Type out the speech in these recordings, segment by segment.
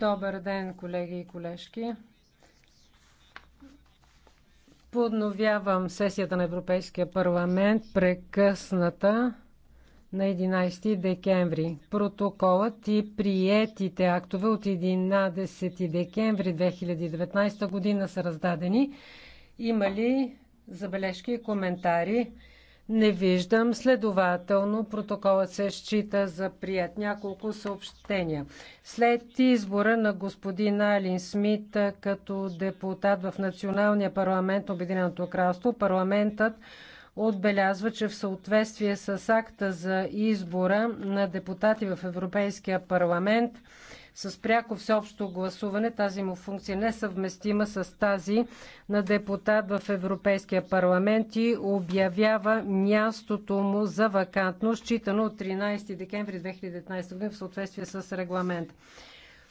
Добър ден, колеги и колежки. Подновявам сесията на Европейския парламент, прекъсната на 11 декември. Протоколът и приетите актове от 11 декември 2019 година са раздадени. Има ли забележки и коментари? Не виждам. Следователно, протоколът се счита за прият. Няколко съобщения. След избора на господин Алин Смит като депутат в Националния парламент на Обединеното кралство, парламентът отбелязва, че в съответствие с акта за избора на депутати в Европейския парламент, с пряко всеобщо гласуване. Тази му функция не е съвместима с тази на депутат в Европейския парламент и обявява мястото му за вакантно, считано от 13 декември 2019 година в съответствие с регламент.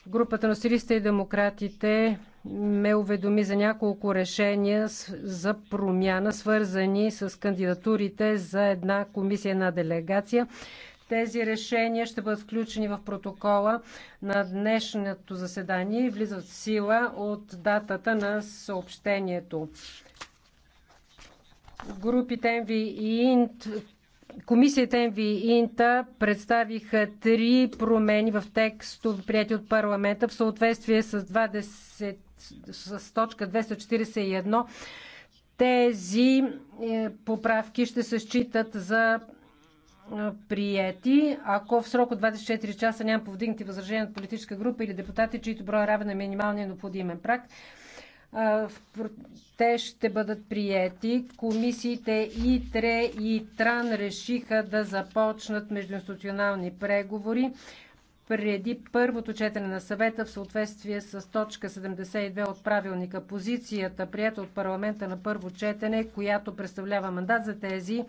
Групата на Сириста и демократите ме уведоми за няколко решения за промяна, свързани с кандидатурите за една комисия, една делегация. Тези решения ще бъдат включени в протокола на днешното заседание и влизат в сила от датата на съобщението. Групите МВ и ИНТ Комисията МВ и Инта представиха три промени в текстове, прияти от парламента, в съответствие с, 20, с точка 241. Тези е, поправки ще се считат за приети, ако в срок от 24 часа няма повдигнати възражения от политическа група или депутати, чието брой е равен на минималния е необходимен прак. Те ще бъдат приети. Комисиите ИТРЕ и ТРАН решиха да започнат междуинституционални преговори преди първото четене на съвета в съответствие с точка 72 от правилника. Позицията, прията от парламента на първо четене, която представлява мандат за тези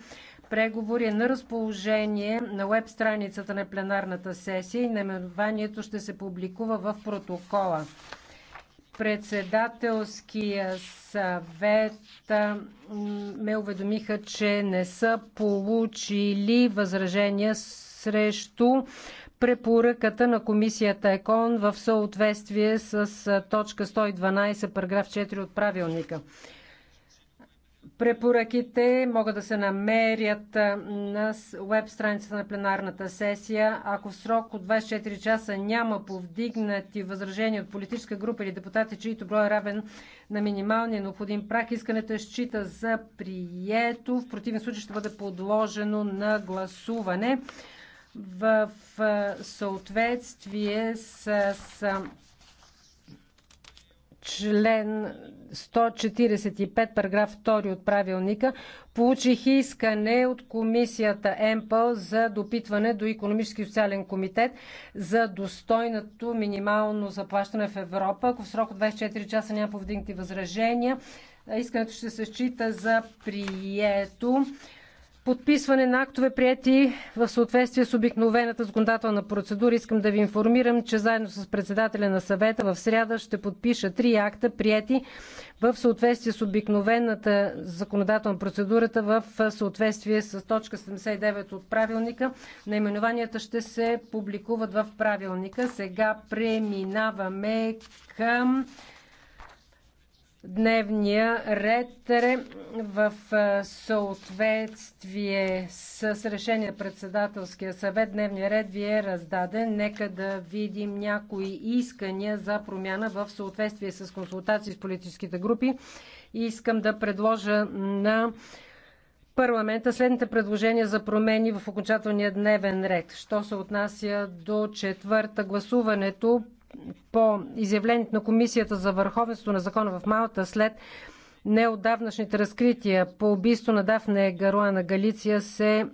преговори е на разположение на веб страницата на пленарната сесия и наименованието ще се публикува в протокола. Председателския съвет ме уведомиха, че не са получили възражения срещу препоръката на комисията ЕКОН в съответствие с точка 112, параграф 4 от правилника. Препоръките могат да се намерят на веб страницата на пленарната сесия. Ако в срок от 24 часа няма повдигнати възражения от политическа група или депутати, чието брой е равен на минималния необходим прак, искането е счита за прието. В противен случай ще бъде подложено на гласуване в съответствие с член 145, параграф 2 от правилника, получих искане от комисията ЕМПЛ за допитване до економически и социален комитет за достойното минимално заплащане в Европа. Ако в срок от 24 часа няма повдигнати възражения, искането ще се счита за прието подписване на актове, прияти в съответствие с обикновената законодателна процедура. Искам да ви информирам, че заедно с председателя на съвета в сряда ще подпиша три акта, прияти в съответствие с обикновената законодателна процедурата в съответствие с точка 79 от правилника. Наименованията ще се публикуват в правилника. Сега преминаваме към дневния ред в съответствие с решение на председателския съвет. Дневния ред ви е раздаден. Нека да видим някои искания за промяна в съответствие с консултации с политическите групи. Искам да предложа на парламента следните предложения за промени в окончателния дневен ред. Що се отнася до четвърта гласуването по изявлението на Комисията за върховенство на закона в Малта след неотдавнашните разкрития по убийство на Дафне Гаруана Галиция се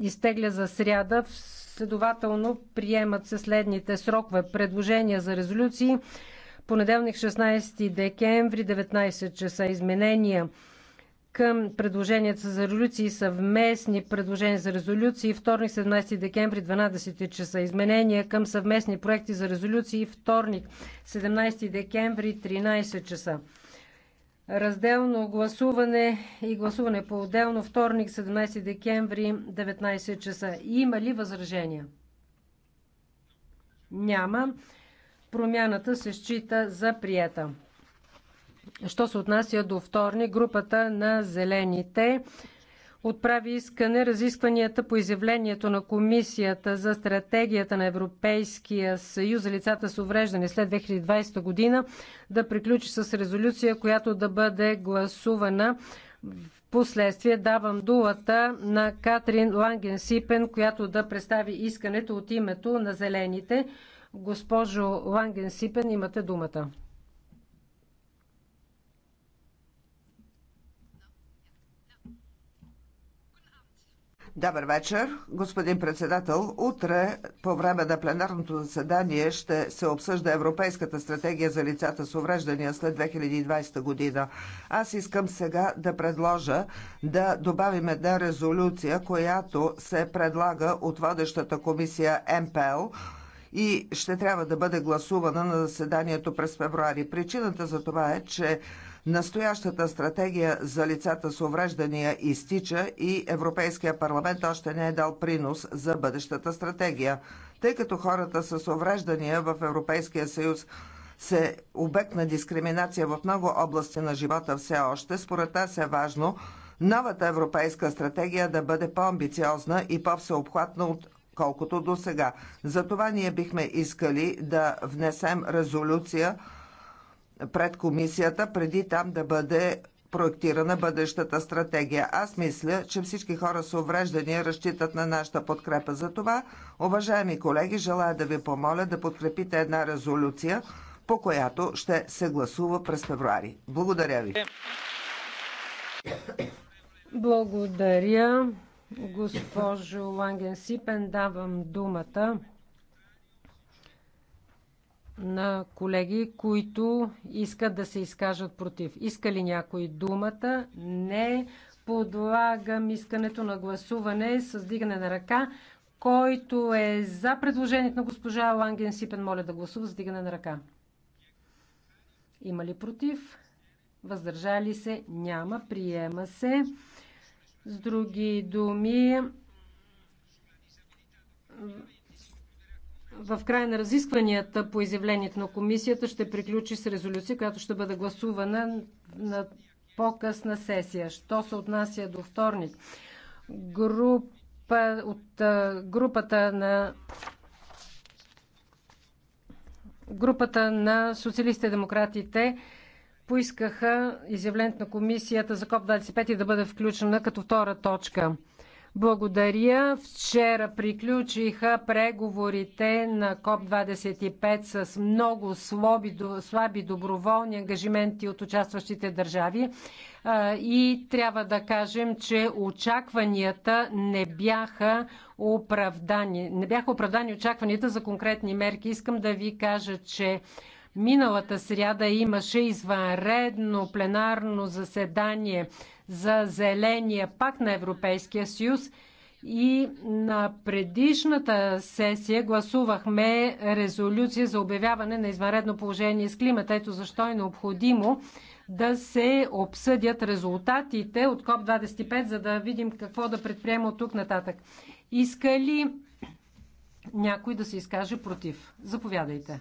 изтегля за сряда. Следователно приемат се следните срокове. Предложения за резолюции. Понеделник 16 декември 19 часа изменения към предложенията за резолюции, съвместни предложения за резолюции, вторник 17 декември 12 часа. Изменения към съвместни проекти за резолюции, вторник 17 декември 13 часа. Разделно гласуване и гласуване по отделно вторник 17 декември 19 часа. Има ли възражения? Няма. Промяната се счита за приета. Що се отнася до вторни, групата на зелените отправи искане разискванията по изявлението на Комисията за стратегията на Европейския съюз за лицата с увреждане след 2020 година да приключи с резолюция, която да бъде гласувана в последствие. Давам думата на Катрин Лангенсипен, която да представи искането от името на Зелените. Госпожо Лангенсипен, имате думата. Добър вечер, господин председател. Утре по време на пленарното заседание ще се обсъжда Европейската стратегия за лицата с увреждания след 2020 година. Аз искам сега да предложа да добавим една резолюция, която се предлага от водещата комисия МПЛ и ще трябва да бъде гласувана на заседанието през февруари. Причината за това е, че Настоящата стратегия за лицата с увреждания изтича и Европейския парламент още не е дал принос за бъдещата стратегия. Тъй като хората с увреждания в Европейския съюз се обект на дискриминация в много области на живота все още, според нас е важно новата европейска стратегия да бъде по-амбициозна и по-всеобхватна от колкото до сега. Затова ние бихме искали да внесем резолюция пред комисията, преди там да бъде проектирана бъдещата стратегия. Аз мисля, че всички хора с увреждания разчитат на нашата подкрепа. За това, уважаеми колеги, желая да ви помоля да подкрепите една резолюция, по която ще се гласува през февруари. Благодаря ви. Благодаря, госпожо Ланген Сипен. Давам думата на колеги, които искат да се изкажат против. Иска ли някой думата? Не. Подлагам искането на гласуване с дигане на ръка. Който е за предложението на госпожа Ланген Сипен, моля да гласува с дигане на ръка. Има ли против? Въздържали се? Няма. Приема се. С други думи, в края на разискванията по изявлението на комисията ще приключи с резолюция, която ще бъде гласувана на по-късна сесия. Що се отнася до вторник? Група, от групата на групата на социалистите и демократите поискаха изявлението на комисията за КОП-25 да бъде включена като втора точка. Благодаря. Вчера приключиха преговорите на КОП-25 с много слаби, слаби доброволни ангажименти от участващите държави. И трябва да кажем, че очакванията не бяха оправдани. Не бяха оправдани очакванията за конкретни мерки. Искам да ви кажа, че Миналата сряда имаше извънредно пленарно заседание за Зеления пакт на Европейския съюз и на предишната сесия гласувахме резолюция за обявяване на извънредно положение с климата. Ето защо е необходимо да се обсъдят резултатите от КОП-25, за да видим какво да предприема от тук нататък. Иска ли някой да се изкаже против? Заповядайте.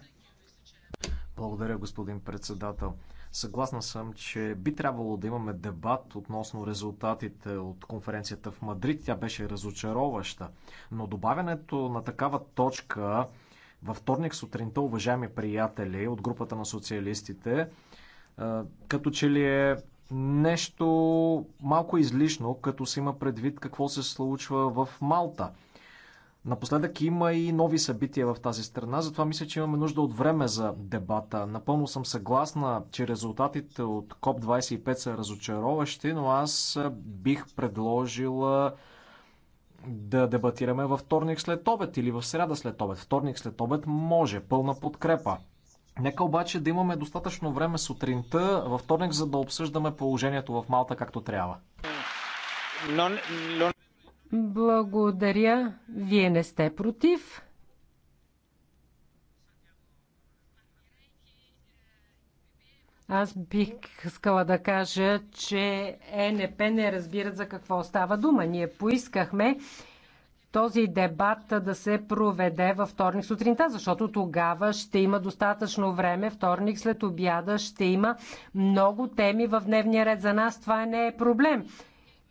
Благодаря, господин председател. Съгласна съм, че би трябвало да имаме дебат относно резултатите от конференцията в Мадрид. Тя беше разочароваща. Но добавянето на такава точка във вторник сутринта, уважаеми приятели от групата на социалистите, е, като че ли е нещо малко излишно, като се има предвид какво се случва в Малта – Напоследък има и нови събития в тази страна, затова мисля, че имаме нужда от време за дебата. Напълно съм съгласна, че резултатите от КОП-25 са разочароващи, но аз бих предложила да дебатираме във вторник след обед или в среда след обед. Вторник след обед може, пълна подкрепа. Нека обаче да имаме достатъчно време сутринта във вторник, за да обсъждаме положението в Малта както трябва. Благодаря. Вие не сте против. Аз бих искала да кажа, че ЕНП не разбират за какво става дума. Ние поискахме този дебат да се проведе във вторник сутринта, защото тогава ще има достатъчно време. Вторник след обяда ще има много теми в дневния ред. За нас това не е проблем.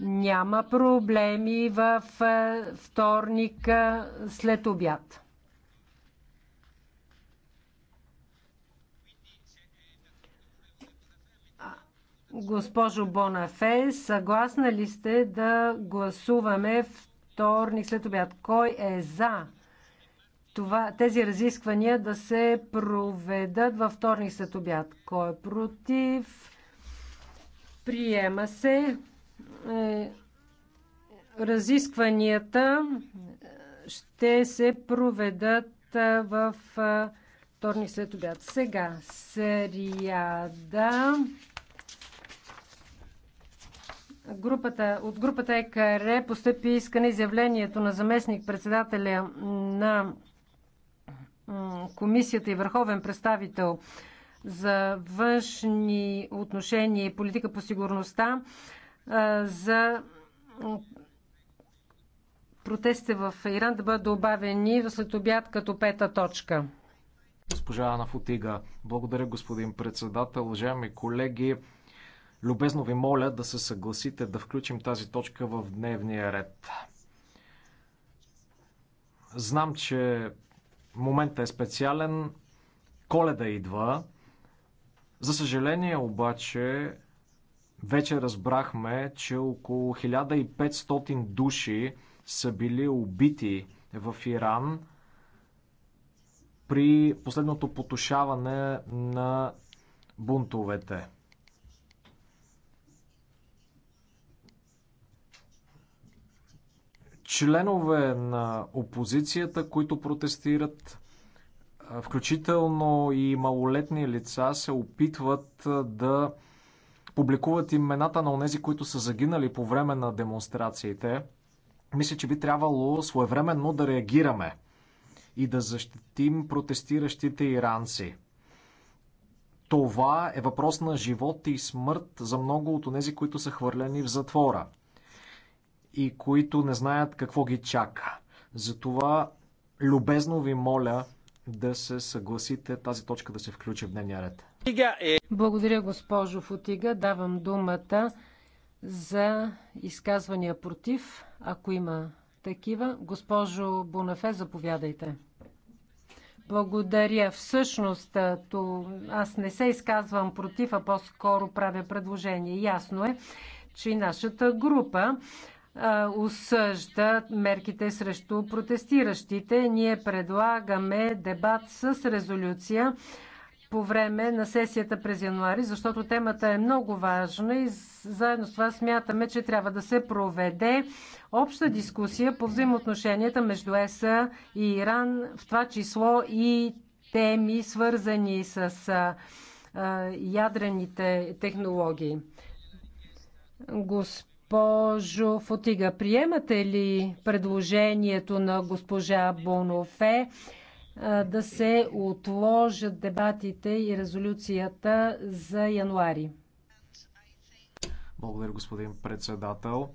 Няма проблеми в е, вторник е, след обяд. Госпожо Бонафе, съгласна ли сте да гласуваме вторник след обяд? Кой е за това, тези разисквания да се проведат във вторник след обяд? Кой е против? Приема се. Е, разискванията е, ще се проведат е, в вторник след обяд. Сега, Сериада. Групата, от групата ЕКР постъпи искане изявлението на заместник-председателя на комисията и върховен представител за външни отношения и политика по сигурността за протестите в Иран да бъдат добавени след обяд като пета точка. Госпожа Ана Футига, благодаря господин председател, уважаеми колеги. Любезно ви моля да се съгласите да включим тази точка в дневния ред. Знам, че моментът е специален. Коледа идва. За съжаление обаче вече разбрахме, че около 1500 души са били убити в Иран при последното потушаване на бунтовете. Членове на опозицията, които протестират, включително и малолетни лица, се опитват да публикуват имената на онези, които са загинали по време на демонстрациите, мисля, че би трябвало своевременно да реагираме и да защитим протестиращите иранци. Това е въпрос на живот и смърт за много от онези, които са хвърлени в затвора и които не знаят какво ги чака. Затова любезно ви моля да се съгласите тази точка да се включи в дневния ред. Благодаря, госпожо Футига. Давам думата за изказвания против, ако има такива. Госпожо Бонафе, заповядайте. Благодаря. Всъщност, то аз не се изказвам против, а по-скоро правя предложение. Ясно е, че и нашата група осъжда мерките срещу протестиращите. Ние предлагаме дебат с резолюция по време на сесията през януари, защото темата е много важна и заедно с това смятаме, че трябва да се проведе обща дискусия по взаимоотношенията между ЕСА и Иран, в това число и теми, свързани с ядрените технологии. Госпожо Фотига, приемате ли предложението на госпожа Бонофе? да се отложат дебатите и резолюцията за януари. Благодаря, господин председател.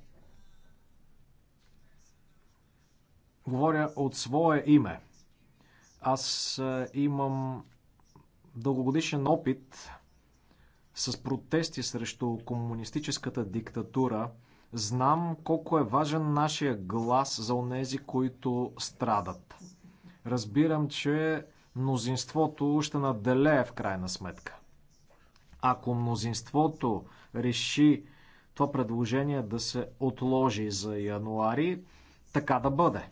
Говоря от свое име. Аз имам дългогодишен опит с протести срещу комунистическата диктатура. Знам колко е важен нашия глас за онези, които страдат. Разбирам, че мнозинството ще наделее в крайна сметка. Ако мнозинството реши това предложение да се отложи за януари, така да бъде.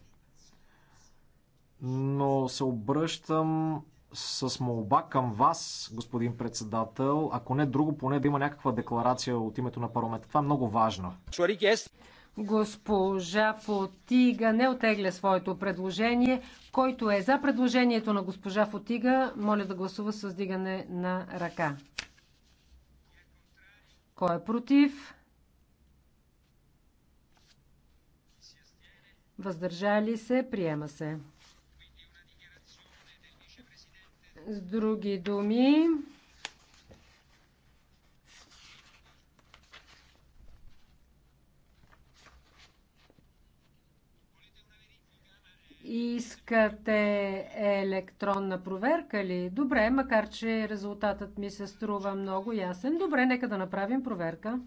Но се обръщам с молба към вас, господин председател, ако не друго, поне да има някаква декларация от името на парламента. Това е много важно. Госпожа Фотига не отегля своето предложение. Който е за предложението на госпожа Фотига, моля да гласува с дигане на ръка. Кой е против? Въздържали се, приема се. С други думи, Искате електронна проверка ли? Добре, макар че резултатът ми се струва много ясен. Добре, нека да направим проверка.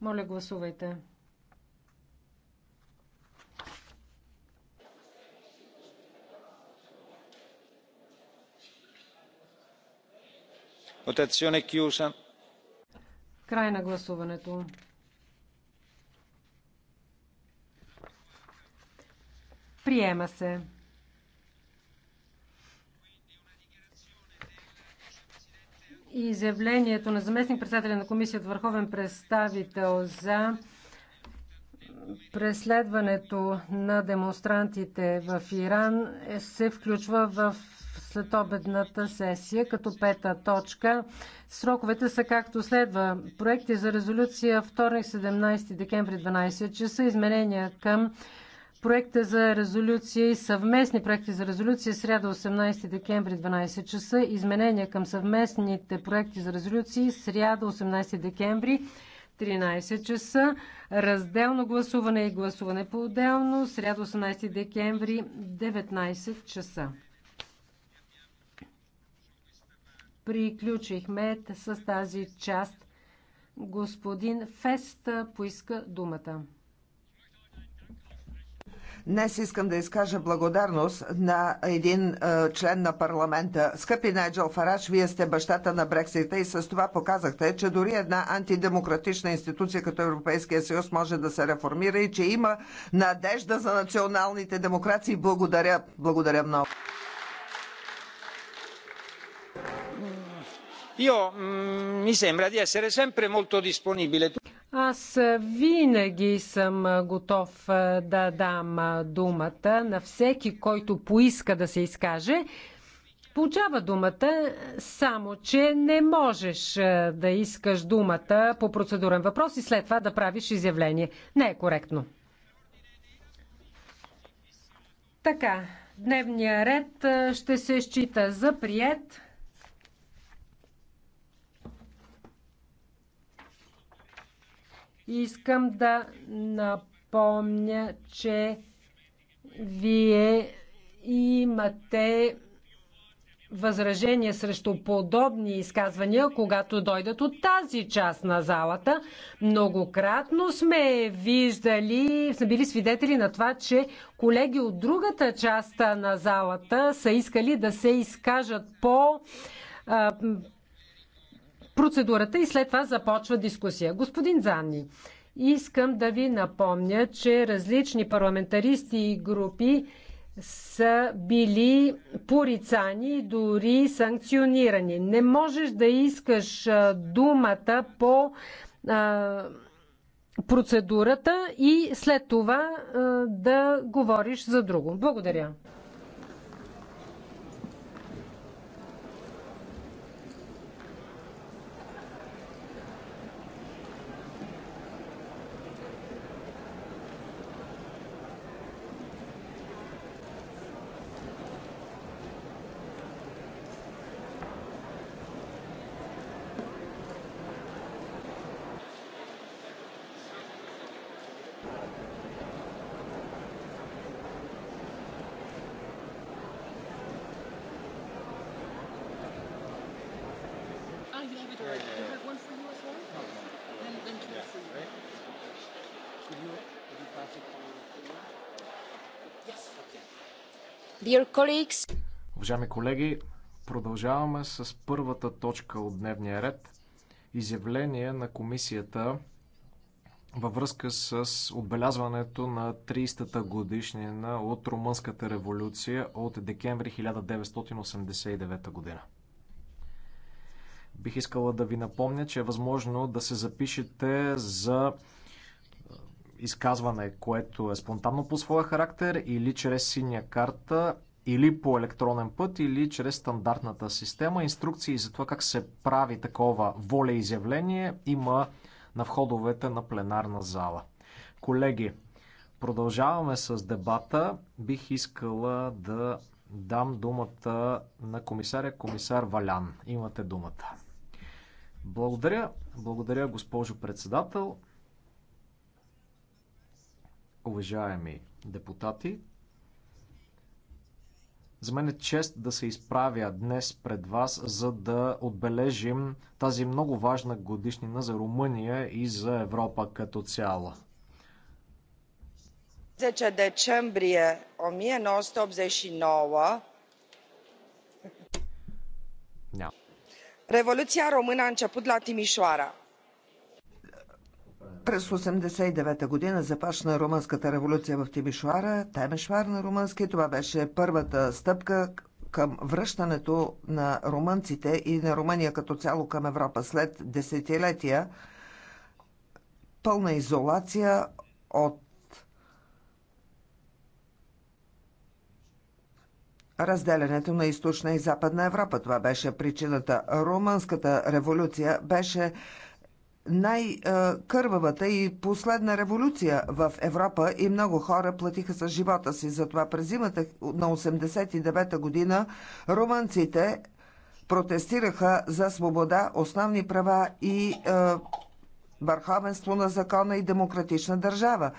Моля, гласувайте. Votazione chiusa. Край на гласуването. Приема се. Изявлението на заместник председателя на комисията Върховен представител за преследването на демонстрантите в Иран се включва в следобедната сесия като пета точка. Сроковете са както следва. Проекти за резолюция вторник 17 декември 12 часа. Изменения към проекта за резолюция и съвместни проекти за резолюция сряда 18 декември 12 часа, изменения към съвместните проекти за резолюции сряда 18 декември 13 часа, разделно гласуване и гласуване по-отделно сряда 18 декември 19 часа. Приключихме с тази част. Господин Фест поиска думата. Днес искам да изкажа благодарност на един е, член на парламента. Скъпи Найджел Фараш, вие сте бащата на Брексита и с това показахте, че дори една антидемократична институция като Европейския съюз може да се реформира и че има надежда за националните демокрации. Благодаря. Благодаря много. Io mm, mi sembra di essere sempre molto Аз винаги съм готов да дам думата на всеки, който поиска да се изкаже. Получава думата, само че не можеш да искаш думата по процедурен въпрос и след това да правиш изявление. Не е коректно. Така, дневния ред ще се счита за прият. Искам да напомня, че вие имате възражение срещу подобни изказвания, когато дойдат от тази част на залата. Многократно сме виждали, сме били свидетели на това, че колеги от другата част на залата са искали да се изкажат по процедурата и след това започва дискусия. Господин Занни, искам да ви напомня, че различни парламентаристи и групи са били порицани и дори санкционирани. Не можеш да искаш думата по а, процедурата и след това а, да говориш за друго. Благодаря. Уважаеми колеги, продължаваме с първата точка от дневния ред. Изявление на комисията във връзка с отбелязването на 30-та годишнина от Румънската революция от декември 1989 година. Бих искала да ви напомня, че е възможно да се запишете за изказване, което е спонтанно по своя характер или чрез синя карта, или по електронен път, или чрез стандартната система. Инструкции за това как се прави такова волеизявление има на входовете на пленарна зала. Колеги, продължаваме с дебата. Бих искала да дам думата на комисаря комисар Валян. Имате думата. Благодаря. Благодаря, госпожо председател. Уважаеми депутати, за мен е чест да се изправя днес пред вас, за да отбележим тази много важна годишнина за Румъния и за Европа като цяло. 10 decembrie 1989 Revoluția română a început la Timișoara. През 1989 година започна румънската революция в Тимишоара, Темешвар на румънски. Това беше първата стъпка към връщането на румънците и на Румъния като цяло към Европа след десетилетия пълна изолация от разделянето на източна и западна Европа. Това беше причината. Румънската революция беше най-кървавата и последна революция в Европа и много хора платиха с живота си. Затова през зимата на 89-та година румънците протестираха за свобода, основни права и е, върховенство на закона и демократична държава.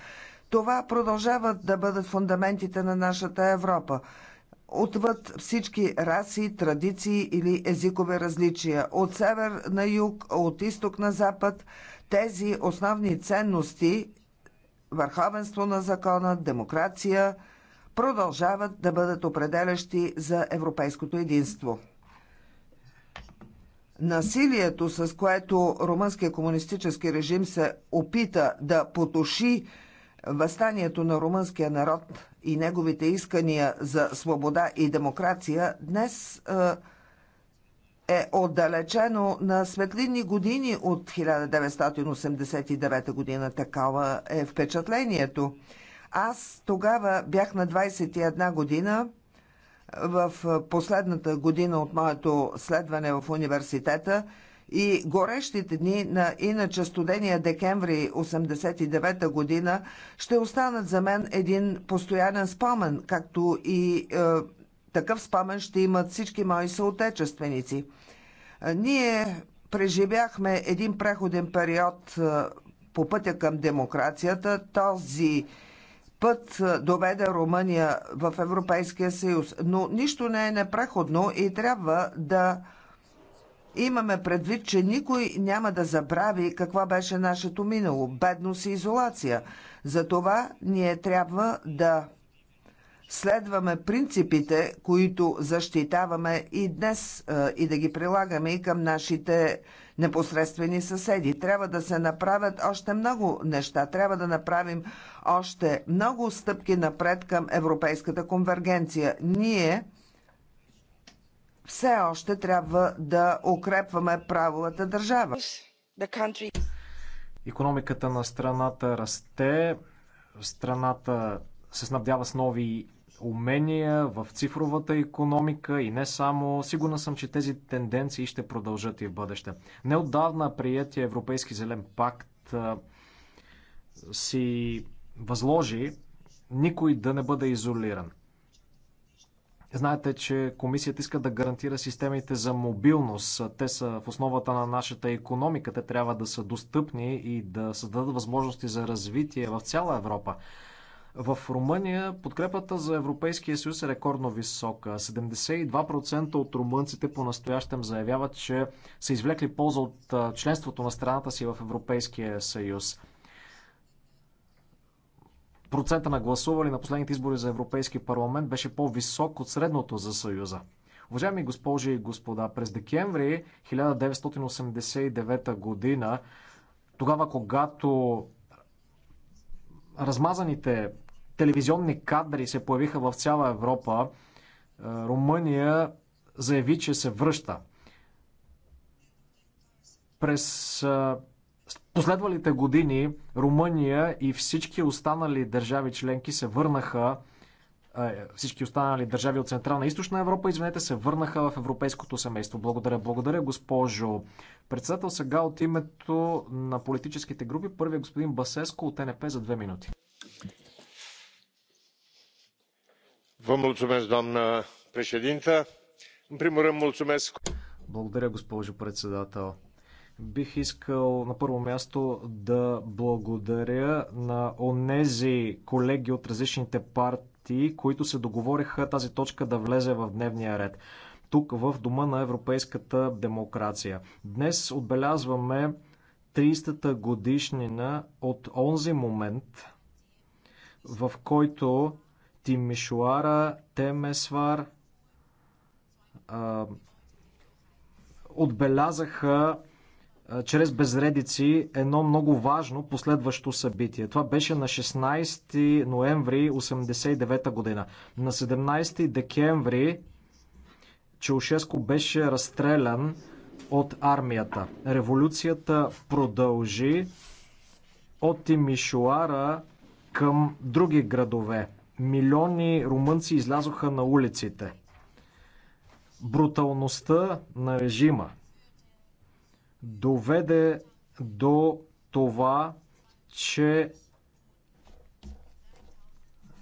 Това продължават да бъдат фундаментите на нашата Европа отвъд всички раси, традиции или езикове различия. От север на юг, от изток на запад, тези основни ценности върховенство на закона, демокрация продължават да бъдат определящи за европейското единство. Насилието, с което румънския комунистически режим се опита да потуши възстанието на румънския народ и неговите искания за свобода и демокрация днес е, е отдалечено на светлини години от 1989 година. Такава е впечатлението. Аз тогава бях на 21 година в последната година от моето следване в университета и горещите дни на иначе студения декември 1989 година ще останат за мен един постоянен спомен, както и е, такъв спомен ще имат всички мои съотечественици. Е, ние преживяхме един преходен период е, по пътя към демокрацията. Този път е, доведе Румъния в Европейския съюз, но нищо не е непреходно и трябва да Имаме предвид, че никой няма да забрави какво беше нашето минало – бедност и изолация. Затова ние трябва да следваме принципите, които защитаваме и днес е, и да ги прилагаме и към нашите непосредствени съседи. Трябва да се направят още много неща. Трябва да направим още много стъпки напред към европейската конвергенция. Ние все още трябва да укрепваме правилата държава. Економиката на страната расте, страната се снабдява с нови умения в цифровата економика и не само. Сигурна съм, че тези тенденции ще продължат и в бъдеще. Неотдавна приятия Европейски зелен пакт си възложи никой да не бъде изолиран. Знаете, че комисията иска да гарантира системите за мобилност. Те са в основата на нашата економика. Те трябва да са достъпни и да създадат възможности за развитие в цяла Европа. В Румъния подкрепата за Европейския съюз е рекордно висока. 72% от румънците по-настоящем заявяват, че са извлекли полза от членството на страната си в Европейския съюз процента на гласували на последните избори за Европейски парламент беше по-висок от средното за Съюза. Уважаеми госпожи и господа, през декември 1989 година, тогава когато размазаните телевизионни кадри се появиха в цяла Европа, е, Румъния заяви, че се връща. През е, последвалите години Румъния и всички останали държави членки се върнаха е, всички останали държави от Централна и Източна Европа, извинете, се върнаха в европейското семейство. Благодаря, благодаря, госпожо председател. Сега от името на политическите групи, първият господин Басеско от НП за две минути. Vă mulțumesc, doamnă președintă. În primul rând, mulțumesc. Благодаря, госпожо председател. Бих искал на първо място да благодаря на онези колеги от различните партии, които се договориха тази точка да влезе в дневния ред. Тук в Дома на европейската демокрация. Днес отбелязваме 30-та годишнина от онзи момент, в който Тимишуара, Темесвар а, отбелязаха чрез безредици едно много важно последващо събитие. Това беше на 16 ноември 1989 година. На 17 декември Чаушеско беше разстрелян от армията. Революцията продължи от Тимишуара към други градове. Милиони румънци излязоха на улиците. Бруталността на режима доведе до това, че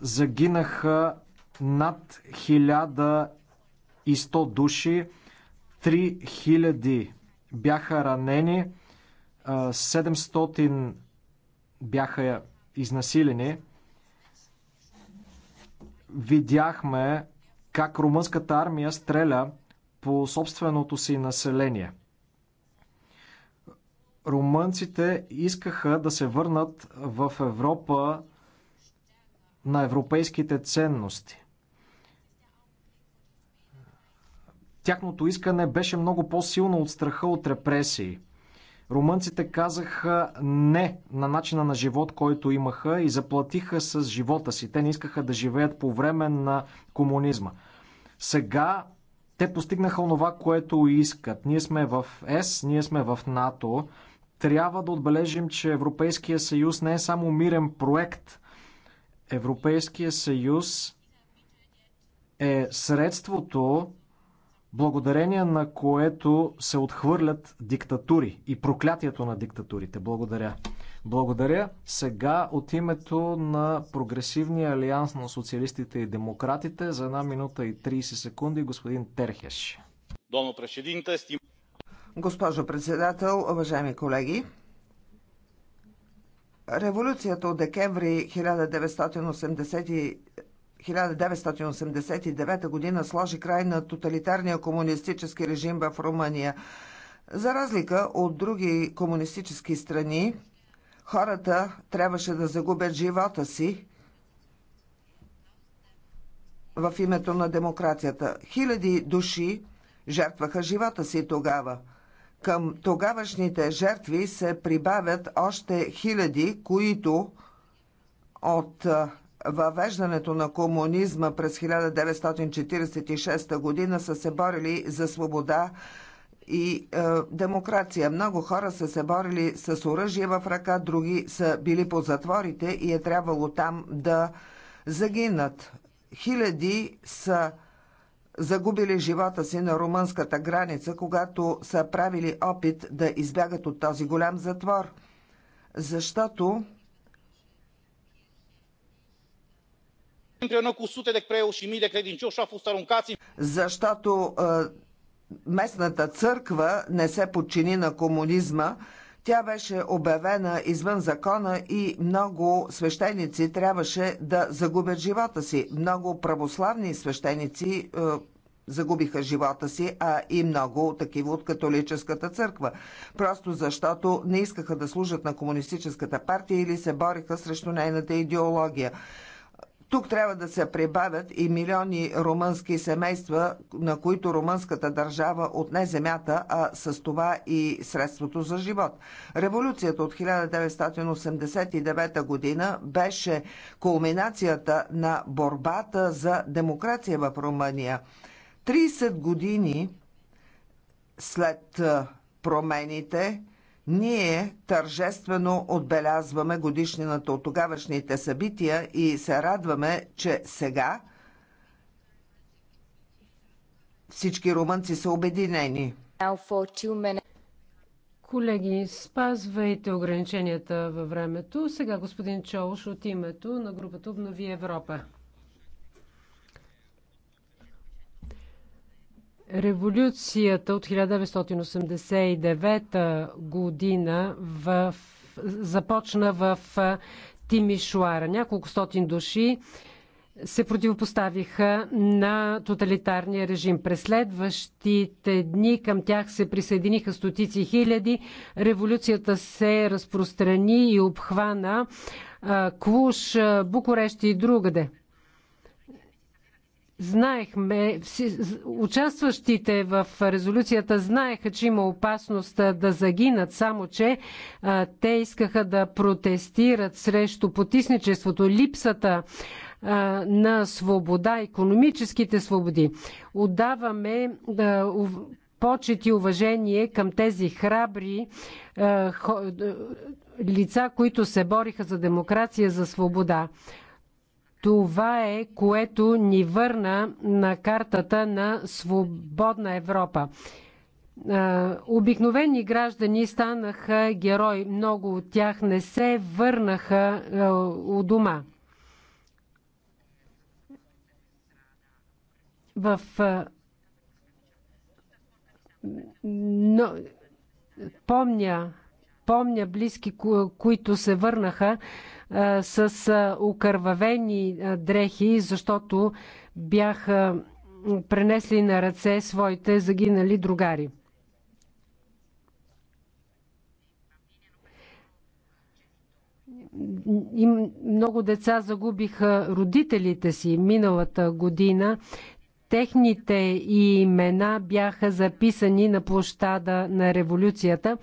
загинаха над 1100 души, 3000 бяха ранени, 700 бяха изнасилени. Видяхме как румънската армия стреля по собственото си население – румънците искаха да се върнат в Европа на европейските ценности. Тяхното искане беше много по-силно от страха от репресии. Румънците казаха не на начина на живот, който имаха и заплатиха с живота си. Те не искаха да живеят по време на комунизма. Сега те постигнаха онова, което искат. Ние сме в ЕС, ние сме в НАТО. Трябва да отбележим, че Европейския съюз не е само мирен проект. Европейския съюз е средството, благодарение на което се отхвърлят диктатури и проклятието на диктатурите. Благодаря. Благодаря. Сега от името на Прогресивния алианс на социалистите и демократите за една минута и 30 секунди господин Терхеш. Домо Госпожо председател, уважаеми колеги, революцията от декември 1980 1989 година сложи край на тоталитарния комунистически режим в Румъния. За разлика от други комунистически страни, хората трябваше да загубят живота си в името на демокрацията. Хиляди души жертваха живота си тогава – към тогавашните жертви се прибавят още хиляди, които от въвеждането на комунизма през 1946 година са се борили за свобода и е, демокрация. Много хора са се борили с оръжие в ръка, други са били по затворите и е трябвало там да загинат. Хиляди са загубили живота си на румънската граница, когато са правили опит да избягат от този голям затвор. Защото Защото местната църква не се подчини на комунизма тя беше обявена извън закона и много свещеници трябваше да загубят живота си. Много православни свещеници е, загубиха живота си, а и много такива от католическата църква. Просто защото не искаха да служат на комунистическата партия или се бориха срещу нейната идеология. Тук трябва да се прибавят и милиони румънски семейства, на които румънската държава отне земята, а с това и средството за живот. Революцията от 1989 година беше кулминацията на борбата за демокрация в Румъния. 30 години след промените, ние тържествено отбелязваме годишнината от тогавашните събития и се радваме, че сега всички румънци са обединени. Колеги, спазвайте ограниченията във времето. Сега господин Чолш от името на групата Обнови Европа. Революцията от 1989 година в, започна в Тимишуара. Няколко стотин души се противопоставиха на тоталитарния режим. През следващите дни към тях се присъединиха стотици хиляди. Революцията се разпространи и обхвана Клуш, Букурещи и другаде знаехме, участващите в резолюцията знаеха, че има опасност да загинат, само че а, те искаха да протестират срещу потисничеството, липсата а, на свобода, економическите свободи. Отдаваме а, почет и уважение към тези храбри а, хо, лица, които се бориха за демокрация, за свобода. Това е, което ни върна на картата на свободна Европа. Обикновени граждани станаха герои. Много от тях не се върнаха у дома. В но, помня, помня близки, които се върнаха с окървавени дрехи, защото бяха пренесли на ръце своите загинали другари. И много деца загубиха родителите си миналата година. Техните имена бяха записани на площада на революцията.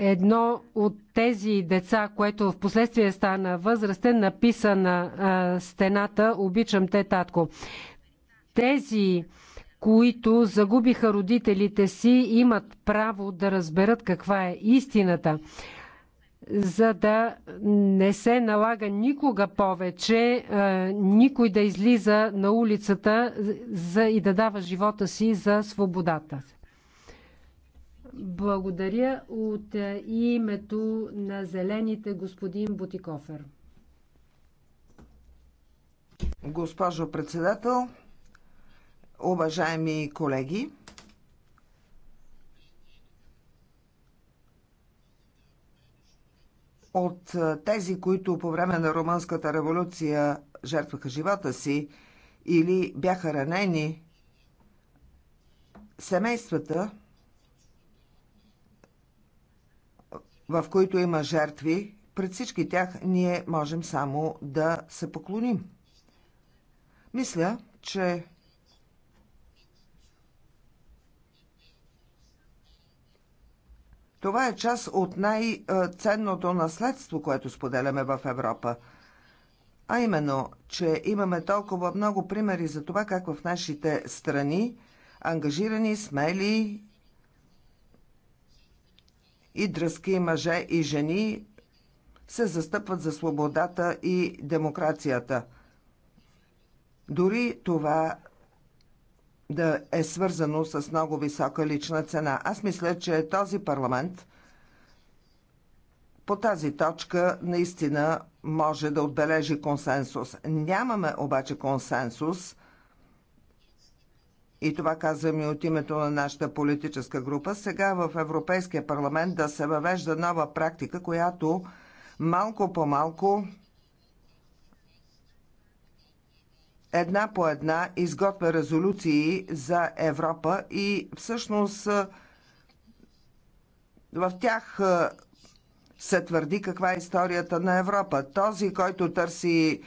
едно от тези деца, което в последствие стана възрастен, написа на стената «Обичам те, татко». Тези, които загубиха родителите си, имат право да разберат каква е истината, за да не се налага никога повече никой да излиза на улицата и да дава живота си за свободата. Благодаря от е, името на зелените господин Бутикофер. Госпожо председател, уважаеми колеги, от е, тези, които по време на Романската революция жертваха живота си или бяха ранени, семействата в които има жертви, пред всички тях ние можем само да се поклоним. Мисля, че това е част от най-ценното наследство, което споделяме в Европа. А именно, че имаме толкова много примери за това как в нашите страни ангажирани, смели и дръзки мъже и жени се застъпват за свободата и демокрацията. Дори това да е свързано с много висока лична цена. Аз мисля, че този парламент по тази точка наистина може да отбележи консенсус. Нямаме обаче консенсус и това казвам и от името на нашата политическа група, сега в Европейския парламент да се въвежда нова практика, която малко по малко една по една изготвя резолюции за Европа и всъщност в тях се твърди каква е историята на Европа. Този, който търси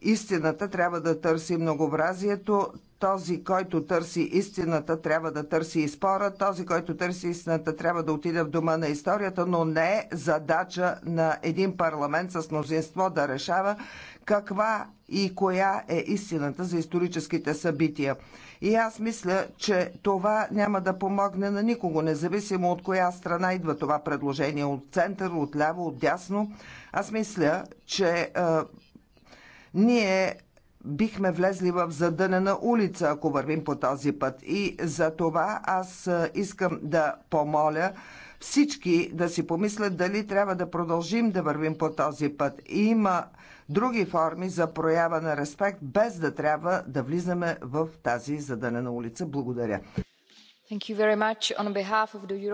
истината, трябва да търси многообразието, този, който търси истината, трябва да търси и спора, този, който търси истината, трябва да отиде в дома на историята, но не е задача на един парламент с мнозинство да решава каква и коя е истината за историческите събития. И аз мисля, че това няма да помогне на никого, независимо от коя страна идва това предложение, от център, от ляво, от дясно. Аз мисля, че е, ние бихме влезли в задънена улица, ако вървим по този път. И за това аз искам да помоля всички да си помислят дали трябва да продължим да вървим по този път. И има други форми за проява на респект, без да трябва да влизаме в тази задънена улица. Благодаря. Thank you very much on behalf of the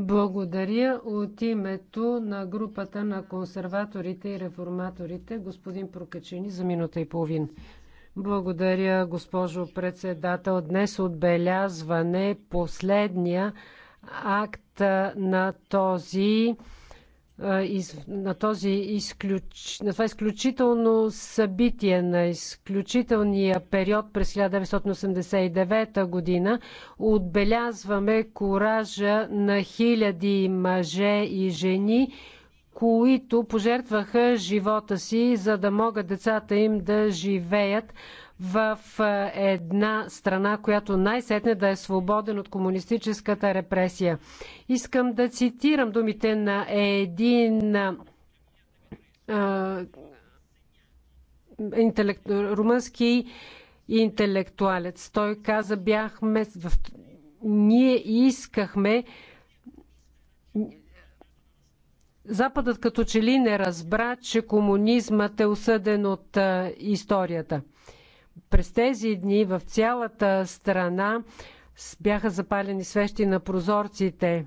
благодаря от името на групата на консерваторите и реформаторите, господин Прокачини, за минута и половин. Благодаря, госпожо председател. Днес отбелязване е последния акт на този на, този изключ... на това изключително събитие, на изключителния период през 1989 година, отбелязваме коража на хиляди мъже и жени, които пожертваха живота си, за да могат децата им да живеят в е, една страна, която най-сетне да е свободен от комунистическата репресия. Искам да цитирам думите на един е, интелект, румънски интелектуалец. Той каза, бяхме, в... ние искахме Западът като че ли не разбра, че комунизмът е осъден от е, историята. През тези дни в цялата страна бяха запалени свещи на прозорците.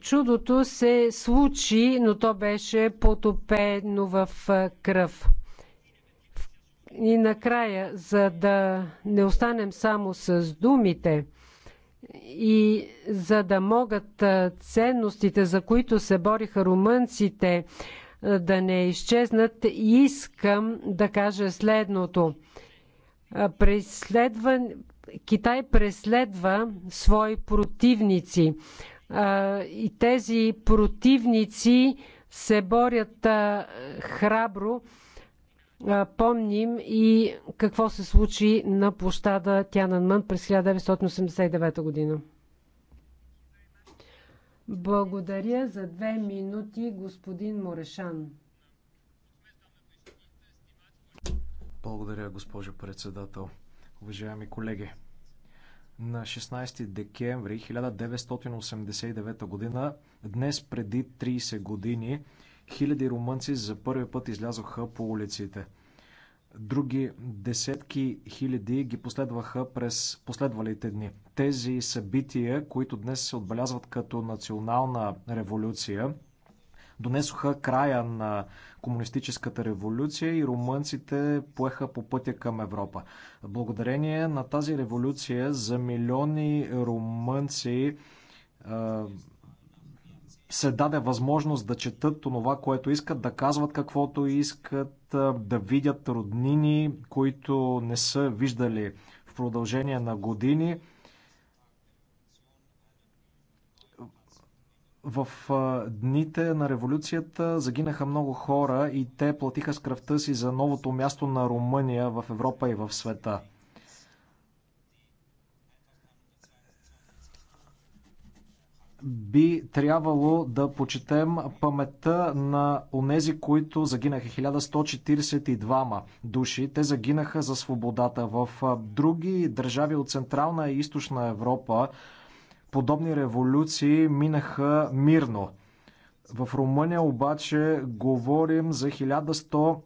Чудото се случи, но то беше потопено в кръв. И накрая, за да не останем само с думите и за да могат ценностите, за които се бориха румънците, да не изчезнат. Искам да кажа следното. Преследва... Китай преследва свои противници. И тези противници се борят храбро. Помним и какво се случи на площада Тянанмън през 1989 година. Благодаря за две минути, господин Морешан. Благодаря, госпожо председател. Уважаеми колеги, на 16 декември 1989 година, днес преди 30 години, хиляди румънци за първи път излязоха по улиците – Други десетки хиляди ги последваха през последвалите дни. Тези събития, които днес се отбелязват като национална революция, донесоха края на комунистическата революция и румънците поеха по пътя към Европа. Благодарение на тази революция за милиони румънци се даде възможност да четат това, което искат, да казват каквото искат, да видят роднини, които не са виждали в продължение на години. в дните на революцията загинаха много хора и те платиха с кръвта си за новото място на Румъния в Европа и в света. би трябвало да почетем паметта на онези, които загинаха. 1142 души. Те загинаха за свободата. В други държави от Централна и Източна Европа подобни революции минаха мирно. В Румъния обаче говорим за 1100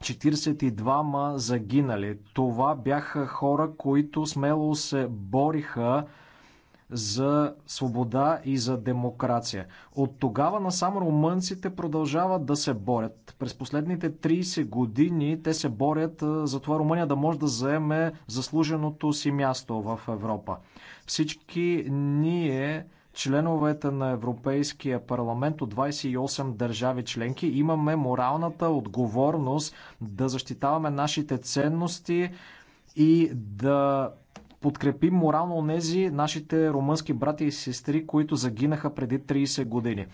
42 загинали. Това бяха хора, които смело се бориха за свобода и за демокрация. От тогава насам румънците продължават да се борят. През последните 30 години те се борят за това Румъния да може да заеме заслуженото си място в Европа. Всички ние членовете на Европейския парламент от 28 държави членки имаме моралната отговорност да защитаваме нашите ценности и да подкрепим морално нези нашите румънски брати и сестри, които загинаха преди 30 години.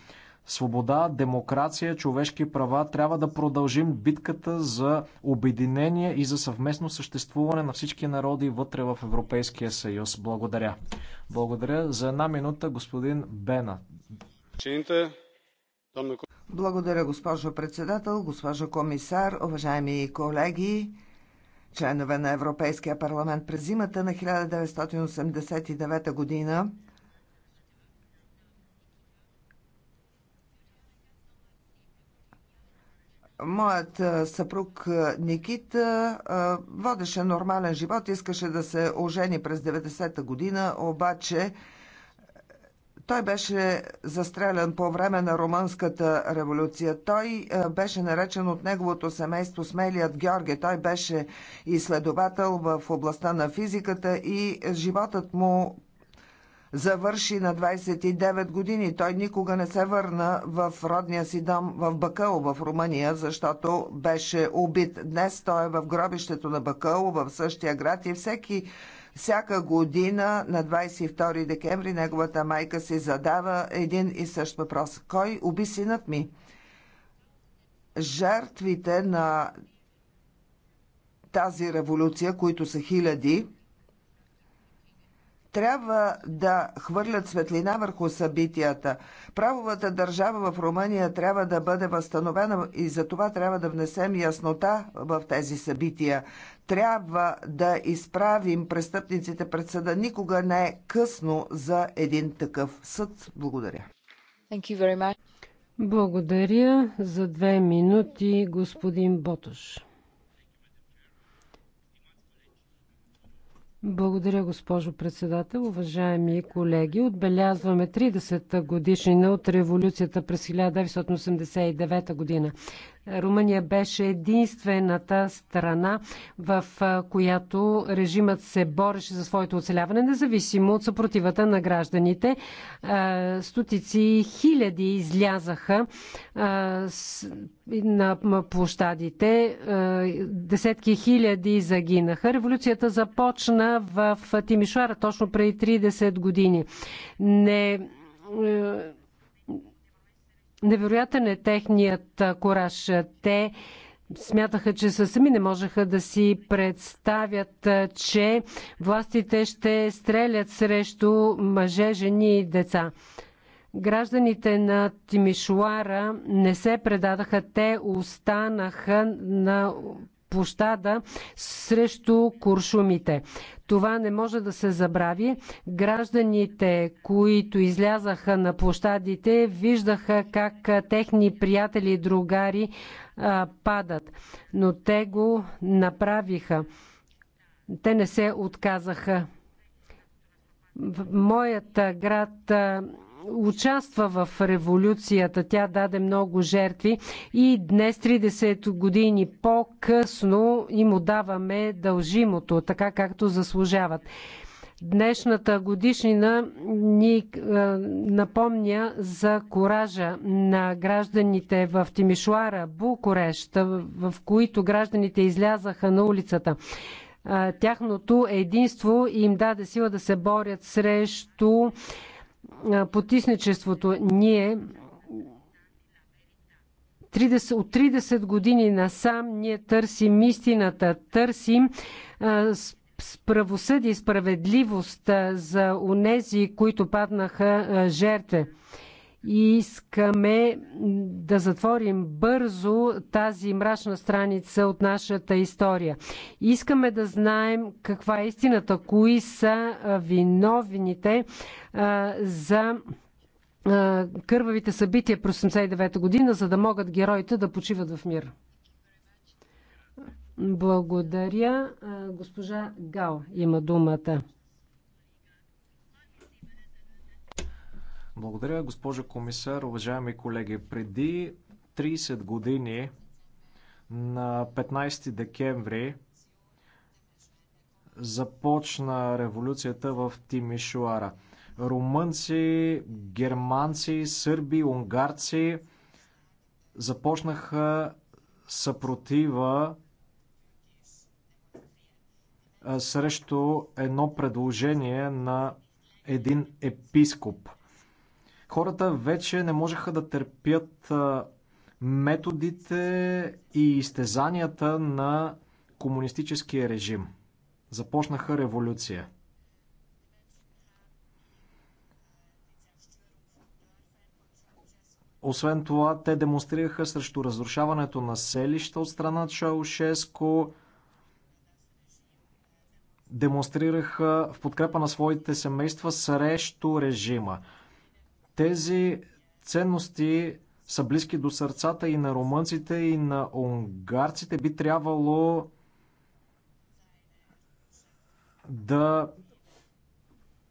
Свобода, демокрация, човешки права трябва да продължим битката за обединение и за съвместно съществуване на всички народи вътре в Европейския съюз. Благодаря. Благодаря. За една минута господин Бена. Благодаря, госпожо председател, госпожо комисар, уважаеми колеги членове на Европейския парламент. През зимата на 1989 година Моят съпруг Никита водеше нормален живот, искаше да се ожени през 90-та година, обаче той беше застрелян по време на Румънската революция. Той е, беше наречен от неговото семейство Смелият Георги. Той беше изследовател в областта на физиката и животът му завърши на 29 години. Той никога не се върна в родния си дом в Бакъл в Румъния, защото беше убит. Днес той е в гробището на Бакъл в същия град и всеки всяка година на 22 декември неговата майка си задава един и същ въпрос. Кой уби синът ми? Жертвите на тази революция, които са хиляди, трябва да хвърлят светлина върху събитията. Правовата държава в Румъния трябва да бъде възстановена и за това трябва да внесем яснота в тези събития. Трябва да изправим престъпниците пред съда. Никога не е късно за един такъв съд. Благодаря. Благодаря за две минути, господин Ботош. Благодаря, госпожо председател. Уважаеми колеги, отбелязваме 30-та годишнина от революцията през 1989 година. Румъния беше единствената страна, в която режимът се бореше за своето оцеляване, независимо от съпротивата на гражданите. Стотици хиляди излязаха на площадите. Десетки хиляди загинаха. Революцията започна в Тимишоара точно преди 30 години. Не невероятен е техният кораж. Те смятаха, че са сами не можеха да си представят, че властите ще стрелят срещу мъже, жени и деца. Гражданите на Тимишуара не се предадаха, те останаха на площада срещу куршумите. Това не може да се забрави. Гражданите, които излязаха на площадите, виждаха как техни приятели и другари а, падат. Но те го направиха. Те не се отказаха. В моят град участва в революцията. Тя даде много жертви и днес, 30 години по-късно, им отдаваме дължимото, така както заслужават. Днешната годишнина ни е, напомня за коража на гражданите в Тимишуара, Букурещ, в които гражданите излязаха на улицата е, тяхното единство им даде сила да се борят срещу потисничеството. Ние 30, от 30 години насам ние търсим истината, търсим правосъдие и справедливост за онези, които паднаха жертве и искаме да затворим бързо тази мрачна страница от нашата история. Искаме да знаем каква е истината, кои са виновните за кървавите събития през 89-та година, за да могат героите да почиват в мир. Благодаря. Госпожа Гал има думата. Благодаря, госпожо комисар, уважаеми колеги. Преди 30 години, на 15 декември, започна революцията в Тимишуара. Румънци, германци, сърби, унгарци започнаха съпротива срещу едно предложение на един епископ – Хората вече не можеха да търпят методите и изтезанията на комунистическия режим. Започнаха революция. Освен това, те демонстрираха срещу разрушаването на селища от страна Чаушеско, демонстрираха в подкрепа на своите семейства срещу режима. Тези ценности са близки до сърцата и на румънците, и на унгарците. Би трябвало да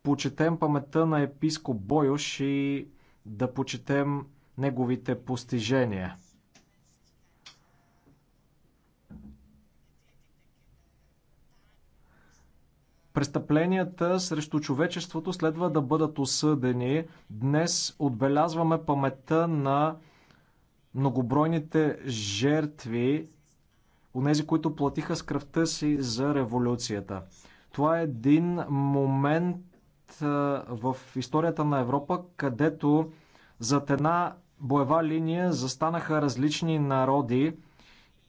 почетем паметта на епископ Бойош и да почетем неговите постижения. Престъпленията срещу човечеството следва да бъдат осъдени. Днес отбелязваме паметта на многобройните жертви, онези, които платиха с кръвта си за революцията. Това е един момент в историята на Европа, където зад една боева линия застанаха различни народи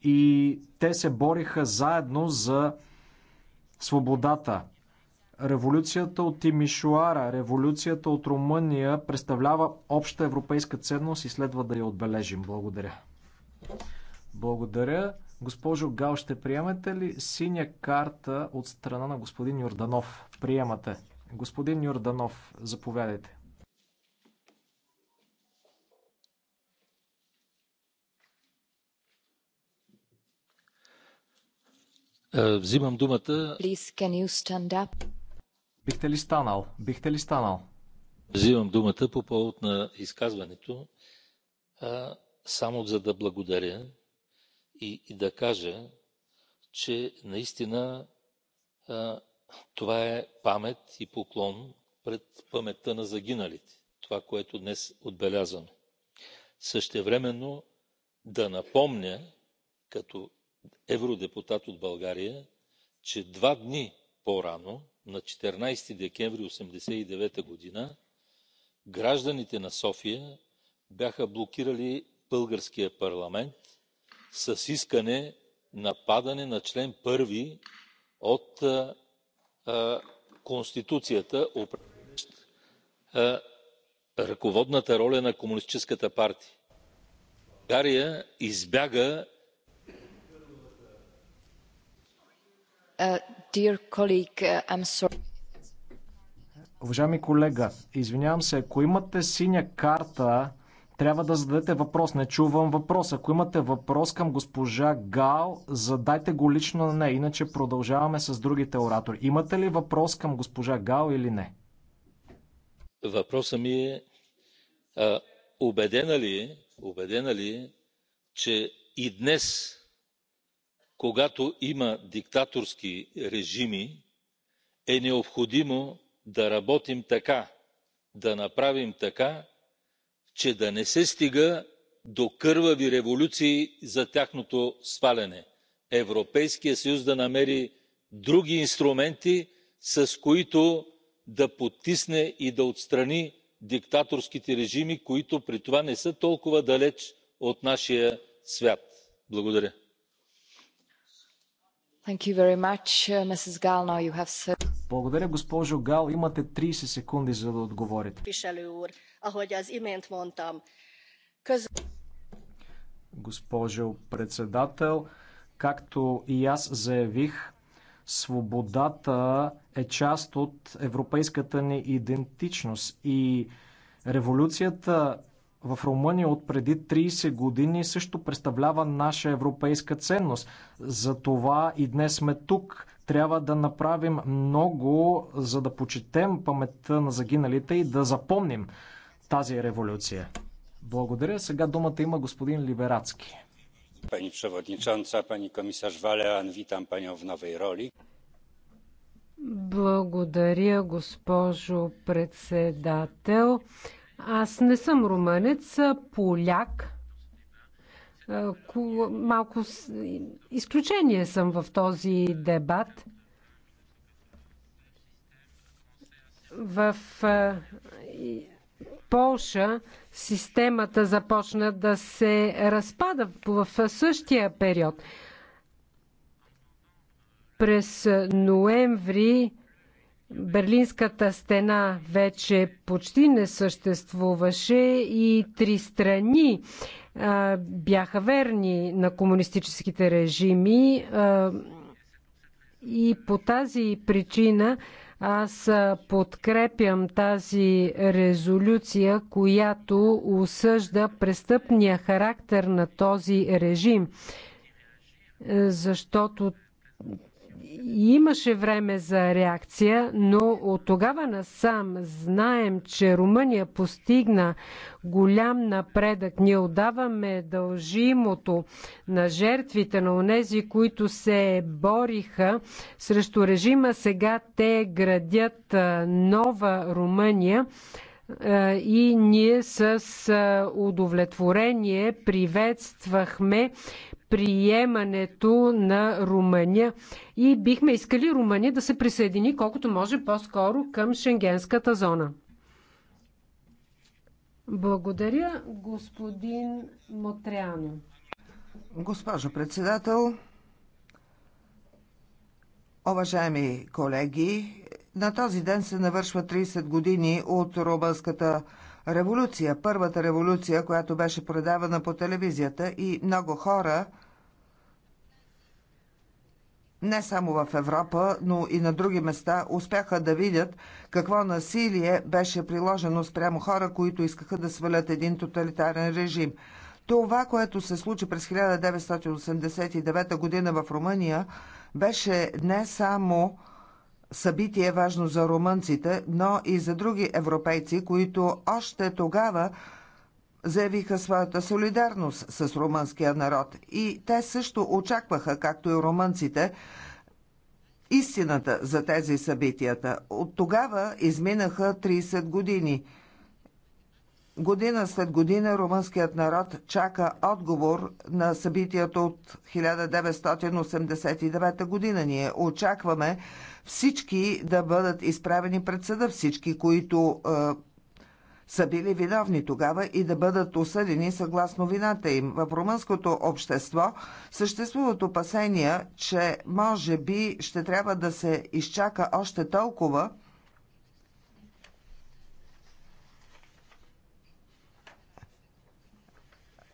и те се бориха заедно за свободата Революцията от Тимишуара, революцията от Румъния представлява обща европейска ценност и следва да я отбележим. Благодаря. Благодаря. Госпожо Гал, ще приемете ли синя карта от страна на господин Йорданов? Приемате. Господин Йорданов, заповядайте. Е, взимам думата. Please, can you stand up? Бихте ли станал? Бихте ли станал? Взимам думата по повод на изказването, а, само за да благодаря и, и да кажа, че наистина а, това е памет и поклон пред паметта на загиналите, това, което днес отбелязваме. Същевременно да напомня, като евродепутат от България, че два дни по-рано, на 14 декември 1989 г. гражданите на София бяха блокирали българския парламент с искане на падане на чл. 1 от Конституцията, определящ ръководната роля на Комунистическата партия. България избяга. Е, Uh, Уважаеми колега, извинявам се, ако имате синя карта, трябва да зададете въпрос. Не чувам въпрос. Ако имате въпрос към госпожа Гал, задайте го лично на нея, иначе продължаваме с другите оратори. Имате ли въпрос към госпожа Гал или не? Въпросът ми е а, убедена ли, убедена ли, че и днес когато има диктаторски режими е необходимо да работим така да направим така че да не се стига до кървави революции за тяхното сваляне. европейският съюз да намери други инструменти с които да потисне и да отстрани диктаторските режими които при това не са толкова далеч от нашия свят. благодаря. Uh, Благодаря, госпожо Гал. Имате 30 секунди, за да отговорите. Госпожо председател, както и аз заявих, свободата е част от европейската ни идентичност и революцията в Румъния от преди 30 години също представлява наша европейска ценност. Затова и днес сме тук. Трябва да направим много, за да почетем паметта на загиналите и да запомним тази революция. Благодаря. Сега думата има господин Либерацки. Пани przewodnicząca, пани комисар Валеан, витам пани в nowej роли. Благодаря, госпожо председател. Аз не съм румънец, поляк. Малко изключение съм в този дебат. В Полша системата започна да се разпада в същия период. През ноември Берлинската стена вече почти не съществуваше и три страни а, бяха верни на комунистическите режими а, и по тази причина аз подкрепям тази резолюция, която осъжда престъпния характер на този режим, защото Имаше време за реакция, но от тогава насам знаем, че Румъния постигна голям напредък. Ние отдаваме дължимото на жертвите на онези, които се бориха срещу режима. Сега те градят нова Румъния и ние с удовлетворение приветствахме приемането на Румъния и бихме искали Румъния да се присъедини колкото може по-скоро към Шенгенската зона. Благодаря, господин Мотряно. Госпожо председател, уважаеми колеги, на този ден се навършва 30 години от Румънската революция, първата революция, която беше предавана по телевизията и много хора – не само в Европа, но и на други места, успяха да видят какво насилие беше приложено спрямо хора, които искаха да свалят един тоталитарен режим. Това, което се случи през 1989 година в Румъния, беше не само събитие важно за румънците, но и за други европейци, които още тогава заявиха своята солидарност с румънския народ и те също очакваха, както и румънците, истината за тези събитията. От тогава изминаха 30 години. Година след година румънският народ чака отговор на събитията от 1989 година. Ние очакваме всички да бъдат изправени пред съда, всички, които е, са били виновни тогава и да бъдат осъдени съгласно вината им. В румънското общество съществуват опасения, че може би ще трябва да се изчака още толкова,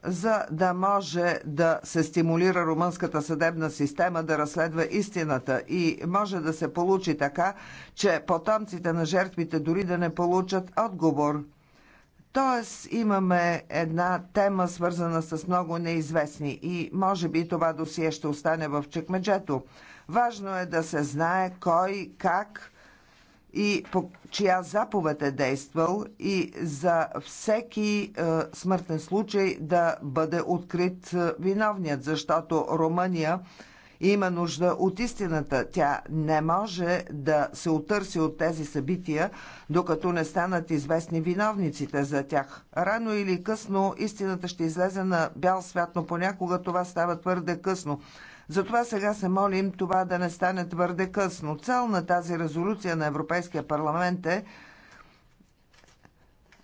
за да може да се стимулира румънската съдебна система да разследва истината и може да се получи така, че потомците на жертвите дори да не получат отговор. Тоест имаме една тема свързана с много неизвестни и може би това досие ще остане в чекмеджето. Важно е да се знае кой, как и по чия заповед е действал и за всеки е, смъртен случай да бъде открит е, виновният, защото Румъния има нужда от истината. Тя не може да се отърси от тези събития, докато не станат известни виновниците за тях. Рано или късно истината ще излезе на бял свят, но понякога това става твърде късно. Затова сега се молим това да не стане твърде късно. Цел на тази резолюция на Европейския парламент е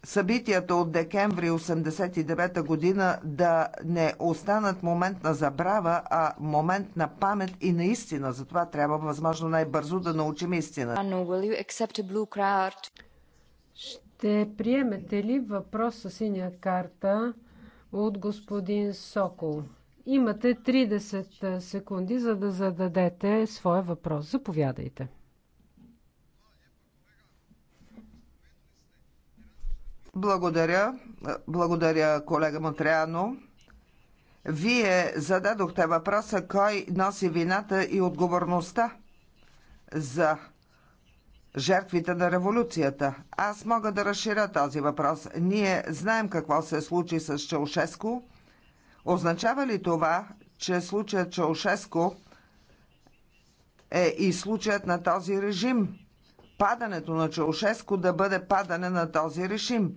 събитията от декември 1989 година да не останат момент на забрава, а момент на памет и на истина. Затова трябва възможно най-бързо да научим истина. Ще приемете ли въпрос с синя карта от господин Сокол? Имате 30 секунди, за да зададете своя въпрос. Заповядайте. Благодаря. Благодаря, колега Матряно. Вие зададохте въпроса кой носи вината и отговорността за жертвите на революцията. Аз мога да разширя този въпрос. Ние знаем какво се случи с Чаушеско. Означава ли това, че случаят Чаушеско е и случаят на този режим? падането на Чаушеско да бъде падане на този режим.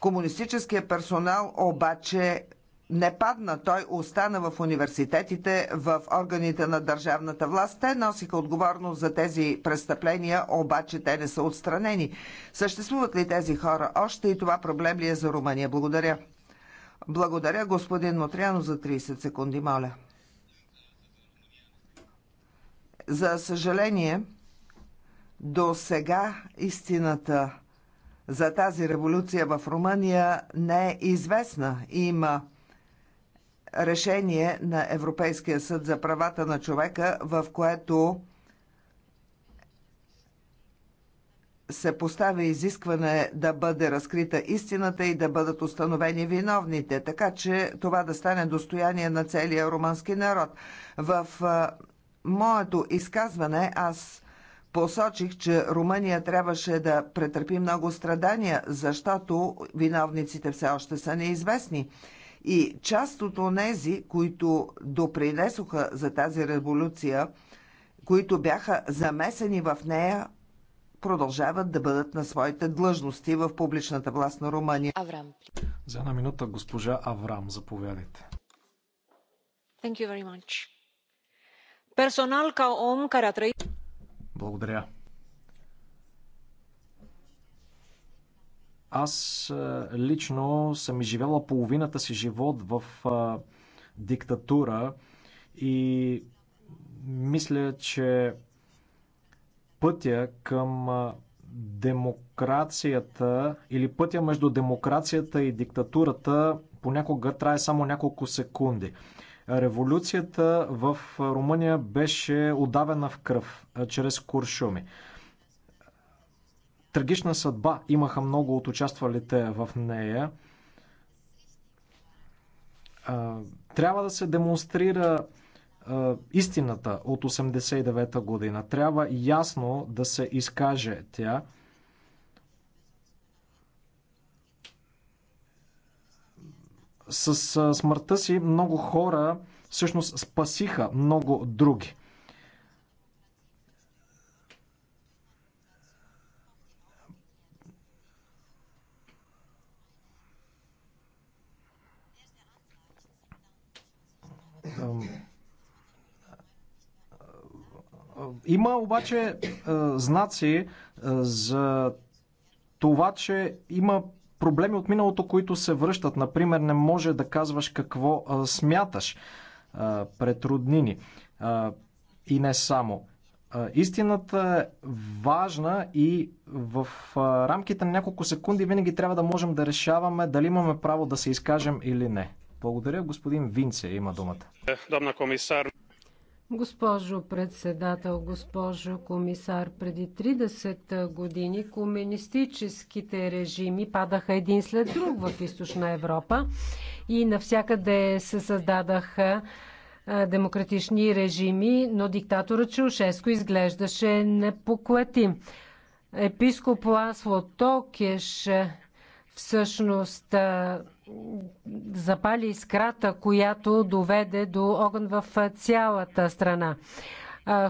Комунистическия персонал обаче не падна. Той остана в университетите, в органите на държавната власт. Те носиха отговорност за тези престъпления, обаче те не са отстранени. Съществуват ли тези хора още и това проблем ли е за Румъния? Благодаря. Благодаря, господин Мотряно, за 30 секунди, моля. За съжаление, до сега истината за тази революция в Румъния не е известна. Има решение на Европейския съд за правата на човека, в което се поставя изискване да бъде разкрита истината и да бъдат установени виновните, така че това да стане достояние на целия румънски народ. В моето изказване аз посочих, че Румъния трябваше да претърпи много страдания, защото виновниците все още са неизвестни. И част от онези, които допринесоха за тази революция, които бяха замесени в нея, продължават да бъдат на своите длъжности в публичната власт на Румъния. Аврам. За една минута госпожа Аврам, заповядайте. Thank you very much. Personal ca om care a благодаря. Аз е, лично съм изживяла половината си живот в а, е, диктатура и мисля, че пътя към е, демокрацията или пътя между демокрацията и диктатурата понякога трае само няколко секунди. Революцията в Румъния беше отдавена в кръв чрез куршуми. Трагична съдба имаха много от участвалите в нея. Трябва да се демонстрира истината от 89-та година. Трябва ясно да се изкаже тя. С смъртта си много хора всъщност спасиха много други. Има обаче знаци за това, че има проблеми от миналото, които се връщат. Например, не може да казваш какво а, смяташ а, пред роднини. А, и не само. А, истината е важна и в а, рамките на няколко секунди винаги трябва да можем да решаваме дали имаме право да се изкажем или не. Благодаря, господин Винце има думата. Е, Добна комисар, Госпожо председател, госпожо комисар, преди 30 години комунистическите режими падаха един след друг в източна Европа и навсякъде се създадаха демократични режими, но диктаторът Чаушеско изглеждаше непоклетим. Епископ Ласло Токеш всъщност запали искрата, която доведе до огън в цялата страна.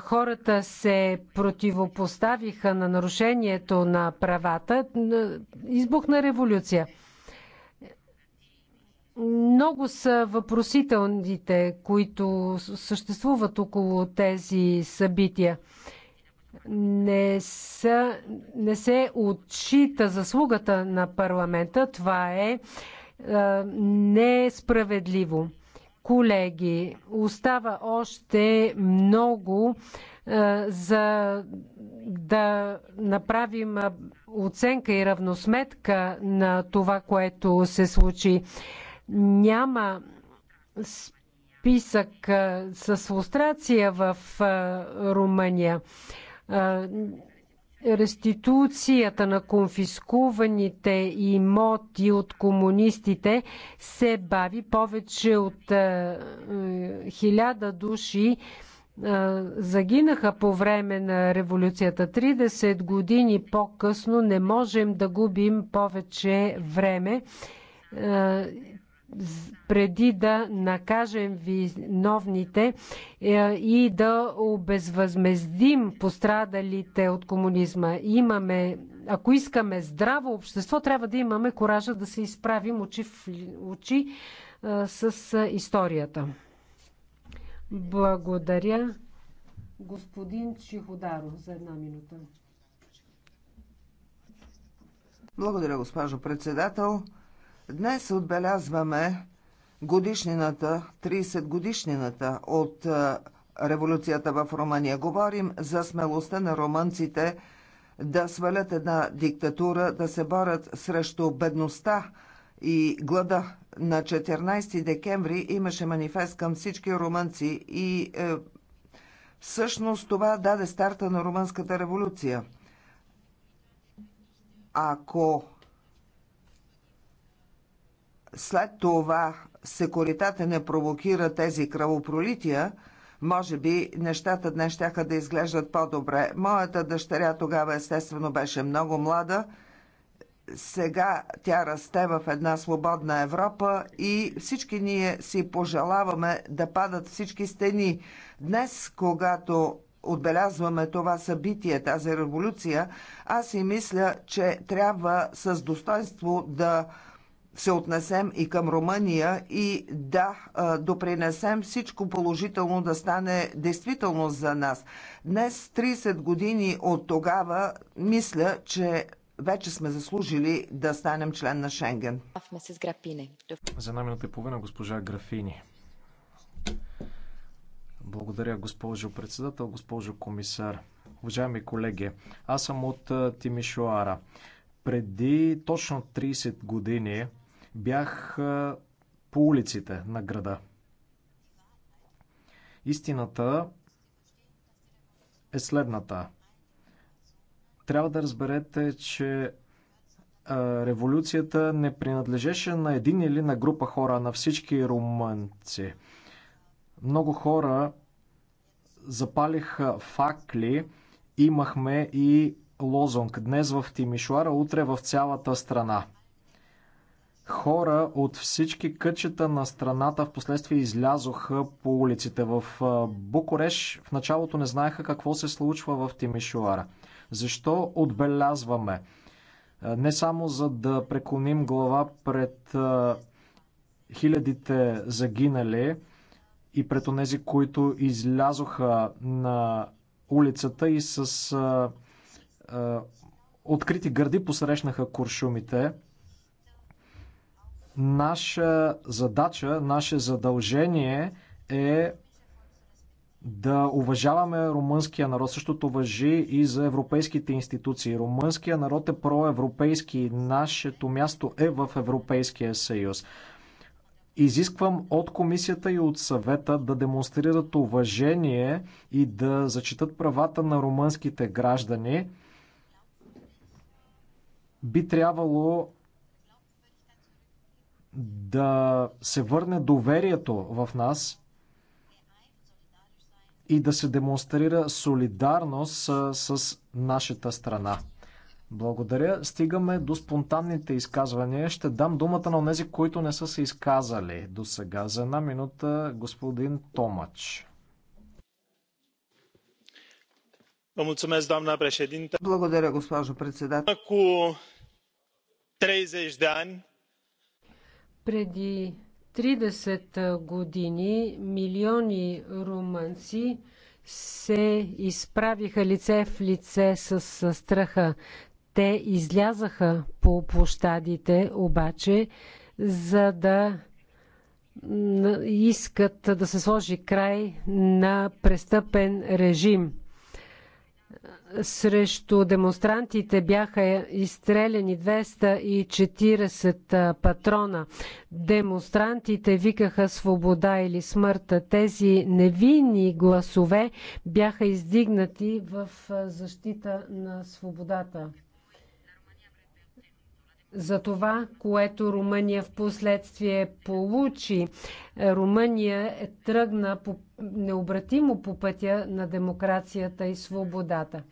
Хората се противопоставиха на нарушението на правата. Избухна революция. Много са въпросителните, които съществуват около тези събития. Не, са, не се отчита заслугата на парламента. Това е несправедливо. Колеги, остава още много за да направим оценка и равносметка на това, което се случи. Няма списък с лустрация в Румъния реституцията на конфискуваните имоти от комунистите се бави. Повече от е, е, хиляда души е, загинаха по време на революцията. 30 години по-късно не можем да губим повече време преди да накажем виновните е, и да обезвъзмездим пострадалите от комунизма. Имаме, ако искаме здраво общество, трябва да имаме коража да се изправим очи в очи е, с е, историята. Благодаря. Господин Чиходаро за една минута. Благодаря, госпожо председател. Днес отбелязваме годишнината, 30 годишнината от революцията в Румъния. Говорим за смелостта на румънците да свалят една диктатура, да се борят срещу бедността и глада. На 14 декември имаше манифест към всички румънци и е, всъщност това даде старта на румънската революция. Ако след това секуритата не провокира тези кръвопролития, може би нещата днес щяха да изглеждат по-добре. Моята дъщеря тогава естествено беше много млада. Сега тя расте в една свободна Европа и всички ние си пожелаваме да падат всички стени. Днес, когато отбелязваме това събитие, тази революция, аз и мисля, че трябва с достоинство да се отнесем и към Румъния и да допринесем всичко положително да стане действителност за нас. Днес, 30 години от тогава, мисля, че вече сме заслужили да станем член на Шенген. За една минута и половина госпожа Графини. Благодаря, госпожо председател, госпожо комисар. Уважаеми колеги, аз съм от Тимишоара. Преди точно 30 години Бях по улиците на града. Истината е следната. Трябва да разберете, че революцията не принадлежеше на един или на група хора, на всички румънци. Много хора запалиха факли, имахме и лозунг. Днес в Тимишуара, утре в цялата страна хора от всички кътчета на страната в последствие излязоха по улиците. В Букуреш в началото не знаеха какво се случва в Тимишуара. Защо отбелязваме? Не само за да преклоним глава пред хилядите загинали и пред онези, които излязоха на улицата и с открити гърди посрещнаха куршумите – Наша задача, наше задължение е да уважаваме румънския народ. Същото въжи и за европейските институции. Румънския народ е проевропейски. Нашето място е в Европейския съюз. Изисквам от комисията и от съвета да демонстрират уважение и да зачитат правата на румънските граждани. Би трябвало да се върне доверието в нас и да се демонстрира солидарност с, с нашата страна. Благодаря. Стигаме до спонтанните изказвания. Ще дам думата на тези, които не са се изказали до сега. За една минута господин Томач. Благодаря, госпожо председател. 30 de преди 30 години милиони румънци се изправиха лице в лице с страха. Те излязаха по площадите, обаче, за да искат да се сложи край на престъпен режим срещу демонстрантите бяха изстреляни 240 патрона. Демонстрантите викаха свобода или смърт. Тези невинни гласове бяха издигнати в защита на свободата. За това, което Румъния в последствие получи. Румъния е тръгна по, необратимо по пътя на демокрацията и свободата.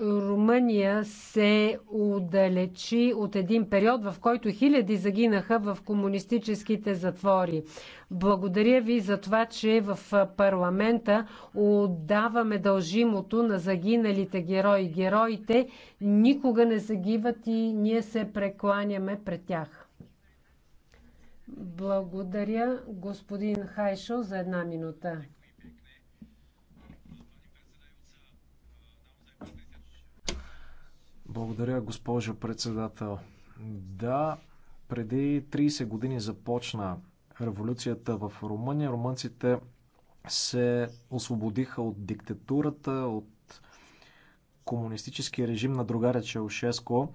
Румъния се удалечи от един период, в който хиляди загинаха в комунистическите затвори. Благодаря ви за това, че в парламента отдаваме дължимото на загиналите герои. Героите никога не загиват и ние се прекланяме пред тях. Благодаря господин Хайшо за една минута. Благодаря, госпожо председател. Да, преди 30 години започна революцията в Румъния. Румънците се освободиха от диктатурата, от комунистическия режим на другаря Челшеско.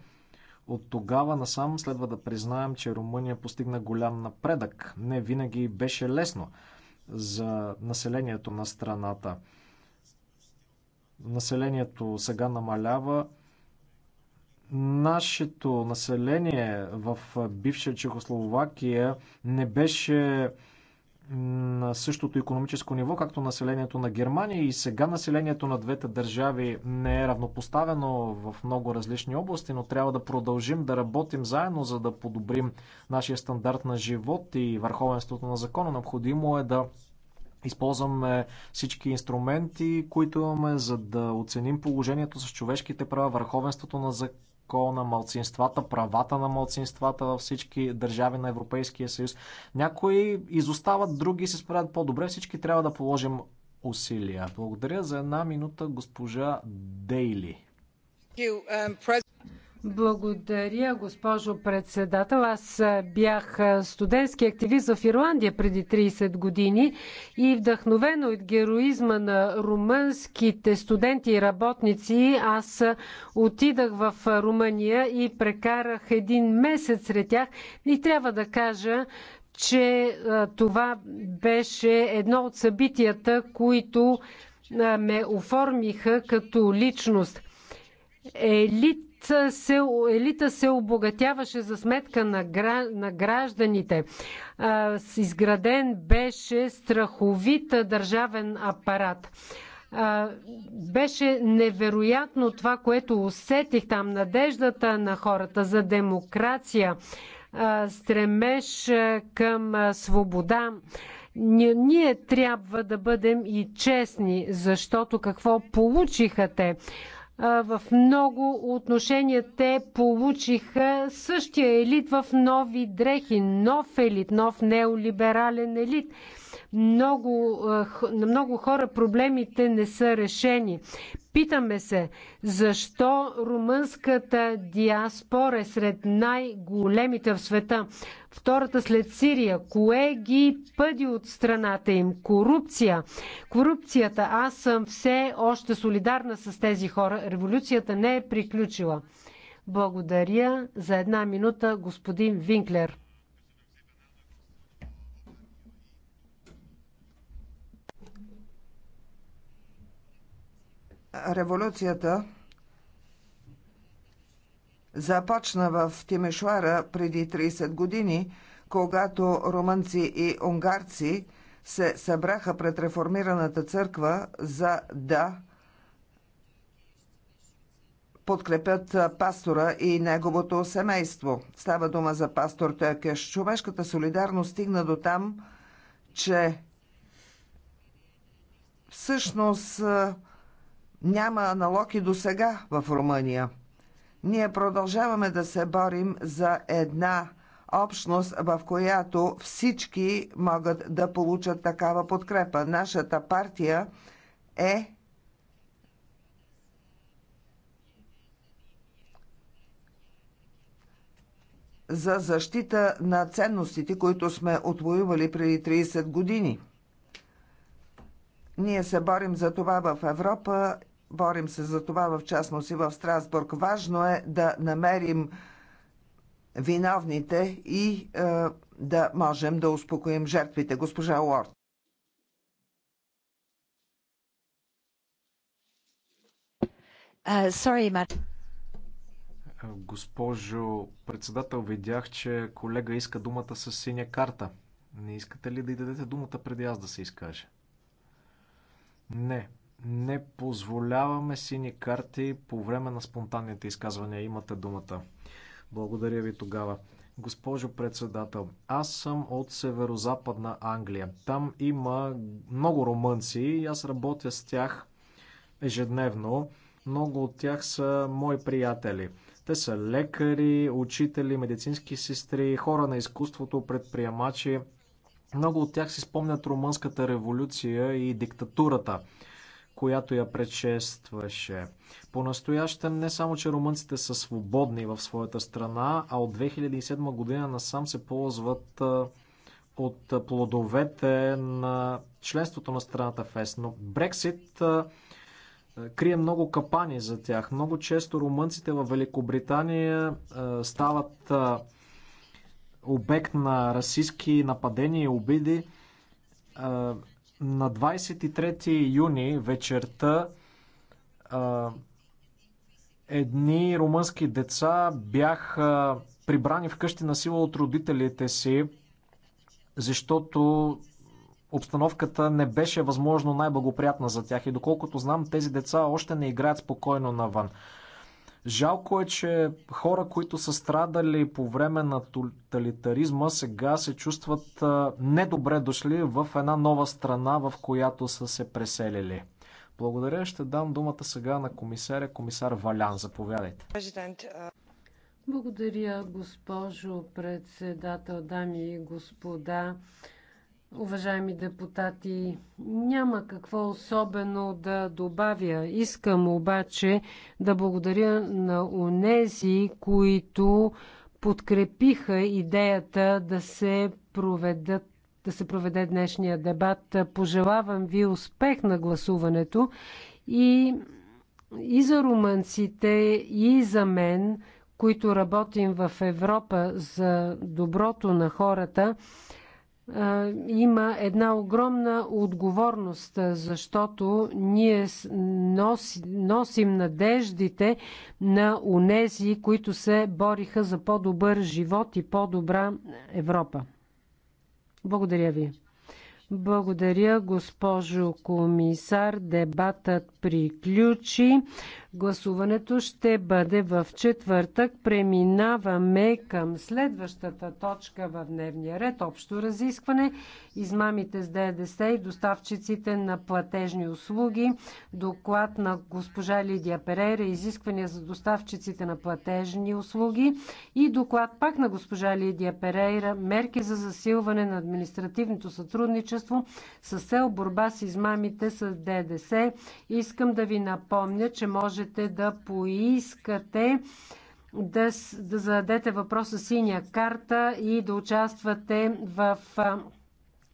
От тогава насам следва да признаем, че Румъния постигна голям напредък. Не винаги беше лесно за населението на страната. Населението сега намалява. Нашето население в бивша Чехословакия не беше на същото економическо ниво, както населението на Германия и сега населението на двете държави не е равнопоставено в много различни области, но трябва да продължим да работим заедно, за да подобрим нашия стандарт на живот и върховенството на закона. Необходимо е да използваме всички инструменти, които имаме, за да оценим положението с човешките права, върховенството на закона езико на малцинствата, правата на малцинствата във всички държави на Европейския съюз. Някои изостават, други се справят по-добре. Всички трябва да положим усилия. Благодаря за една минута, госпожа Дейли. Благодаря, госпожо председател. Аз бях студентски активист в Ирландия преди 30 години и вдъхновено от героизма на румънските студенти и работници, аз отидах в Румъния и прекарах един месец сред тях и трябва да кажа, че това беше едно от събитията, които ме оформиха като личност. Елит се, елита се обогатяваше за сметка на, гра, на гражданите. А, изграден беше страховит държавен апарат. А, беше невероятно това, което усетих там. Надеждата на хората за демокрация, а, стремеж към свобода. Ние, ние трябва да бъдем и честни, защото какво получиха те? в много отношения те получиха същия елит в нови дрехи, нов елит, нов неолиберален елит. Много, на много хора проблемите не са решени. Питаме се, защо румънската диаспора е сред най-големите в света? Втората след Сирия. Кое ги пъди от страната им? Корупция. Корупцията. Аз съм все още солидарна с тези хора. Революцията не е приключила. Благодаря за една минута, господин Винклер. Революцията започна в Тимешуара преди 30 години, когато румънци и унгарци се събраха пред реформираната църква за да подкрепят пастора и неговото семейство. Става дума за пастор Текеш. Човешката солидарност стигна до там, че всъщност няма аналог и до сега в Румъния. Ние продължаваме да се борим за една общност, в която всички могат да получат такава подкрепа. Нашата партия е за защита на ценностите, които сме отвоювали преди 30 години. Ние се борим за това в Европа, борим се за това в частност и в Страсбург. Важно е да намерим виновните и е, да можем да успокоим жертвите. Госпожа Уорд. Госпожо председател, видях, че колега иска думата с синя карта. Не искате ли да й дадете думата преди аз да се изкаже? Не, не позволяваме сини карти по време на спонтанните изказвания. Имате думата. Благодаря ви тогава. Госпожо председател, аз съм от северо-западна Англия. Там има много румънци и аз работя с тях ежедневно. Много от тях са мои приятели. Те са лекари, учители, медицински сестри, хора на изкуството, предприемачи. Много от тях си спомнят Румънската революция и диктатурата, която я предшестваше. По-настоящем не само, че румънците са свободни в своята страна, а от 2007 година насам се ползват от плодовете на членството на страната в ЕС. Но Брексит крие много капани за тях. Много често румънците в Великобритания стават обект на расистски нападения и обиди. На 23 юни вечерта едни румънски деца бяха прибрани вкъщи на сила от родителите си, защото обстановката не беше възможно най-благоприятна за тях. И доколкото знам, тези деца още не играят спокойно навън. Жалко е, че хора, които са страдали по време на тоталитаризма, сега се чувстват недобре дошли в една нова страна, в която са се преселили. Благодаря. Ще дам думата сега на комисаря, комисар Валян. Заповядайте. Благодаря, госпожо председател, дами и господа. Уважаеми депутати, няма какво особено да добавя. Искам обаче да благодаря на унези, които подкрепиха идеята да се проведат да се проведе днешния дебат. Пожелавам ви успех на гласуването и, и за румънците, и за мен, които работим в Европа за доброто на хората има една огромна отговорност, защото ние носи, носим надеждите на унези, които се бориха за по-добър живот и по-добра Европа. Благодаря ви. Благодаря, госпожо комисар. Дебатът приключи. Гласуването ще бъде в четвъртък. Преминаваме към следващата точка в дневния ред. Общо разискване. Измамите с ДДС и доставчиците на платежни услуги. Доклад на госпожа Лидия Перейра. Изисквания за доставчиците на платежни услуги. И доклад пак на госпожа Лидия Перейра. Мерки за засилване на административното сътрудничество с цел борба с измамите с ДДС. Искам да ви напомня, че може можете да поискате да, да зададете въпроса синя карта и да участвате в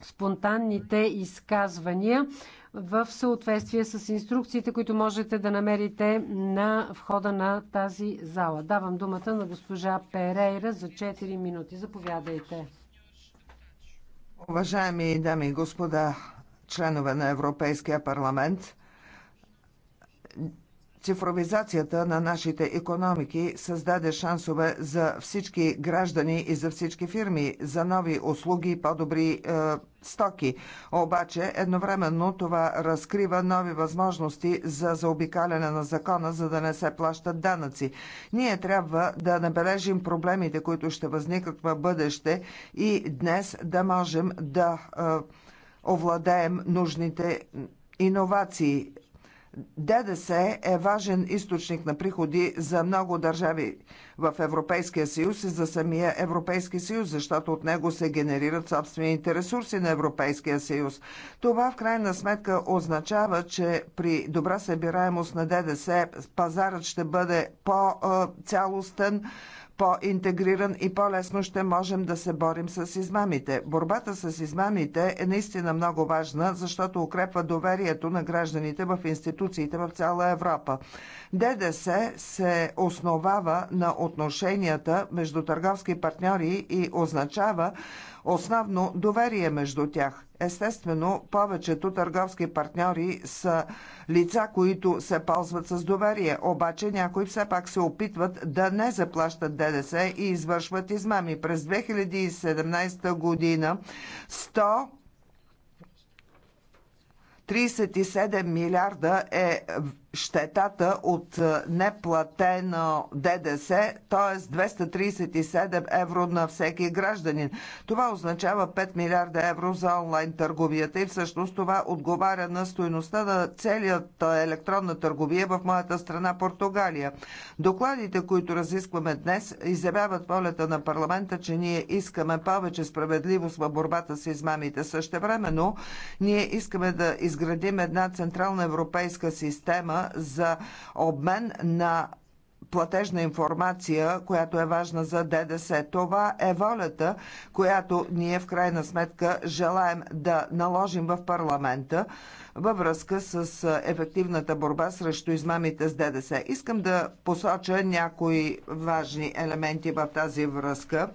спонтанните изказвания в съответствие с инструкциите, които можете да намерите на входа на тази зала. Давам думата на госпожа Перейра за 4 минути. Заповядайте. Уважаеми дами и господа, членове на Европейския парламент, Цифровизацията на нашите економики създаде шансове за всички граждани и за всички фирми, за нови услуги и по-добри е, стоки. Обаче едновременно това разкрива нови възможности за заобикаляне на закона, за да не се плащат данъци. Ние трябва да набележим проблемите, които ще възникнат в бъдеще и днес да можем да е, овладеем нужните иновации. ДДС е важен източник на приходи за много държави в Европейския съюз и за самия Европейски съюз, защото от него се генерират собствените ресурси на Европейския съюз. Това в крайна сметка означава, че при добра събираемост на ДДС пазарът ще бъде по-цялостен, по-интегриран и по-лесно ще можем да се борим с измамите. Борбата с измамите е наистина много важна, защото укрепва доверието на гражданите в институциите в цяла Европа. ДДС се основава на отношенията между търговски партньори и означава, основно доверие между тях. Естествено, повечето търговски партньори са лица, които се ползват с доверие, обаче някои все пак се опитват да не заплащат ДДС и извършват измами. През 2017 година 100 37 милиарда е щетата от е, неплатено ДДС, т.е. 237 евро на всеки гражданин. Това означава 5 милиарда евро за онлайн търговията и всъщност това отговаря на стоеността на целията е, електронна търговия в моята страна Португалия. Докладите, които разискваме днес, изявяват волята на парламента, че ние искаме повече справедливост в борбата с измамите. също времено. ние искаме да изградим една централна европейска система, за обмен на платежна информация, която е важна за ДДС. Това е волята, която ние в крайна сметка желаем да наложим в парламента във връзка с ефективната борба срещу измамите с ДДС. Искам да посоча някои важни елементи в тази връзка.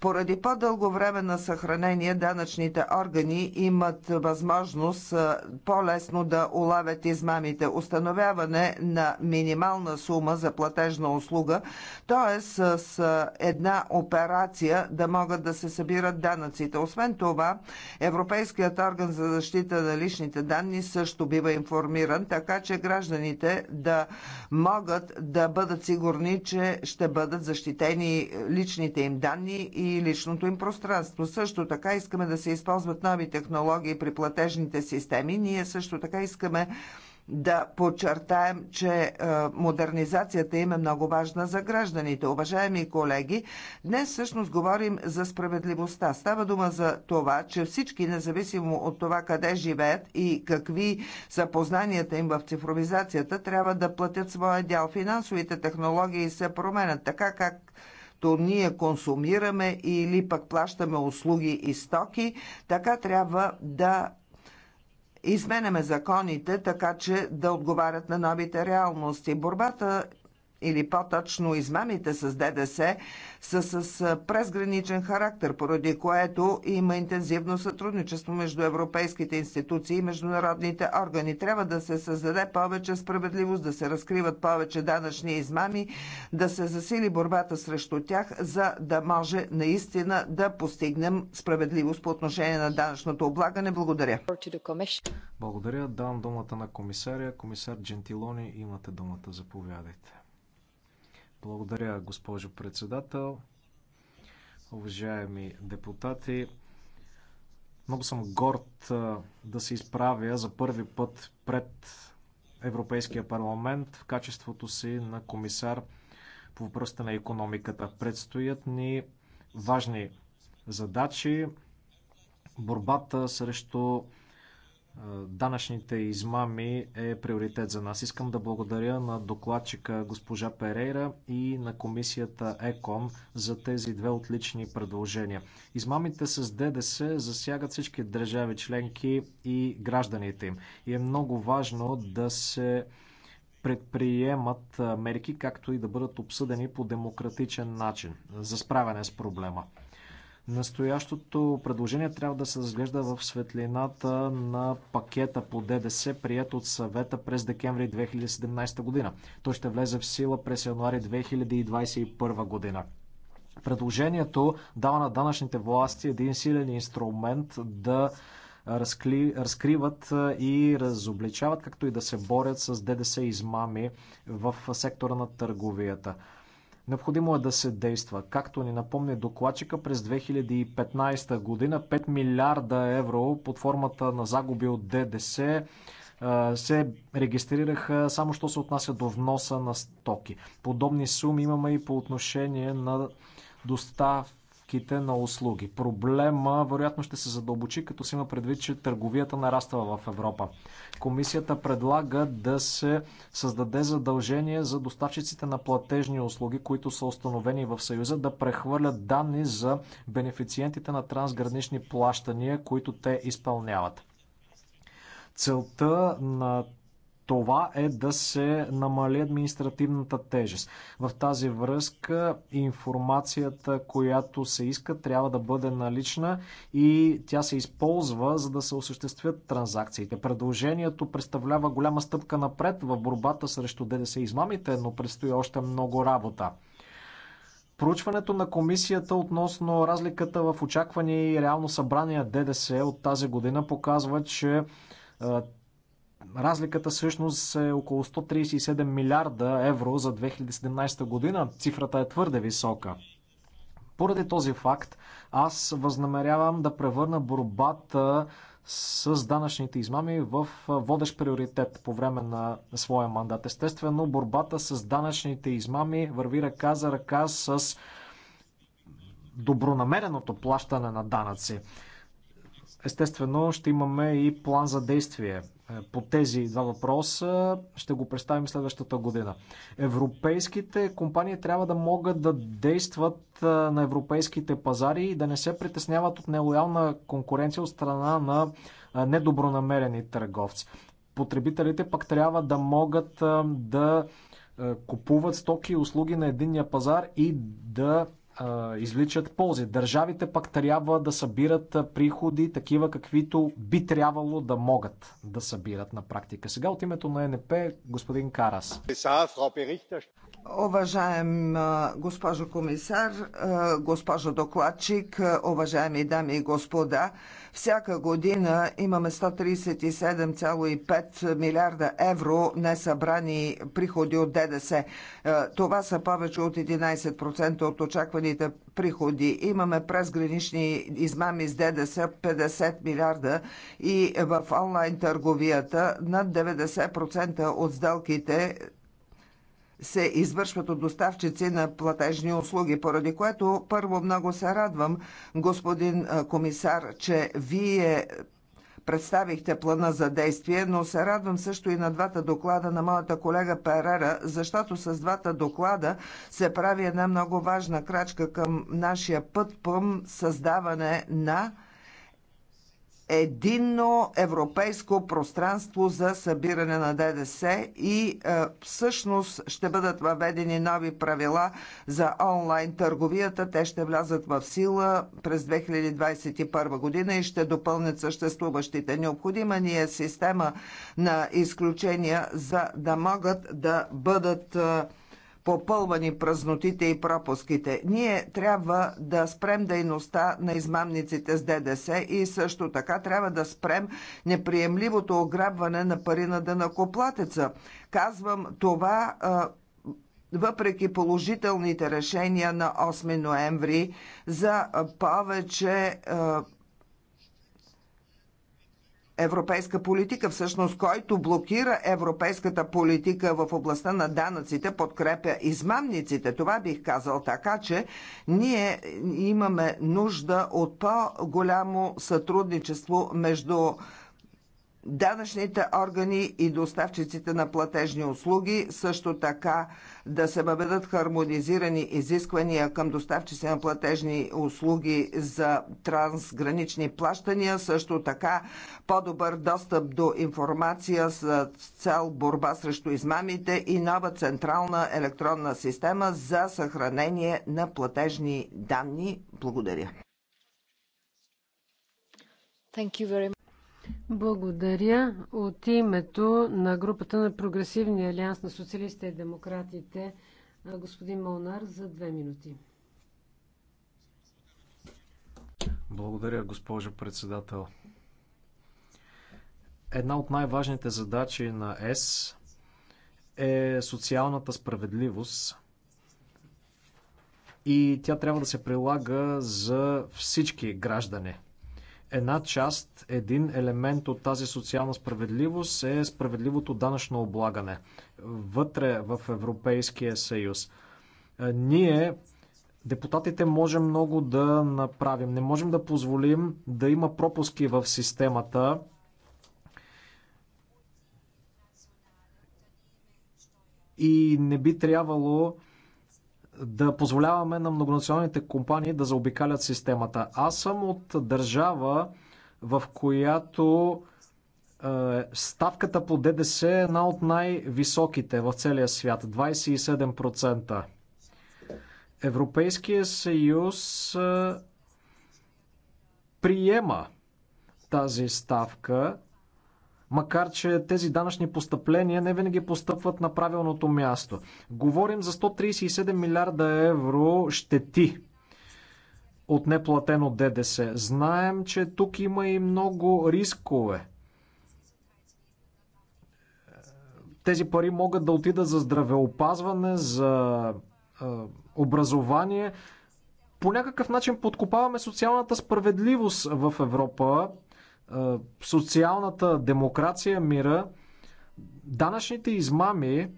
Поради по-дълго време на съхранение, данъчните органи имат възможност по-лесно да улавят измамите. Установяване на минимална сума за платежна услуга, т.е. с една операция да могат да се събират данъците. Освен това, Европейският орган за защита на личните данни също бива информиран, така че гражданите да могат да бъдат сигурни, че ще бъдат защитени личните им данни и и личното им пространство. Също така искаме да се използват нови технологии при платежните системи. Ние също така искаме да подчертаем, че е, модернизацията им е много важна за гражданите. Уважаеми колеги, днес всъщност говорим за справедливостта. Става дума за това, че всички, независимо от това къде живеят и какви са познанията им в цифровизацията, трябва да платят своя дял. Финансовите технологии се променят така, как което ние консумираме или пък плащаме услуги и стоки, така трябва да изменяме законите, така че да отговарят на новите реалности. Борбата или по-точно измамите с ДДС са с презграничен характер, поради което има интензивно сътрудничество между европейските институции и международните органи. Трябва да се създаде повече справедливост, да се разкриват повече данъчни измами, да се засили борбата срещу тях, за да може наистина да постигнем справедливост по отношение на данъчното облагане. Благодаря. Благодаря. Дам думата на комисаря. Комисар Джентилони, имате думата. Заповядайте. Благодаря, госпожо председател. Уважаеми депутати, много съм горд да се изправя за първи път пред Европейския парламент в качеството си на комисар по въпросите на економиката. Предстоят ни важни задачи борбата срещу данъчните измами е приоритет за нас. Искам да благодаря на докладчика госпожа Перейра и на комисията ЕКОМ за тези две отлични предложения. Измамите с ДДС засягат всички държави членки и гражданите им. И е много важно да се предприемат мерки, както и да бъдат обсъдени по демократичен начин за справяне с проблема. Настоящото предложение трябва да се разглежда в светлината на пакета по ДДС, прият от съвета през декември 2017 година. Той ще влезе в сила през януари 2021 година. Предложението дава на данъчните власти един силен инструмент да разкли, разкриват и разобличават, както и да се борят с ДДС измами в сектора на търговията. Необходимо е да се действа. Както ни напомни докладчика, през 2015 година 5 милиарда евро под формата на загуби от ДДС е, се регистрираха само що се отнася до вноса на стоки. Подобни суми имаме и по отношение на достав доставките на услуги. Проблема вероятно ще се задълбочи, като се има предвид, че търговията нараства в Европа. Комисията предлага да се създаде задължение за доставчиците на платежни услуги, които са установени в Съюза, да прехвърлят данни за бенефициентите на трансгранични плащания, които те изпълняват. Целта на това е да се намали административната тежест. В тази връзка информацията, която се иска, трябва да бъде налична и тя се използва, за да се осъществят транзакциите. Предложението представлява голяма стъпка напред в борбата срещу ДДС измамите, но предстои още много работа. Проучването на комисията относно разликата в очаквания и реално събрания ДДС от тази година показва, че е, Разликата всъщност е около 137 милиарда евро за 2017 година. Цифрата е твърде висока. Поради този факт, аз възнамерявам да превърна борбата с данъчните измами в водещ приоритет по време на своя мандат. Естествено, борбата с данъчните измами върви ръка за ръка с добронамереното плащане на данъци. Естествено, ще имаме и план за действие е, по тези два въпроса ще го представим следващата година. Европейските компании трябва да могат да действат е, на европейските пазари и да не се притесняват от нелоялна конкуренция от страна на е, недобронамерени търговци. Потребителите пък трябва да могат да купуват стоки и услуги на единния пазар и да извличат ползи. Държавите пък трябва да събират приходи, такива каквито би трябвало да могат да събират на практика. Сега от името на НП господин Карас. Уважаем госпожо комисар, госпожо докладчик, уважаеми дами и господа, всяка година имаме 137,5 милиарда евро несъбрани приходи от ДДС. Е, това са повече от 11% от очакваните приходи. Имаме презгранични измами с ДДС 50 милиарда и в онлайн търговията над 90% от сделките се извършват от доставчици на платежни услуги, поради което първо много се радвам, господин комисар, че вие представихте плана за действие, но се радвам също и на двата доклада на моята колега Перера, защото с двата доклада се прави една много важна крачка към нашия път към създаване на единно европейско пространство за събиране на ДДС и е, всъщност ще бъдат въведени нови правила за онлайн търговията. Те ще влязат в сила през 2021 година и ще допълнят съществуващите. Необходима ни е система на изключения, за да могат да бъдат е, попълвани празнотите и пропуските. Ние трябва да спрем дейността на измамниците с ДДС и също така трябва да спрем неприемливото ограбване на пари на дънакоплатеца. Казвам това въпреки положителните решения на 8 ноември за повече европейска политика. Всъщност, който блокира европейската политика в областта на данъците, подкрепя измамниците. Това бих казал така, че ние имаме нужда от по-голямо сътрудничество между данъчните органи и доставчиците на платежни услуги, също така да се въведат хармонизирани изисквания към доставчици на платежни услуги за трансгранични плащания, също така по-добър достъп до информация с цел борба срещу измамите и нова централна електронна система за съхранение на платежни данни. Благодаря. Благодаря. От името на групата на Прогресивния алианс на социалистите и демократите, господин Молнар, за две минути. Благодаря, госпожо председател. Една от най-важните задачи на ЕС е социалната справедливост и тя трябва да се прилага за всички граждани – Една част, един елемент от тази социална справедливост е справедливото данъчно облагане вътре в Европейския съюз. Е, ние Депутатите можем много да направим. Не можем да позволим да има пропуски в системата. И не би трябвало да позволяваме на многонационалните компании да заобикалят системата. Аз съм от държава, в която е, ставката по ДДС е една от най-високите в целия свят 27%. Европейския съюз е, приема тази ставка макар че тези данъчни постъпления не винаги постъпват на правилното място. Говорим за 137 милиарда евро щети от неплатено ДДС. Знаем, че тук има и много рискове. Тези пари могат да отидат за здравеопазване, за образование. По някакъв начин подкопаваме социалната справедливост в Европа е, социалната демокрация, мира, данъчните измами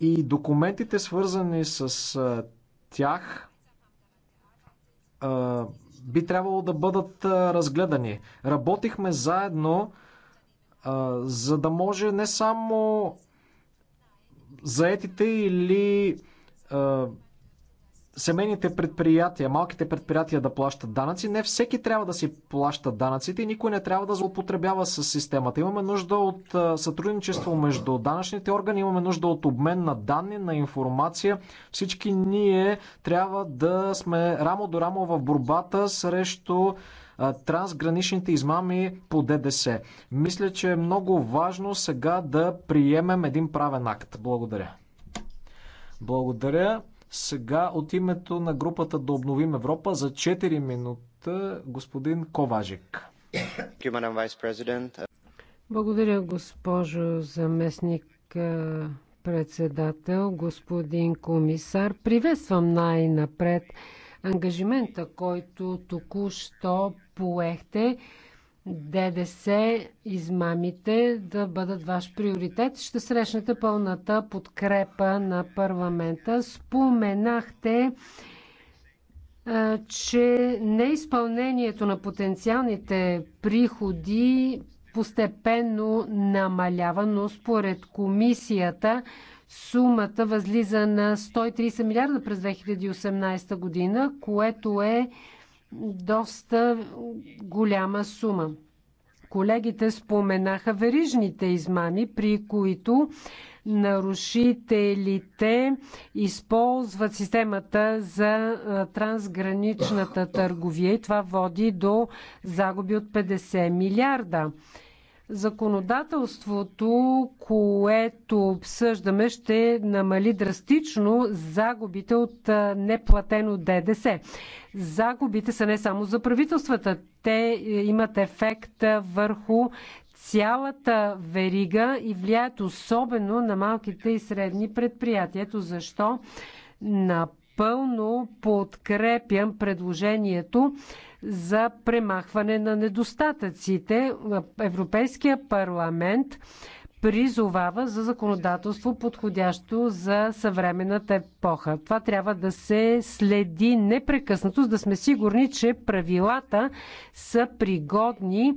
и документите свързани с е, тях е, би трябвало да бъдат разгледани. Работихме заедно, за да може не само заетите или семейните предприятия, малките предприятия да плащат данъци. Не всеки трябва да си плаща данъците и никой не трябва да злоупотребява с системата. Имаме нужда от сътрудничество между данъчните органи, имаме нужда от обмен на данни, на информация. Всички ние трябва да сме рамо до рамо в борбата срещу трансграничните измами по ДДС. Мисля, че е много важно сега да приемем един правен акт. Благодаря. Благодаря. Сега от името на групата да обновим Европа за 4 минута господин Коважик. Благодаря, госпожо заместник председател, господин комисар. Приветствам най-напред ангажимента, който току-що поехте ДДС измамите да бъдат ваш приоритет. Ще срещнете пълната подкрепа на парламента. Споменахте, че неизпълнението на потенциалните приходи постепенно намалява, но според комисията сумата възлиза на 130 милиарда през 2018 година, което е доста голяма сума. Колегите споменаха верижните измами, при които нарушителите използват системата за трансграничната търговия и това води до загуби от 50 милиарда. Законодателството, което обсъждаме, ще намали драстично загубите от неплатено ДДС. Загубите са не само за правителствата, те е, имат ефект върху цялата верига и влияят особено на малките и средни предприятия. Ето защо напълно подкрепям предложението за премахване на недостатъците. Европейския парламент призовава за законодателство, подходящо за съвременната епоха. Това трябва да се следи непрекъснато, за да сме сигурни, че правилата са пригодни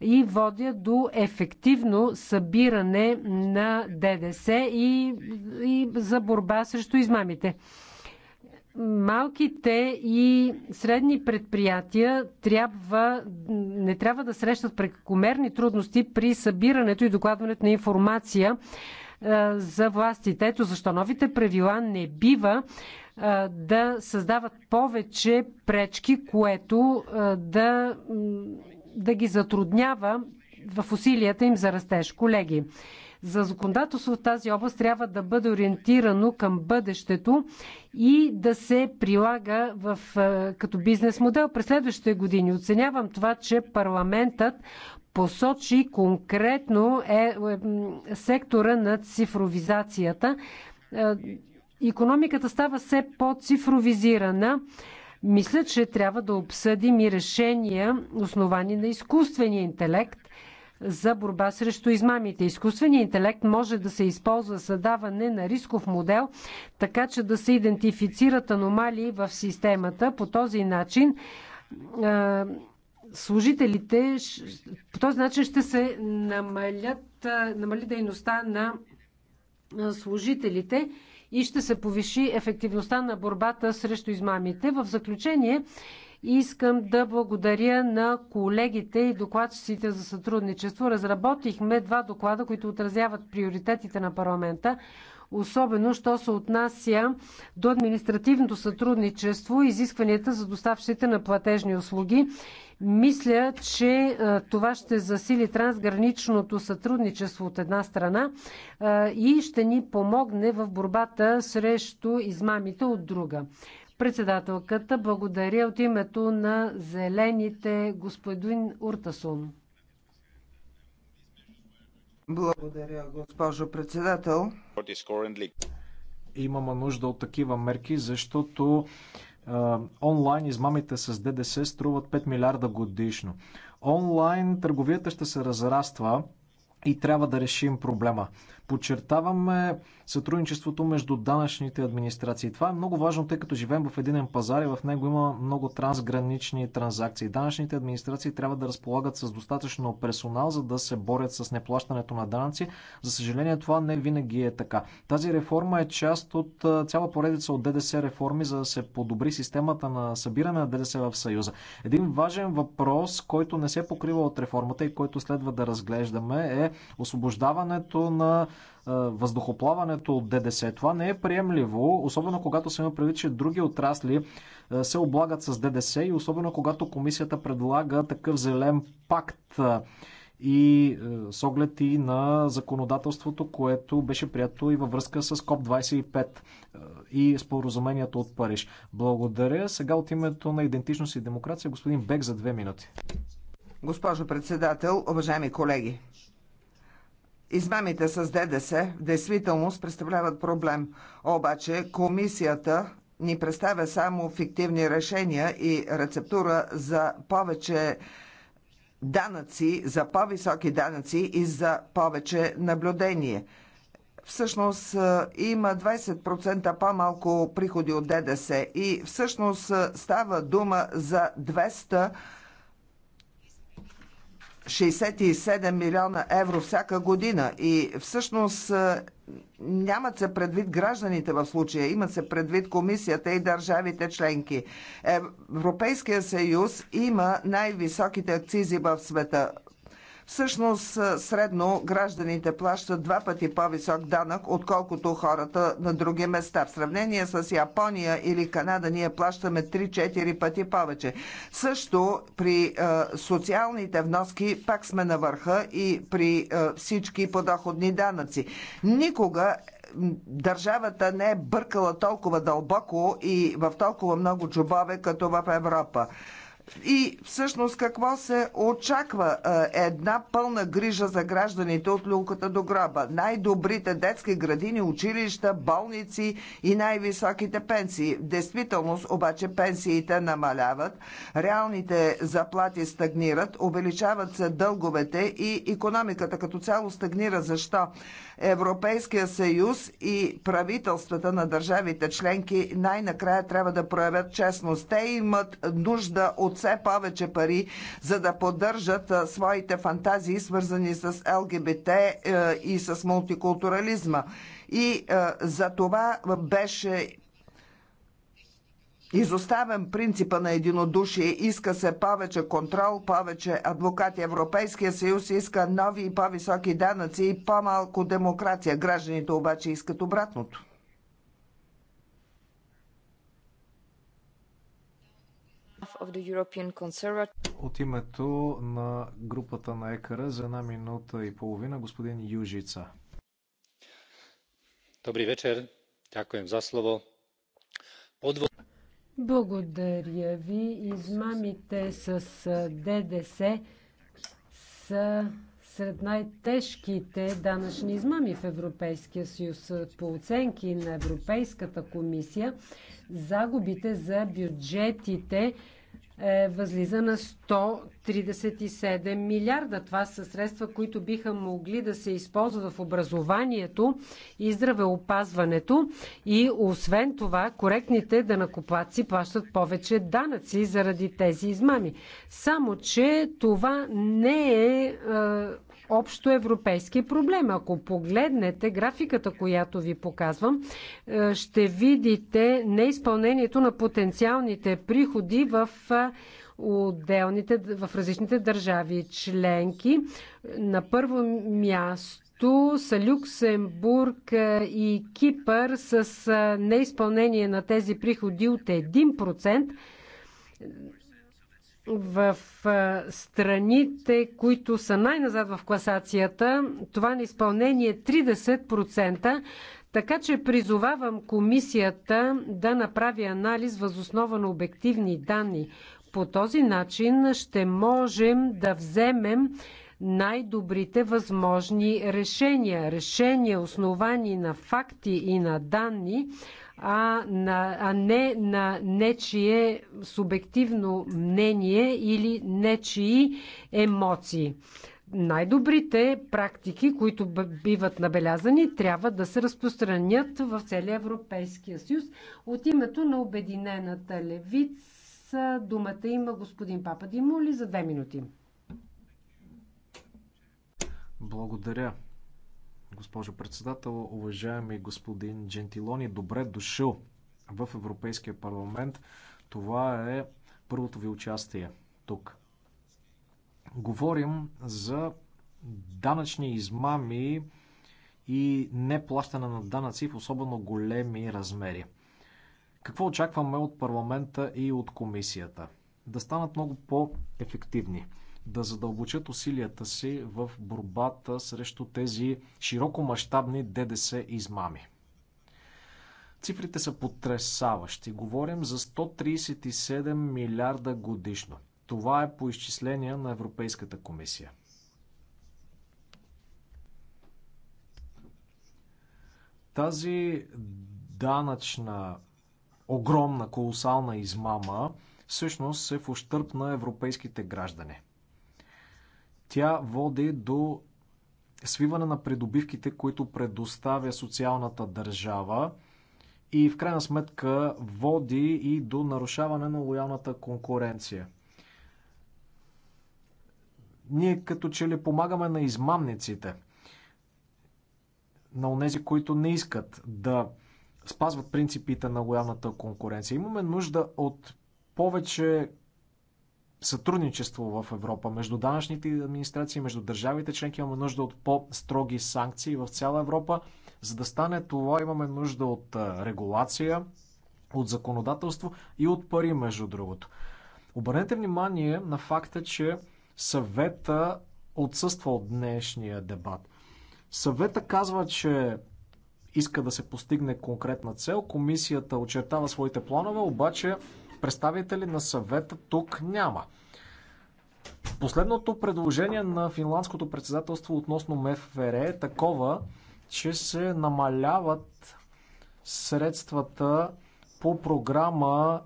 и водят до ефективно събиране на ДДС и, и за борба срещу измамите малките и средни предприятия трябва, не трябва да срещат прекомерни трудности при събирането и докладването на информация за властите. Ето защо новите правила не бива да създават повече пречки, което да, да ги затруднява в усилията им за растеж. Колеги, за законодателство в тази област трябва да бъде ориентирано към бъдещето и да се прилага в, е, като бизнес модел през следващите години. Оценявам това, че парламентът посочи конкретно е, е, сектора на цифровизацията. Економиката става все по-цифровизирана. Мисля, че трябва да обсъдим и решения, основани на изкуствения интелект – за борба срещу измамите. Изкуственият интелект може да се използва за даване на рисков модел, така че да се идентифицират аномалии в системата. По този начин служителите по този начин ще се намалят, намали дейността на служителите и ще се повиши ефективността на борбата срещу измамите. В заключение Искам да благодаря на колегите и докладчиците за сътрудничество. Разработихме два доклада, които отразяват приоритетите на парламента особено що се отнася до административното сътрудничество и изискванията за доставчиците на платежни услуги. Мисля, че това ще засили трансграничното сътрудничество от една страна и ще ни помогне в борбата срещу измамите от друга. Председателката благодаря от името на зелените господин Уртасун. Благодаря, госпожо председател. Имаме нужда от такива мерки, защото онлайн измамите с ДДС струват 5 милиарда годишно. Онлайн търговията ще се разраства и трябва да решим проблема подчертаваме сътрудничеството между данъчните администрации. Това е много важно, тъй като живеем в един пазар и в него има много трансгранични транзакции. Данъчните администрации трябва да разполагат с достатъчно персонал, за да се борят с неплащането на данъци. За съжаление, това не винаги е така. Тази реформа е част от цяла поредица от ДДС реформи, за да се подобри системата на събиране на ДДС в Съюза. Един важен въпрос, който не се покрива от реформата и който следва да разглеждаме е освобождаването на въздухоплаването от ДДС. Това не е приемливо, особено когато се има предвид, че други отрасли се облагат с ДДС и особено когато комисията предлага такъв зелен пакт и с оглед и на законодателството, което беше прието и във връзка с КОП-25 и споразумението от Париж. Благодаря. Сега от името на Идентичност и демокрация господин Бек за две минути. Госпожо председател, уважаеми колеги, Измамите с ДДС в действителност представляват проблем. Обаче комисията ни представя само фиктивни решения и рецептура за повече данъци, за по-високи данъци и за повече наблюдение. Всъщност е, има 20% по-малко приходи от ДДС и всъщност е, става дума за 200 67 милиона евро всяка година и всъщност нямат се предвид гражданите в случая, имат се предвид комисията и държавите членки. Европейския съюз има най-високите акцизи в света. Всъщност, средно гражданите плащат два пъти по-висок данък, отколкото хората на други места. В сравнение с Япония или Канада ние плащаме 3-4 пъти повече. Също при е, социалните вноски пак сме на върха и при е, всички подоходни данъци. Никога държавата не е бъркала толкова дълбоко и в толкова много джобове, като в Европа. И всъщност какво се очаква? Е, една пълна грижа за гражданите от люлката до гроба. Най-добрите детски градини, училища, болници и най-високите пенсии. В действителност обаче пенсиите намаляват, реалните заплати стагнират, увеличават се дълговете и економиката като цяло стагнира. Защо? Европейския съюз и правителствата на държавите членки най-накрая трябва да проявят честност. Те имат нужда от все повече пари, за да поддържат своите фантазии, свързани с ЛГБТ е, и с мултикултурализма. И е, за това беше Изоставен принципа на единодушие, иска се повече контрол, повече адвокати. Европейския съюз иска нови и по-високи данъци и по-малко демокрация. Гражданите обаче искат обратното. От името на групата на ЕКР за една минута и половина господин Южица. Добри вечер. Дякуем за слово. Подво... Благодаря ви. Измамите с ДДС са сред най-тежките данъчни измами в Европейския съюз. По оценки на Европейската комисия, загубите за бюджетите е, възлиза на 137 милиарда. Това са средства, които биха могли да се използват в образованието и здравеопазването. И освен това, коректните данакоплаци плащат повече данъци заради тези измами. Само, че това не е, е общо европейски проблем. Ако погледнете графиката, която ви показвам, е, ще видите неизпълнението на потенциалните приходи в е, отделните, в различните държави членки. На първо място са Люксембург е, и Кипър с неизпълнение на тези приходи от 1% в страните, които са най-назад в класацията, това неизпълнение е 30%, така че призовавам комисията да направи анализ възоснова на обективни данни. По този начин ще можем да вземем най-добрите възможни решения. Решения, основани на факти и на данни, а, на, а не на нечие субективно мнение или нечии емоции. Най-добрите практики, които биват набелязани, трябва да се разпространят в целия Европейския съюз. От името на Обединената левица думата има господин Папа Димоли за две минути. Благодаря, госпожо председател. Уважаеми господин Джентилони, добре дошъл в Европейския парламент. Това е първото ви участие тук. Говорим за данъчни измами и неплащане на данъци в особено големи размери. Какво очакваме от парламента и от комисията? Да станат много по-ефективни да задълбочат усилията си в борбата срещу тези широкомащабни ДДС измами. Цифрите са потрясаващи. Говорим за 137 милиарда годишно. Това е по изчисления на Европейската комисия. Тази данъчна, огромна, колосална измама всъщност е в ощърп на европейските граждани – тя води до свиване на придобивките, които предоставя социалната държава и в крайна сметка води и до нарушаване на лоялната конкуренция. Ние като че ли помагаме на измамниците, на онези, които не искат да спазват принципите на лоялната конкуренция. Имаме нужда от повече сътрудничество в Европа между данъчните администрации, между държавите членки. Имаме нужда от по-строги санкции в цяла Европа. За да стане това, имаме нужда от регулация, от законодателство и от пари, между другото. Обърнете внимание на факта, че съвета отсъства от днешния дебат. Съвета казва, че иска да се постигне конкретна цел, комисията очертава своите планове, обаче представители на съвета тук няма. Последното предложение на финландското председателство относно МФР е такова, че се намаляват средствата по програма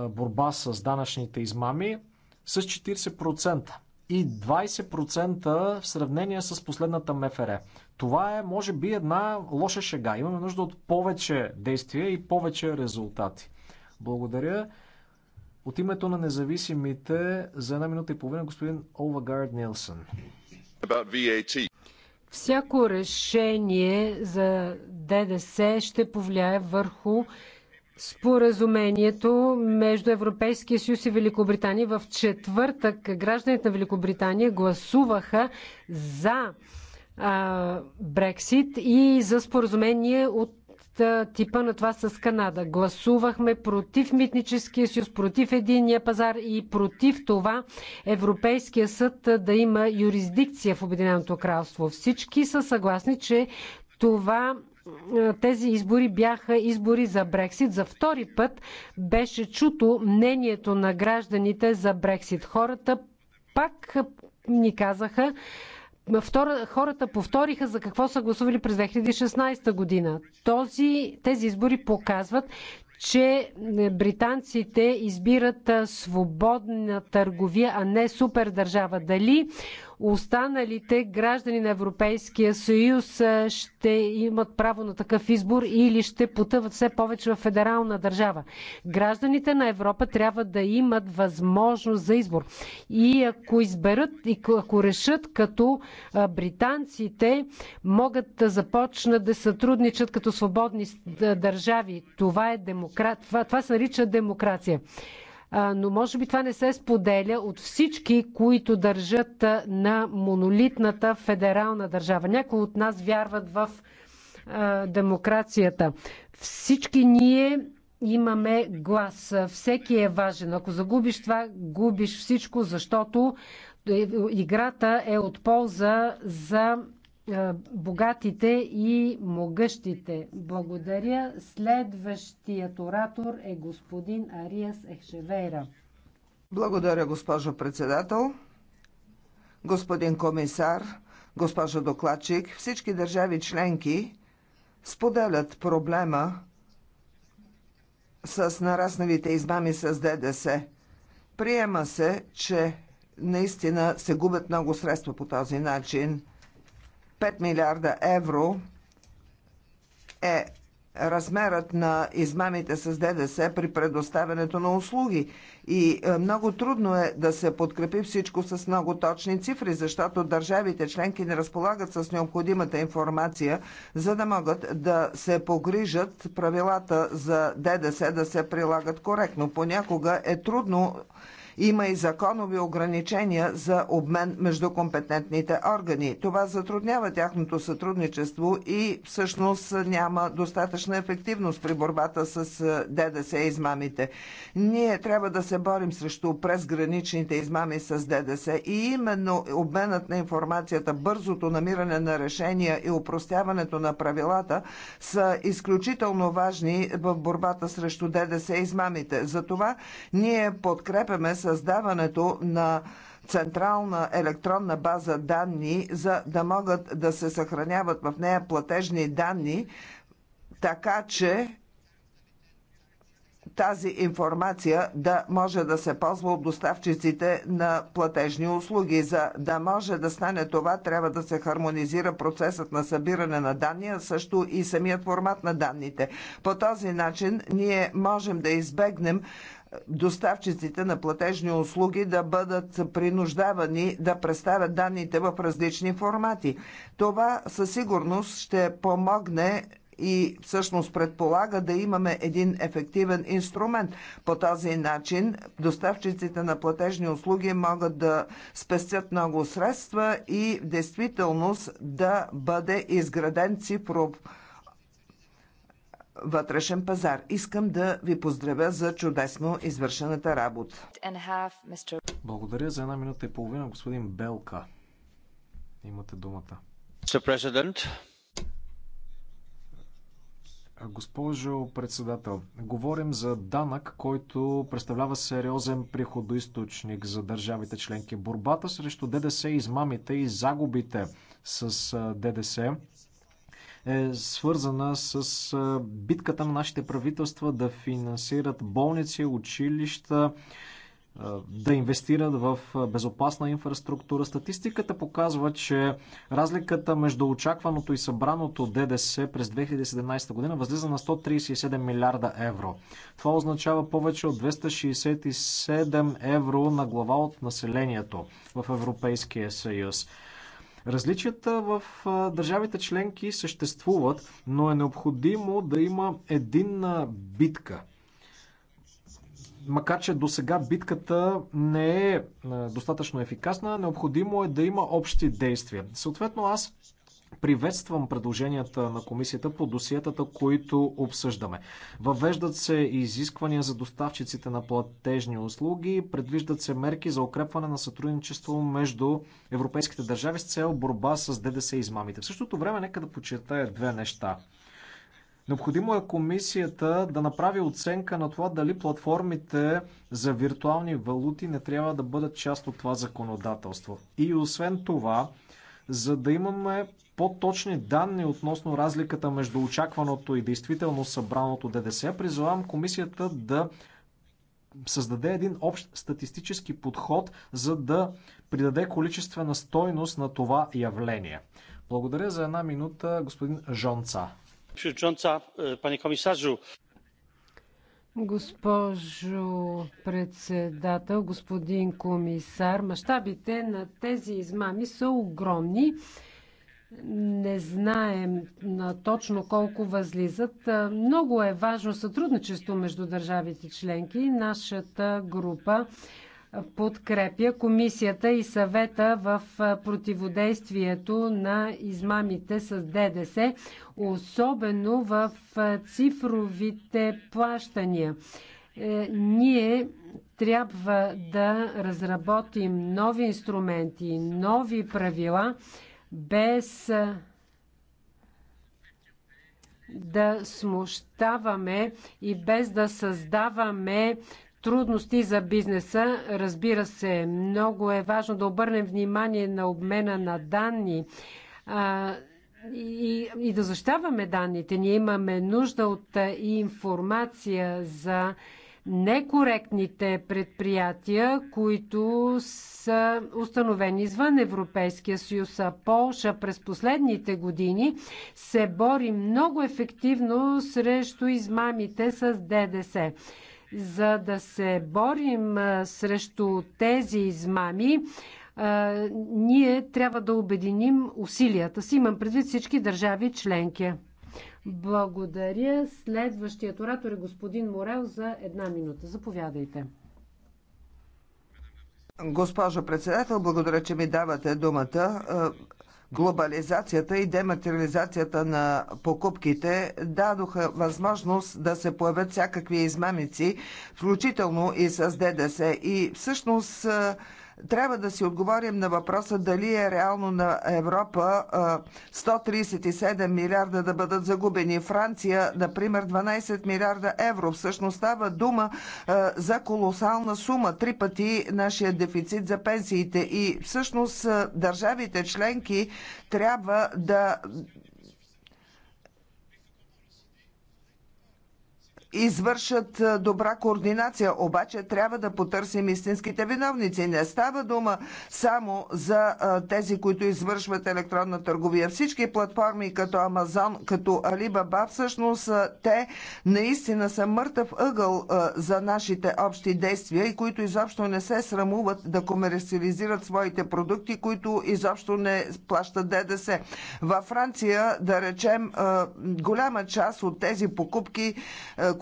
борба с данъчните измами с 40% и 20% в сравнение с последната МФР. Това е, може би, една лоша шега. Имаме нужда от повече действия и повече резултати. Благодаря. От името на независимите за една минута и половина господин Гард Нилсън. Всяко решение за ДДС ще повлияе върху споразумението между Европейския съюз и Великобритания. В четвъртък гражданите на Великобритания гласуваха за Брексит и за споразумение от типа на това с Канада. Гласувахме против митническия съюз, против единния пазар и против това Европейския съд да има юрисдикция в Обединеното кралство. Всички са съгласни, че това тези избори бяха избори за Брексит. За втори път беше чуто мнението на гражданите за Брексит. Хората пак ни казаха, хората повториха за какво са гласували през 2016 година. Този, тези избори показват, че е, британците избират е, свободна търговия, а не супердържава. Дали останалите граждани на Европейския съюз ще имат право на такъв избор или ще потъват все повече в федерална държава. Гражданите на Европа трябва да имат възможност за избор. И ако изберат, и ако решат като британците, могат да започнат да сътрудничат като свободни държави. Това, е демокра... това, това се нарича демокрация но може би това не се споделя от всички, които държат на монолитната федерална държава. Някои от нас вярват в демокрацията. Всички ние имаме глас. Всеки е важен. Ако загубиш това, губиш всичко, защото е, играта е от полза за е, богатите и могъщите. Благодаря. Следващият оратор е господин Ариас Ехшевейра. Благодаря, госпожо председател, господин комисар, госпожо докладчик. Всички държави членки споделят проблема с нарасналите измами с ДДС. Приема се, че наистина се губят много средства по този начин – 5 милиарда евро е размерът на измамите с ДДС при предоставянето на услуги. И е, много трудно е да се подкрепи всичко с много точни цифри, защото държавите членки не разполагат с необходимата информация, за да могат да се погрижат правилата за ДДС да се прилагат коректно. Понякога е трудно има и законови ограничения за обмен между компетентните органи. Това затруднява тяхното сътрудничество и всъщност няма достатъчна ефективност при борбата с ДДС и измамите. Ние трябва да се борим срещу презграничните измами с ДДС и именно обменът на информацията, бързото намиране на решения и упростяването на правилата са изключително важни в борбата срещу ДДС и измамите. Затова ние подкрепяме създаването на централна електронна база данни, за да могат да се съхраняват в нея платежни данни, така че тази информация да може да се ползва от доставчиците на платежни услуги. За да може да стане това, трябва да се хармонизира процесът на събиране на данни, а също и самият формат на данните. По този начин ние можем да избегнем доставчиците на платежни услуги да бъдат принуждавани да представят данните в различни формати. Това със сигурност ще помогне и всъщност предполага да имаме един ефективен инструмент. По този начин доставчиците на платежни услуги могат да спестят много средства и в действителност да бъде изграден цифров вътрешен пазар. Искам да ви поздравя за чудесно извършената работа. Благодаря за една минута и половина, господин Белка. Имате думата. Госпожо председател, говорим за данък, който представлява сериозен приходоисточник за държавите членки. Борбата срещу ДДС, измамите и загубите с ДДС е свързана с е, битката на нашите правителства да финансират болници, училища, е, да инвестират в е, безопасна инфраструктура. Статистиката показва, че разликата между очакваното и събраното ДДС през 2017 година възлиза на 137 милиарда евро. Това означава повече от 267 евро на глава от населението в Европейския съюз. Различията в държавите членки съществуват, но е необходимо да има единна битка. Макар, че до сега битката не е достатъчно ефикасна, необходимо е да има общи действия. Съответно, аз Приветствам предложенията на комисията по досиетата, които обсъждаме. Въвеждат се изисквания за доставчиците на платежни услуги, предвиждат се мерки за укрепване на сътрудничество между европейските държави с цел борба с ДДС измамите. В същото време нека да подчертая две неща. Необходимо е комисията да направи оценка на това дали платформите за виртуални валути не трябва да бъдат част от това законодателство. И освен това, за да имаме по-точни данни относно разликата между очакваното и действително събраното ДДС. Призовавам комисията да създаде един общ статистически подход, за да придаде количествена стойност на това явление. Благодаря за една минута, господин Жонца. Жонца, пане комисажу. Госпожо председател, господин комисар, мащабите на тези измами са огромни. Не знаем на точно колко възлизат. Много е важно сътрудничество между държавите членки. Нашата група подкрепя комисията и съвета в противодействието на измамите с ДДС, особено в цифровите плащания. Е, ние трябва да разработим нови инструменти, нови правила, без да смущаваме и без да създаваме трудности за бизнеса. Разбира се, много е важно да обърнем внимание на обмена на данни а, и, и да защаваме данните. Ние имаме нужда от информация за некоректните предприятия, които са установени извън Европейския съюз. А Полша през последните години се бори много ефективно срещу измамите с ДДС. За да се борим срещу тези измами, ние трябва да обединим усилията си. Имам предвид всички държави членки. Благодаря. Следващият оратор е господин Морел за една минута. Заповядайте. Госпожо председател, благодаря, че ми давате думата глобализацията и дематериализацията на покупките дадоха възможност да се появят всякакви измамици, включително и с ДДС. И всъщност трябва да си отговорим на въпроса дали е реално на Европа 137 милиарда да бъдат загубени. Франция, например, 12 милиарда евро. Всъщност става дума за колосална сума. Три пъти нашия дефицит за пенсиите. И всъщност държавите членки трябва да извършат добра координация, обаче трябва да потърсим истинските виновници. Не става дума само за тези, които извършват електронна търговия. Всички платформи като Амазон, като Alibaba, всъщност те наистина са мъртъв ъгъл за нашите общи действия и които изобщо не се срамуват да комерциализират своите продукти, които изобщо не плащат ДДС. Във Франция, да речем, голяма част от тези покупки,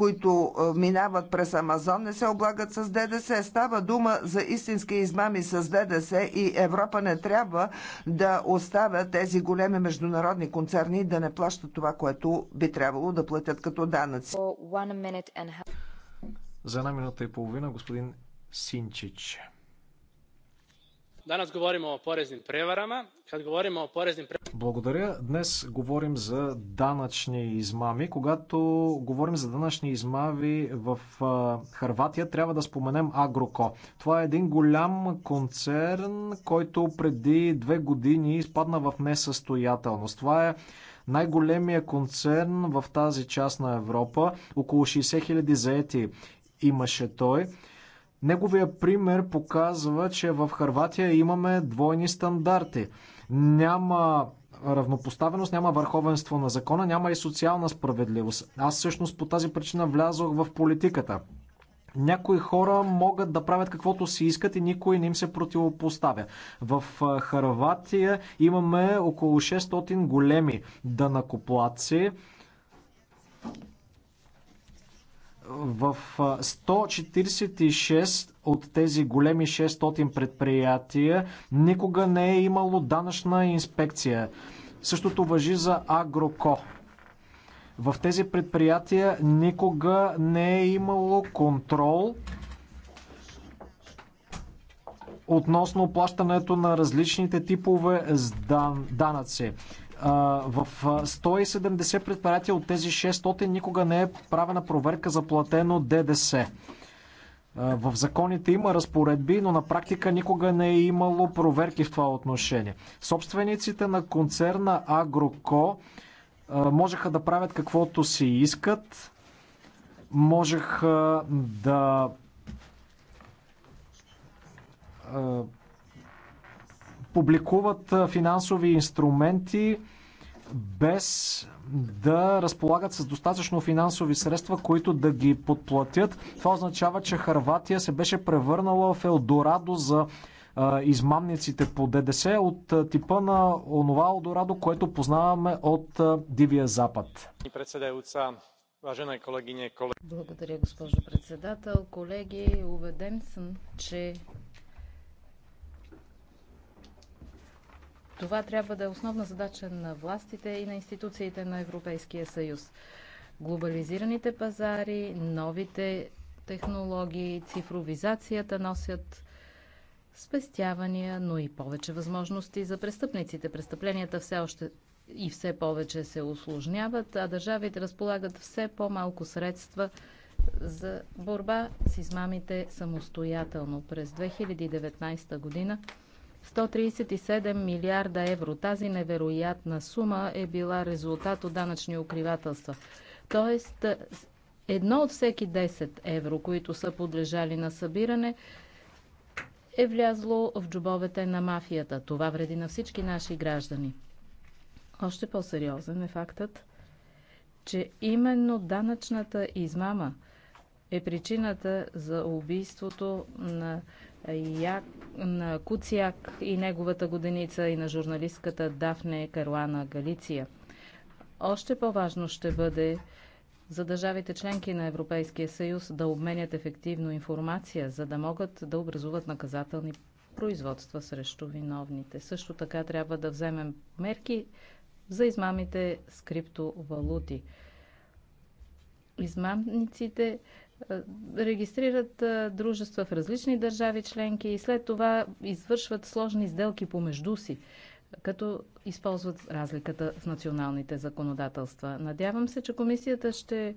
които е, минават през Амазон, не се облагат с ДДС. Става дума за истински измами с ДДС и Европа не трябва да оставя тези големи международни концерни да не плащат това, което би трябвало да платят като данъци. За една минута и половина господин Синчич. Благодаря. Днес говорим за данъчни измами. Когато говорим за данъчни измами в Харватия, трябва да споменем Агроко. Това е един голям концерн, който преди две години изпадна в несъстоятелност. Това е най-големия концерн в тази част на Европа. Около 60 000 заети имаше той. Неговия пример показва, че в Харватия имаме двойни стандарти. Няма равнопоставеност, няма върховенство на закона, няма и социална справедливост. Аз всъщност по тази причина влязох в политиката. Някои хора могат да правят каквото си искат и никой не им се противопоставя. В Харватия имаме около 600 големи данакоплаци. В 146 от тези големи 600 предприятия никога не е имало данъчна инспекция. Същото въжи за Агроко. В тези предприятия никога не е имало контрол относно плащането на различните типове данъци. В 170 предприятия от тези 600 никога не е правена проверка за платено ДДС. В законите има разпоредби, но на практика никога не е имало проверки в това отношение. Собствениците на концерна Агроко можеха да правят каквото си искат, можеха да публикуват финансови инструменти без да разполагат с достатъчно финансови средства, които да ги подплатят. Това означава, че Харватия се беше превърнала в Елдорадо за измамниците по ДДС от типа на онова Елдорадо, което познаваме от Дивия Запад. Благодаря, госпожо председател. Колеги, убеден съм, че Това трябва да е основна задача на властите и на институциите на Европейския съюз. Глобализираните пазари, новите технологии, цифровизацията носят спестявания, но и повече възможности за престъпниците. Престъпленията все още и все повече се осложняват, а държавите разполагат все по-малко средства за борба с измамите самостоятелно. През 2019 година 137 милиарда евро. Тази невероятна сума е била резултат от данъчни укривателства. Тоест, едно от всеки 10 евро, които са подлежали на събиране, е влязло в джобовете на мафията. Това вреди на всички наши граждани. Още по-сериозен е фактът, че именно данъчната измама е причината за убийството на Як, на Куцяк и неговата годеница и на журналистката Дафне Каруана Галиция. Още по-важно ще бъде за държавите членки на Европейския съюз да обменят ефективно информация, за да могат да образуват наказателни производства срещу виновните. Също така трябва да вземем мерки за измамите с криптовалути. Измамниците е, регистрират е, дружества в различни държави членки и след това извършват сложни сделки помежду си, като използват разликата в националните законодателства. Надявам се, че комисията ще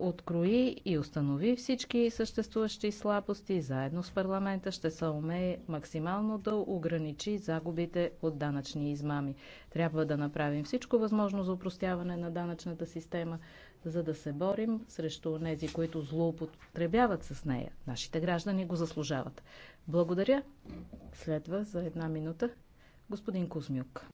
открои и установи всички съществуващи слабости и заедно с парламента ще се умее максимално да ограничи загубите от данъчни измами. Трябва да направим всичко възможно за упростяване на данъчната система, за да се борим срещу тези, които злоупотребяват с нея. Нашите граждани го заслужават. Благодаря. Следва за една минута господин Кузмюк.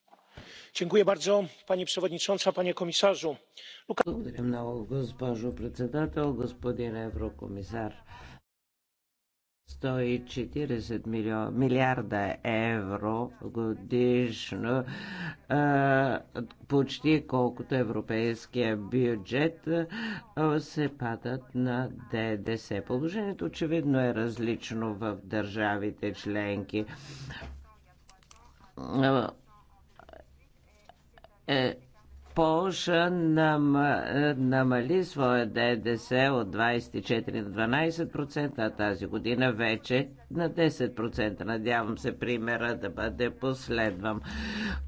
Благодаря много, госпожо председател, господин еврокомисар. 140 милиарда евро годишно, почти колкото европейския бюджет, се падат на ДДС. Положението очевидно е различно в държавите членки. Е, Полша нам, е, намали своя ДДС от 24 на 12%, а тази година вече на 10%. Надявам се примера да бъде последвам.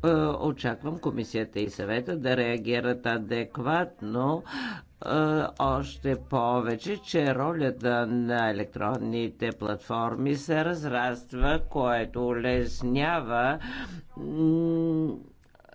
Е, очаквам комисията и съвета да реагират адекватно е, още повече, че ролята на електронните платформи се разраства, което улеснява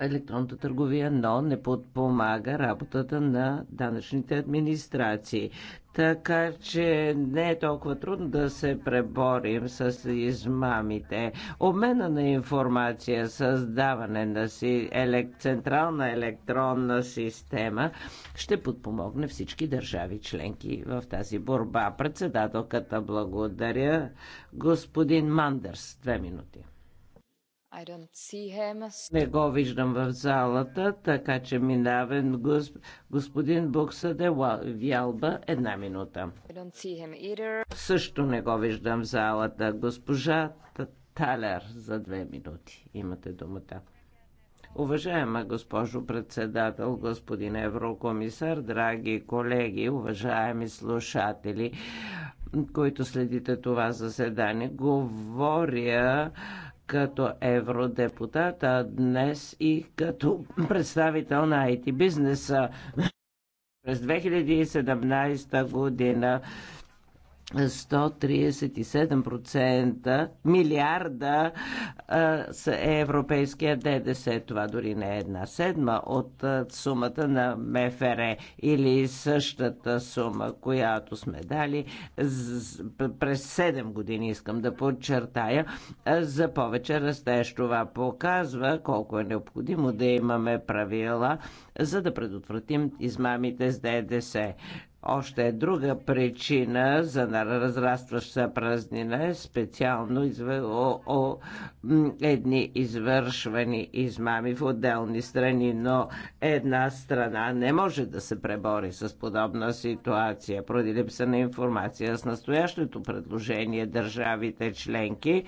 електронната търговия, но не подпомага работата на данъчните администрации. Така че не е толкова трудно да се преборим с измамите. Обмена на информация, създаване на си елек... централна електронна система ще подпомогне всички държави членки в тази борба. Председателката благодаря. Господин Мандърс, две минути. Не го виждам в залата, така че минавен госп... господин Буксаде Вялба една минута. Също не го виждам в залата. Госпожа Талер за две минути. Имате думата. Уважаема госпожо председател, господин еврокомисар, драги колеги, уважаеми слушатели, които следите това заседание, говоря като евродепутат, а днес и като представител на IT бизнеса. През 2017 година 137% милиарда с е европейския ДДС. Това дори не е една седма от сумата на МФР е. или същата сума, която сме дали през 7 години, искам да подчертая, за повече растеж. Това показва колко е необходимо да имаме правила, за да предотвратим измамите с ДДС. Още е друга причина за разрастваща празнина е специално изве... о, о, едни извършвани измами в отделни страни, но една страна не може да се пребори с подобна ситуация. Поради липса на информация с настоящото предложение държавите членки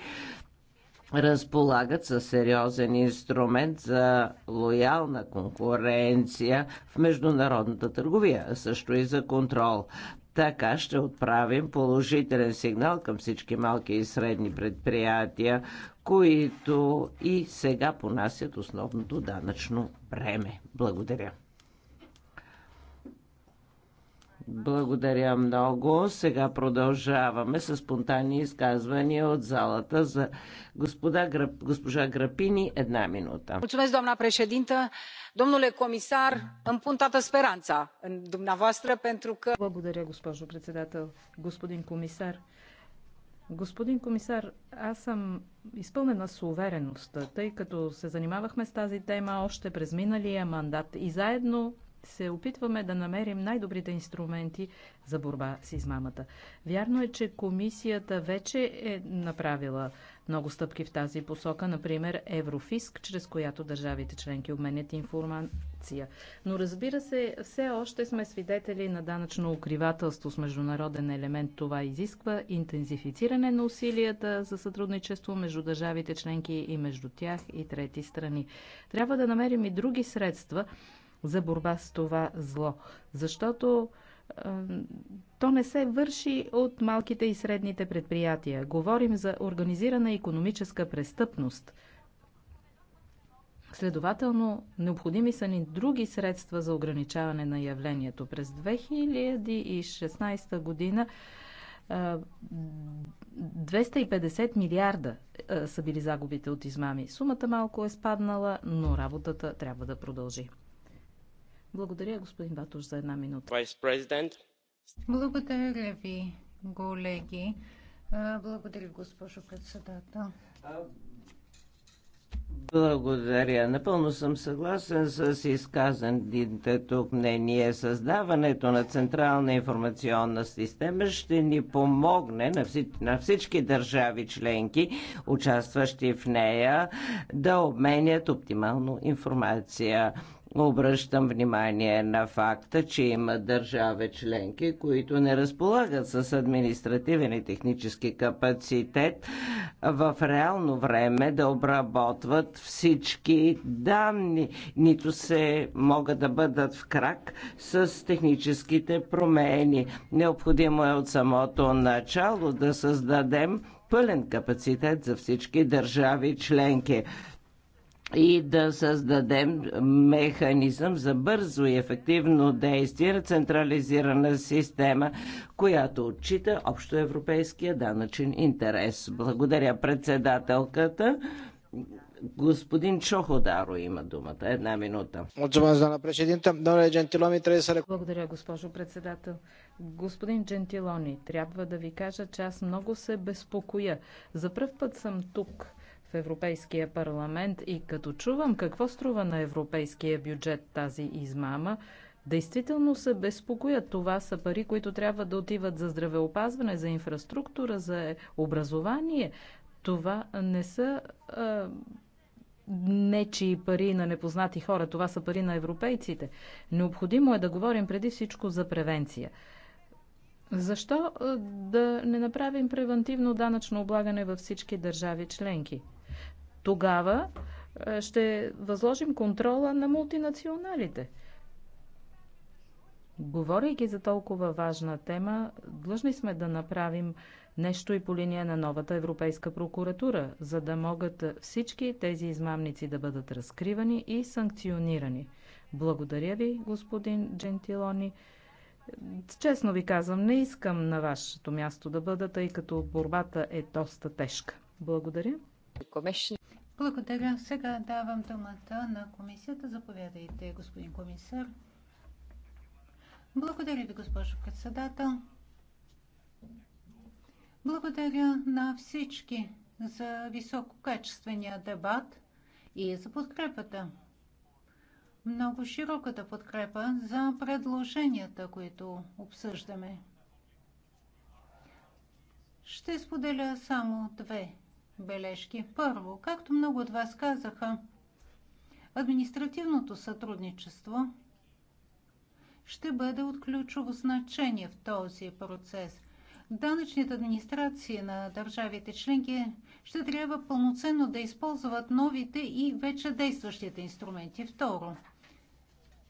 разполагат със сериозен инструмент за лоялна конкуренция в международната търговия, също и за контрол. Така ще отправим положителен сигнал към всички малки и средни предприятия, които и сега понасят основното данъчно бреме. Благодаря. Благодаря много. Сега продължаваме с спонтанни изказвания от залата за господа, госпожа Грапини. Една минута. Mulțumesc, doamna președintă. Domnule comisar, îmi pun toată speranța în dumneavoastră pentru că... Благодаря, госпожо председател. Господин комисар, Господин комисар, аз съм изпълнена с увереност, тъй като се занимавахме с тази тема още през миналия мандат и заедно се опитваме да намерим най-добрите инструменти за борба с измамата. Вярно е, че комисията вече е направила много стъпки в тази посока, например Еврофиск, чрез която държавите членки обменят информация. Но разбира се, все още сме свидетели на данъчно укривателство с международен елемент. Това изисква интензифициране на усилията за сътрудничество между държавите членки и между тях и трети страни. Трябва да намерим и други средства, за борба с това зло. Защото то не се върши от малките и средните предприятия. Говорим за организирана економическа престъпност. Следователно, необходими са ни други средства за ограничаване на явлението. През 2016 година 250 милиарда са били загубите от измами. Сумата малко е спаднала, но работата трябва да продължи. Благодаря, господин Батуш, за една минута. Благодаря ви, колеги. Благодаря, госпожо председател. Благодаря. Напълно съм съгласен с изказаните тук мнение. Създаването на Централна информационна система ще ни помогне на, всич... на всички държави членки, участващи в нея, да обменят оптимално информация. Обръщам внимание на факта, че има държави членки, които не разполагат с административен и технически капацитет в реално време да обработват всички данни, нито се могат да бъдат в крак с техническите промени. Необходимо е от самото начало да създадем пълен капацитет за всички държави членки и да създадем механизъм за бързо и ефективно действие на централизирана система, която отчита общоевропейския данъчен интерес. Благодаря председателката. Господин Чоходаро има думата. Една минута. Благодаря, госпожо председател. Господин Джентилони, трябва да ви кажа, че аз много се безпокоя. За първ път съм тук Европейския парламент и като чувам какво струва на европейския бюджет тази измама, действително се безпокоят. Това са пари, които трябва да отиват за здравеопазване, за инфраструктура, за образование. Това не са а, пари на непознати хора, това са пари на европейците. Необходимо е да говорим преди всичко за превенция. Защо да не направим превентивно данъчно облагане във всички държави членки? Тогава е, ще възложим контрола на мултинационалите. Говорейки за толкова важна тема, длъжни сме да направим нещо и по линия на новата Европейска прокуратура, за да могат всички тези измамници да бъдат разкривани и санкционирани. Благодаря ви, господин Джентилони. Честно ви казвам, не искам на вашето място да бъда, тъй като борбата е доста тежка. Благодаря. Благодаря. Сега давам думата на комисията. Заповядайте, господин комисар. Благодаря ви, госпожо председател. Благодаря на всички за висококачествения дебат и за подкрепата. Много широката подкрепа за предложенията, които обсъждаме. Ще споделя само две бележки. Първо, както много от вас казаха, административното сътрудничество ще бъде от ключово значение в този процес. Данъчните администрации на държавите членки ще трябва пълноценно да използват новите и вече действащите инструменти. Второ,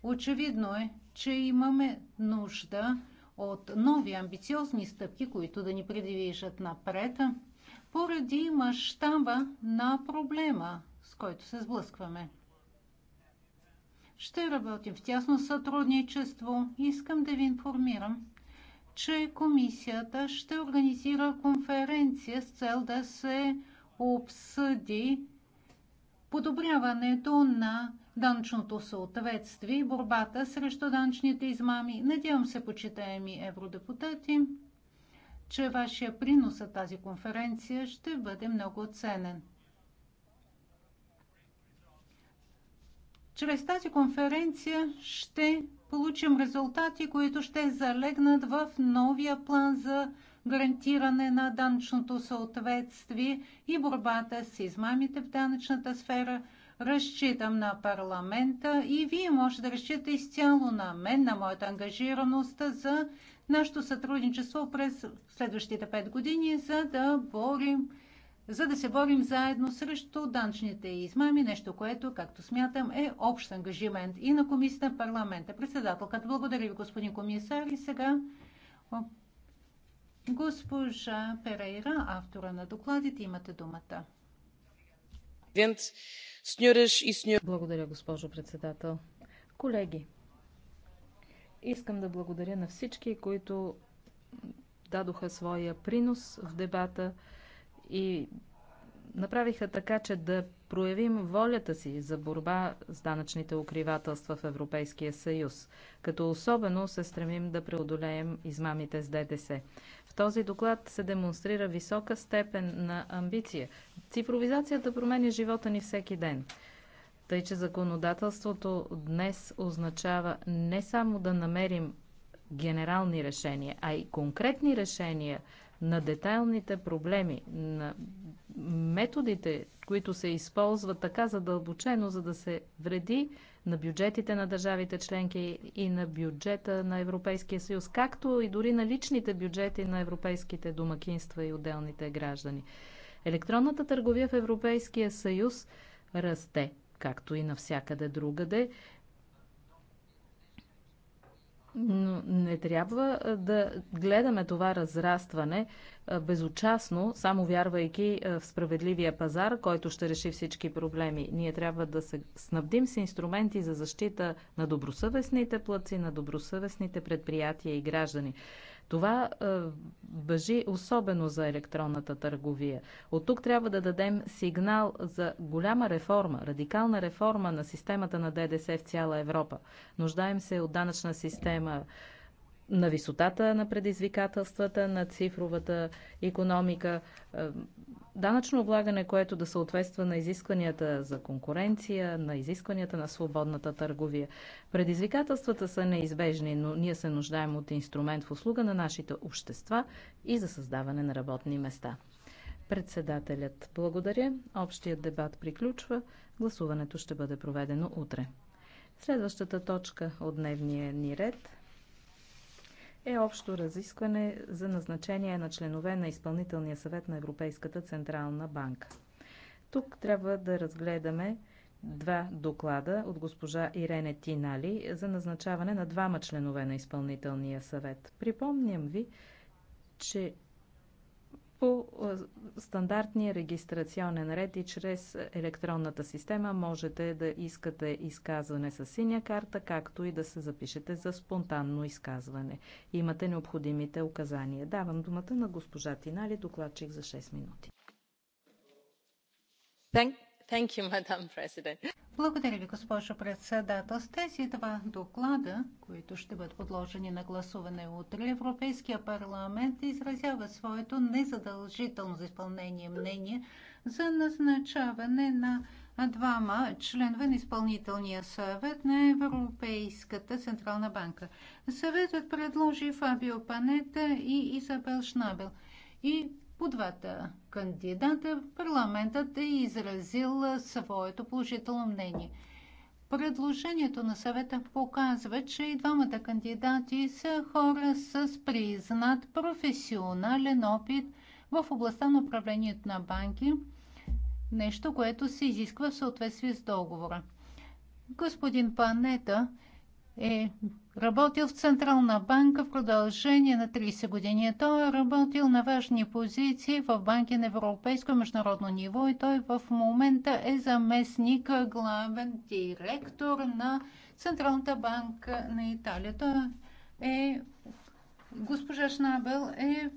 очевидно е, че имаме нужда от нови амбициозни стъпки, които да ни предвижат напред поради мащаба на проблема, с който се сблъскваме. Ще работим в тясно сътрудничество. Искам да ви информирам, че комисията ще организира конференция с цел да се обсъди подобряването на данчното съответствие и борбата срещу данчните измами. Надявам се, почитаеми евродепутати, че вашия принос за тази конференция ще бъде много ценен. Чрез тази конференция ще получим резултати, които ще залегнат в новия план за гарантиране на данъчното съответствие и борбата с измамите в данъчната сфера. Разчитам на парламента и вие може да разчитате изцяло на мен, на моята ангажираност за нашето сътрудничество през следващите 5 години, за да борим за да се борим заедно срещу данчните измами, нещо, което, както смятам, е общ ангажимент и на комисията, на парламента. Председателката, благодаря ви, господин комисар. И сега госпожа Перейра, автора на докладите, имате думата. Благодаря, госпожо председател. Колеги, Искам да благодаря на всички, които дадоха своя принос в дебата и направиха така, че да проявим волята си за борба с данъчните укривателства в Европейския съюз, като особено се стремим да преодолеем измамите с ДДС. В този доклад се демонстрира висока степен на амбиция. Цифровизацията променя живота ни всеки ден. Тъй, че законодателството днес означава не само да намерим генерални решения, а и конкретни решения на детайлните проблеми, на методите, които се използват така задълбочено, за да се вреди на бюджетите на държавите членки и на бюджета на Европейския съюз, както и дори на личните бюджети на европейските домакинства и отделните граждани. Електронната търговия в Европейския съюз расте както и навсякъде другаде. Но не трябва да гледаме това разрастване безучастно, само вярвайки в справедливия пазар, който ще реши всички проблеми. Ние трябва да се снабдим с инструменти за защита на добросъвестните плъци, на добросъвестните предприятия и граждани. Това бъжи е, особено за електронната търговия. От тук трябва да дадем сигнал за голяма реформа, радикална реформа на системата на ДДС в цяла Европа. Нуждаем се от данъчна система, на висотата на предизвикателствата на цифровата економика, е, данъчно облагане, което да съответства на изискванията за конкуренция, на изискванията на свободната търговия. Предизвикателствата са неизбежни, но ние се нуждаем от инструмент в услуга на нашите общества и за създаване на работни места. Председателят благодаря. Общият дебат приключва. Гласуването ще бъде проведено утре. Следващата точка от дневния ни ред е общо разискване за назначение на членове на Изпълнителния съвет на Европейската Централна банка. Тук трябва да разгледаме два доклада от госпожа Ирене Тинали за назначаване на двама членове на Изпълнителния съвет. Припомням ви, че по стандартния регистрационен ред и чрез електронната система можете да искате изказване с синя карта, както и да се запишете за спонтанно изказване. Имате необходимите указания. Давам думата на госпожа Тинали, докладчик за 6 минути. Благодаря ви, госпожо председател. С тези два доклада, които ще бъдат подложени на гласуване утре, Европейския парламент изразява своето незадължително за изпълнение мнение за назначаване на двама членове на изпълнителния съвет на Европейската Централна банка. Съветът предложи Фабио Панета и Изабел Шнабел. И по двата кандидата парламентът е изразил своето положително мнение. Предложението на съвета показва, че и двамата кандидати са хора с признат професионален опит в областта на управлението на банки, нещо, което се изисква в съответствие с договора. Господин Панета е работил в Централна банка в продължение на 30 години. Той е работил на важни позиции в банки на европейско и международно ниво и той в момента е заместник главен директор на Централната банка на Италия. Той е госпожа Шнабел е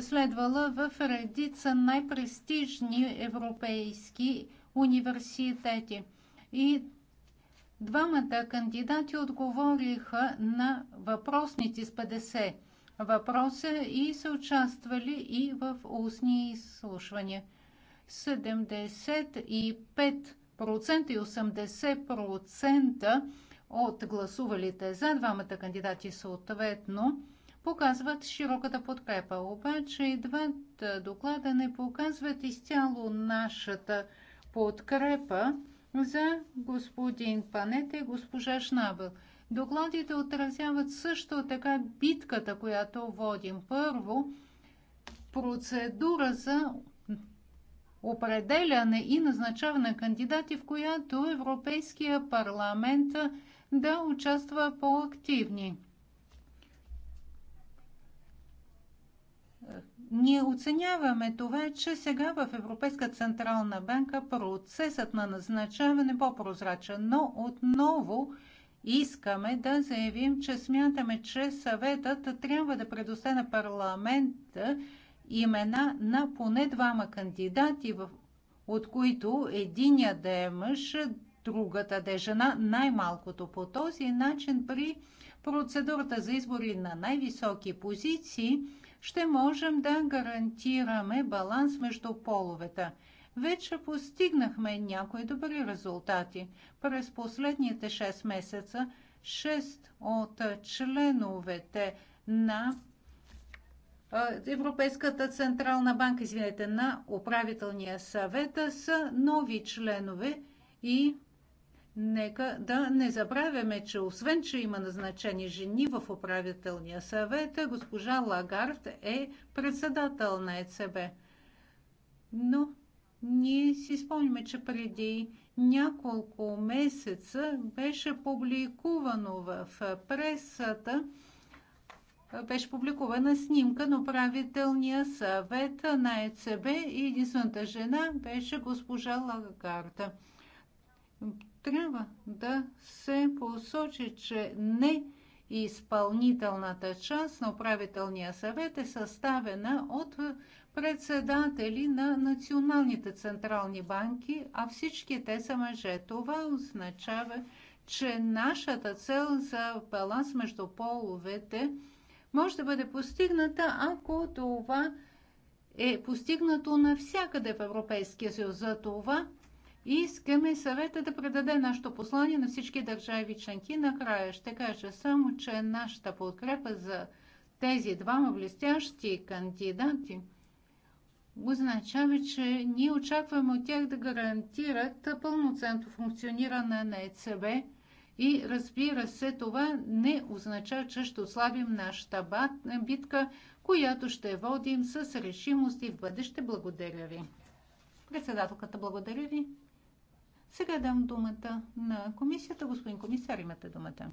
следвала в редица най-престижни европейски университети. И Двамата кандидати отговориха на въпросните с 50 въпроса и са участвали и в устни изслушвания. 75% и 80% от гласувалите за двамата кандидати съответно показват широката подкрепа. Обаче и двата доклада не показват изцяло нашата подкрепа за господин Панета и госпожа Шнабел. Докладите отразяват също така битката, която водим. Първо, процедура за определяне и назначаване на кандидати, в която Европейския парламент да участва по-активни. Ние оценяваме това, че сега в Европейска Централна банка процесът на назначаване е по-прозрачен, но отново искаме да заявим, че смятаме, че съветът трябва да предостане парламент парламента имена на поне двама кандидати, от които единия да е мъж, другата да е жена, най-малкото по този начин при процедурата за избори на най-високи позиции – ще можем да гарантираме баланс между половете. Вече постигнахме някои добри резултати. През последните 6 месеца 6 от членовете на Европейската централна банка, извинете, на управителния съвет са нови членове и Нека да не забравяме, че освен, че има назначени жени в управителния съвет, госпожа Лагард е председател на ЕЦБ. Но ние си спомняме, че преди няколко месеца беше публикувано в пресата беше публикувана снимка на управителния съвет на ЕЦБ и единствената жена беше госпожа Лагарда трябва да се посочи, че не изпълнителната част на управителния съвет е съставена от председатели на националните централни банки, а всички те са мъже. Това означава, че нашата цел за баланс между половете може да бъде постигната, ако това е постигнато навсякъде в Европейския съюз. За това Искаме съвета да предаде нашето послание на всички държави членки. Накрая ще кажа само, че нашата подкрепа за тези двама блестящи кандидати означава, че ние очакваме от тях да гарантират пълноценно функциониране на ЕЦБ и разбира се, това не означава, че ще ослабим нашата битка, която ще водим с решимост и в бъдеще. Благодаря ви. Председателката, благодаря ви. Сега дам думата на комисията. Господин комисар, имате думата.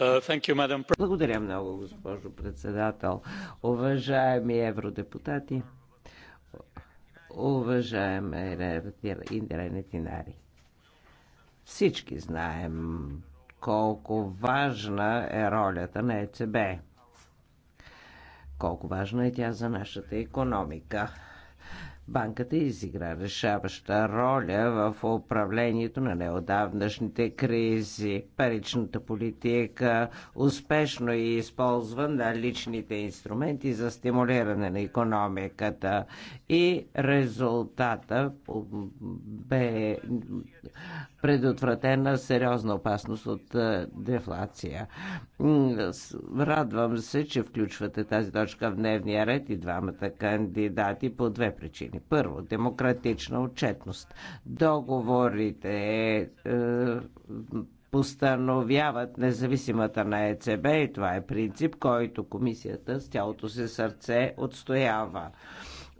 Uh, Благодаря много, госпожо председател. Уважаеми евродепутати, уважаеми Индирени Тинари, всички знаем колко важна е ролята на ЕЦБ. Колко важна е тя за нашата економика Банката изигра решаваща роля в управлението на неодавнашните кризи. Паричната политика успешно е използва личните инструменти за стимулиране на економиката и резултата бе предотвратена сериозна опасност от е, дефлация. Радвам се, че включвате тази точка в дневния ред и двамата кандидати по две причини. Първо, демократична отчетност. Договорите е, е постановяват независимата на ЕЦБ и това е принцип, който комисията с цялото си сърце отстоява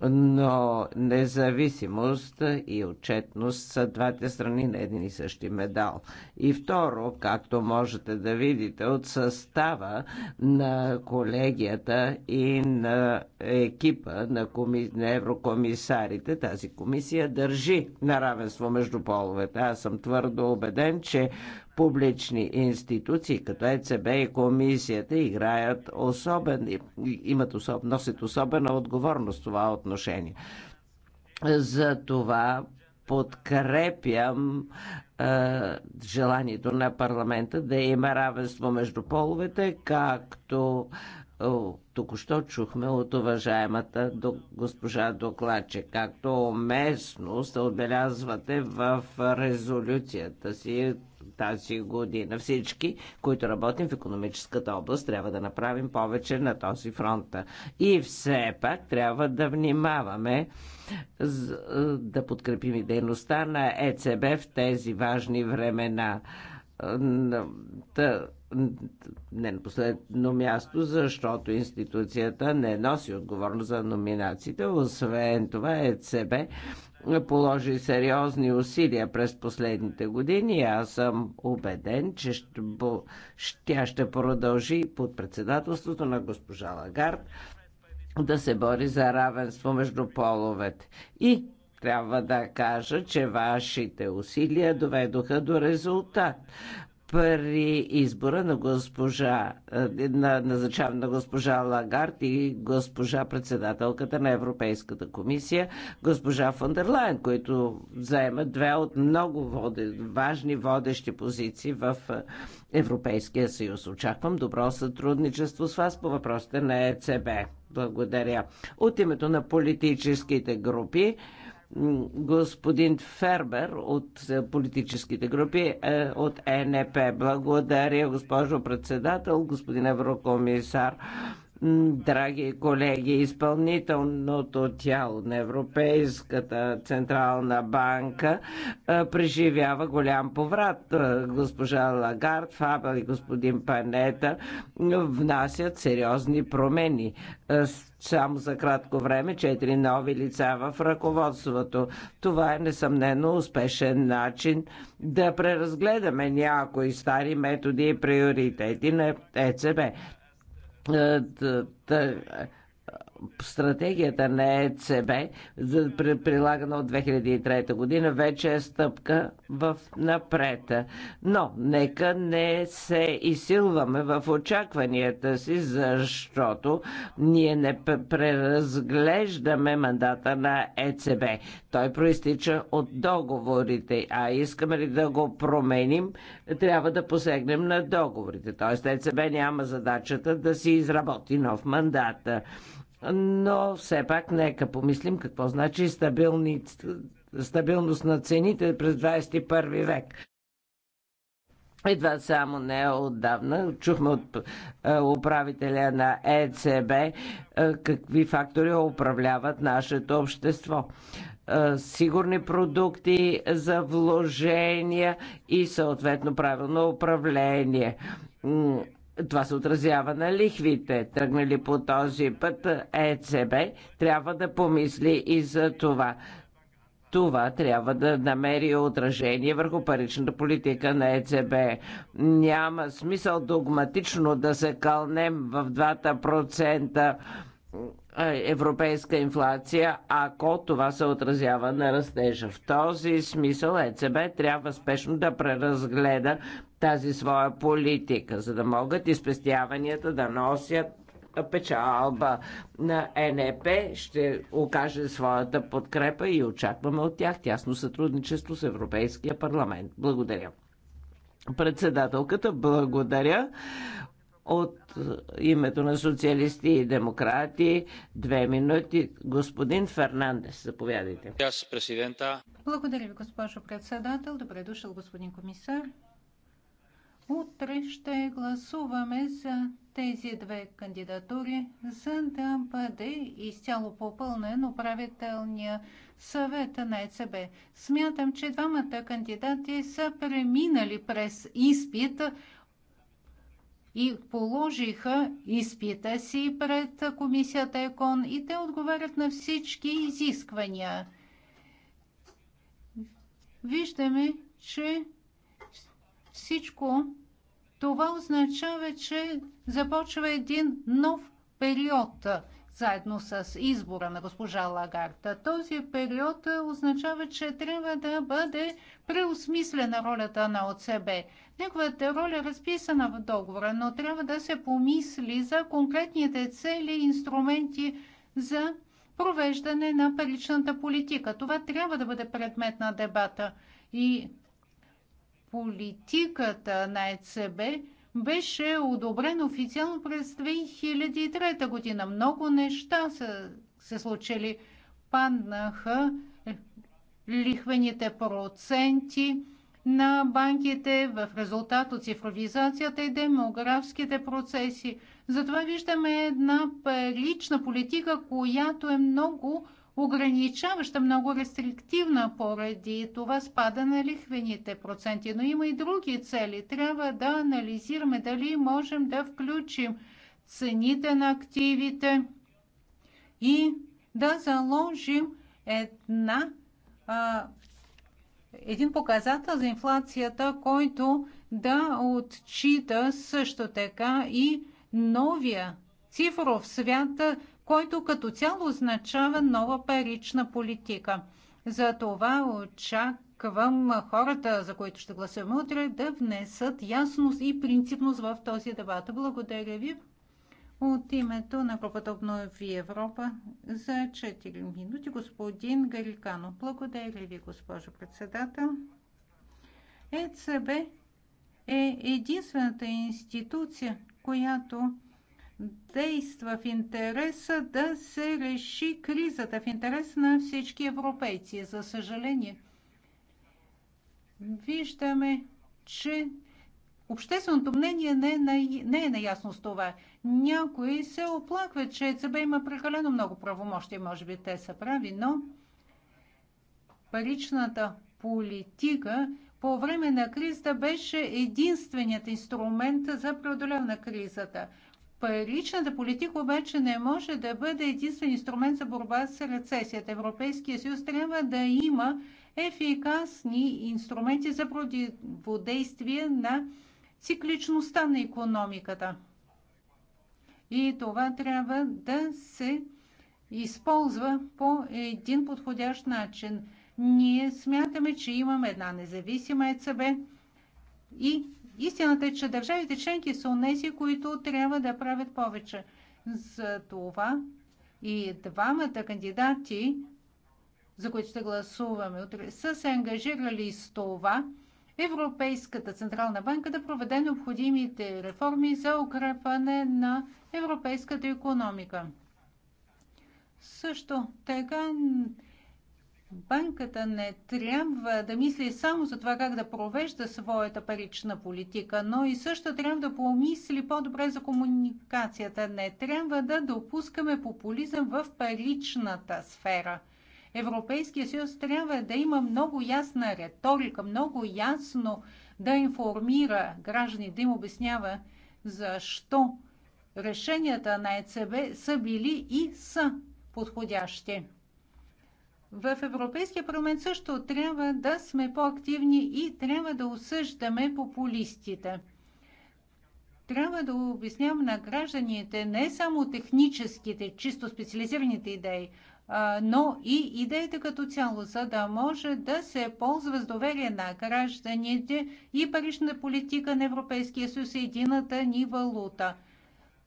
но независимост и отчетност са двете страни на един и същи медал. И второ, както можете да видите от състава на колегията и на екипа на, коми... на еврокомисарите, тази комисия държи на равенство между половете. Аз съм твърдо убеден, че публични институции, като ЕЦБ и комисията, играят особен, имат особ, носят особена отговорност в това отношение. За това подкрепям е, желанието на парламента да има равенство между половете, както току-що чухме от уважаемата до, госпожа Докладче, както уместно се отбелязвате в резолюцията си тази година. Всички, които работим в економическата област, трябва да направим повече на този фронт. И все пак трябва да внимаваме е, да подкрепим и дейността на ЕЦБ в тези важни времена е, не на последно място, защото институцията не носи отговорност за номинациите. Освен това ЕЦБ положи сериозни усилия през последните години. Аз съм убеден, че ще, тя ще продължи под председателството на госпожа Лагард да се бори за равенство между половете. И трябва да кажа, че вашите усилия доведоха до резултат при избора на госпожа, е, на назначава на госпожа Лагард и госпожа председателката на Европейската комисия, госпожа Фондерлайн, който заема две от много води, важни водещи позиции в е, Европейския съюз. Очаквам добро сътрудничество с вас по въпросите на ЕЦБ. Благодаря. От името на политическите групи господин Фербер от политическите групи е, от е НП, Благодаря, госпожо председател, господин еврокомисар. Драги колеги, изпълнителното тяло на Европейската Централна банка преживява голям поврат. Госпожа Лагард, Фабел и господин Панета внасят сериозни промени. Само за кратко време четири нови лица в ръководството. Това е несъмнено успешен начин да преразгледаме някои стари методи и приоритети на ЕЦБ да, е, да, стратегията на ЕЦБ, прилагана от 2003 година, вече е стъпка в напред. Но нека не се изсилваме в очакванията си, защото ние не преразглеждаме мандата на ЕЦБ. Той проистича от договорите, а искаме ли да го променим, трябва да посегнем на договорите. Тоест ЕЦБ няма задачата да си изработи нов мандат. Но все пак нека помислим какво значи стабилни, стабилност на цените през 21 век. Едва само не отдавна чухме от е, управителя на ЕЦБ е, какви фактори управляват нашето общество е, сигурни продукти за вложения и съответно правилно управление това се отразява на лихвите. Тръгнали по този път ЕЦБ трябва да помисли и за това. Това трябва да намери отражение върху паричната политика на ЕЦБ. Няма смисъл догматично да се кълнем в 2% е, европейска инфлация, ако това се отразява на растежа. В този смисъл ЕЦБ трябва спешно да преразгледа тази своя политика, за да могат изпестяванията да носят печалба на НЕП. Ще окаже своята подкрепа и очакваме от тях тясно сътрудничество с Европейския парламент. Благодаря. Председателката, благодаря от името на социалисти и демократи. Две минути. Господин Фернандес, заповядайте. Благодаря ви, госпожо председател. Добре дошъл, господин комисар. Утре ще гласуваме за тези две кандидатури, за да бъде изцяло попълнен управителния съвет на ЕЦБ. Смятам, че двамата кандидати са преминали през изпит и положиха изпита си пред комисията ЕКОН и те отговарят на всички изисквания. Виждаме, че всичко това означава, че започва един нов период заедно с избора на госпожа Лагарта. Този период означава, че трябва да бъде преосмислена ролята на ОЦБ. Неговата роля е разписана в договора, но трябва да се помисли за конкретните цели и инструменти за провеждане на паричната политика. Това трябва да бъде предмет на дебата. И политиката на ЕЦБ беше одобрен официално през 2003 година. Много неща са се случили. Паднаха лихвените проценти на банките в резултат от цифровизацията и демографските процеси. Затова виждаме една лична политика, която е много ограничаваща, много рестриктивна поради това спада на лихвените проценти. Но има и други цели. Трябва да анализираме дали можем да включим цените на активите и да заложим една, а, един показател за инфлацията, който да отчита също така и новия цифров свят, който като цяло означава нова парична политика. За това очаквам хората, за които ще гласуваме утре, да внесат ясност и принципност в този дебат. Благодаря ви от името на групата Обнови Европа за 4 минути. Господин Гарикано, благодаря ви, госпожо председател. ЕЦБ е единствената институция, която действа в интереса да се реши кризата, в интерес на всички европейци. За съжаление, виждаме, че общественото мнение не е, на, не е наясно с това. Някои се оплакват, че ЕЦБ има прекалено много правомощи, може би те са прави, но паричната политика по време на кризата беше единственият инструмент за преодоляване на кризата – Паричната политика обаче не може да бъде единствен инструмент за борба с рецесията. Европейския съюз трябва да има ефикасни инструменти за противодействие на цикличността на економиката. И това трябва да се използва по един подходящ начин. Ние смятаме, че имаме една независима ЕЦБ и Истината е, че държавите членки са унези, които трябва да правят повече. За това и двамата кандидати, за които ще гласуваме утре, са се ангажирали с това Европейската Централна банка да проведе необходимите реформи за укрепване на европейската економика. Също така Банката не трябва да мисли само за това как да провежда своята парична политика, но и също трябва да помисли по-добре за комуникацията. Не трябва да допускаме популизъм в паричната сфера. Европейския съюз трябва да има много ясна риторика, много ясно да информира граждани, да им обяснява защо решенията на ЕЦБ са били и са подходящи в Европейския парламент също трябва да сме по-активни и трябва да осъждаме популистите. Трябва да обяснявам на гражданите не само техническите, чисто специализираните идеи, но и идеята като цяло, за да може да се ползва с доверие на гражданите и парична политика на Европейския съюз е едината ни валута.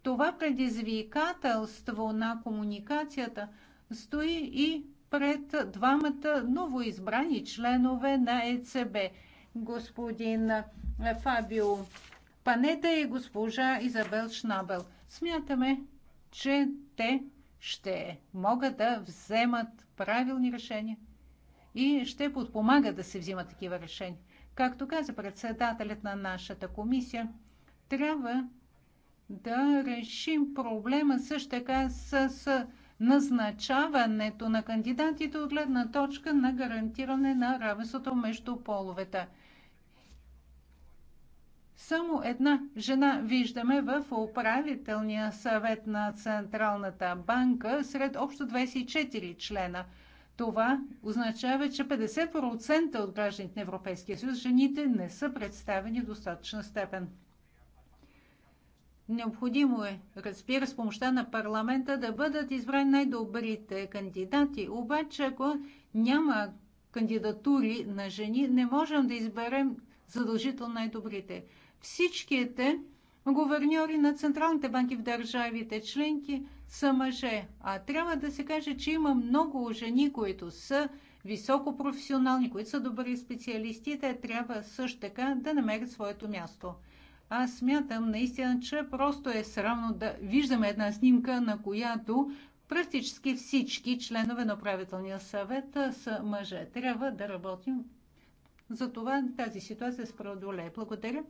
Това предизвикателство на комуникацията стои и пред двамата новоизбрани членове на ЕЦБ господин Фабио Панета и госпожа Изабел Шнабел. Смятаме, че те ще могат да вземат правилни решения и ще подпомагат да се взимат такива решения. Както каза председателят на нашата комисия, трябва да решим проблема също така с, с назначаването на кандидатите от гледна точка на гарантиране на равенството между половете. Само една жена виждаме в управителния съвет на Централната банка сред общо 24 члена. Това означава, че 50% от гражданите на Европейския съюз жените не са представени в достатъчна степен. Необходимо е, разбира, с помощта на парламента да бъдат избрани най-добрите кандидати. Обаче, ако няма кандидатури на жени, не можем да изберем задължително най-добрите. Всичките говерньори на централните банки в държавите членки са мъже. А трябва да се каже, че има много жени, които са високопрофесионални, които са добри специалисти, те трябва също така да намерят своето място. Аз смятам наистина, че просто е срамно да виждаме една снимка, на която практически всички членове на правителния съвет са мъже. Трябва да работим за това тази ситуация се преодолее. Благодаря.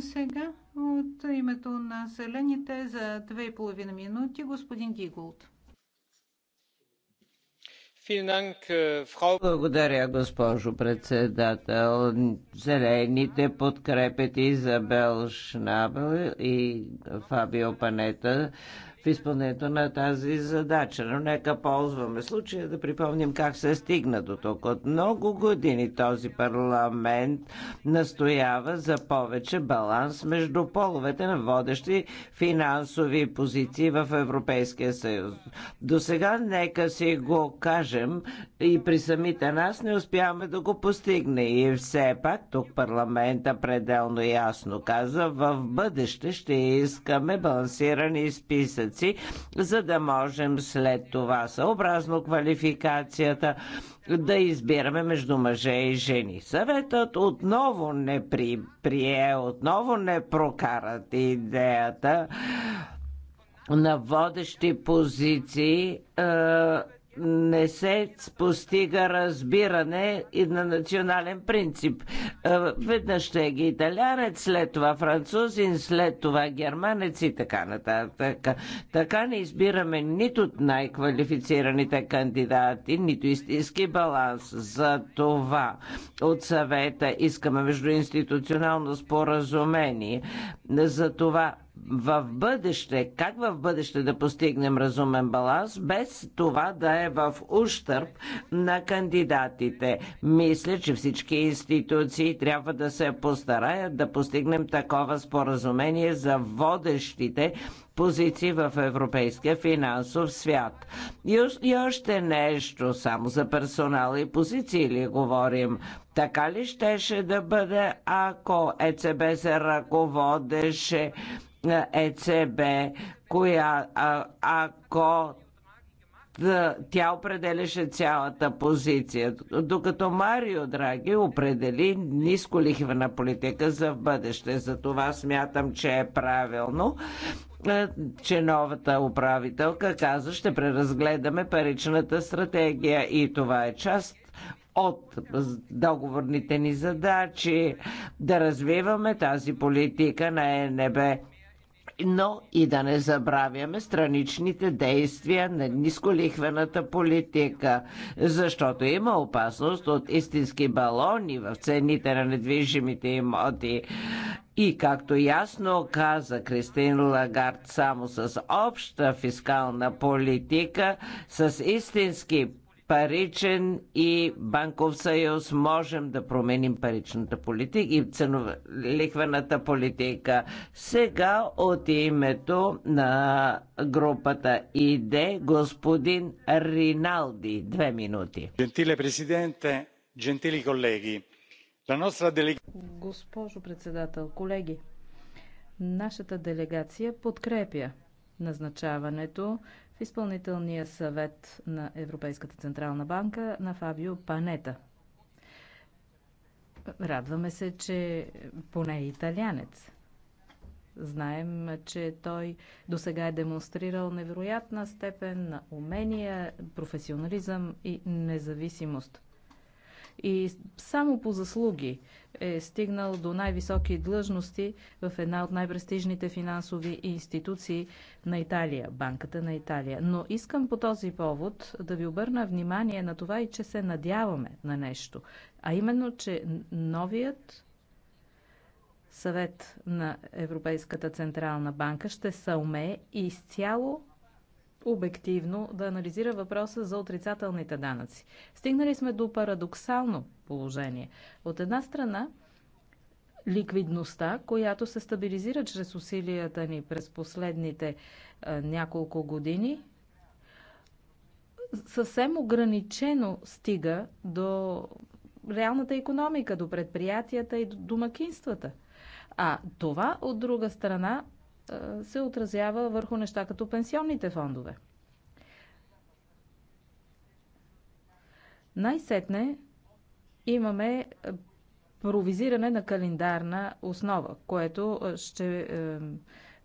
Сега от името на селените за 2,5 минути господин Гиголд. Äh, Благодаря, госпожо председател. Зелените подкрепят Изабел Шнабел и Фабио Панета в изпълнението на тази задача. Но нека ползваме случая да припомним как се стигна до тук. От много години този парламент настоява за повече баланс между половете на водещи финансови позиции в Европейския съюз. До сега нека си го кажем и при самите нас не успяваме да го постигне. И все пак тук парламента пределно ясно каза, в бъдеще ще искаме балансирани списъци участъци, за да можем след това съобразно квалификацията да избираме между мъже и жени. Съветът отново не при, прие, отново не прокарат идеята на водещи позиции е, не се постига разбиране и на национален принцип. Е, веднъж ще е ги италянец, след това французин, след това германец и така нататък. Така не избираме нито най-квалифицираните кандидати, нито истински баланс. За това от съвета искаме междуинституционално споразумение. За това в бъдеще, как в бъдеще да постигнем разумен баланс, без това да е в ущърп на кандидатите. Мисля, че всички институции трябва да се постараят да постигнем такова споразумение за водещите позиции в европейския финансов свят. И, и още нещо, само за персонала и позиции ли говорим? Така ли щеше да бъде, ако ЕЦБ се ръководеше ЕЦБ, коя, а, ако тя определяше цялата позиция. Докато Марио Драги определи ниско лихвена политика за в бъдеще. За това смятам, че е правилно е, че новата управителка каза, ще преразгледаме паричната стратегия и това е част от договорните ни задачи да развиваме тази политика на ЕНБ но и да не забравяме страничните действия на нисколихвената политика, защото има опасност от истински балони в цените на недвижимите имоти. И както ясно каза Кристин Лагард, само с обща фискална политика, с истински паричен и банков съюз можем да променим паричната политика и ценова, лихвената политика. Сега от името на групата ИД господин Риналди. Две минути. Джентиле президенте, джентили колеги, Госпожо председател, колеги, нашата делегация подкрепя назначаването в изпълнителния съвет на Европейската централна банка на Фабио Панета. Радваме се, че поне е италянец. Знаем, че той до сега е демонстрирал невероятна степен на умения, професионализъм и независимост и само по заслуги е стигнал до най-високи длъжности в една от най-престижните финансови институции на Италия, Банката на Италия. Но искам по този повод да ви обърна внимание на това и че се надяваме на нещо, а именно, че новият съвет на Европейската централна банка ще съумее изцяло обективно да анализира въпроса за отрицателните данъци. Стигнали сме до парадоксално положение. От една страна, ликвидността, която се стабилизира чрез усилията ни през последните а, няколко години, съвсем ограничено стига до реалната економика, до предприятията и до домакинствата. А това, от друга страна, се отразява върху неща като пенсионните фондове. Най-сетне имаме е, провизиране на календарна основа, което е, ще е,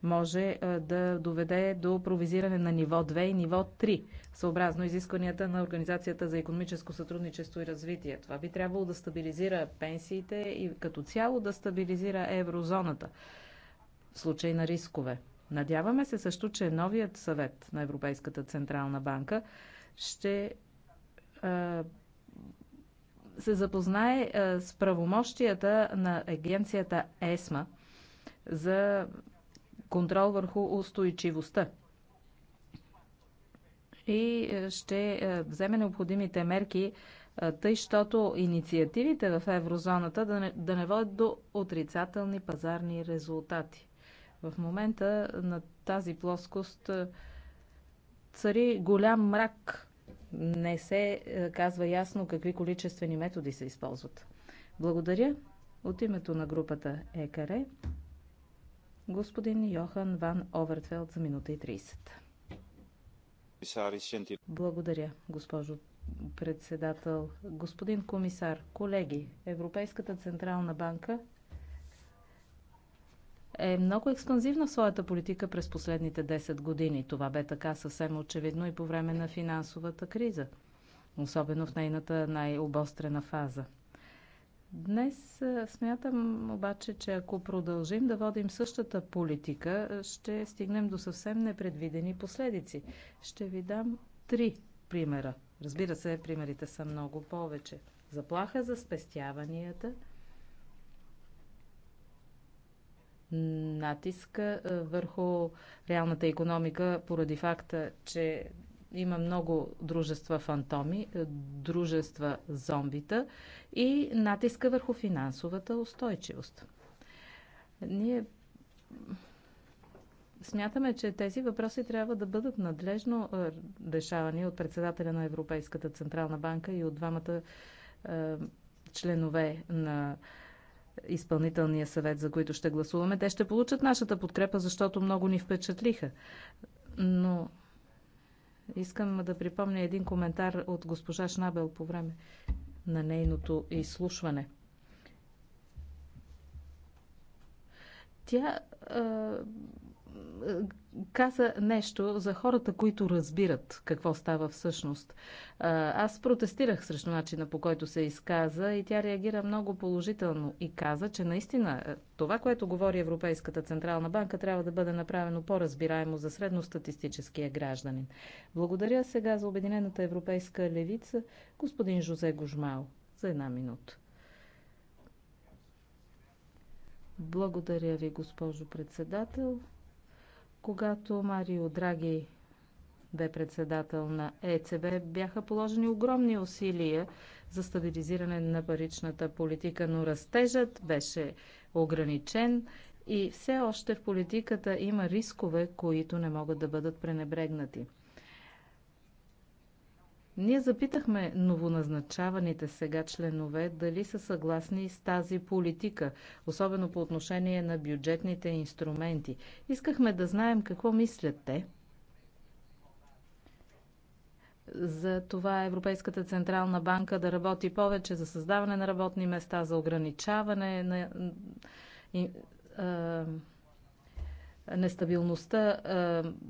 може да доведе до провизиране на ниво 2 и ниво 3, съобразно изискванията на Организацията за економическо сътрудничество и развитие. Това би трябвало да стабилизира пенсиите и като цяло да стабилизира еврозоната в случай на рискове. Надяваме се също, че новият съвет на Европейската Централна банка ще а, се запознае а, с правомощията на агенцията ЕСМА за контрол върху устойчивостта и ще вземе необходимите мерки, тъй, щото инициативите в еврозоната да не, да не водят до отрицателни пазарни резултати. В момента на тази плоскост е, цари голям мрак. Не се е, казва ясно какви количествени методи се използват. Благодаря от името на групата ЕКАРЕ господин Йохан Ван Овертфелд за минута и 30. Благодаря, госпожо председател. Господин комисар, колеги, Европейската Централна банка е много експанзивна в своята политика през последните 10 години. Това бе така съвсем очевидно и по време на финансовата криза, особено в нейната най-обострена фаза. Днес смятам обаче, че ако продължим да водим същата политика, ще стигнем до съвсем непредвидени последици. Ще ви дам три примера. Разбира се, примерите са много повече. Заплаха за спестяванията – натиска върху реалната економика поради факта, че има много дружества фантоми, дружества зомбита и натиска върху финансовата устойчивост. Ние смятаме, че тези въпроси трябва да бъдат надлежно решавани от председателя на Европейската Централна банка и от двамата членове на изпълнителния съвет, за които ще гласуваме, те ще получат нашата подкрепа, защото много ни впечатлиха. Но искам да припомня един коментар от госпожа Шнабел по време на нейното изслушване. Тя каза нещо за хората, които разбират какво става всъщност. Аз протестирах срещу начина по който се изказа и тя реагира много положително и каза, че наистина това, което говори Европейската Централна банка, трябва да бъде направено по-разбираемо за средностатистическия гражданин. Благодаря сега за Обединената европейска левица господин Жозе Гожмал за една минута. Благодаря ви, госпожо председател. Когато Марио Драги бе председател на ЕЦБ, бяха положени огромни усилия за стабилизиране на паричната политика, но растежът беше ограничен и все още в политиката има рискове, които не могат да бъдат пренебрегнати. Ние запитахме новоназначаваните сега членове дали са съгласни с тази политика, особено по отношение на бюджетните инструменти. Искахме да знаем какво мислят те за това Европейската Централна банка да работи повече за създаване на работни места, за ограничаване на нестабилността,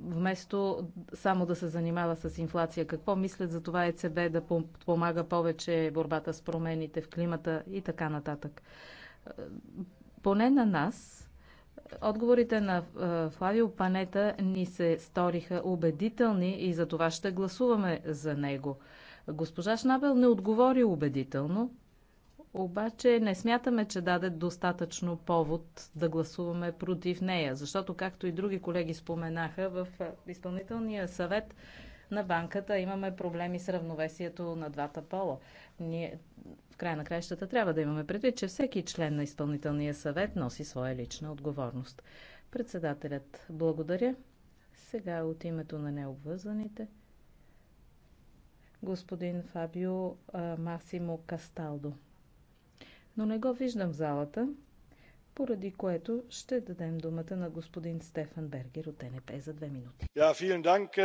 вместо само да се занимава с инфлация. Какво мислят за това ЕЦБ да помага повече борбата с промените в климата и така нататък? Поне на нас, отговорите на Флавио Панета ни се сториха убедителни и за това ще гласуваме за него. Госпожа Шнабел не отговори убедително, обаче не смятаме, че даде достатъчно повод да гласуваме против нея, защото, както и други колеги споменаха, в изпълнителния съвет на банката имаме проблеми с равновесието на двата пола. Ние в края на краищата трябва да имаме предвид, че всеки член на изпълнителния съвет носи своя лична отговорност. Председателят, благодаря. Сега от името на необвързаните господин Фабио Масимо Касталдо но не го виждам в залата, поради което ще дадем думата на господин Стефан Бергер от НП за две минути.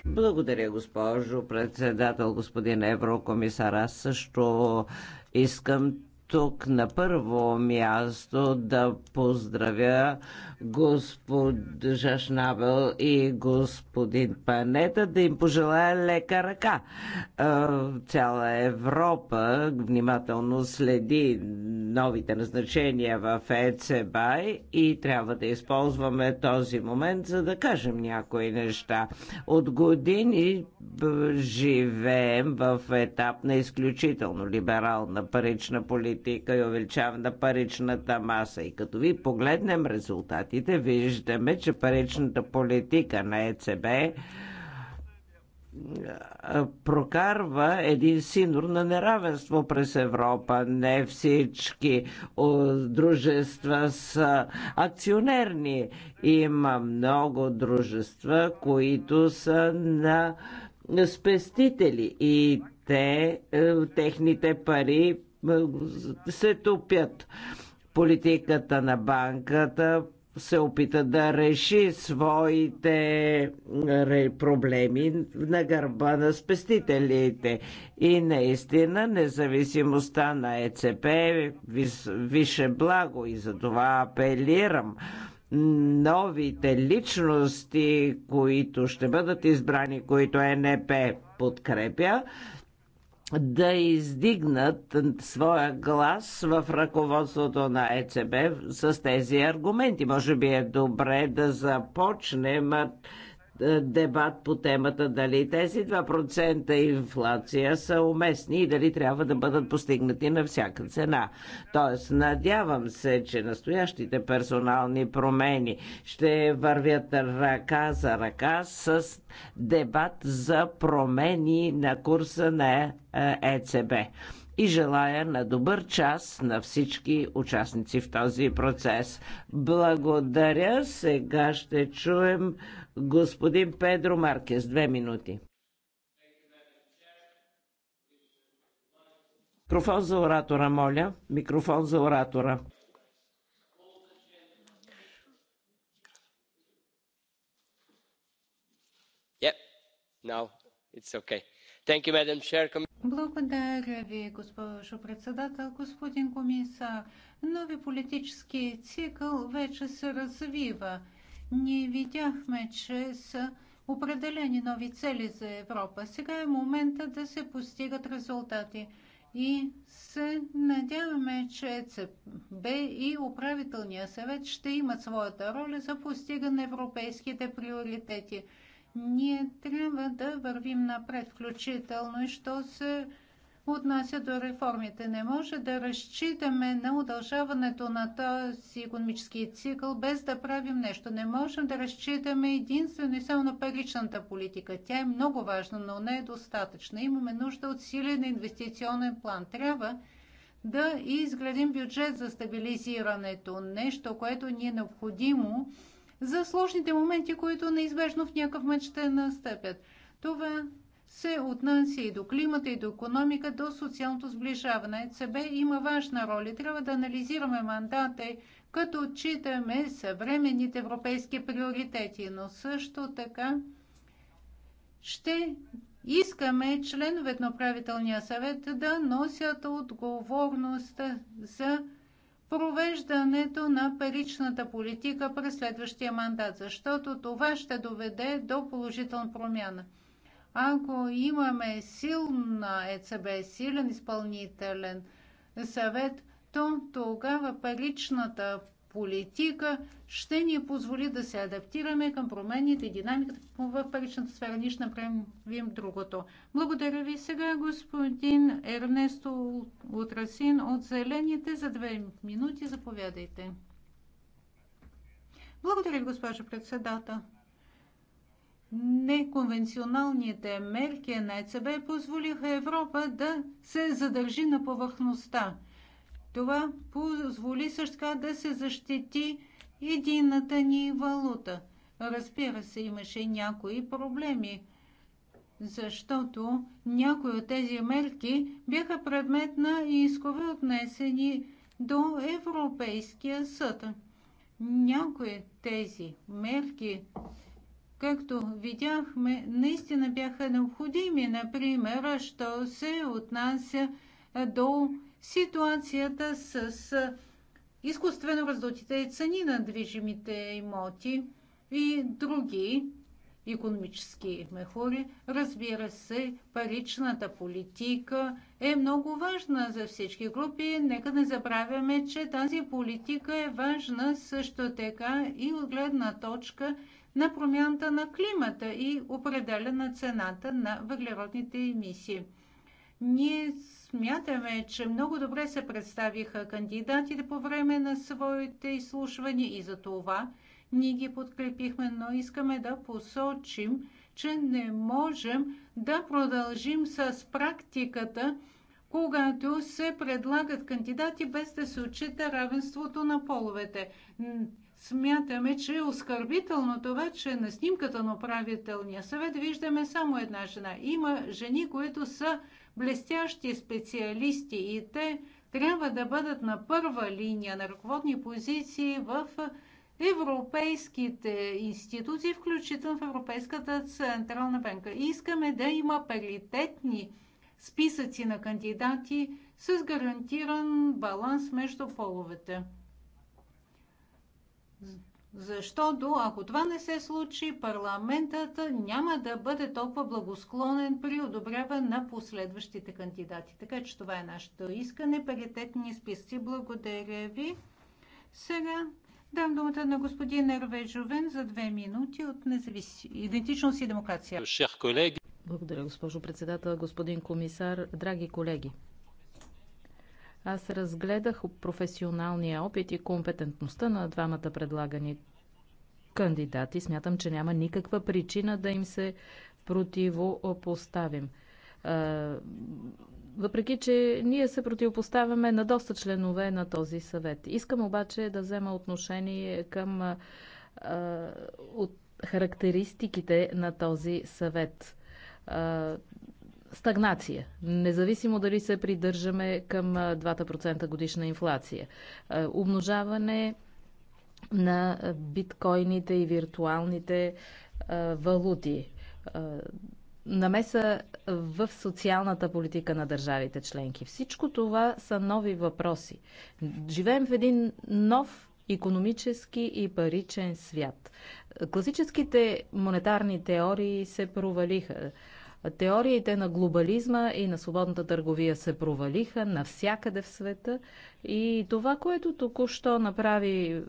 Благодаря, госпожо председател, господин еврокомисар. Аз също искам тук на първо място да поздравя господ Шнабел и господин Панета, да им пожелая лека ръка. Е, цяла Европа внимателно следи новите назначения в ЕЦБ и трябва да използваме този момент, за да кажем някои неща. От години живеем в етап на изключително либерална парична политика политика и увеличаване на паричната маса. И като ви погледнем резултатите, виждаме, че паричната политика на ЕЦБ прокарва един синур на неравенство през Европа. Не всички дружества са акционерни. Има много дружества, които са на спестители и те, е, техните пари се тупят. Политиката на банката се опита да реши своите е, проблеми на гърба на спестителите. И наистина независимостта на ЕЦП е више благо и за това апелирам новите личности, които ще бъдат избрани, които ЕНП подкрепя, да издигнат своя глас в ръководството на ЕЦБ с тези аргументи. Може би е добре да започнем е, дебат по темата дали тези 2% инфлация са уместни и дали трябва да бъдат постигнати на всяка цена. Тоест, надявам се, че настоящите персонални промени ще вървят ръка за ръка с дебат за промени на курса на ЕЦБ е и желая на добър час на всички участници в този процес. Благодаря. Сега ще чуем Господин Педро Маркес, две минути. Микрофон за оратора, моля. Микрофон за оратора. Благодаря ви, госпожо председател, господин комисар. Нови политически цикъл вече се развива ние видяхме, че са определени нови цели за Европа. Сега е момента да се постигат резултати и се надяваме, че ЕЦБ и управителния съвет ще имат своята роля за постигане на европейските приоритети. Ние трябва да вървим напред, включително и що се отнася до реформите. Не може да разчитаме на удължаването на този економически цикъл без да правим нещо. Не можем да разчитаме единствено и само на паричната политика. Тя е много важна, но не е достатъчна. Имаме нужда от силен инвестиционен план. Трябва да изградим бюджет за стабилизирането. Нещо, което ни е необходимо за сложните моменти, които неизбежно в някакъв момент ще настъпят. Това се отнася и до климата, и до економика, до социалното сближаване. ЦБ има важна роля. Трябва да анализираме мандата, като отчитаме съвременните европейски приоритети, но също така ще искаме членовете на правителния съвет да носят отговорност за провеждането на паричната политика през следващия мандат, защото това ще доведе до положителна промяна. Ако имаме силна ЕЦБ, силен изпълнителен съвет, то тогава паричната политика ще ни позволи да се адаптираме към промените и динамиката в паричната сфера. Ние ще направим другото. Благодаря ви сега, господин Ернесто Утрасин от Зелените. За две минути заповядайте. Благодаря ви, госпожа председател. Неконвенционалните мерки на ЕЦБ позволиха Европа да се задържи на повърхността. Това позволи също така да се защити едината ни валута. Разбира се, имаше някои проблеми, защото някои от тези мерки бяха предмет на искове, отнесени до Европейския съд. Някои тези мерки Както видяхме, наистина бяха необходими, например, що се отнася до ситуацията с изкуствено раздутите цени на движимите имоти и други економически мехури. Разбира се, паричната политика е много важна за всички групи. Нека не забравяме, че тази политика е важна също така и от гледна точка на промяната на климата и определя на цената на въглеродните емисии. Ние смятаме, че много добре се представиха кандидатите по време на своите изслушвания и за това ние ги подкрепихме, но искаме да посочим, че не можем да продължим с практиката, когато се предлагат кандидати без да се отчита равенството на половете. Смятаме, че е оскърбително това, че на снимката на управителния съвет виждаме само една жена. Има жени, които са блестящи специалисти и те трябва да бъдат на първа линия на ръководни позиции в европейските институции, включително в Европейската централна банка. Искаме да има паритетни списъци на кандидати с гарантиран баланс между половете. Защото ако това не се случи, парламентът няма да бъде толкова благосклонен при одобряване на последващите кандидати. Така че това е нашето искане. Паритетни списъци. Благодаря ви. Сега дам думата на господин Ервежовен за две минути от независи... идентичност и демокрация. Благодаря, госпожо председател, господин комисар, драги колеги. Аз разгледах професионалния опит и компетентността на двамата предлагани кандидати. Смятам, че няма никаква причина да им се противопоставим. Въпреки, че ние се противопоставяме на доста членове на този съвет. Искам обаче да взема отношение към от характеристиките на този съвет стагнация, независимо дали се придържаме към 2% годишна инфлация. Умножаване на биткоините и виртуалните валути. Намеса в социалната политика на държавите членки. Всичко това са нови въпроси. Живеем в един нов економически и паричен свят. Класическите монетарни теории се провалиха. Теориите на глобализма и на свободната търговия се провалиха навсякъде в света и това, което току-що направи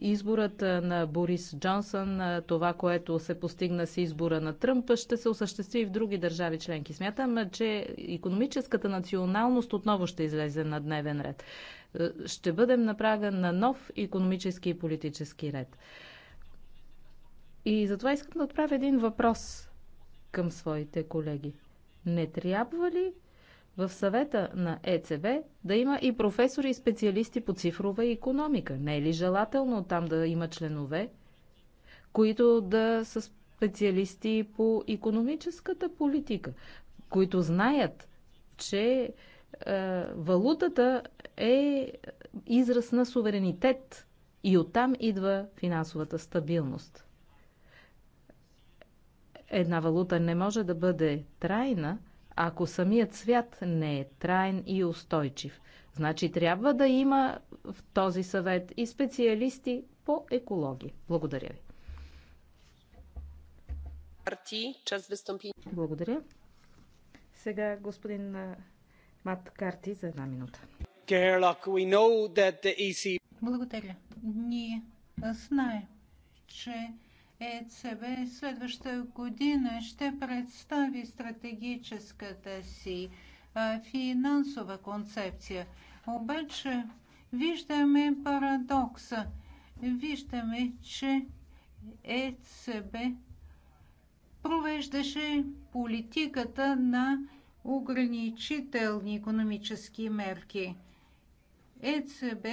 изборът на Борис Джонсън, това, което се постигна с избора на Тръмп, ще се осъществи и в други държави членки. Смятам, че економическата националност отново ще излезе на дневен ред. Ще бъдем на прага на нов економически и политически ред. И затова искам да отправя един въпрос към своите колеги. Не трябва ли в съвета на ЕЦБ да има и професори и специалисти по цифрова економика? Не е ли желателно там да има членове, които да са специалисти по економическата политика, които знаят, че е, валутата е израз на суверенитет и оттам идва финансовата стабилност. Една валута не може да бъде трайна, ако самият свят не е траен и устойчив. Значи трябва да има в този съвет и специалисти по екология. Благодаря ви. Благодаря. Сега господин Мат Карти за една минута. E Благодаря. Ние знаем, че ЕЦБ следващата година ще представи стратегическата си финансова концепция. Обаче виждаме парадокса. Виждаме, че ЕЦБ провеждаше политиката на ограничителни економически мерки. ЕЦБ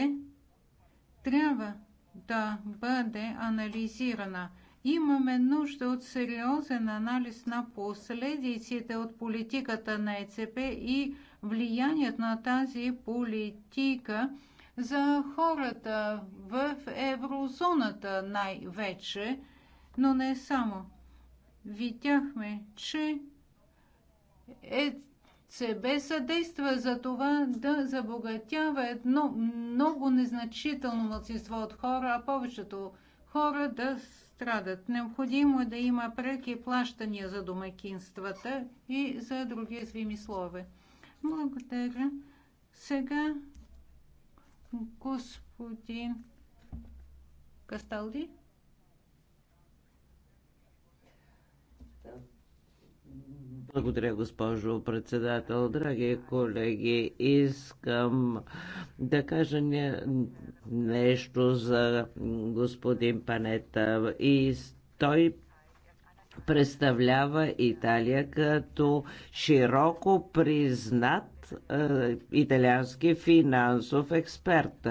трябва да бъде анализирана – Имаме нужда от сериозен анализ на последиците от политиката на ЕЦП и влиянието на тази политика за хората в еврозоната най-вече, но не само. Видяхме, че ЕЦБ съдейства за това да забогатява едно много незначително младсинство от хора, а повечето хора да страдат. Необходимо е да има преки плащания за домакинствата и за други извими слове. Благодаря. Сега господин Касталди. Благодаря, госпожо председател. Драги колеги, искам да кажа нещо за господин Панета. И той представлява Италия като широко признат е, италиански финансов експерт.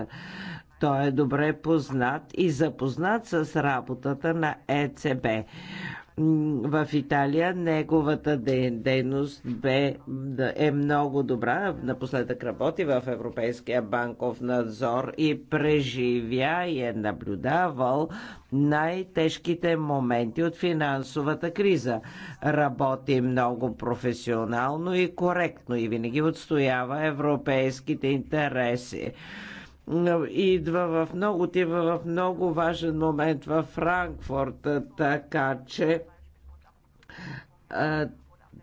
Той е добре познат и запознат с работата на ЕЦБ в Италия. Неговата дейност бе, е много добра. Напоследък работи в Европейския банков надзор и преживя и е наблюдавал най-тежките моменти от финансовата криза. Работи много професионално и коректно и винаги отстоява европейските интереси идва в много, отива в много важен момент във Франкфурт, така че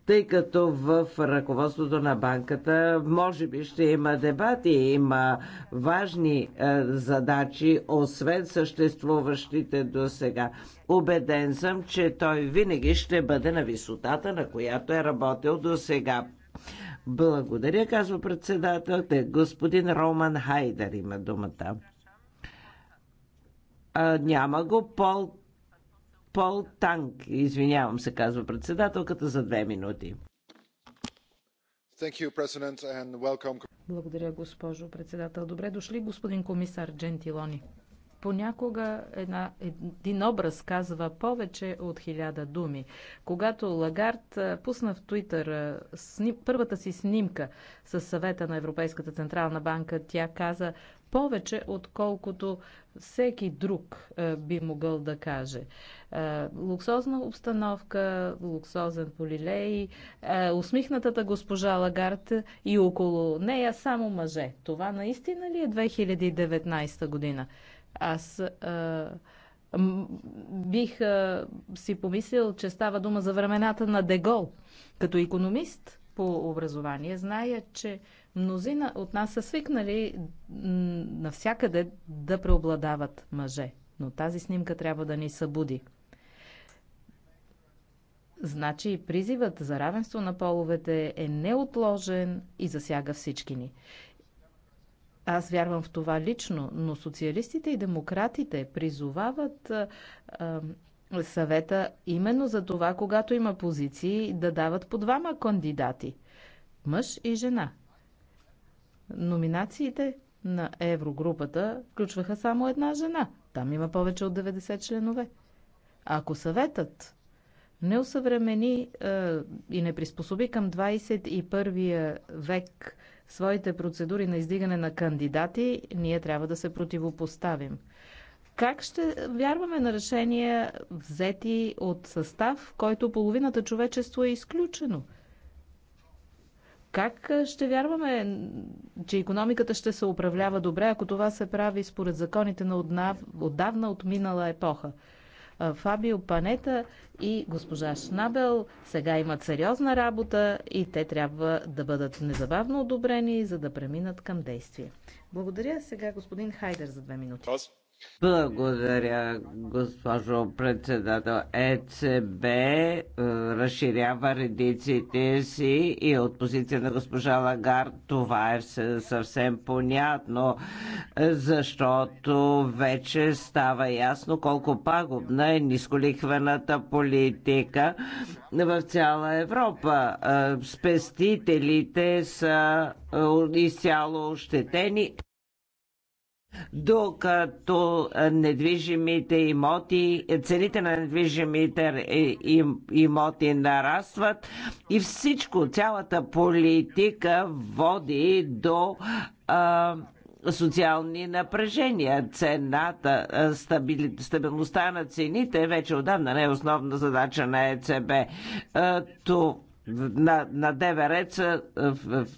тъй като в ръководството на банката може би ще има дебати, има важни е, задачи, освен съществуващите до сега. Обеден съм, че той винаги ще бъде на висотата, на която е работил до сега. Благодаря, казва председателят. Господин Роман Хайдер има думата. А, няма го. Пол, Пол Танк, извинявам се, казва председателката за две минути. Благодаря, госпожо председател. Добре дошли, господин комисар Джентилони. Понякога една, един образ казва повече от хиляда думи. Когато Лагард пусна в Твитър сним, първата си снимка с съвета на Европейската Централна банка, тя каза повече, отколкото всеки друг би могъл да каже. Луксозна обстановка, луксозен полилей, усмихнатата госпожа Лагард и около нея само мъже. Това наистина ли е 2019 година? Аз а, бих а, си помислил, че става дума за времената на Дегол. Като економист по образование зная, че мнозина от нас са свикнали навсякъде да преобладават мъже. Но тази снимка трябва да ни събуди. Значи призивът за равенство на половете е неотложен и засяга всички ни. Аз вярвам в това лично, но социалистите и демократите призовават а, съвета именно за това, когато има позиции, да дават по двама кандидати мъж и жена. Номинациите на Еврогрупата включваха само една жена. Там има повече от 90 членове. Ако съветът не усъвремени а, и не приспособи към 21 век своите процедури на издигане на кандидати, ние трябва да се противопоставим. Как ще вярваме на решения, взети от състав, който половината човечество е изключено? Как ще вярваме, че економиката ще се управлява добре, ако това се прави според законите на отдавна отминала епоха? Фабио Панета и госпожа Шнабел сега имат сериозна работа и те трябва да бъдат незабавно одобрени, за да преминат към действие. Благодаря сега господин Хайдер за две минути. Благодаря, госпожо председател. ЕЦБ е, разширява редиците си и от позиция на госпожа Лагар това е съвсем понятно, защото вече става ясно колко пагубна е нисколихвената политика в цяла Европа. Е, спестителите са е, изцяло ощетени докато недвижимите имоти, цените на недвижимите е, имоти нарастват и всичко, цялата политика води до а, социални напрежения. Цената, стабили, стабилността на цените вече отдавна не е основна задача на ЕЦБ. А, то, на, на ДВР са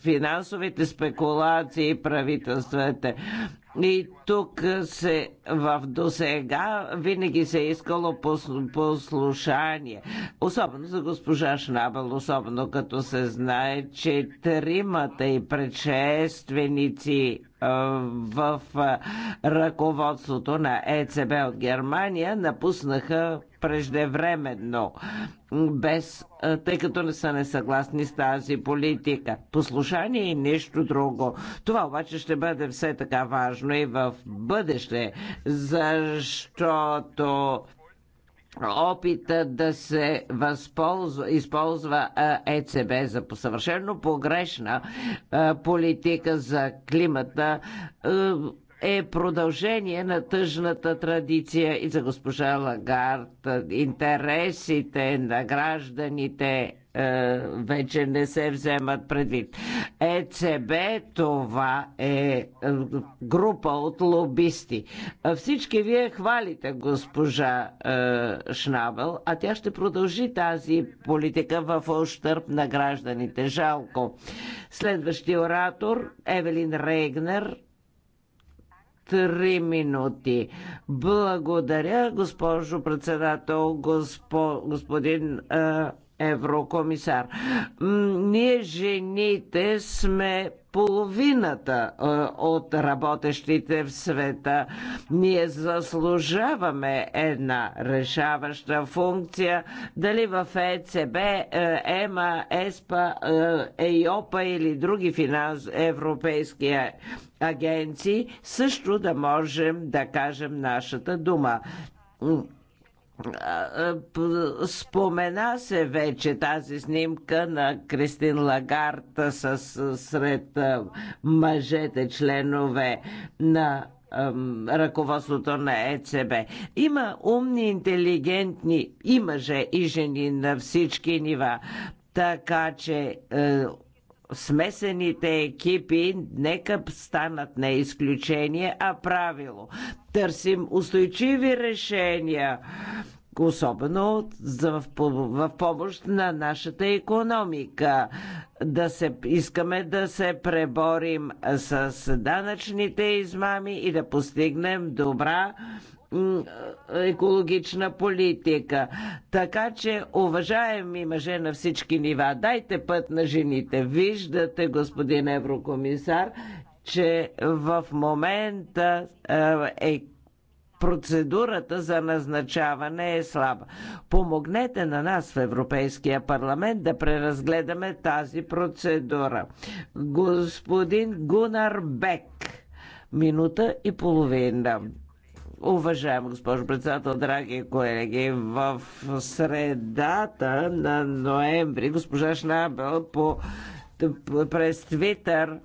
финансовите спекулации правителствата. И тук се в досега винаги се е искало послушание. Особено за госпожа Шнабел, особено като се знае, че тримата и предшественици в ръководството на ЕЦБ от Германия напуснаха преждевременно, без, тъй като не са несъгласни с тази политика. Послушание и нещо друго. Това обаче ще бъде все така важно и в бъдеще, защото опита да се възползва, използва ЕЦБ за съвършено погрешна политика за климата е продължение на тъжната традиция и за госпожа Лагард. Интересите на гражданите е, вече не се вземат предвид. ЕЦБ това е, е група от лобисти. Всички вие хвалите госпожа е, Шнабел, а тя ще продължи тази политика в ощърп на гражданите. Жалко. Следващия оратор Евелин Рейгнер, три минути. Благодаря, госпожо председател, госпо, господин а, еврокомисар. Ние жените сме половината от работещите в света. Ние заслужаваме една решаваща функция, дали в ЕЦБ, е, ЕМА, ЕСПА, ЕИОПА или други финанс, европейски агенции, също да можем да кажем нашата дума Спомена се вече тази снимка на Кристин Лагарта с, сред мъжете членове на ръководството на ЕЦБ. Има умни, интелигентни и мъже, и жени на всички нива. Така че е, смесените екипи нека станат не изключение, а правило. Търсим устойчиви решения особено за, в, в помощ на нашата економика. Да се, искаме да се преборим с данъчните измами и да постигнем добра екологична политика. Така че, уважаеми мъже на всички нива, дайте път на жените. Виждате, господин еврокомисар, че в момента е, е процедурата за назначаване е слаба. Помогнете на нас в Европейския парламент да преразгледаме тази процедура. Господин Гунар Бек, минута и половина. Уважаема госпожо председател, драги колеги, в средата на ноември госпожа Шнабел по, през Твитър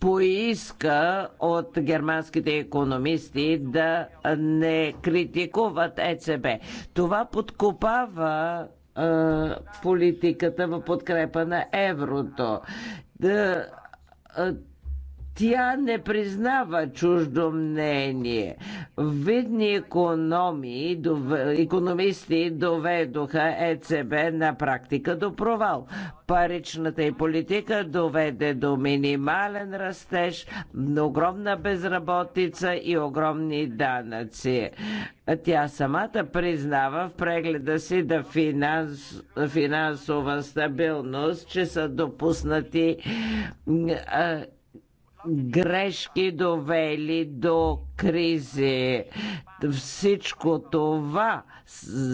поиска от германските економисти да не критикуват ЕЦБ. Това подкопава а, политиката в подкрепа на еврото. Да, тя не признава чуждо мнение. Видни економи, дов... економисти доведоха ЕЦБ на практика до провал. Паричната и политика доведе до минимален растеж, огромна безработица и огромни данъци. Тя самата признава в прегледа си да финанс, финансова стабилност, че са допуснати грешки довели до кризи. Всичко това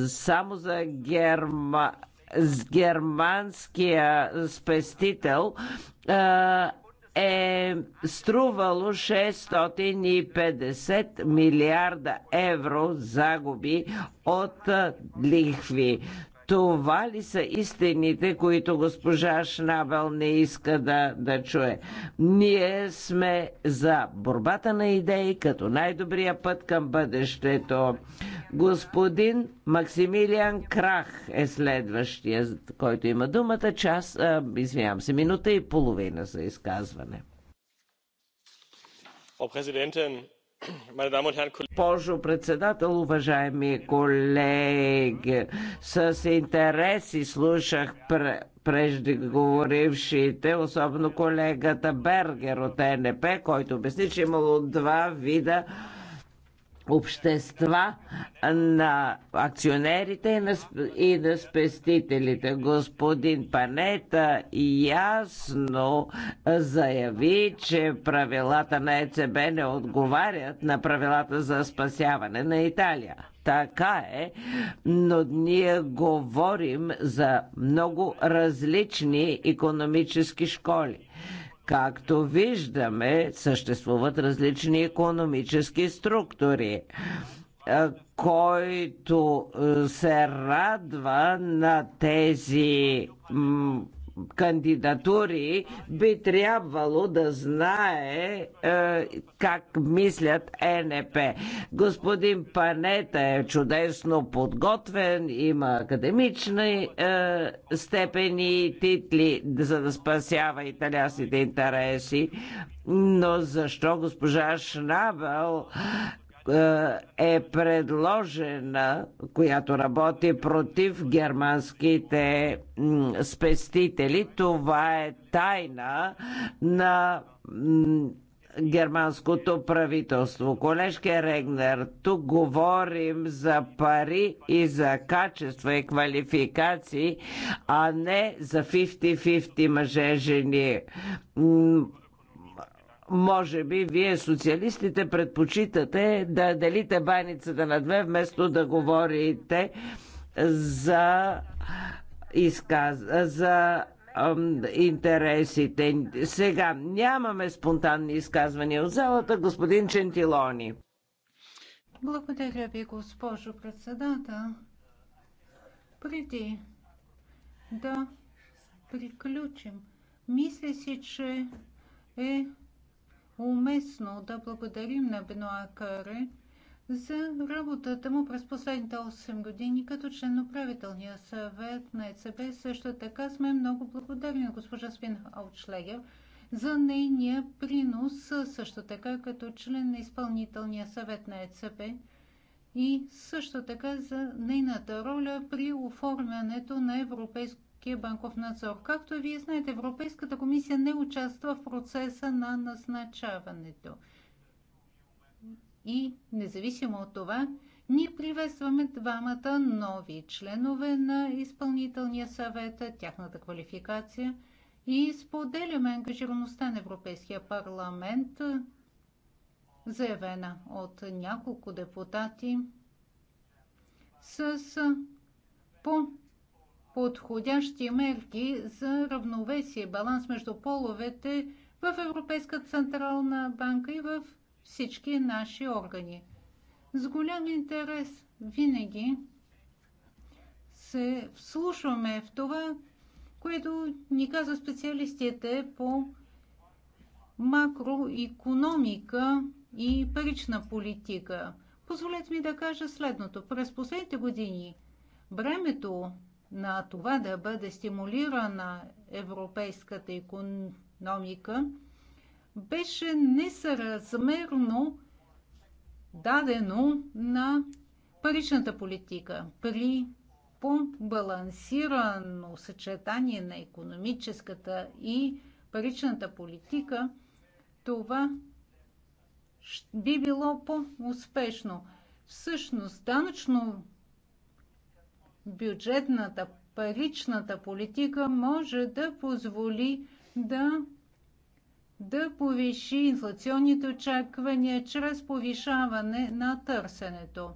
само за Герма, с германския спестител е струвало 650 милиарда евро загуби от лихви. Това ли са истините, които госпожа Шнабел не иска да, да чуе? Ние сме за борбата на идеи като най-добрия път към бъдещето. Господин Максимилиан Крах е следващия, който има думата час, а, извинявам се, минута и половина за изказване. Frau Präsidentin, Пожо председател, уважаеми колеги, с интерес и слушах преждеговорившите, особено колегата Бергер от НП, който обясни, че е имало два вида общества на акционерите и на, и на спестителите. Господин Панета ясно заяви, че правилата на ЕЦБ не отговарят на правилата за спасяване на Италия. Така е, но ние говорим за много различни економически школи. Както виждаме, съществуват различни економически структури който се радва на тези кандидатури, би трябвало да знае е, как мислят ЕНП. Господин Панета е чудесно подготвен, има академични е, степени и титли, за да спасява италянските интереси. Но защо госпожа Шнабел е, е предложена, която работи против германските спестители. Това е тайна на германското правителство. Колежке Регнер, тук говорим за пари и за качество и квалификации, а не за 50-50 мъже-жени може би вие, социалистите, предпочитате да делите баницата на две, вместо да говорите за, изказ... за интересите. Сега нямаме спонтанни изказвания от залата. Господин Чентилони. Благодаря ви, госпожо председател. Преди да приключим, мисля си, че е уместно да благодарим на Бенуа Каре за работата му през последните 8 години като член на управителния съвет на ЕЦБ. Също така сме много благодарни на госпожа Спин Аучлегер за нейния принос, също така като член на изпълнителния съвет на ЕЦБ и също така за нейната роля при оформянето на европейско Европейския банков надзор. Както вие знаете, Европейската комисия не участва в процеса на назначаването. И независимо от това, ние приветстваме двамата нови членове на изпълнителния съвет, тяхната квалификация и споделяме ангажираността на Европейския парламент, заявена от няколко депутати, с по подходящи мерки за равновесие, баланс между половете в Европейска централна банка и в всички наши органи. С голям интерес винаги се вслушваме в това, което ни каза специалистите по макроекономика и парична политика. Позволете ми да кажа следното. През последните години бремето на това да бъде стимулирана европейската економика, беше несъразмерно дадено на паричната политика при по-балансирано съчетание на економическата и паричната политика, това би било по-успешно. Всъщност, данъчно бюджетната, паричната политика може да позволи да, да повиши инфлационните очаквания чрез повишаване на търсенето.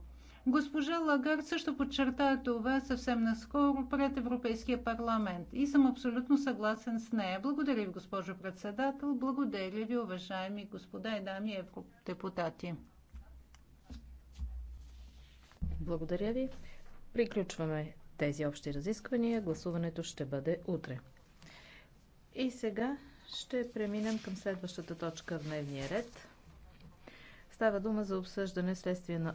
Госпожа Лагард също подчерта това съвсем наскоро пред Европейския парламент и съм абсолютно съгласен с нея. Благодаря ви, госпожо председател. Благодаря ви, уважаеми господа и дами евродепутати. Благодаря ви. Приключваме тези общи разисквания. Гласуването ще бъде утре. И сега ще преминем към следващата точка в дневния ред. Става дума за обсъждане следствие на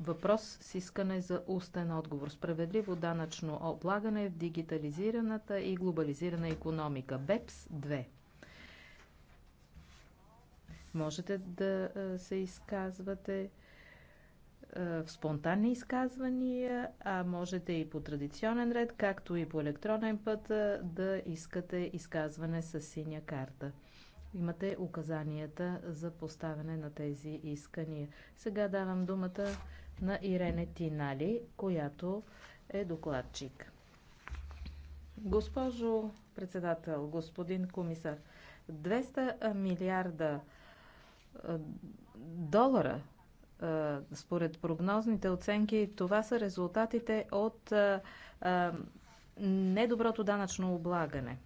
въпрос с искане за устен отговор. Справедливо данъчно облагане в дигитализираната и глобализирана економика. БЕПС 2. Можете да се изказвате е, в спонтанни изказвания, а можете и по традиционен ред, както и по електронен път е, да искате изказване с синя карта. Имате указанията за поставяне на тези искания. Сега давам думата на Ирене Тинали, която е докладчик. Госпожо председател, господин комисар, 200 милиарда е, долара според прогнозните оценки, това са резултатите от недоброто данъчно облагане.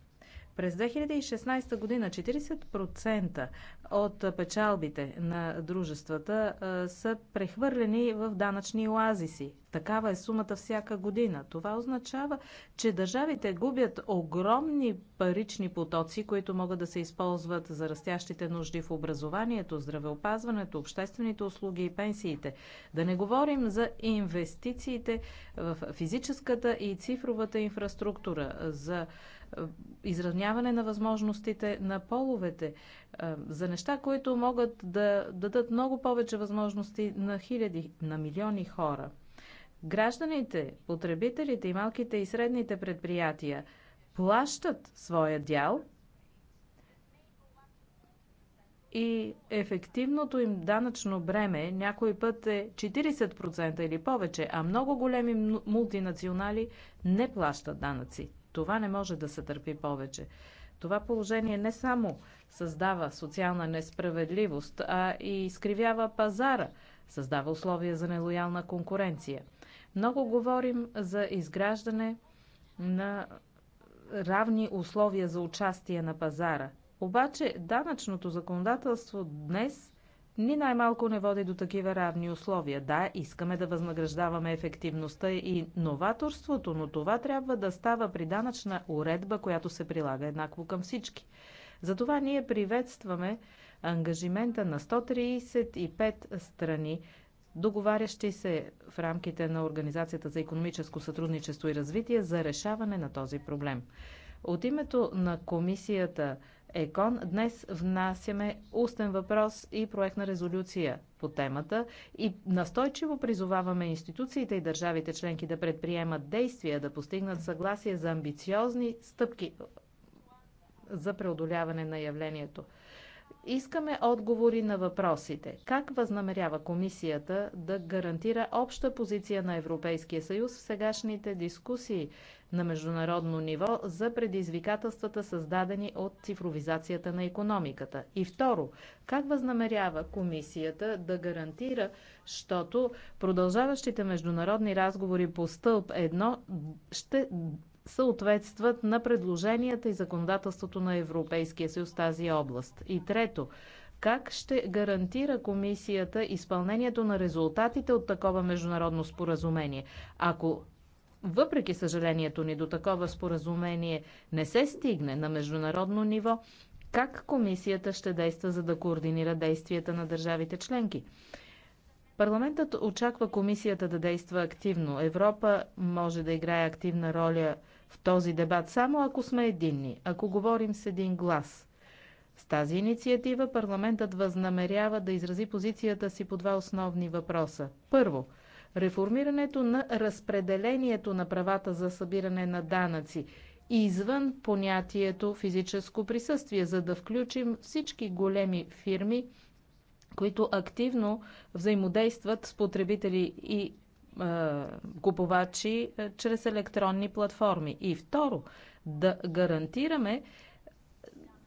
През 2016 година 40% от печалбите на дружествата са прехвърлени в данъчни оазиси. Такава е сумата всяка година. Това означава, че държавите губят огромни парични потоци, които могат да се използват за растящите нужди в образованието, здравеопазването, обществените услуги и пенсиите. Да не говорим за инвестициите в физическата и цифровата инфраструктура, за изравняване на възможностите на половете, за неща, които могат да дадат много повече възможности на хиляди, на милиони хора. Гражданите, потребителите и малките и средните предприятия плащат своя дял и ефективното им данъчно бреме някой път е 40% или повече, а много големи мултинационали не плащат данъци. Това не може да се търпи повече. Това положение не само създава социална несправедливост, а и изкривява пазара, създава условия за нелоялна конкуренция. Много говорим за изграждане на равни условия за участие на пазара. Обаче данъчното законодателство днес ни най-малко не води до такива равни условия. Да, искаме да възнаграждаваме ефективността и новаторството, но това трябва да става при данъчна уредба, която се прилага еднакво към всички. Затова ние приветстваме ангажимента на 135 страни, договарящи се в рамките на Организацията за економическо сътрудничество и развитие за решаване на този проблем. От името на комисията ЕКОН. Днес внасяме устен въпрос и проект на резолюция по темата и настойчиво призоваваме институциите и държавите членки да предприемат действия да постигнат съгласие за амбициозни стъпки за преодоляване на явлението. Искаме отговори на въпросите. Как възнамерява комисията да гарантира обща позиция на Европейския съюз в сегашните дискусии на международно ниво за предизвикателствата, създадени от цифровизацията на економиката? И второ, как възнамерява комисията да гарантира, защото продължаващите международни разговори по стълб 1 ще съответстват на предложенията и законодателството на Европейския съюз в тази област? И трето, как ще гарантира комисията изпълнението на резултатите от такова международно споразумение, ако въпреки съжалението ни до такова споразумение не се стигне на международно ниво, как комисията ще действа за да координира действията на държавите членки? Парламентът очаква комисията да действа активно. Европа може да играе активна роля в този дебат само ако сме единни, ако говорим с един глас. С тази инициатива парламентът възнамерява да изрази позицията си по два основни въпроса. Първо – Реформирането на разпределението на правата за събиране на данъци извън понятието физическо присъствие, за да включим всички големи фирми, които активно взаимодействат с потребители и купувачи чрез електронни платформи. И второ, да гарантираме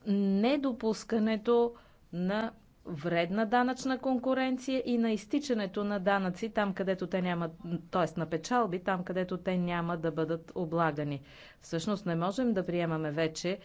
недопускането на вредна данъчна конкуренция и на изтичането на данъци там, където те няма, т.е. на печалби, там, където те няма да бъдат облагани. Всъщност не можем да приемаме вече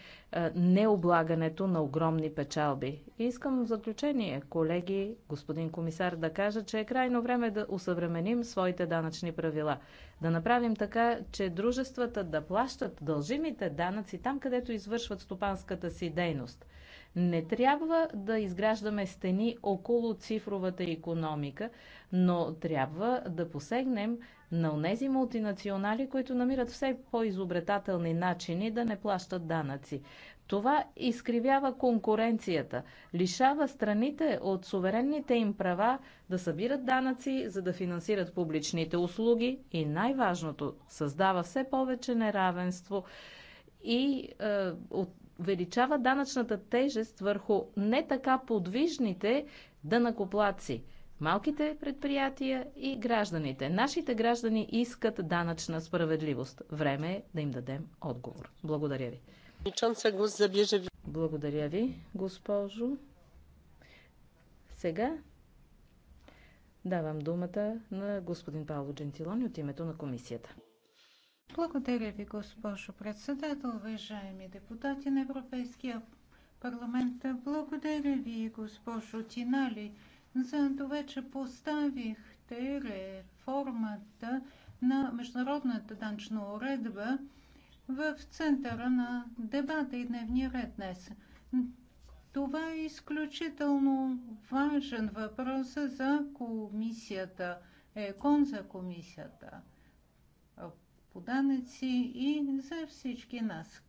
необлагането на огромни печалби. И искам в заключение, колеги, господин комисар, да кажа, че е крайно време да усъвременим своите данъчни правила. Да направим така, че дружествата да плащат дължимите данъци там, където извършват стопанската си дейност – не трябва да изграждаме стени около цифровата економика, но трябва да посегнем на онези мултинационали, които намират все по-изобретателни начини да не плащат данъци. Това изкривява конкуренцията, лишава страните от суверенните им права да събират данъци, за да финансират публичните услуги и най-важното създава все повече неравенство и е, от, увеличава данъчната тежест върху не така подвижните дънакоплаци малките предприятия и гражданите. Нашите граждани искат данъчна справедливост. Време е да им дадем отговор. Благодаря ви. Благодаря ви, госпожо. Сега давам думата на господин Павло Джентилони от името на комисията. Благодаря ви, госпожо председател, уважаеми депутати на Европейския парламент. Благодаря ви, госпожо Тинали, за това, че поставихте реформата на международната данчна уредба в центъра на дебата и дневния ред днес. Това е изключително важен въпрос за комисията, ЕКОН за комисията по данъци и за всички нас.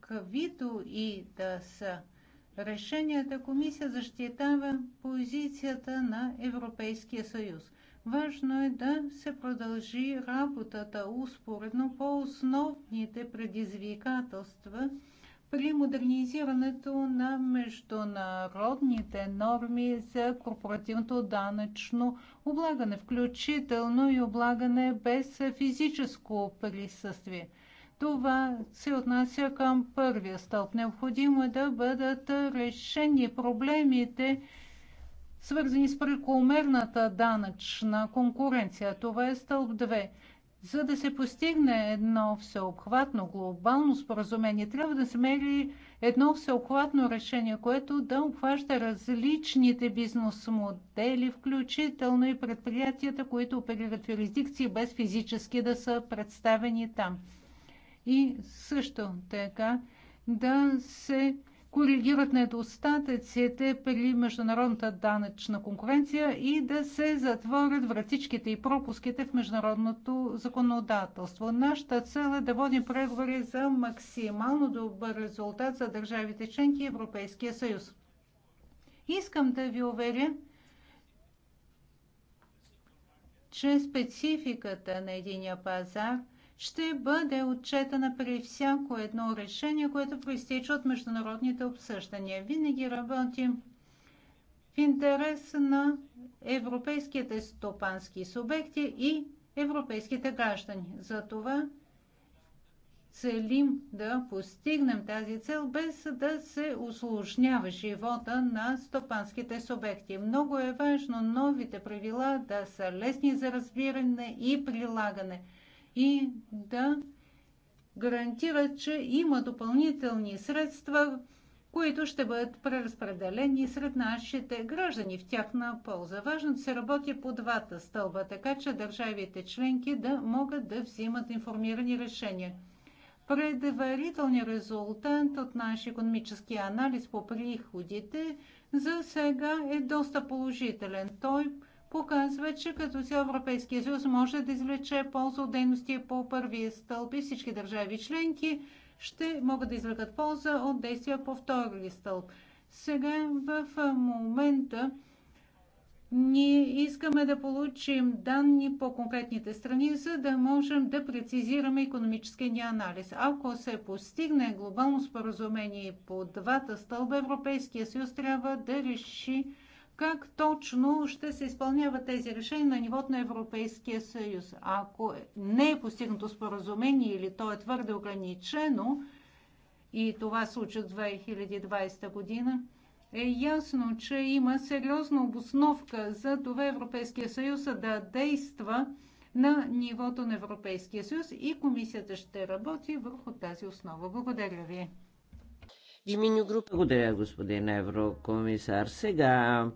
Каквито и да са решенията, комисия защитава позицията на Европейския съюз. Важно е да се продължи работата успоредно по основните предизвикателства при модернизирането на международните норми за корпоративното данъчно облагане, включително и облагане без физическо присъствие. Това се отнася към първия стълб. Необходимо е да бъдат решени проблемите, свързани с прекомерната данъчна конкуренция. Това е стълб 2. За да се постигне едно всеобхватно глобално споразумение, трябва да се мери едно всеобхватно решение, което да обхваща различните бизнес модели, включително и предприятията, които оперират в юрисдикции без физически да са представени там. И също така да се коригират недостатъците при международната данъчна конкуренция и да се затворят вратичките и пропуските в международното законодателство. Нашата цел е да водим преговори за максимално добър резултат за държавите членки и Европейския съюз. Искам да ви уверя, че спецификата на единия пазар – ще бъде отчетена при всяко едно решение, което проистича от международните обсъждания. Винаги работим в интерес на европейските стопански субекти и европейските граждани. Затова целим да постигнем тази цел, без да се усложнява живота на стопанските субекти. Много е важно новите правила да са лесни за разбиране и прилагане – и да гарантират, че има допълнителни средства, които ще бъдат преразпределени сред нашите граждани в тяхна полза. Важно е да се работи по двата стълба, така че държавите членки да могат да взимат информирани решения. Предварителният резултат от нашия економически анализ по приходите за сега е доста положителен. Той показва, че като цяло Европейския съюз може да извлече полза от дейности по първия стълб и всички държави членки ще могат да извлекат полза от действия по втория стълб. Сега в момента ние искаме да получим данни по конкретните страни, за да можем да прецизираме економическия ни анализ. Ако се постигне глобално споразумение по двата стълба, Европейския съюз трябва да реши как точно ще се изпълняват тези решения на нивото на Европейския съюз. Ако не е постигнато споразумение или то е твърде ограничено, и това случи в 2020 година, е ясно, че има сериозна обосновка за това Европейския съюз да действа на нивото на Европейския съюз и комисията ще работи върху тази основа. Благодаря ви. Благодаря, господин еврокомисар. Сега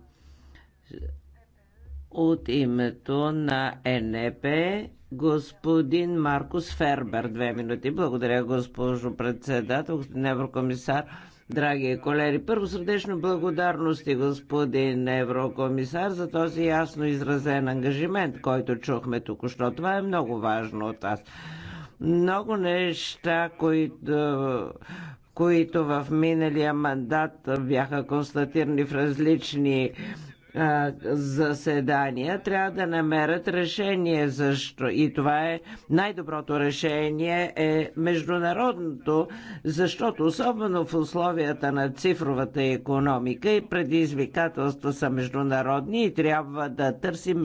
от името на НП е господин Маркус Фербер. Две минути. Благодаря, госпожо председател, господин еврокомисар. Драги колеги, първо сърдечно благодарности, господин еврокомисар, за този ясно изразен ангажимент, който чухме току-що. Това е много важно от аз. Много неща, които които в миналия мандат бяха констатирани в различни заседания, трябва да намерят решение защо. И това е най-доброто решение е международното, защото особено в условията на цифровата економика и предизвикателства са международни и трябва да търсим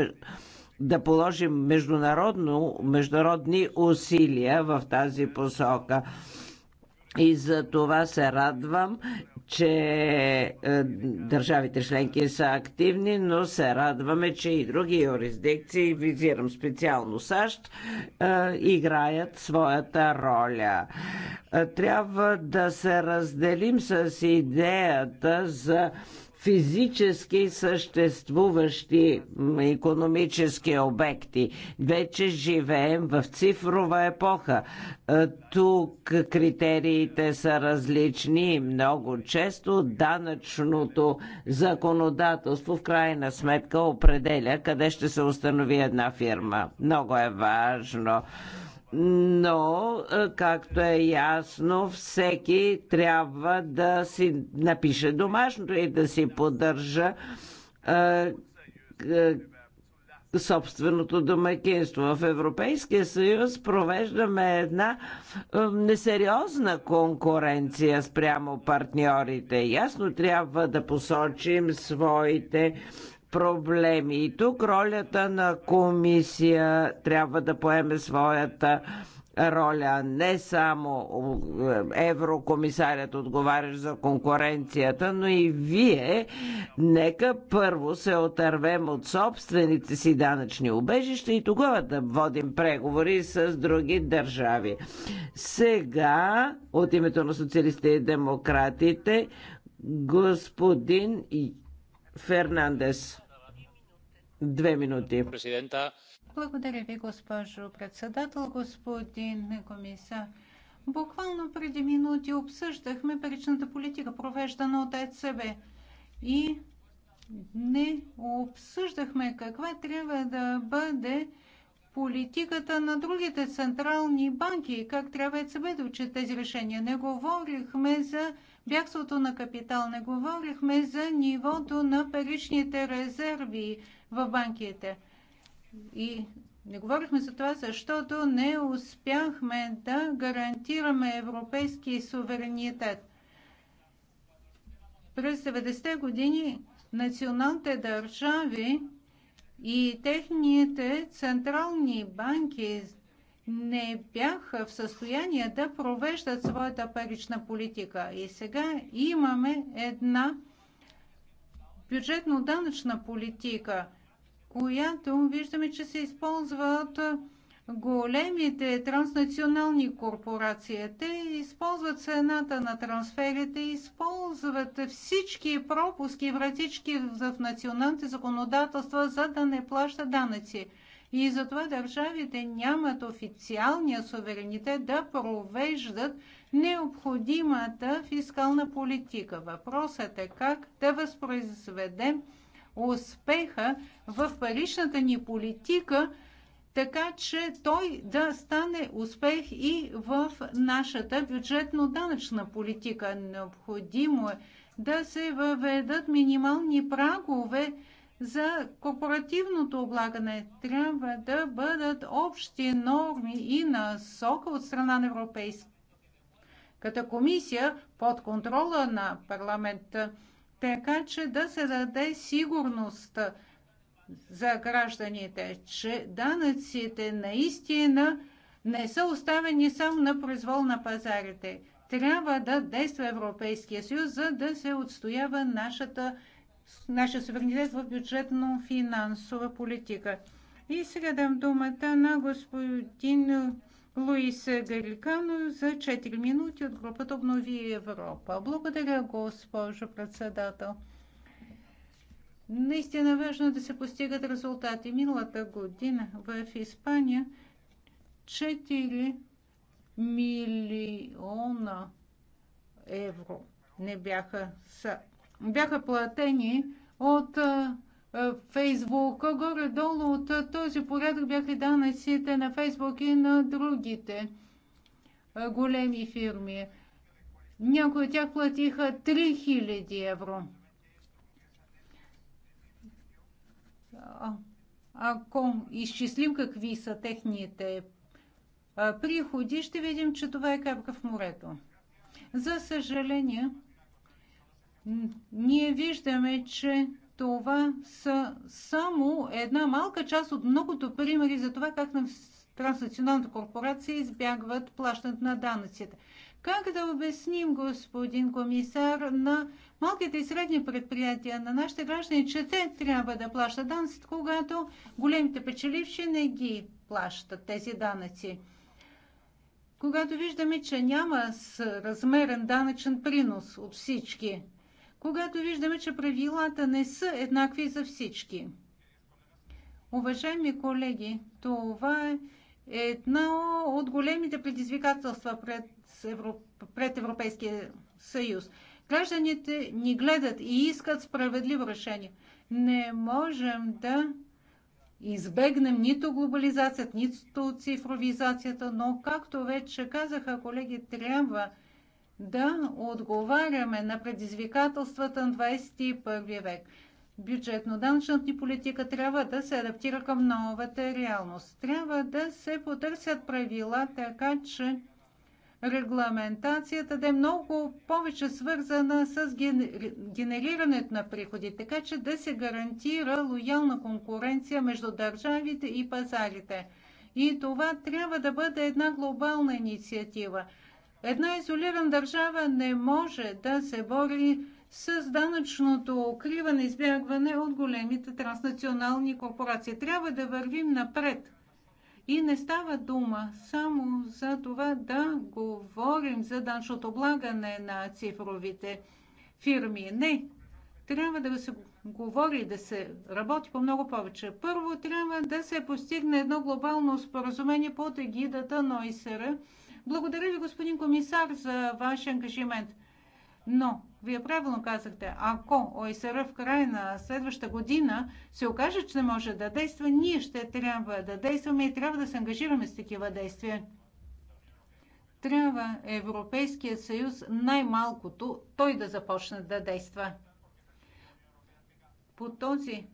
да положим международно, международни усилия в тази посока. И за това се радвам, че е, държавите членки са активни, но се радваме, че и други юрисдикции, визирам специално САЩ, е, играят своята роля. Е, трябва да се разделим с идеята за физически съществуващи економически обекти. Вече живеем в цифрова епоха. Е, тук критериите са различни и много често данъчното законодателство в крайна сметка определя къде ще се установи една фирма. Много е важно но, е, както е ясно, всеки трябва да си напише домашното и да си поддържа е, е, собственото домакинство. В Европейския съюз провеждаме една несериозна конкуренция спрямо партньорите. Ясно трябва да посочим своите проблеми. И тук ролята на комисия трябва да поеме своята роля не само еврокомисарят отговарящ за конкуренцията, но и вие. Нека първо се отървем от собствените си данъчни убежища и тогава да водим преговори с други държави. Сега от името на социалистите и демократите господин Фернандес. Две минути. Благодаря ви, госпожо председател, господин комисар. Буквално преди минути обсъждахме паричната политика, провеждана от ЕЦБ. И не обсъждахме каква трябва да бъде политиката на другите централни банки и как трябва ЕЦБ да учи тези решения. Не говорихме за бягството на капитал. Не говорихме за нивото на паричните резерви в банките. И не говорихме за това, защото не успяхме да гарантираме европейски суверенитет. През 90-те години националните държави и техните централни банки не бяха в състояние да провеждат своята парична политика. И сега имаме една бюджетно-данъчна политика, която виждаме, че се използват големите транснационални корпорации. Те използват цената на трансферите, използват всички пропуски вратички в националните законодателства, за да не плащат данъци. И затова държавите нямат официалния суверенитет да провеждат необходимата фискална политика. Въпросът е как да възпроизведем успеха в паричната ни политика, така че той да стане успех и в нашата бюджетно-данъчна политика. Необходимо е да се въведат минимални прагове за корпоративното облагане трябва да бъдат общи норми и насока от страна на Европейската комисия под контрола на парламента, така че да се даде сигурност за гражданите, че данъците наистина не са оставени само на произвол на пазарите. Трябва да действа Европейския съюз, за да се отстоява нашата нашия суверенитет в бюджетно-финансова политика. И сега дам думата на господин Луис Галикано за 4 минути от групата Обнови Европа. Благодаря, госпожо председател. Наистина важно е да се постигат резултати. Миналата година в Испания 4 милиона евро не бяха са бяха платени от Фейсбук. Горе-долу от този порядък бяха данъците на Фейсбук и на другите големи фирми. Някои от тях платиха 3000 евро. Ако изчислим какви са техните приходи, ще видим, че това е капка в морето. За съжаление, ние виждаме, че това са само една малка част от многото примери за това как на транснационалната корпорация избягват плащането на данъците. Как да обясним, господин комисар, на малките и средни предприятия, на нашите граждани, че те трябва да плащат данъците, когато големите печеливши не ги плащат тези данъци? Когато виждаме, че няма с размерен данъчен принос от всички когато виждаме, че правилата не са еднакви за всички. Уважаеми колеги, това е едно от големите предизвикателства пред, Европ... пред Европейския съюз. Гражданите ни гледат и искат справедливо решение. Не можем да избегнем нито глобализацията, нито цифровизацията, но както вече казаха колеги, трябва да отговаряме на предизвикателствата на 21 век. Бюджетно-данъчната ни политика трябва да се адаптира към новата реалност. Трябва да се потърсят правила, така че регламентацията да е много повече свързана с генерирането на приходи, така че да се гарантира лоялна конкуренция между държавите и пазарите. И това трябва да бъде една глобална инициатива – Една изолирана държава не може да се бори с данъчното укриване и избягване от големите транснационални корпорации. Трябва да вървим напред. И не става дума само за това да говорим за данъчното облагане на цифровите фирми. Не. Трябва да се говори, да се работи по много повече. Първо трябва да се постигне едно глобално споразумение под егидата на ОИСР благодаря ви, господин комисар, за ваш ангажимент. Но, вие правилно казахте, ако ОСР в края на следващата година се окаже, че не може да действа, ние ще трябва да действаме и трябва да се ангажираме с такива действия. Трябва Европейския съюз най-малкото той да започне да действа. По този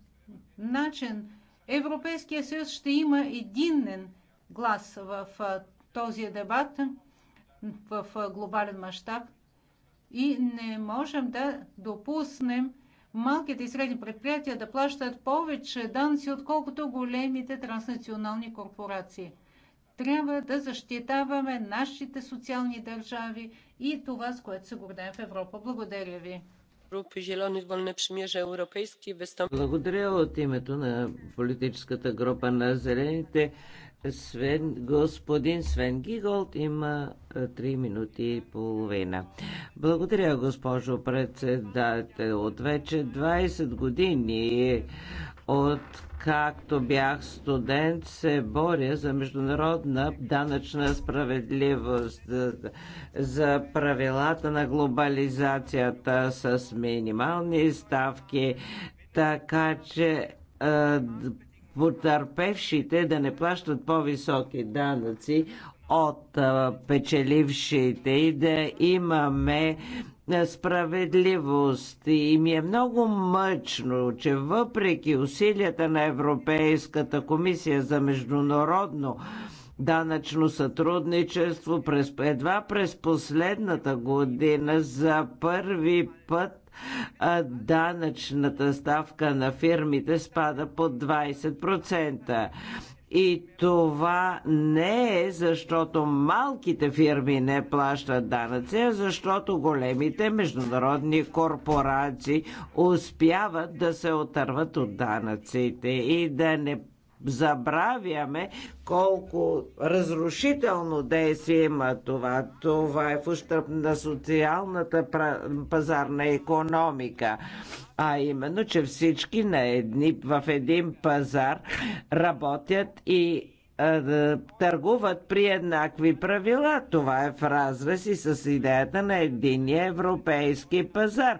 начин Европейския съюз ще има единен глас в този дебат в глобален мащаб и не можем да допуснем малките и средни предприятия да плащат повече данци, отколкото големите транснационални корпорации. Трябва да защитаваме нашите социални държави и това, с което се гордаем в Европа. Благодаря ви. Благодаря от името на политическата група на зелените. Свен, господин Свен Гиголд има 3 е, минути и половина. Благодаря, госпожо председател. От вече 20 години от както бях студент, се боря за международна данъчна справедливост, за правилата на глобализацията с минимални ставки, така че е, потърпевшите да не плащат по-високи данъци от печелившите и да имаме справедливост. И ми е много мъчно, че въпреки усилията на Европейската комисия за международно данъчно сътрудничество през, едва през последната година за първи път данъчната ставка на фирмите спада под 20%. И това не е защото малките фирми не плащат данъци, а защото големите международни корпорации успяват да се отърват от данъците и да не забравяме колко разрушително действие има това. Това е в ущърп на социалната пазарна економика. А именно, че всички на едни, в един пазар работят и е, търгуват при еднакви правила. Това е в разрез и с идеята на единия европейски пазар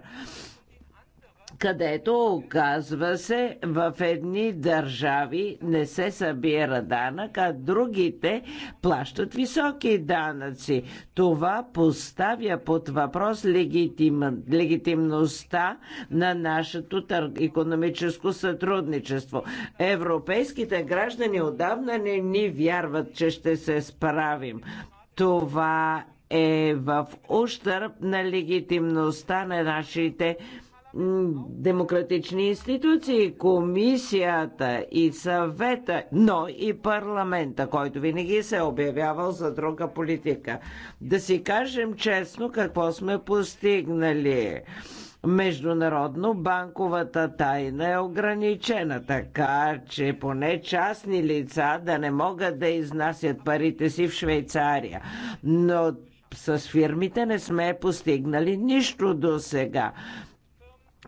където оказва се в едни държави не се събира данък, а другите плащат високи данъци. Това поставя под въпрос легитим, легитимността на нашето тър... економическо сътрудничество. Европейските граждани отдавна не ни вярват, че ще се справим. Това е в ущърп на легитимността на нашите демократични институции, комисията и съвета, но и парламента, който винаги се е обявявал за друга политика. Да си кажем честно какво сме постигнали. Международно банковата тайна е ограничена, така че поне частни лица да не могат да изнасят парите си в Швейцария. Но с фирмите не сме постигнали нищо до сега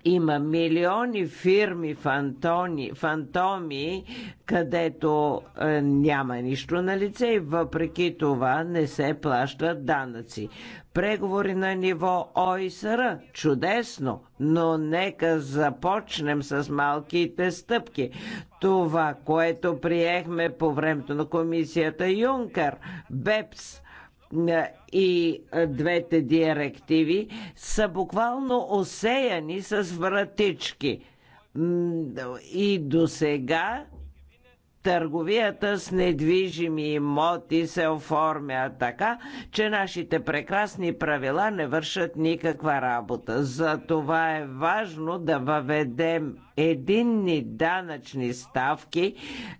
има милиони фирми фантони, фантоми, където е, няма нищо на лице и въпреки това не се плащат данъци. Преговори на ниво ОИСР чудесно, но нека започнем с малките стъпки. Това, което приехме по времето на комисията Юнкер, БЕПС, и двете директиви са буквално осеяни с вратички. И до сега Търговията с недвижими имоти се оформя така, че нашите прекрасни правила не вършат никаква работа. За това е важно да въведем единни данъчни ставки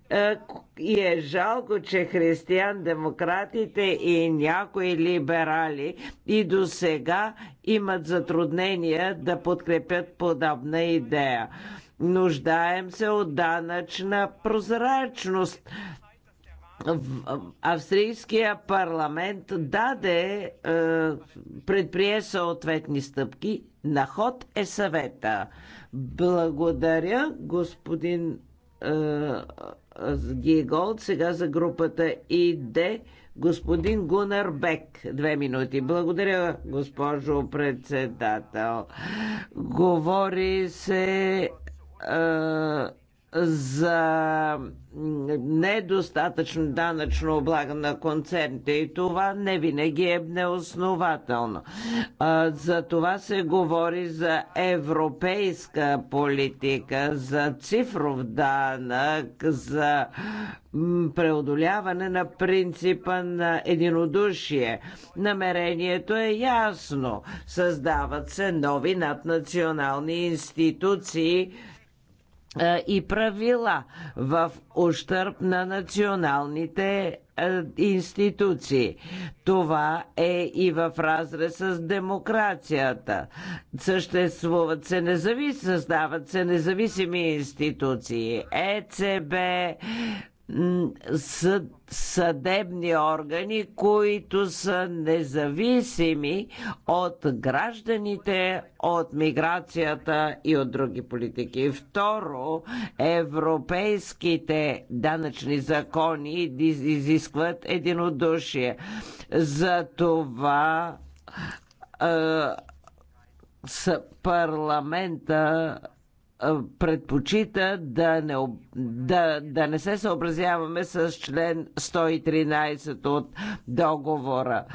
е, и е жалко, че християн-демократите и някои либерали и до сега имат затруднения да подкрепят подобна идея. Нуждаем се от данъчна прозрачност. Австрийския парламент даде, е, предприе съответни стъпки. На ход е съвета. Благодаря, господин е, Гиголд. Сега за групата ИД господин Гунар Бек. Две минути. Благодаря, госпожо председател. Говори се е, за недостатъчно данъчно облага на концерните и това не винаги е неоснователно. Е, за това се говори за европейска политика, за цифров данък, за преодоляване на принципа на единодушие. Намерението е ясно. Създават се нови наднационални институции, е, и правила в ущърп на националните е, институции. Това е и в разрез с демокрацията. Съществуват се независими, създават се независими институции. ЕЦБ, съд, съдебни органи, които са независими от гражданите, от миграцията и от други политики. Второ, европейските данъчни закони изискват единодушие. За това е, парламента предпочита да не, да, да не се съобразяваме с член 113 от договора.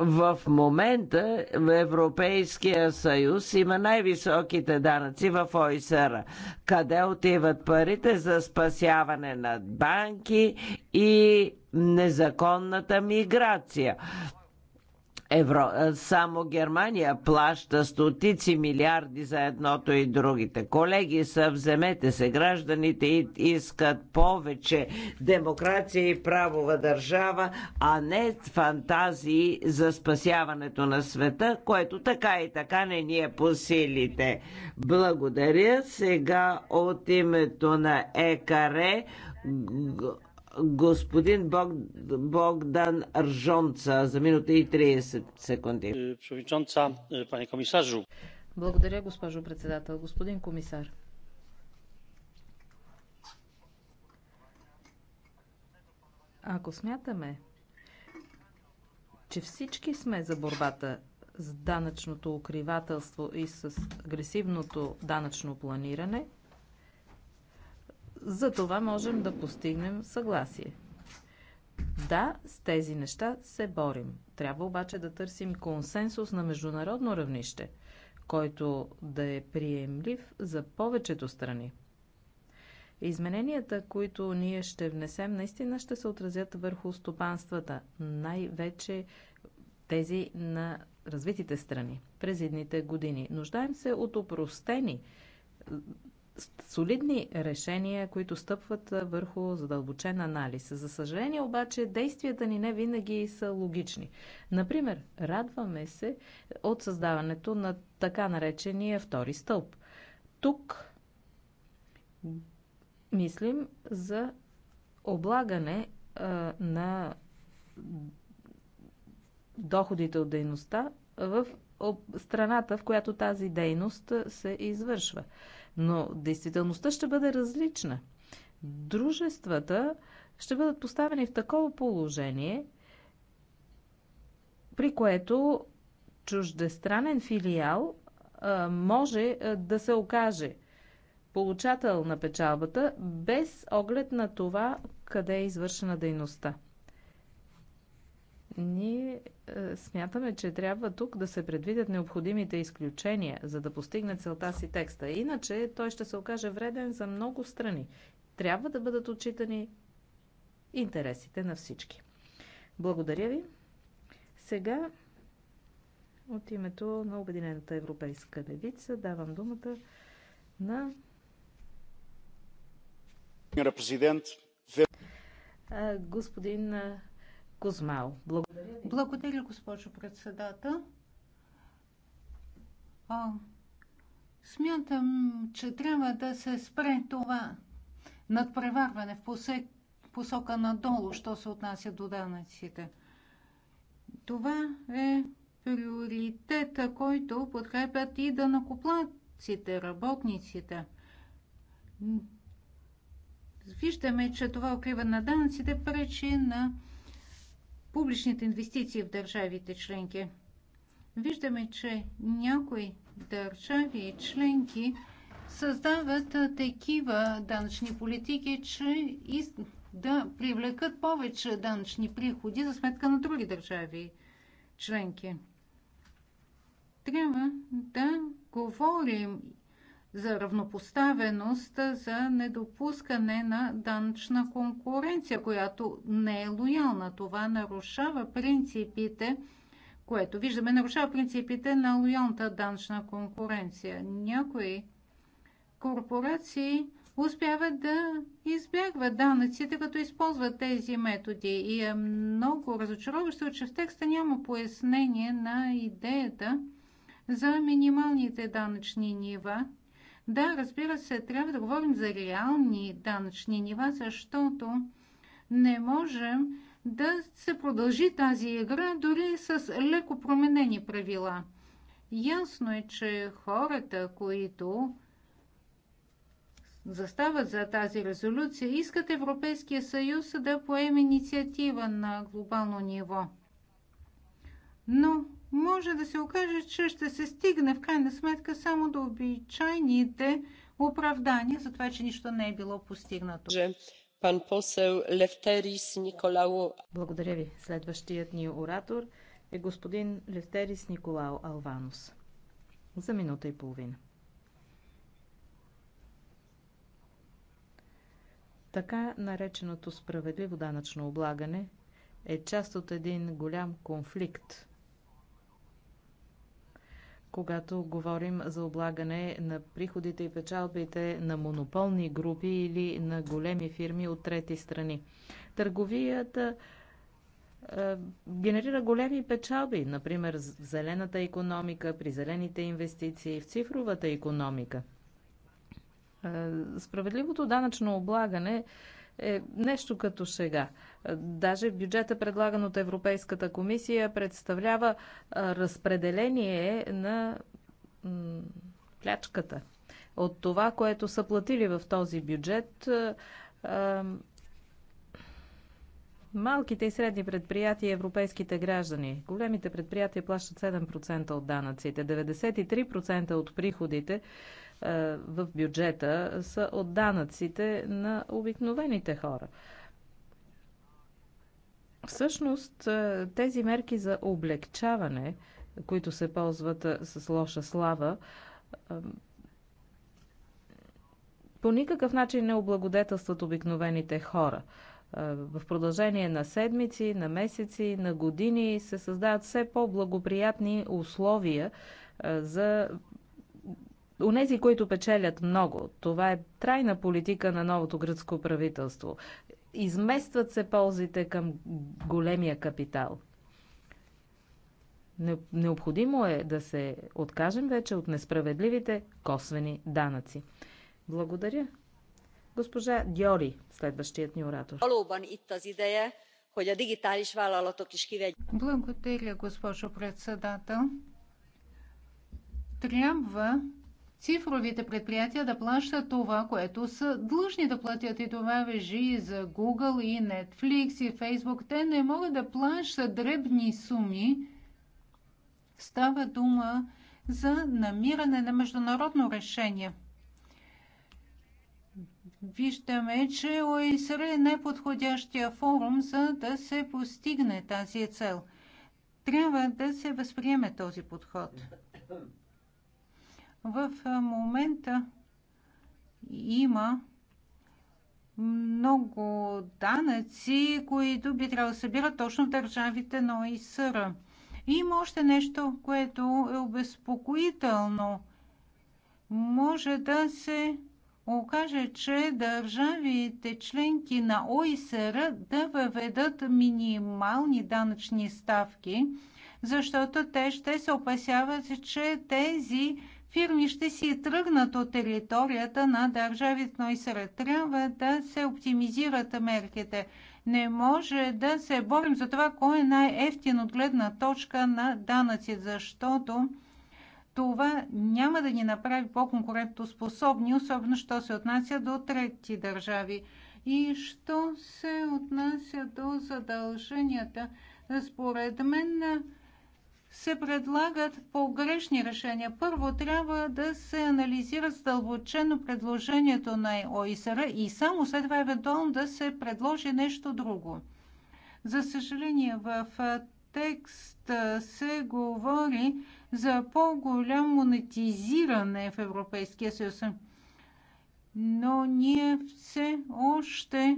В момента в Европейския съюз има най-високите данъци в ОИСР. Къде отиват парите за спасяване на банки и незаконната миграция? евро. Само Германия плаща стотици милиарди за едното и другите. Колеги, съвземете се. Гражданите искат повече демокрация и правова държава, а не фантазии за спасяването на света, което така и така не ни е по силите. Благодаря сега от името на ЕКАРЕ господин Бог, Богдан Ржонца за минута и 30 секунди. Е, е, пане комисажу. Благодаря, госпожо председател. Господин комисар. Ако смятаме, че всички сме за борбата с данъчното укривателство и с агресивното данъчно планиране, за това можем да постигнем съгласие. Да, с тези неща се борим. Трябва обаче да търсим консенсус на международно равнище, който да е приемлив за повечето страни. Измененията, които ние ще внесем, наистина ще се отразят върху стопанствата, най-вече тези на развитите страни през едните години. Нуждаем се от опростени солидни решения, които стъпват върху задълбочен анализ. За съжаление обаче, действията ни не винаги са логични. Например, радваме се от създаването на така наречения втори стълб. Тук мислим за облагане а, на доходите от дейността в страната, в която тази дейност се извършва но действителността ще бъде различна. Дружествата ще бъдат поставени в такова положение, при което чуждестранен филиал може да се окаже получател на печалбата без оглед на това къде е извършена дейността. Ние е, смятаме, че трябва тук да се предвидят необходимите изключения, за да постигне целта си текста. Иначе той ще се окаже вреден за много страни. Трябва да бъдат отчитани интересите на всички. Благодаря ви. Сега от името на Обединената европейска левица давам думата на господин Козмал. Благодаря. Благодаря, госпожо председател. А, смятам, че трябва да се спре това надпреварване в посока надолу, що се отнася до данъците. Това е приоритета, който подкрепят и данакоплаците, работниците. Виждаме, че това укриване на данъците пречи на публичните инвестиции в държавите членки. Виждаме, че някои държави и членки създават такива данъчни политики, че да привлекат повече данъчни приходи за сметка на други държави членки. Трябва да говорим за равнопоставеност, за недопускане на данъчна конкуренция, която не е лоялна. Това нарушава принципите, което виждаме, нарушава принципите на лоялната данъчна конкуренция. Някои корпорации успяват да избягват данъците, като използват тези методи. И е много разочароващо, че в текста няма пояснение на идеята за минималните данъчни нива да, разбира се, трябва да говорим за реални данъчни нива, защото не можем да се продължи тази игра дори с леко променени правила. Ясно е, че хората, които застават за тази резолюция, искат Европейския съюз да поеме инициатива на глобално ниво. Но може да се окаже, че ще се стигне в крайна сметка само до обичайните оправдания за това, че нищо не е било постигнато. Благодаря ви. Следващият ни оратор е господин Левтерис Николао Алванус. За минута и половина. Така нареченото справедливо данъчно облагане е част от един голям конфликт – когато говорим за облагане на приходите и печалбите на монополни групи или на големи фирми от трети страни. Търговията е, генерира големи печалби, например в зелената економика, при зелените инвестиции, в цифровата економика. Е, справедливото данъчно облагане е нещо като шега. Даже бюджета, предлаган от Европейската комисия, представлява разпределение на плячката. От това, което са платили в този бюджет, Малките и средни предприятия и европейските граждани. Големите предприятия плащат 7% от данъците, 93% от приходите е, в бюджета са от данъците на обикновените хора. Всъщност, е, тези мерки за облегчаване, които се ползват е, с лоша слава, по никакъв начин не облагодетелстват обикновените хора. В продължение на седмици, на месеци, на години се създават все по-благоприятни условия за Онези, които печелят много, това е трайна политика на новото гръцко правителство. Изместват се ползите към големия капитал. Необходимо е да се откажем вече от несправедливите косвени данъци. Благодаря. Госпожа Дьори, следващият ни оратор. Благодаря, госпожо председател. Трябва цифровите предприятия да плащат това, което са длъжни да платят. И това вежи за Google и Netflix и Facebook. Те не могат да плащат дребни суми. Става дума за намиране на международно решение. Виждаме, че ОИСР е неподходящия форум, за да се постигне тази цел. Трябва да се възприеме този подход. В момента има много данъци, които би трябвало да събират точно държавите на ОИСР. Има още нещо, което е обезпокоително. Може да се окаже, че държавите членки на ОИСР да въведат минимални данъчни ставки, защото те ще се опасяват, че тези фирми ще си тръгнат от територията на държавите, но и сред трябва да се оптимизират мерките. Не може да се борим за това, кой е най-ефтин от гледна точка на данъци, защото това няма да ни направи по-конкурентоспособни, особено що се отнася до трети държави. И що се отнася до задълженията, според мен се предлагат погрешни решения. Първо трябва да се анализира задълбочено предложението на ОИСР и само след това евентуално да се предложи нещо друго. За съжаление, в текст се говори за по-голямо монетизиране в Европейския съюз. Но ние все още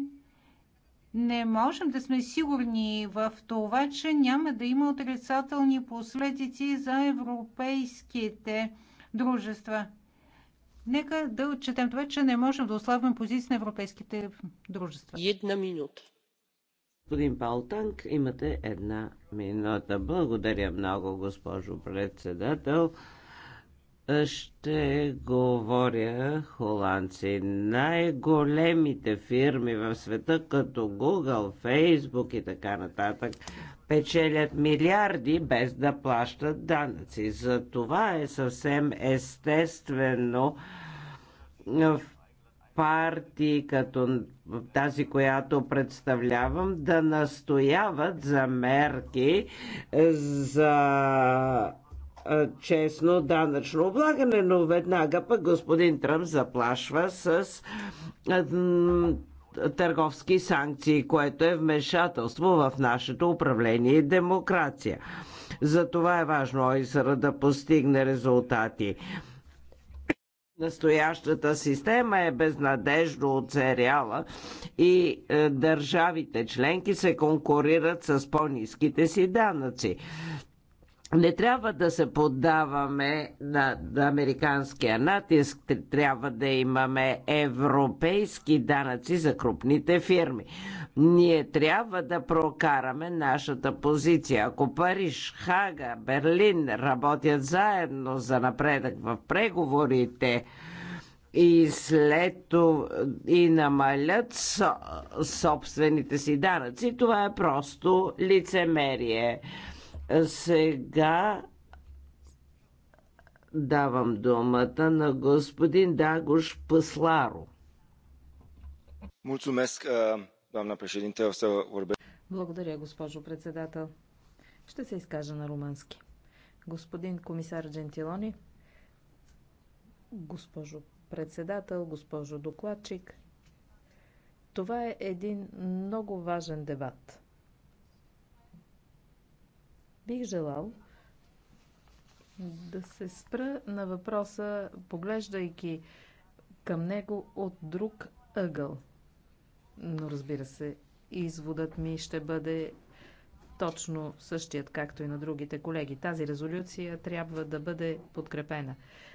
не можем да сме сигурни в това, че няма да има отрицателни последици за европейските дружества. Нека да отчетем това, че не можем да ослабим позиции на европейските дружества. Една минута. Господин Палтанг, имате една минута. Благодаря много, госпожо председател ще говоря холандци. Най-големите фирми в света, като Google, Facebook и така нататък, печелят милиарди без да плащат данъци. За това е съвсем естествено в партии, като тази, която представлявам, да настояват за мерки за е, честно данъчно облагане, но веднага пък господин Тръмп заплашва с е, търговски санкции, което е вмешателство в нашето управление и демокрация. Затова е важно ОИСР да постигне резултати. Настоящата система е безнадежно оцеряла и е, държавите членки се конкурират с по-низките си данъци. Не трябва да се поддаваме на, американския натиск, трябва да имаме европейски данъци за крупните фирми. Ние трябва да прокараме нашата позиция. Ако Париж, Хага, Берлин работят заедно за напредък в преговорите, и след това и намалят собствените си данъци. Това е просто лицемерие. Сега давам думата на господин Дагош Пасларо. Мулцумеск, дамна președинте, Благодаря, госпожо председател. Ще се изкажа на румански. Господин комисар Джентилони, госпожо председател, госпожо докладчик, това е един много важен дебат – Бих желал да се спра на въпроса, поглеждайки към него от друг ъгъл. Но разбира се, изводът ми ще бъде точно същият, както и на другите колеги. Тази резолюция трябва да бъде подкрепена.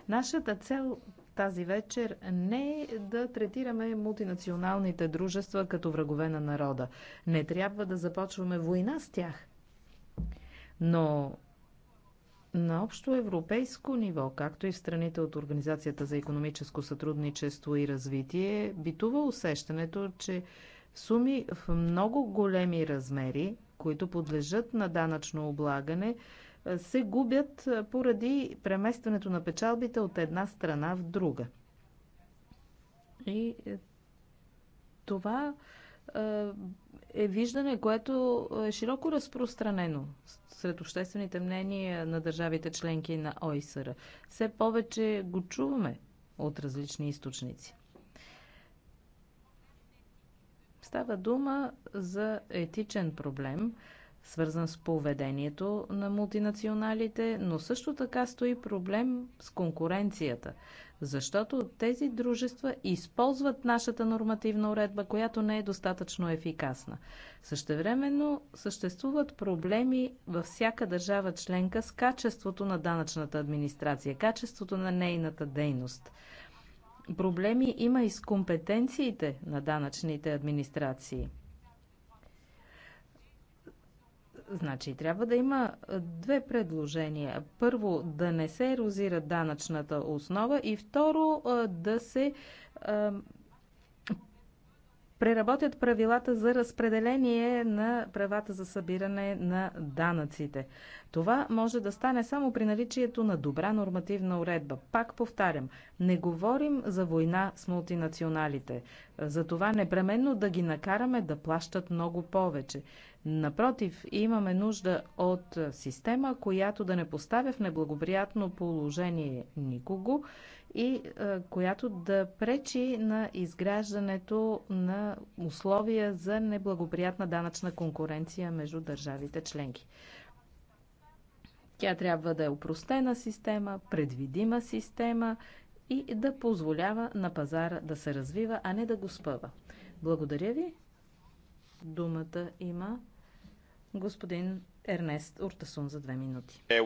Нашата цел тази вечер не е да третираме мултинационалните дружества като врагове на народа. Не трябва да започваме война с тях. Но на общо европейско ниво, както и в страните от Организацията за економическо сътрудничество и развитие, битува усещането, че суми в много големи размери, които подлежат на данъчно облагане, се губят поради преместването на печалбите от една страна в друга. И е, това е, е виждане, което е широко разпространено сред обществените мнения на държавите членки на ОИСР. Все повече го чуваме от различни източници. Става дума за етичен проблем – свързан с поведението на мултинационалите, но също така стои проблем с конкуренцията, защото тези дружества използват нашата нормативна уредба, която не е достатъчно ефикасна. Същевременно съществуват проблеми във всяка държава членка с качеството на данъчната администрация, качеството на нейната дейност. Проблеми има и с компетенциите на данъчните администрации – Значи трябва да има две предложения. Първо, да не се ерозира данъчната основа и второ, да се а, преработят правилата за разпределение на правата за събиране на данъците. Това може да стане само при наличието на добра нормативна уредба. Пак повтарям, не говорим за война с мултинационалите. За това непременно да ги накараме да плащат много повече. Напротив, имаме нужда от система, която да не поставя в неблагоприятно положение никого и е, която да пречи на изграждането на условия за неблагоприятна данъчна конкуренция между държавите членки. Тя трябва да е упростена система, предвидима система и да позволява на пазара да се развива, а не да го спъва. Благодаря ви. Думата има господин Ернест Уртасун за две минути. Е,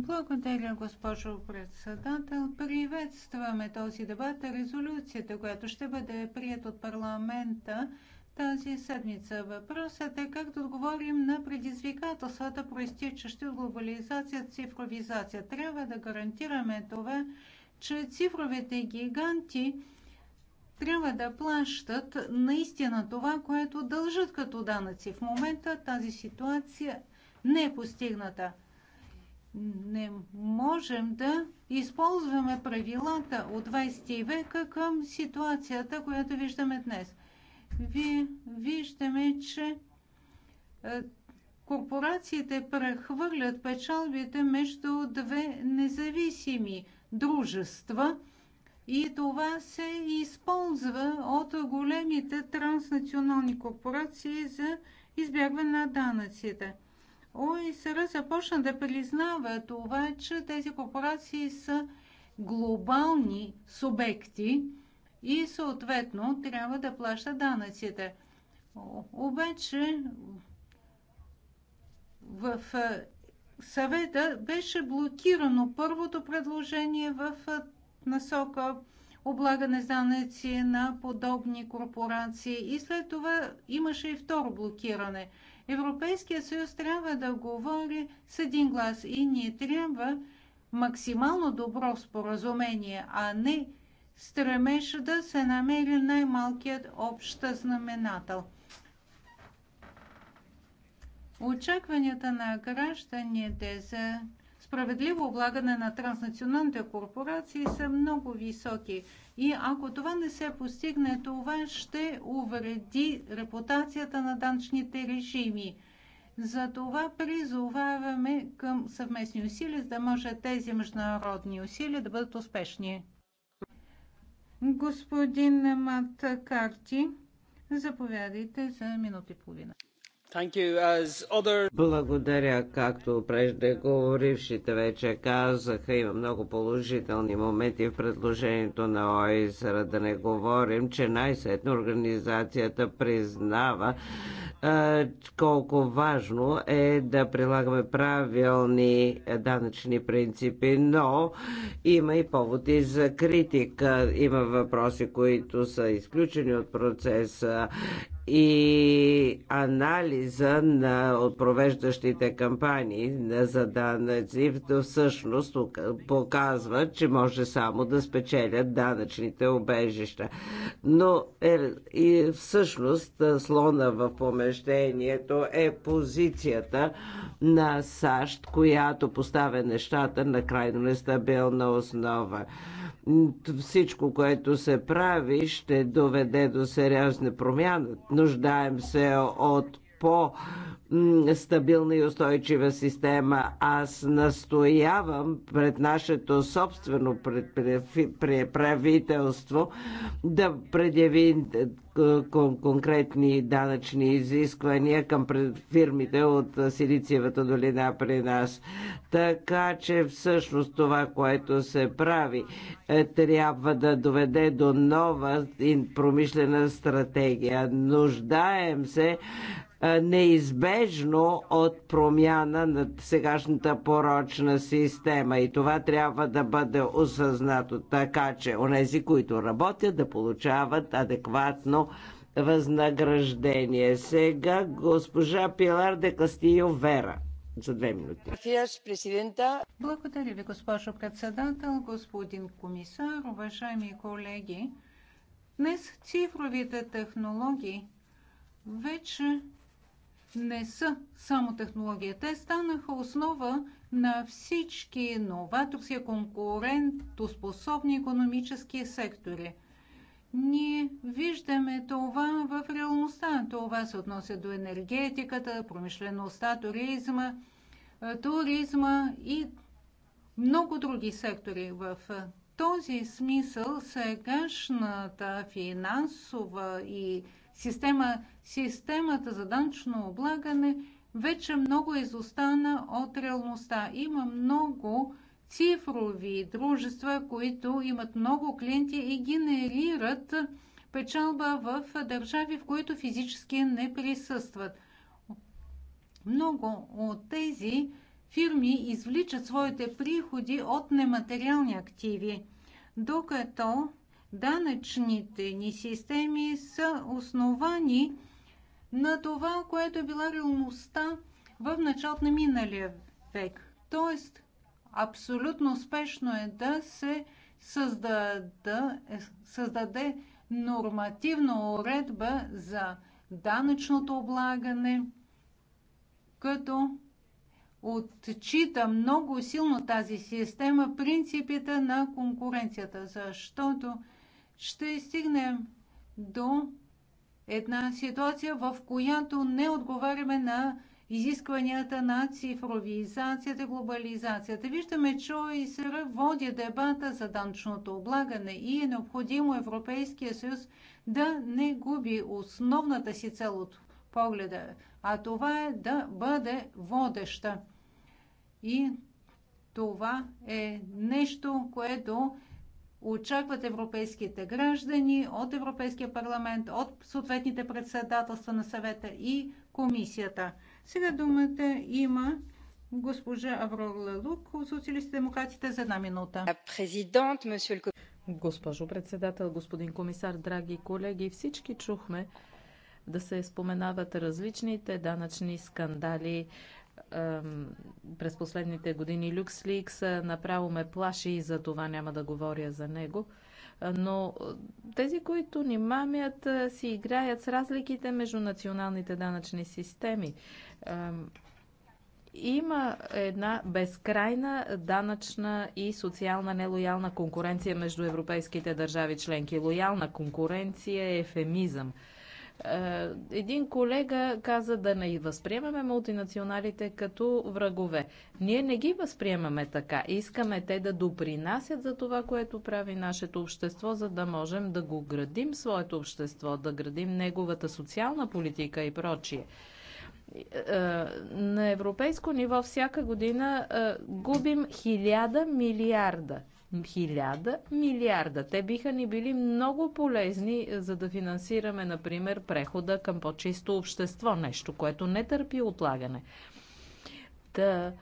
Благодаря, госпожо председател. Приветстваме този дебат. Резолюцията, която ще бъде прият от парламента тази седмица. Въпросът е как да отговорим на предизвикателствата, проистичащи от глобализация, цифровизация. Трябва да гарантираме това, че цифровите гиганти – трябва да плащат наистина това, което дължат като данъци. В момента тази ситуация не е постигната. Не можем да използваме правилата от 20 века към ситуацията, която виждаме днес. Вие виждаме, че е, корпорациите прехвърлят печалбите между две независими дружества – и това се използва от големите транснационални корпорации за избягване на данъците. ОИСР започна да признава това, че тези корпорации са глобални субекти и съответно трябва да плащат данъците. Обаче в съвета беше блокирано първото предложение в насока облагане с данъци на подобни корпорации. И след това имаше и второ блокиране. Европейския съюз трябва да говори с един глас и ние трябва максимално добро споразумение, а не стремеж да се намери най-малкият общ знаменател. Очакванията на гражданите за справедливо облагане на транснационалните корпорации са много високи. И ако това не се постигне, това ще увреди репутацията на данчните режими. Затова призоваваме към съвместни усилия, за да може тези международни усилия да бъдат успешни. Господин Мат Карти, заповядайте за минута и половина. Благодаря, както преждеговорившите вече казаха, има много положителни моменти в предложението на ОИСР. Да не говорим, че най-сетно организацията признава колко важно е да прилагаме правилни данъчни принципи, но има и поводи за критика. Има въпроси, които са изключени от процеса и анализа на провеждащите кампании за данъци всъщност показва, че може само да спечелят данъчните обежища. Но е, и всъщност слона в помещението е позицията на САЩ, която поставя нещата на крайно нестабилна основа всичко, което се прави, ще доведе до сериозна промяна. Нуждаем се от по стабилна и устойчива система. Аз настоявам пред нашето собствено правителство да предяви е, конкретни данъчни изисквания към фирмите от Силициевата долина при нас. Така че всъщност това, което се прави, е, трябва да доведе до нова промишлена стратегия. Нуждаем се е, неизбежно далечно от промяна на сегашната порочна система и това трябва да бъде осъзнато така, че онези, които работят, да получават адекватно възнаграждение. Сега госпожа Пилар де Кастио Вера за две минути. Благодаря ви, госпожо председател, господин комисар, уважаеми колеги. Днес цифровите технологии вече не са само технология. Те станаха основа на всички новаторски, конкурентоспособни економически сектори. Ние виждаме това в реалността. Това се относи до енергетиката, промишлеността, туризма, е, туризма и много други сектори. В този смисъл сегашната финансова и система, системата за данчно облагане вече много е изостана от реалността. Има много цифрови дружества, които имат много клиенти и генерират печалба в държави, в които физически не присъстват. Много от тези фирми извличат своите приходи от нематериални активи, докато данъчните ни системи са основани на това, което е била реалността в началото на миналия век. Тоест, абсолютно успешно е да се създаде, създаде нормативна уредба за данъчното облагане, като отчита много силно тази система принципите на конкуренцията, защото ще стигнем до една ситуация, в която не отговаряме на изискванията на цифровизацията, и глобализацията. Виждаме, че ОИСР води дебата за данчното облагане и е необходимо Европейския съюз да не губи основната си цел от погледа, а това е да бъде водеща. И това е нещо, което очакват европейските граждани от Европейския парламент, от съответните председателства на съвета и комисията. Сега думата има госпожа Аврора Лук от Социалистите демократите за една минута. Госпожо председател, господин комисар, драги колеги, всички чухме да се споменават различните данъчни скандали, през последните години Ликс направо ме плаши и за това няма да говоря за него. Но тези, които ни мамят, си играят с разликите между националните данъчни системи. Има една безкрайна данъчна и социална нелоялна конкуренция между европейските държави членки. Лоялна конкуренция е ефемизъм. Е, един колега каза да не възприемаме мултинационалите като врагове. Ние не ги възприемаме така. Искаме те да допринасят за това, което прави нашето общество, за да можем да го градим своето общество, да градим неговата социална политика и прочие е, е, на европейско ниво всяка година губим хиляда милиарда хиляда милиарда. Те биха ни били много полезни, е, за да финансираме, например, прехода към по-чисто общество, нещо, което не търпи отлагане. Та,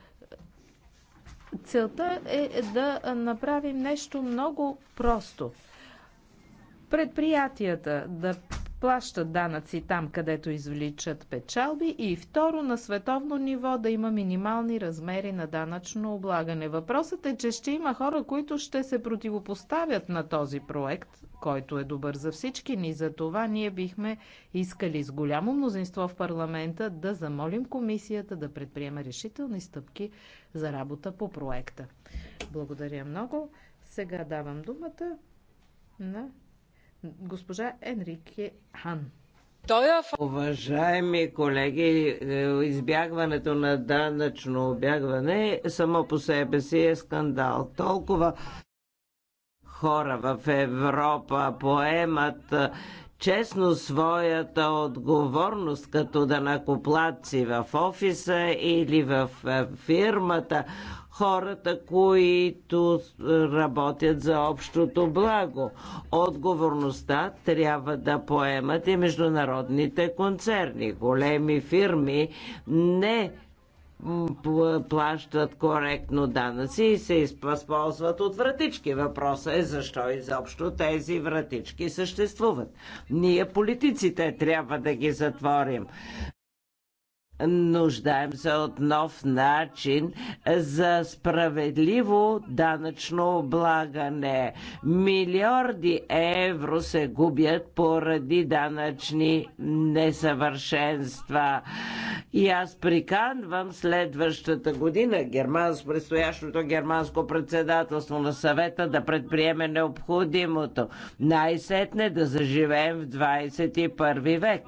целта е да направим нещо много просто. Предприятията да плащат данъци там, където извличат печалби и второ на световно ниво да има минимални размери на данъчно облагане. Въпросът е, че ще има хора, които ще се противопоставят на този проект, който е добър за всички ни. За това ние бихме искали с голямо мнозинство в парламента да замолим комисията да предприема решителни стъпки за работа по проекта. Благодаря много. Сега давам думата на Госпожа Енрике Хан. Уважаеми колеги, е, избягването на данъчно обягване само по себе си е скандал. Толкова хора в Европа поемат е, честно своята отговорност като накоплаци в офиса или в е, фирмата хората, които работят за общото благо. Отговорността трябва да поемат и международните концерни. Големи фирми не плащат коректно данъци и се използват от вратички. Въпросът е защо изобщо тези вратички съществуват. Ние политиците трябва да ги затворим. Нуждаем се от нов начин за справедливо данъчно облагане. Милиарди евро се губят поради данъчни несъвършенства. И аз приканвам следващата година германско, предстоящото германско председателство на съвета да предприеме необходимото. Най-сетне да заживеем в 21 век.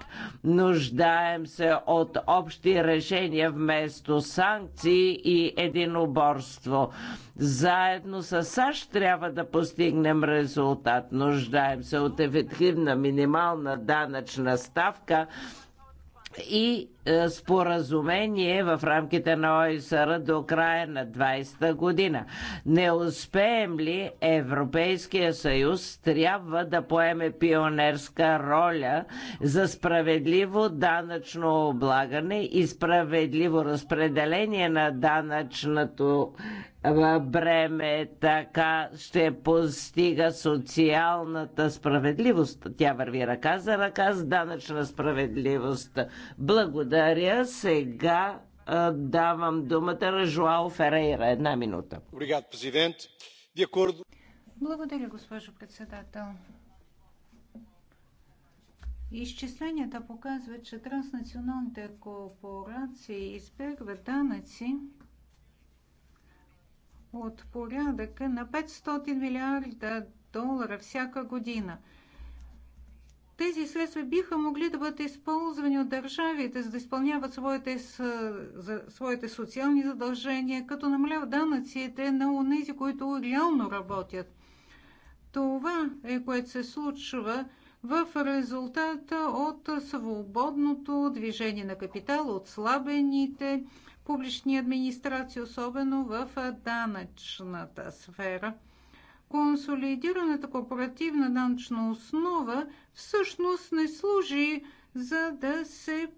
Нуждаем се от общ общи решения вместо санкции и единоборство. Заедно с САЩ трябва да постигнем резултат. Нуждаем се от ефективна минимална данъчна ставка, и е, споразумение в рамките на ОИСР до края на 20-та година. Не успеем ли Европейския съюз трябва да поеме пионерска роля за справедливо данъчно облагане и справедливо разпределение на данъчното Време така ще постига социалната справедливост. Тя върви ръка за ръка с данъчна справедливост. Благодаря. Сега давам думата на Жуал Ферейра. Една минута. Благодаря, госпожо председател. Изчисленията показват, че транснационалните корпорации избягват данъци от порядъка на 500 милиарда долара всяка година. Тези средства биха могли да бъдат използвани от държавите, за да изпълняват своите, за, своите социални задължения, като намаляват данъците на онези, които реално работят. Това е което се случва в резултат от свободното движение на капитал, от слабените публични администрации, особено в данъчната сфера. Консолидираната корпоративна данъчна основа всъщност не служи за да се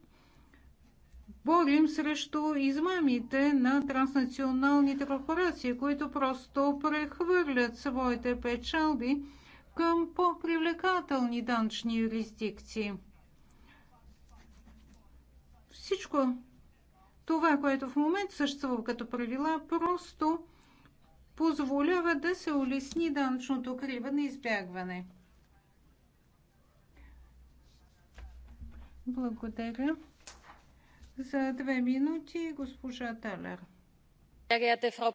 борим срещу измамите на транснационалните корпорации, които просто прехвърлят своите печалби към по-привлекателни данъчни юрисдикции. Всичко това, което в момента съществува като правила, просто позволява да се улесни данъчното криване на избягване. Благодаря. За две минути госпожа Талер.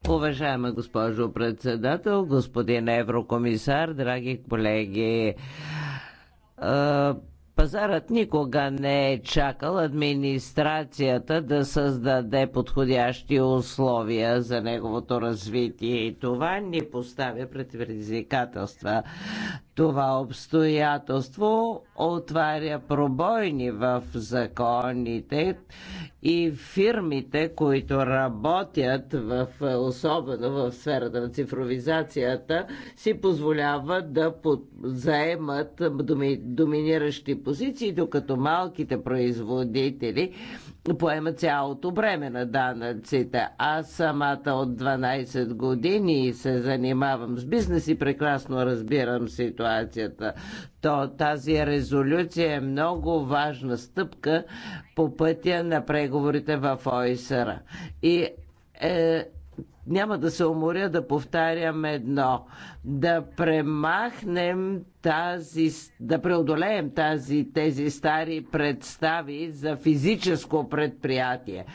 Уважаема госпожо председател, господин еврокомисар, драги колеги, Пазарът никога не е чакал администрацията да създаде подходящи условия за неговото развитие и това ни поставя пред предизвикателства. Това обстоятелство отваря пробойни в законите и фирмите, които работят в, особено в сферата на цифровизацията, си позволяват да под, заемат доминиращи позиции, докато малките производители поема цялото време на данъците. Аз самата от 12 години се занимавам с бизнес и прекрасно разбирам ситуацията. То тази резолюция е много важна стъпка по пътя на преговорите в ОИСР. И е, няма да се уморя да повтарям едно. Да премахнем тази, да преодолеем тази, тези стари представи за физическо предприятие.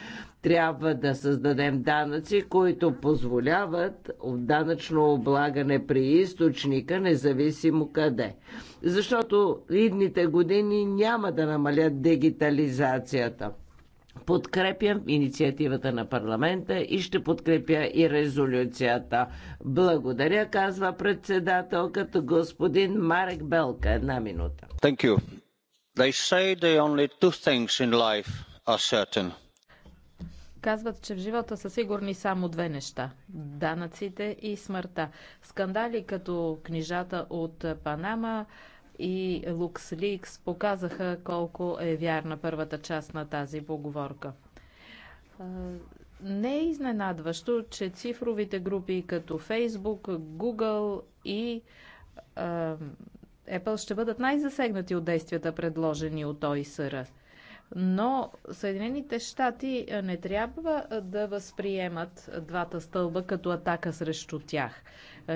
Трябва да създадем данъци, които позволяват данъчно облагане при източника, независимо къде. Защото идните години няма да намалят дигитализацията Подкрепям инициативата на парламента и ще подкрепя и резолюцията. Благодаря, казва председателката господин Марек Белка. Една минута. Thank you. They say only two things in life are certain. Казват, че в живота са сигурни само две неща – данъците и смъртта. Скандали като книжата от Панама – и LuxLeaks показаха колко е вярна първата част на тази поговорка. Не е изненадващо, че цифровите групи като Facebook, Google и Apple ще бъдат най-засегнати от действията, предложени от ОИСР. Но Съединените щати не трябва да възприемат двата стълба като атака срещу тях.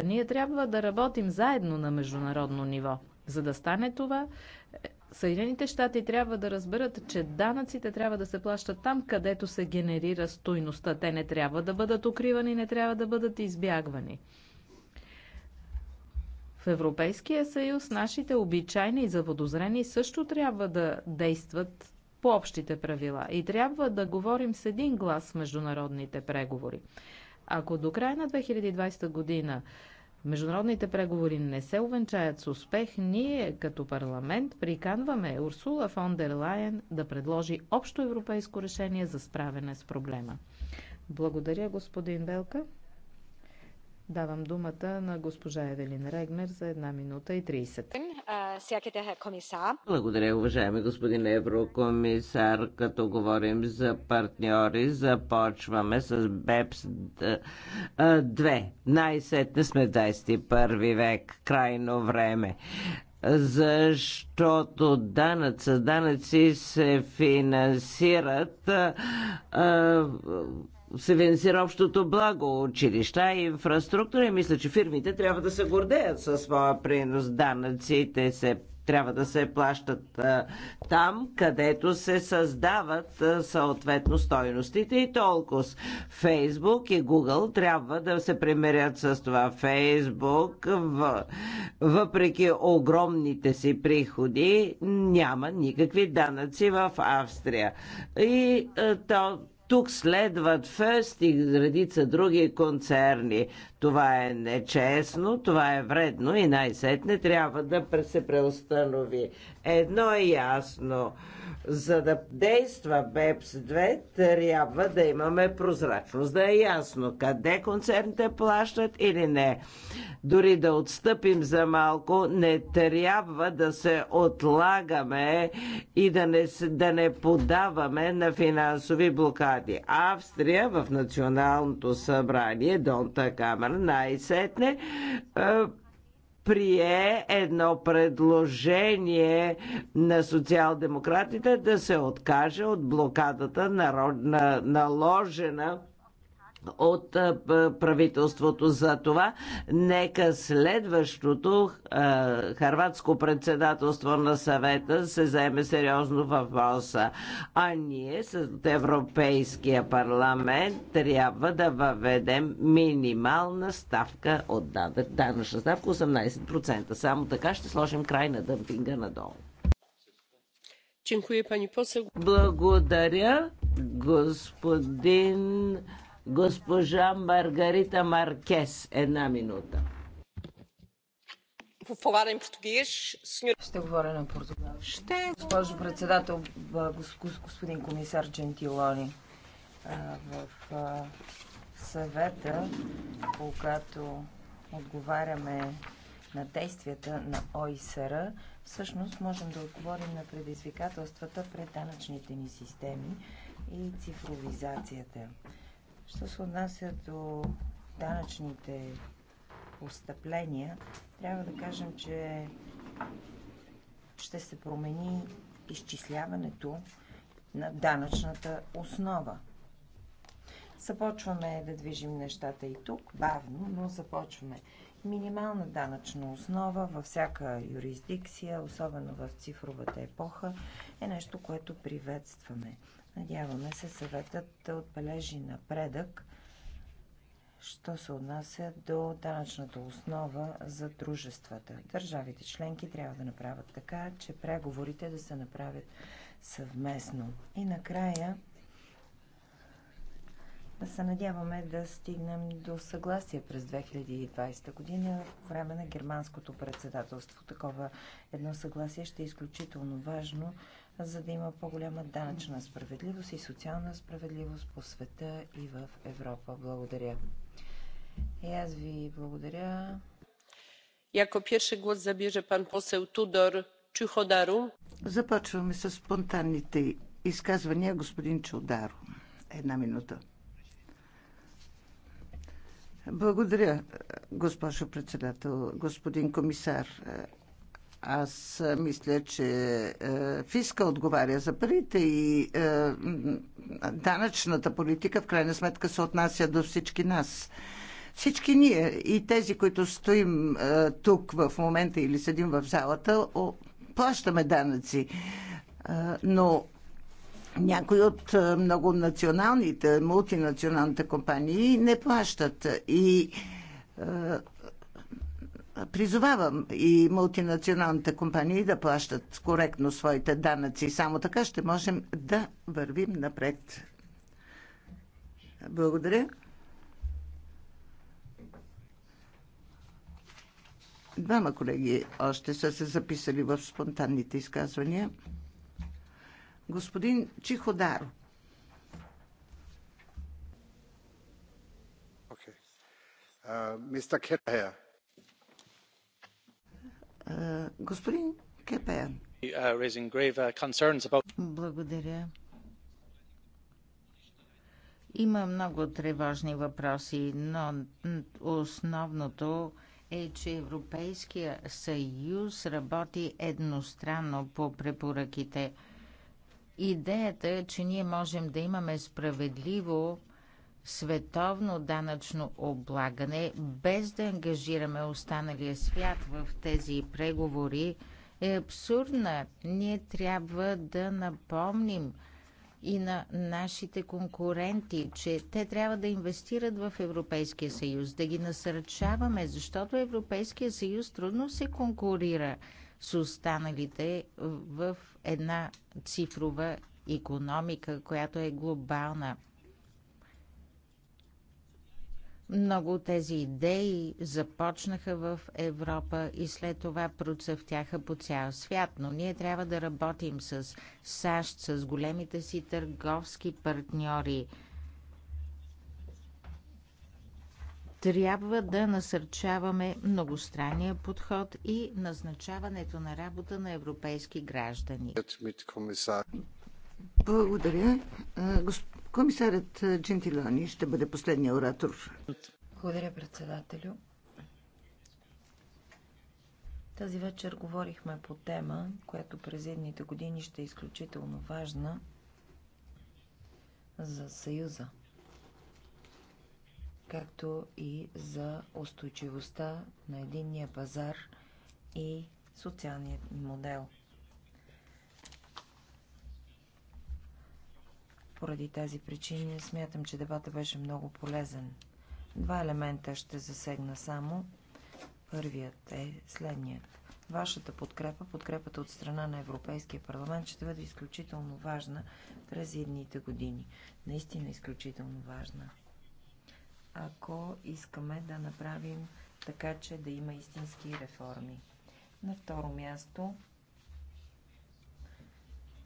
Ние трябва да работим заедно на международно ниво. За да стане това, е, Съединените щати трябва да разберат, че данъците трябва да се плащат там, където се генерира стойността. Те не трябва да бъдат укривани, не трябва да бъдат избягвани. В Европейския съюз нашите обичайни и също трябва да действат по общите правила и трябва да говорим с един глас в международните преговори. Ако до края на 2020 година международните преговори не се увенчаят с успех, ние като парламент приканваме Урсула фон дер Лайен да предложи общо европейско решение за справяне с проблема. Благодаря, господин Белка. Давам думата на госпожа Евелин Регнер за една минута и 30. Благодаря, уважаеми господин еврокомисар. Като говорим за партньори, започваме с БЕПС 2. Най-сетне сме 21 век. Крайно време защото данъци, данъци се финансират а, а, се финансира общото благо, училища и инфраструктура. И мисля, че фирмите трябва да се гордеят със своя принос. Данъците се трябва да се плащат а, там, където се създават а, съответно стойностите и толкова. Фейсбук и Google трябва да се примерят с това. Фейсбук, в, въпреки огромните си приходи, няма никакви данъци в Австрия. И а, то тук следват фест и редица други концерни. Това е нечестно, това е вредно и най-сетне трябва да се преустанови. Едно е ясно – за да действа БЕПС-2, трябва да имаме прозрачност, да е ясно къде концерните плащат или не. Дори да отстъпим за малко, не трябва да се отлагаме и да не, да не подаваме на финансови блокади. Австрия в Националното събрание, Донта Камера, най-сетне прие едно предложение на социал-демократите да се откаже от блокадата, наложена от правителството за това. Нека следващото харватско председателство на съвета се заеме сериозно въпроса. А ние с Европейския парламент трябва да въведем минимална ставка от Данъчна ставка 18%. Само така ще сложим край на дъмпинга надолу. Благодаря, господин Госпожа Маргарита Маркес, една минута. Ще говоря на португалски. Ще. Госпожо председател, господин комисар Джентилони, в съвета, когато отговаряме на действията на ОИСР, всъщност можем да отговорим на предизвикателствата пред данъчните ни системи и цифровизацията. Що се отнася до данъчните постъпления, трябва да кажем, че ще се промени изчисляването на данъчната основа. Започваме да движим нещата и тук, бавно, но започваме. Минимална данъчна основа във всяка юрисдикция, особено в цифровата епоха, е нещо, което приветстваме. Надяваме се съветът да отбележи напредък, що се отнася до данъчната основа за дружествата. Държавите членки трябва да направят така, че преговорите да се направят съвместно. И накрая да се надяваме да стигнем до съгласие през 2020 година по време на германското председателство. Такова едно съгласие ще е изключително важно за да има по-голяма данъчна справедливост и социална справедливост по света и в Европа. Благодаря. И аз ви благодаря. Яко пърши глас, забиже пан посел Тудор Чуходаро. Започваме с спонтанните изказвания. Господин Чударо. Една минута. Благодаря, госпожо председател, господин комисар. Аз мисля, че е, фиска отговаря за парите и е, данъчната политика в крайна сметка се отнася до всички нас. Всички ние и тези, които стоим е, тук в момента или седим в залата, плащаме данъци. Но някои от много националните, мултинационалните компании не плащат. И Призовавам и мултинационалните компании да плащат коректно своите данъци. Само така ще можем да вървим напред. Благодаря. Двама колеги още са се записали в спонтанните изказвания. Господин Чиходаро. Uh, Мистер okay. Кетхер. Uh, е, господин Кепеян. Uh, Благодаря. Има много тревожни въпроси, но основното е, че Европейския съюз работи едностранно по препоръките. Идеята е, че ние можем да имаме справедливо световно данъчно облагане, без да ангажираме останалия свят в тези преговори, е абсурдна. Ние трябва да напомним и на нашите конкуренти, че те трябва да инвестират в Европейския съюз, да ги насърчаваме, защото Европейския съюз трудно се конкурира с останалите в една цифрова економика, която е глобална. Много от тези идеи започнаха в Европа и след това процъфтяха по цял свят, но ние трябва да работим с САЩ, с големите си търговски партньори. Трябва да насърчаваме многостранния подход и назначаването на работа на европейски граждани. Благодаря. Комисарят Джентилони ще бъде последния оратор. Благодаря, председателю. Тази вечер говорихме по тема, която през едните години ще е изключително важна за Съюза, както и за устойчивостта на единния пазар и социалният модел – Поради тази причина смятам, че дебата беше много полезен. Два елемента ще засегна само. Първият е следният. Вашата подкрепа, подкрепата от страна на Европейския парламент, ще бъде изключително важна през едните години. Наистина изключително важна. Ако искаме да направим така, че да има истински реформи. На второ място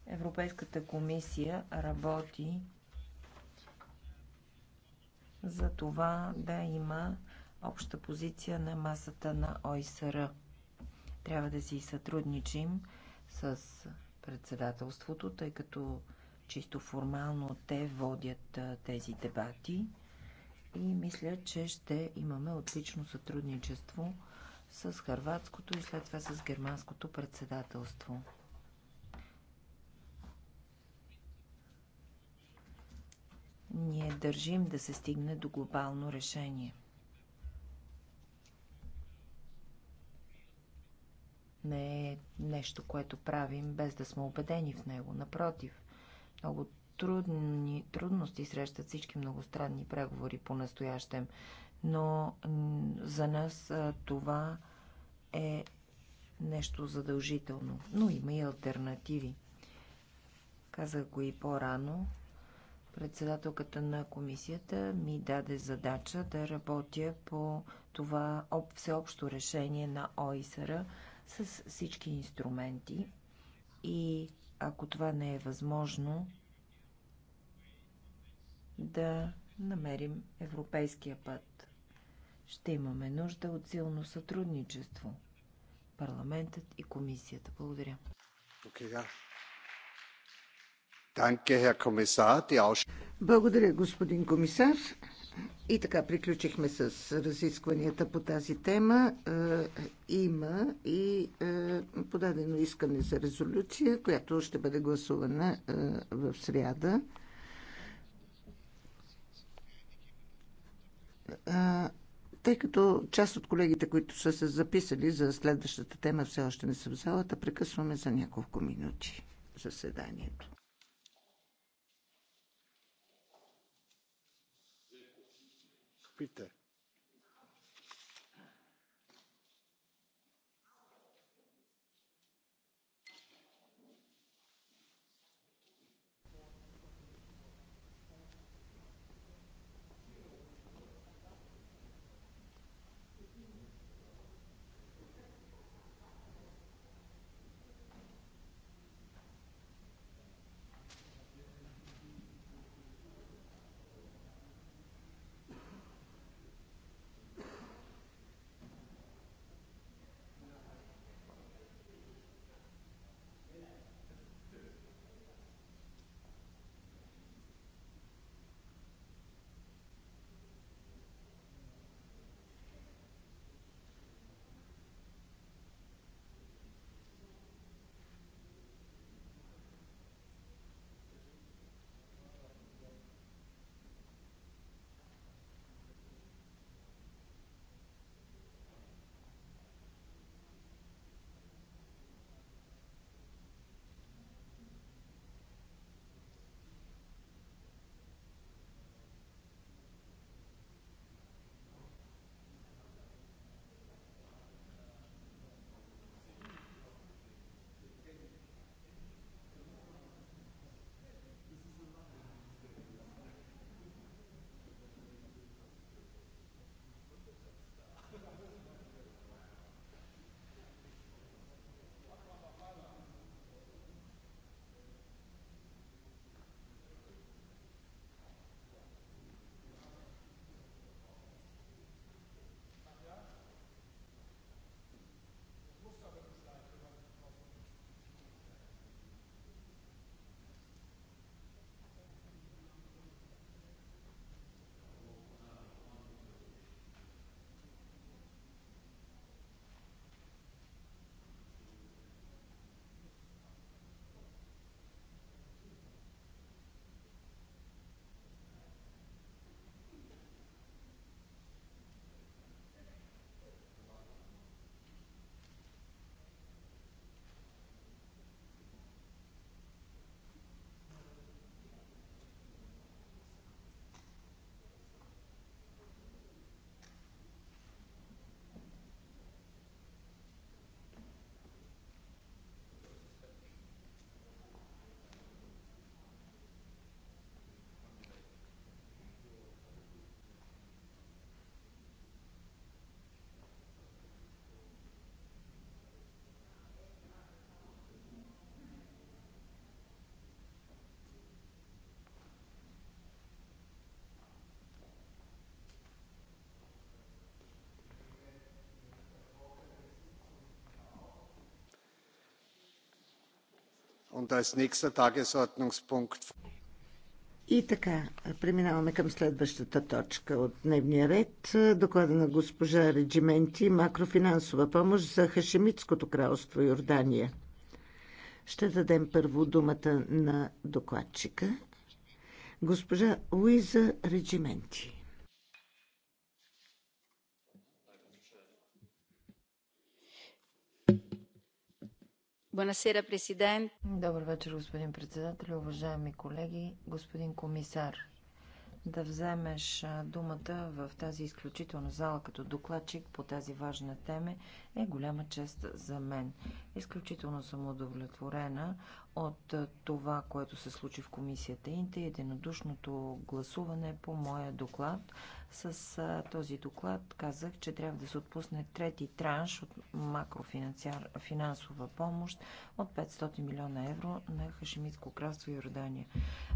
Европейската комисия работи за това да има обща позиция на масата на ОИСР. Трябва да си сътрудничим с председателството, тъй като чисто формално те водят тези дебати и мисля, че ще имаме отлично сътрудничество с хърватското и след това с германското председателство. Ние държим да се стигне до глобално решение. Не е нещо, което правим без да сме убедени в него. Напротив, много трудни, трудности срещат всички многостранни преговори по настоящем, но за нас това е нещо задължително. Но има и альтернативи. Казах го и по-рано. Председателката на комисията ми даде задача да работя по това всеобщо решение на ОИСР с всички инструменти и ако това не е възможно, да намерим европейския път. Ще имаме нужда от силно сътрудничество. Парламентът и комисията. Благодаря. Okay, yeah. Благодаря, господин комисар. И така приключихме с разискванията по тази тема. Е, има и е, подадено искане за резолюция, която ще бъде гласувана е, в среда. Тъй като част от колегите, които са се записали за следващата тема, все още не са в залата, прекъсваме за няколко минути заседанието. Bitte. И така, преминаваме към следващата точка от дневния ред. Доклада на госпожа Реджименти макрофинансова помощ за Хашемитското кралство Йордания. Ще дадем първо думата на докладчика. Госпожа Луиза Реджименти. Добър вечер, господин председател, уважаеми колеги, господин комисар. Да вземеш думата в тази изключителна зала като докладчик по тази важна тема е голяма чест за мен. Изключително съм удовлетворена от това, което се случи в комисията Инте, единодушното гласуване по моя доклад. С този доклад казах, че трябва да се отпусне трети транш от макрофинансова помощ от 500 милиона евро на Хашемитско кралство Йордания.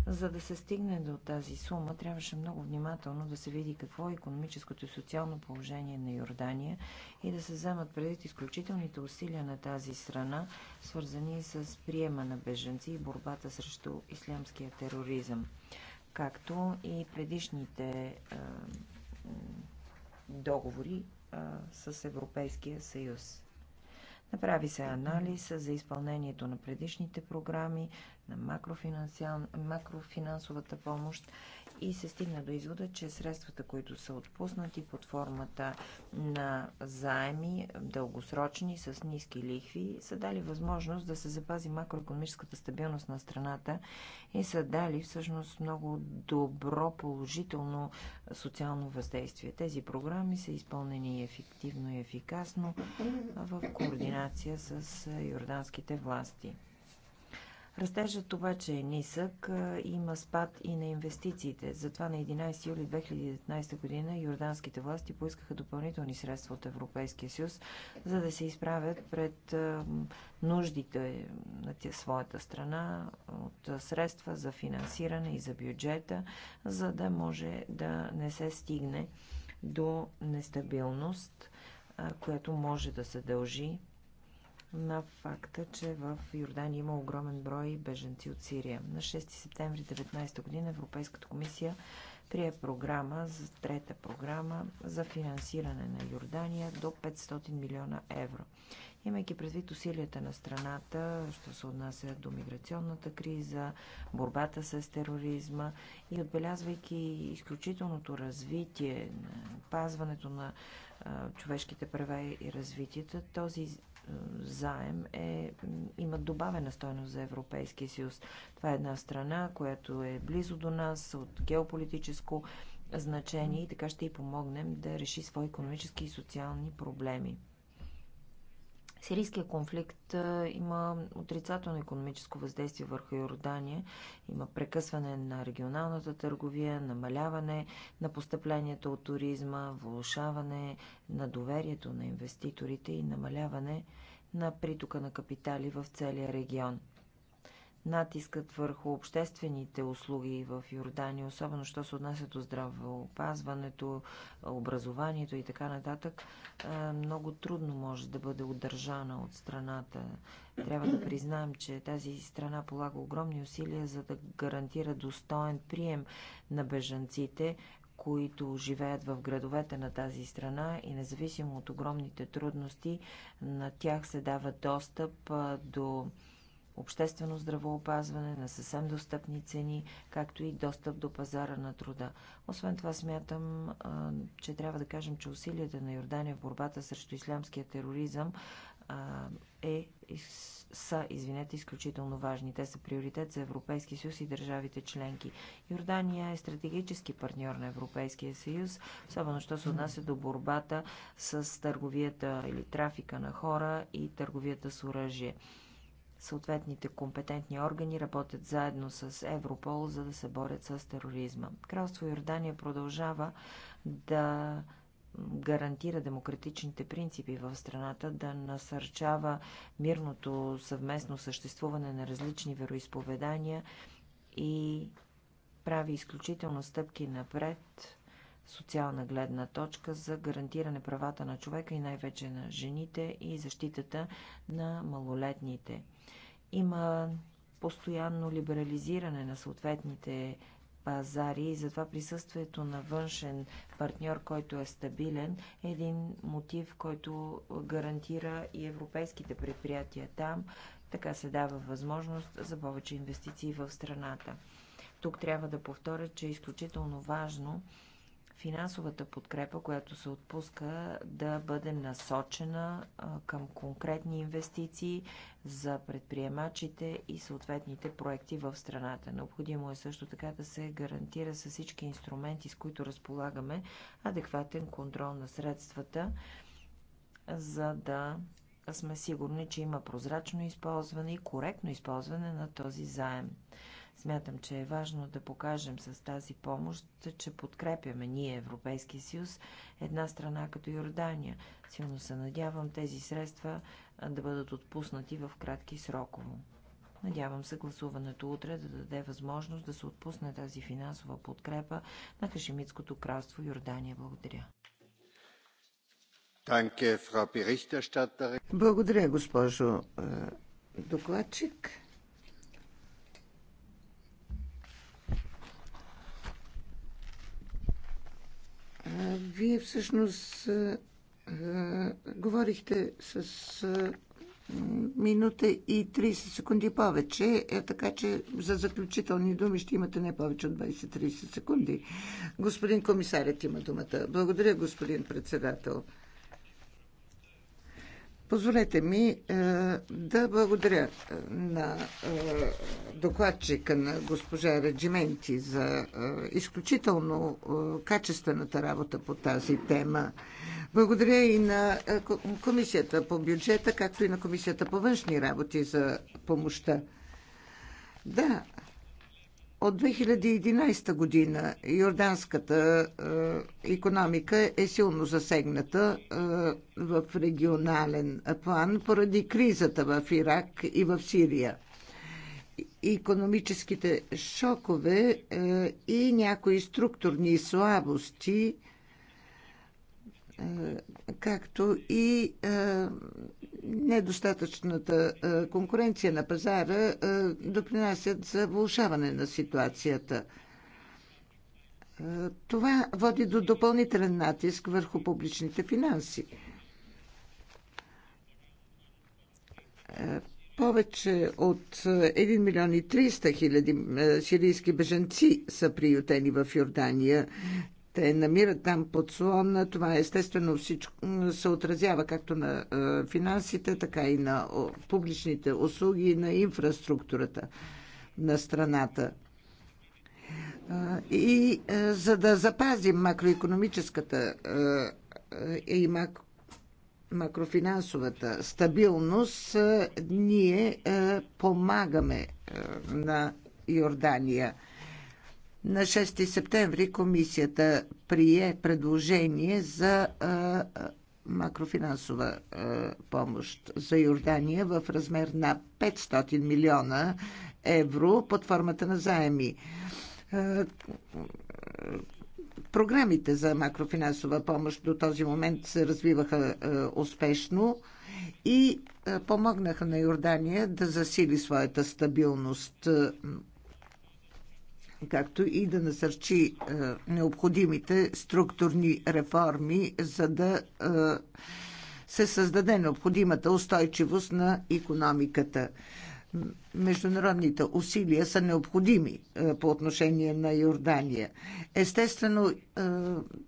За да се стигне до тази сума, трябваше много внимателно да се види какво е економическото и социално положение на Йордания и да се вземат преди предвид изключителните усилия на тази страна, свързани с приема на беженци и борбата срещу ислямския тероризъм, както и предишните е, договори е, с Европейския съюз. Направи се анализ за изпълнението на предишните програми, на макрофинансовата помощ и се стигна до извода, че средствата, които са отпуснати под формата на заеми, дългосрочни, с ниски лихви, са дали възможност да се запази макроекономическата стабилност на страната и са дали всъщност много добро положително социално въздействие. Тези програми са изпълнени ефективно и ефикасно в координация с юрданските власти. Растежът обаче е нисък, има спад и на инвестициите. Затова на 11 юли 2019 година йорданските власти поискаха допълнителни средства от Европейския съюз, за да се изправят пред нуждите е, на тя, своята страна от средства за финансиране и за бюджета, за да може да не се стигне до нестабилност, която може да се дължи на факта, че в Йордания има огромен брой беженци от Сирия. На 6 септември 2019 година Европейската комисия прие програма за трета програма за финансиране на Йордания до 500 милиона евро. Имайки предвид усилията на страната, що се отнася до миграционната криза, борбата с тероризма и отбелязвайки изключителното развитие, пазването на човешките права и развитията, този заем е, има добавена стойност за Европейския съюз. Това е една страна, която е близо до нас от геополитическо значение и така ще й помогнем да реши свои економически и социални проблеми. Сирийския конфликт има отрицателно економическо въздействие върху Йордания. Има прекъсване на регионалната търговия, намаляване на постъпленията от туризма, влушаване на доверието на инвеститорите и намаляване на притока на капитали в целия регион натискът върху обществените услуги в Йордания, особено що се отнася до здравеопазването, образованието и така нататък, много трудно може да бъде удържана от страната. Трябва да признаем, че тази страна полага огромни усилия за да гарантира достоен прием на бежанците, които живеят в градовете на тази страна и независимо от огромните трудности, на тях се дава достъп до обществено здравоопазване на съвсем достъпни цени, както и достъп до пазара на труда. Освен това смятам, че трябва да кажем, че усилията на Йордания в борбата срещу ислямския тероризъм е, са извинете, изключително важни. Те са приоритет за Европейския съюз и държавите членки. Йордания е стратегически партньор на Европейския съюз, особено що се отнася до борбата с търговията или трафика на хора и търговията с оръжие. Съответните компетентни органи работят заедно с Европол, за да се борят с тероризма. Кралство Йордания продължава да гарантира демократичните принципи в страната, да насърчава мирното съвместно съществуване на различни вероисповедания и прави изключително стъпки напред социална гледна точка за гарантиране правата на човека и най-вече на жените и защитата на малолетните. Има постоянно либерализиране на съответните пазари и затова присъствието на външен партньор, който е стабилен, е един мотив, който гарантира и европейските предприятия там. Така се дава възможност за повече инвестиции в страната. Тук трябва да повторя, че е изключително важно финансовата подкрепа, която се отпуска, да бъде насочена към конкретни инвестиции за предприемачите и съответните проекти в страната. Необходимо е също така да се гарантира с всички инструменти, с които разполагаме, адекватен контрол на средствата, за да сме сигурни, че има прозрачно използване и коректно използване на този заем. Смятам, че е важно да покажем с тази помощ, че подкрепяме ние, Европейския съюз, една страна като Йордания. Силно се надявам тези средства да бъдат отпуснати в кратки срокове. Надявам се гласуването утре да даде възможност да се отпусне тази финансова подкрепа на Хашемитското кралство Йордания. Благодаря. Благодаря, госпожо докладчик. Вие всъщност говорихте с минута и 30 секунди повече, е, така че за заключителни думи ще имате не повече от 20-30 секунди. Господин комисарят има думата. Благодаря, господин председател. Позволете ми е, да благодаря е, на е, докладчика на госпожа Реджименти за изключително качествената работа по тази тема. Благодаря и на Комисията по бюджета, както и на Комисията по външни работи за помощта. Да, от 2011 година йорданската е, економика е силно засегната е, в регионален план поради кризата в Ирак и в Сирия. Економическите шокове е, и някои структурни слабости, е, както и е, недостатъчната е, конкуренция на пазара е, допринасят за влушаване на ситуацията. Е, това води до допълнителен натиск върху публичните финанси. Повече от 1 милион и 300 хиляди сирийски беженци са приютени в Йордания те намират там подслон. Това естествено всичко се отразява както на е, финансите, така и на публичните услуги и на инфраструктурата на страната. И е, за да запазим макроекономическата е, и макрофинансовата стабилност, ние помагаме на Йордания. На 6 септември комисията прие предложение за макрофинансова помощ за Йордания в размер на 500 милиона евро под формата на заеми. Програмите за макрофинансова помощ до този момент се развиваха успешно и помогнаха на Йордания да засили своята стабилност както и да насърчи е, необходимите структурни реформи, за да е, се създаде необходимата устойчивост на економиката. Международните усилия са необходими е, по отношение на Йордания. Естествено,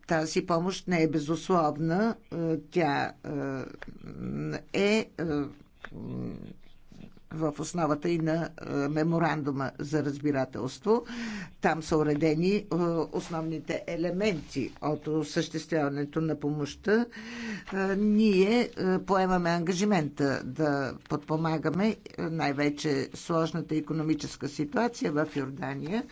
тази помощ не е безусловна. Тя е в основата и на е, меморандума за разбирателство. Там са уредени е, основните елементи от осъществяването на помощта. Е, ние поемаме ангажимента да подпомагаме най-вече сложната економическа ситуация в Йордания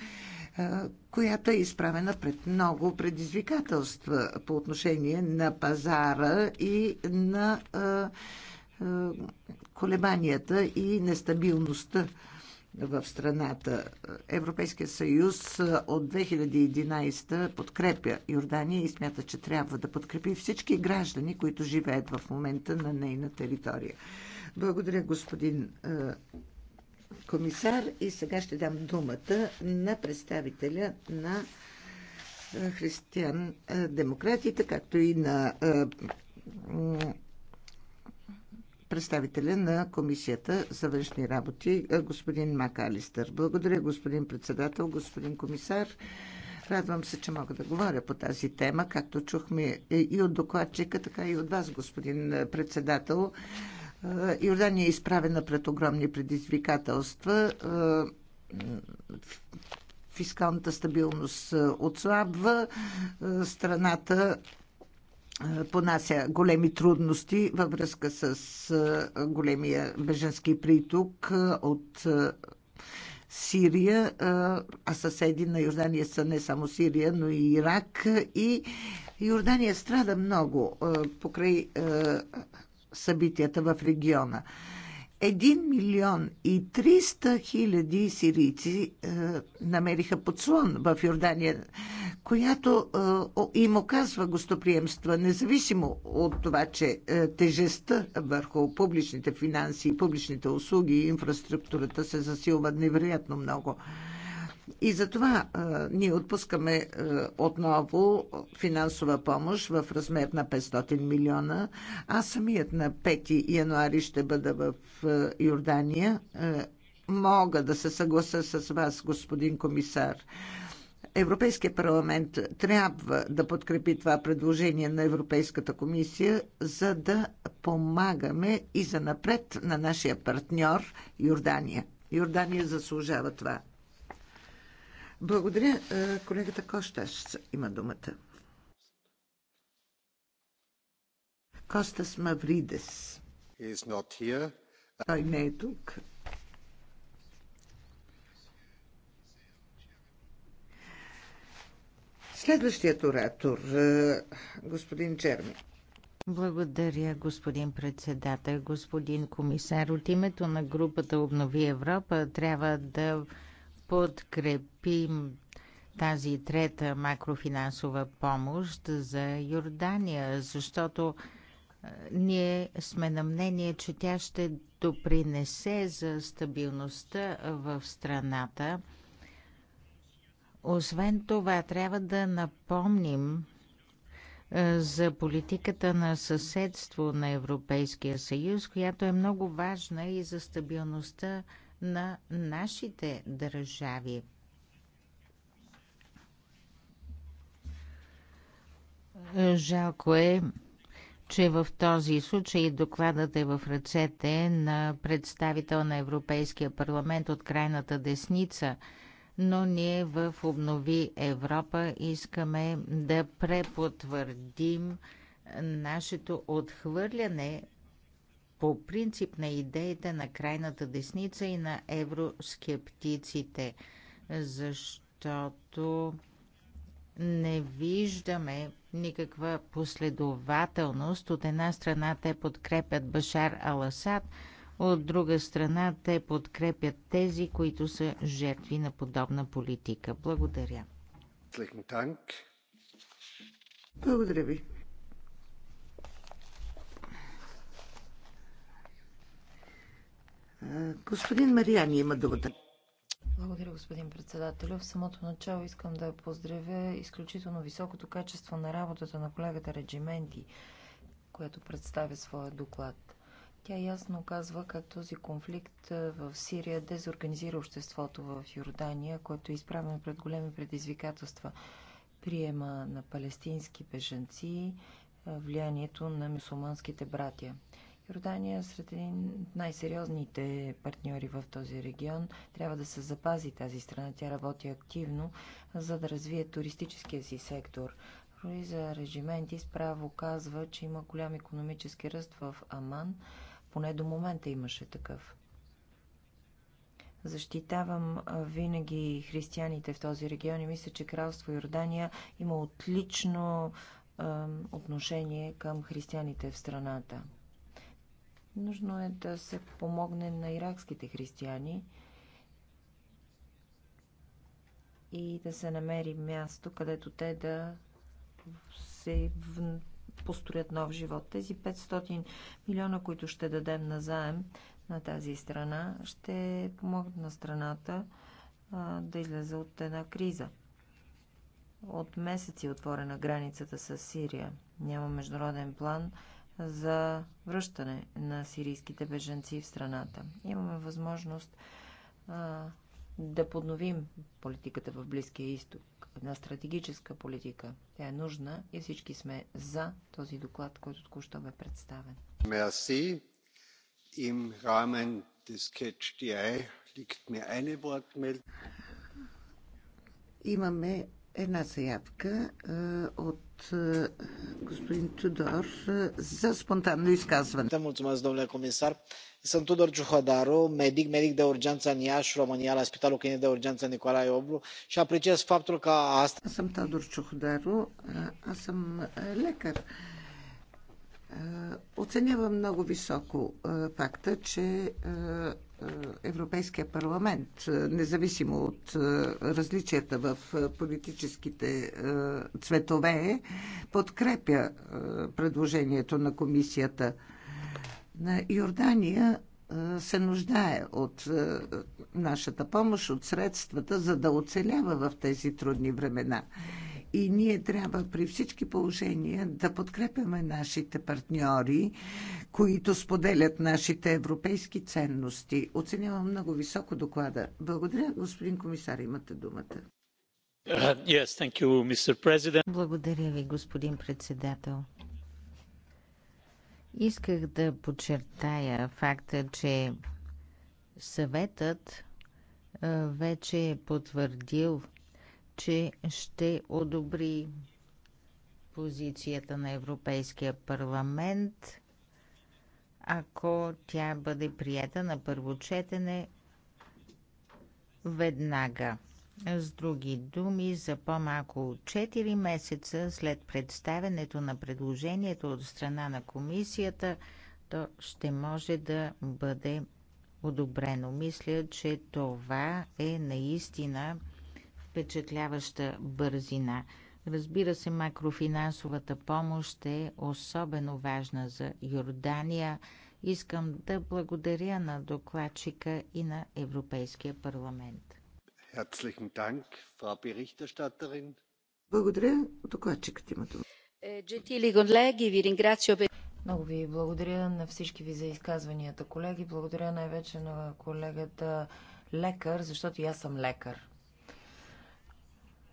която е изправена пред много предизвикателства по отношение на пазара и на е, колебанията и нестабилността в страната. Европейския съюз от 2011 подкрепя Йордания и смята, че трябва да подкрепи всички граждани, които живеят в момента на нейна територия. Благодаря, господин е, комисар. И сега ще дам думата на представителя на е, християн-демократите, както и на представителя на Комисията за външни работи, е, господин Макалистър. Благодаря, господин председател, господин комисар. Радвам се, че мога да говоря по тази тема, както чухме е, и от докладчика, така и от вас, господин председател. Е, Йордания е изправена пред огромни предизвикателства. Фискалната стабилност отслабва. Страната понася големи трудности във връзка с големия беженски приток от Сирия, а съседи на Йордания са не само Сирия, но и Ирак. И Йордания страда много покрай събитията в региона. 1 милион и 300 хиляди сирийци е, намериха подслон в Йордания, която е, им оказва гостоприемства, независимо от това, че е, тежестта върху публичните финанси, публичните услуги и инфраструктурата се засилва невероятно много. Е, и затова а, ние отпускаме а, отново финансова помощ в размер на 500 милиона. Аз самият на 5 януари ще бъда в а, Йордания. А, мога да се съглася с вас, господин комисар. Европейския парламент трябва да подкрепи това предложение на Европейската комисия, за да помагаме и за напред на нашия партньор Йордания. Йордания заслужава това. Благодаря. Е, колегата Кощаш има думата. Костас Мавридес. Той не е тук. Следващият оратор, е, господин Черми. Благодаря, господин председател, господин комисар. От името на групата Обнови Европа трябва да подкрепим тази трета макрофинансова помощ за Йордания, защото е, ние сме на мнение, че тя ще допринесе за стабилността в страната. Освен това, трябва да напомним е, за политиката на съседство на Европейския съюз, която е много важна и за стабилността на нашите държави. Жалко е, че в този случай докладът е в ръцете на представител на Европейския парламент от крайната десница, но ние в Обнови Европа искаме да препотвърдим нашето отхвърляне по принцип на идеите на крайната десница и на евроскептиците, защото не виждаме никаква последователност. От една страна те подкрепят Башар Аласад, от друга страна те подкрепят тези, които са жертви на подобна политика. Благодаря. Благодаря ви. Господин Мариани има думата. Благодаря, господин председател. В самото начало искам да поздравя изключително високото качество на работата на колегата Реджименти, която представя своя доклад. Тя ясно казва как този конфликт в Сирия дезорганизира обществото в Йордания, което е изправено пред големи предизвикателства. Приема на палестински беженци, влиянието на мусулманските братия. Йордания е сред един от най-сериозните партньори в този регион. Трябва да се запази тази страна. Тя работи активно, за да развие туристическия си сектор. Руиза Режименти справо казва, че има голям економически ръст в Аман. Поне до момента имаше такъв. Защитавам винаги християните в този регион и мисля, че Кралство Йордания има отлично отношение към християните в страната. Нужно е да се помогне на иракските християни и да се намери място, където те да се построят нов живот. Тези 500 милиона, които ще дадем на заем на тази страна, ще помогнат на страната а, да излезе от една криза. От месеци е отворена границата с Сирия. Няма международен план за връщане на сирийските беженци в страната. Имаме възможност а, да подновим политиката в Близкия изток. Една стратегическа политика. Тя е нужна и всички сме за този доклад, който току-що бе представен. Мерси. Им рамен des е. Имаме една заявка от господин Тудор за спонтанно изказване. Mulțumesc, domnule comisar. Sunt Tudor Ciuhodaru, medic, medic de urgență în Iași, România, la Spitalul Clinic de Urgență Nicolae Oblu și apreciez faptul că asta... Аз съм Тодор Чуходаро, аз Оценявам много високо факта, че Европейския парламент, независимо от е, различията в е, политическите е, цветове, подкрепя предложението на комисията. На Йордания се нуждае от нашата помощ, от средствата, за да оцелява в тези трудни времена и ние трябва при всички положения да подкрепяме нашите партньори, които споделят нашите европейски ценности. Оценявам много високо доклада. Благодаря, господин комисар, имате думата. Uh, Благодаря ви, господин председател. Исках да подчертая факта, че съветът uh, вече е потвърдил че ще одобри позицията на Европейския парламент, ако тя бъде приета на първо четене веднага. С други думи, за по-малко от 4 месеца след представенето на предложението от страна на комисията, то ще може да бъде одобрено. Мисля, че това е наистина впечатляваща бързина. Разбира се, макрофинансовата помощ е особено важна за Йордания. Искам да благодаря на докладчика и на Европейския парламент. Благодаря. Докладчикът има дума. Е, Много ви благодаря на всички ви за изказванията, колеги. Благодаря най-вече на колегата лекар, защото и аз съм лекар.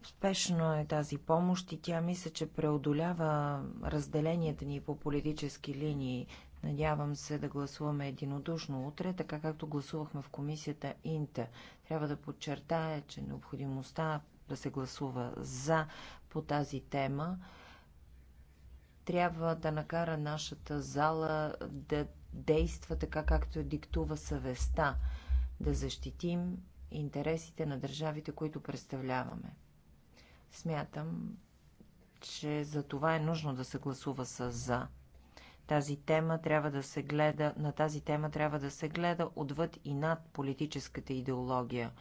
Успешно е тази помощ и тя мисля, че преодолява разделенията ни по политически линии. Надявам се да гласуваме единодушно утре, така както гласувахме в комисията Инта. Трябва да подчертая, че необходимостта да се гласува за по тази тема трябва да накара нашата зала да действа така, както диктува съвестта, да защитим интересите на държавите, които представляваме. Смятам, че за това е нужно да се гласува с за. Тази тема трябва да се гледа, на тази тема трябва да се гледа отвъд и над политическата идеология.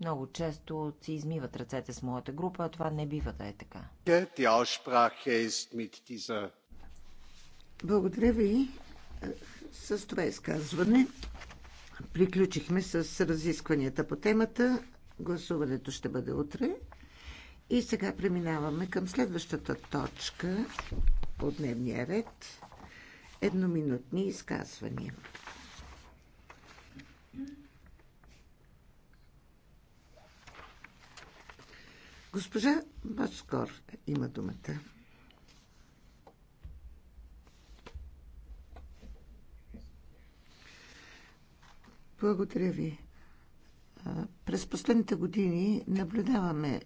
Много често си измиват ръцете с моята група, а това не бива да е така. Благодаря ви. С това изказване приключихме с разискванията по темата. Гласуването ще бъде утре. И сега преминаваме към следващата точка по дневния ред. Едноминутни изказвания. Госпожа Бачкор има думата. Благодаря ви. През последните години наблюдаваме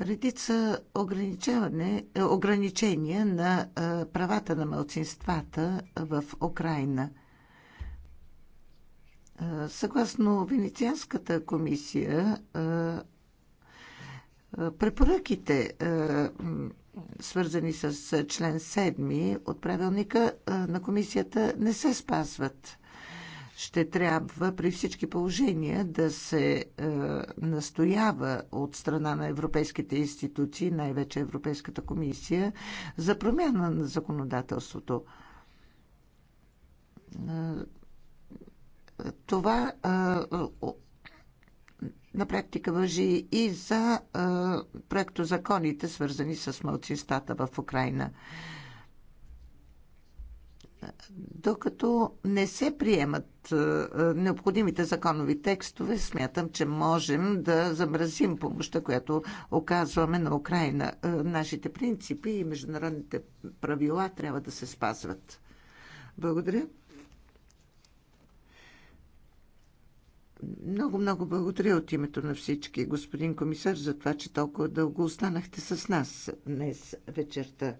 редица е, ограничения на е, правата на мълцинствата в Украина. Е, съгласно Венецианската комисия, препоръките, свързани с член 7 от правилника на комисията, не се спазват ще трябва при всички положения да се е, настоява от страна на европейските институции, най-вече Европейската комисия, за промяна на законодателството. Е, това е, на практика въжи и за е, проектозаконите, свързани с мълцинствата в Украина. Е, докато не се приемат е, е, необходимите законови текстове, смятам, че можем да замразим помощта, която оказваме на Украина. Е, нашите принципи и международните правила трябва да се спазват. Благодаря. Много, много благодаря от името на всички, господин комисар, за това, че толкова дълго останахте с нас днес вечерта.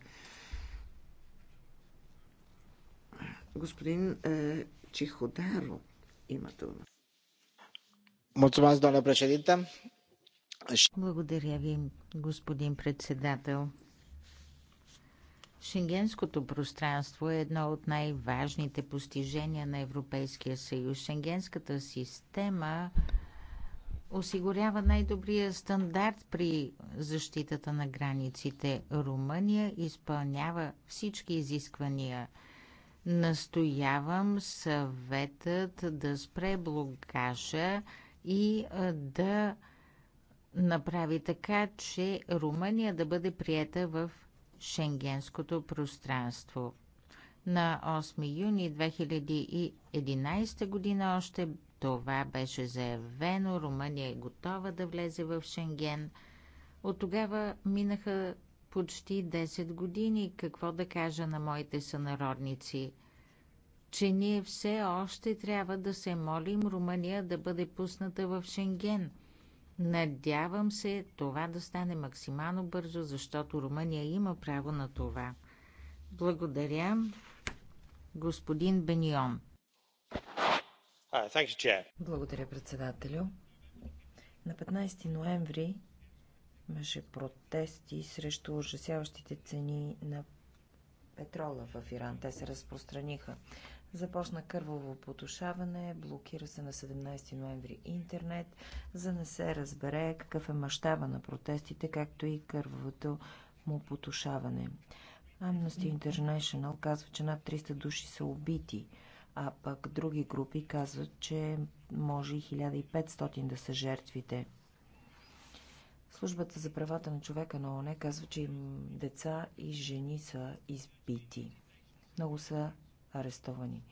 Господин е, Чиходаро има дума. Mulțumesc, doamnă președintă. Благодаря ви, господин председател. Шенгенското пространство е едно от най-важните постижения на Европейския съюз. Шенгенската система осигурява най-добрия стандарт при защитата на границите. Румъния изпълнява всички изисквания – Настоявам съветът да спре блокажа и да направи така, че Румъния да бъде приета в шенгенското пространство. На 8 юни 2011 година още това беше заявено. Румъния е готова да влезе в Шенген. От тогава минаха почти 10 години. Какво да кажа на моите сънародници? Че ние все още трябва да се молим Румъния да бъде пусната в Шенген. Надявам се това да стане максимално бързо, защото Румъния има право на това. Благодаря, господин Бенион. Благодаря, председателю. На 15 ноември Имаше протести срещу ужасяващите цени на петрола в Иран. Те се разпространиха. Започна кърваво потушаване, блокира се на 17 ноември интернет, за да не се разбере какъв е мащаба на протестите, както и кървавото му потушаване. Amnesty International казва, че над 300 души са убити, а пък други групи казват, че може и 1500 да са жертвите. Службата за правата на човека на ОНЕ казва, че им деца и жени са избити. Много са арестовани.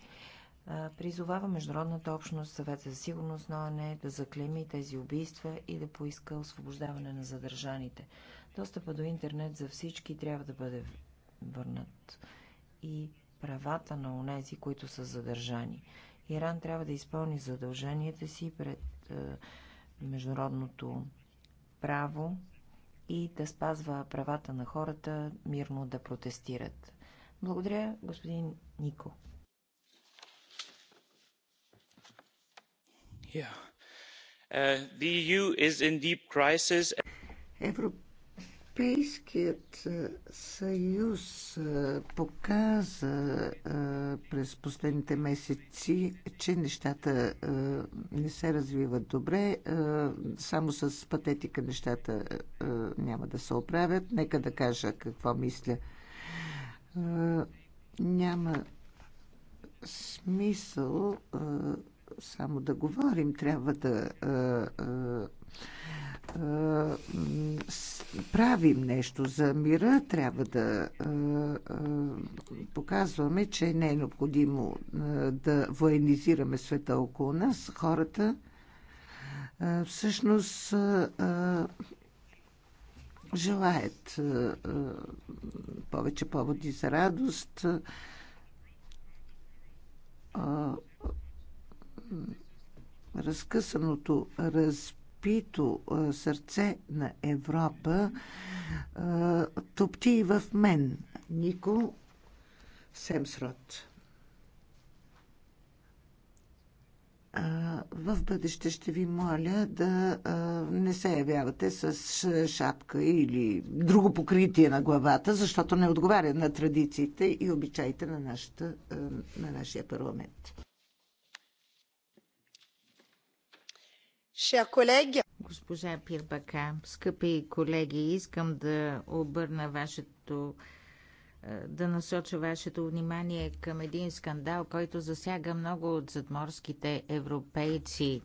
Призовава Международната общност, Съвет за сигурност на ОНЕ да заклеми тези убийства и да поиска освобождаване на задържаните. Достъпа до интернет за всички трябва да бъде върнат и правата на онези, които са задържани. Иран трябва да изпълни задълженията си пред е, международното право и да спазва правата на хората мирно да протестират. Благодаря, господин Нико. Yeah. Uh, the EU is in deep crisis. Европ... Европейският съюз показа през последните месеци, че нещата не се развиват добре. Само с патетика нещата няма да се оправят. Нека да кажа какво мисля. Няма смисъл само да говорим. Трябва да е, правим нещо за мира, трябва да е, е, показваме, че не е необходимо да военизираме света около нас. Хората всъщност желаят повече поводи за радост. Разкъсаното разпределение. Пито сърце на Европа топти и в мен. Нико Семсрот. в бъдеще ще ви моля да не се явявате с шапка или друго покритие на главата, защото не отговаря на традициите и обичаите на, нашата, на нашия парламент. Госпожа Пирбака, скъпи колеги, искам да обърна вашето е, да насоча вашето внимание към един скандал, който засяга много от задморските европейци.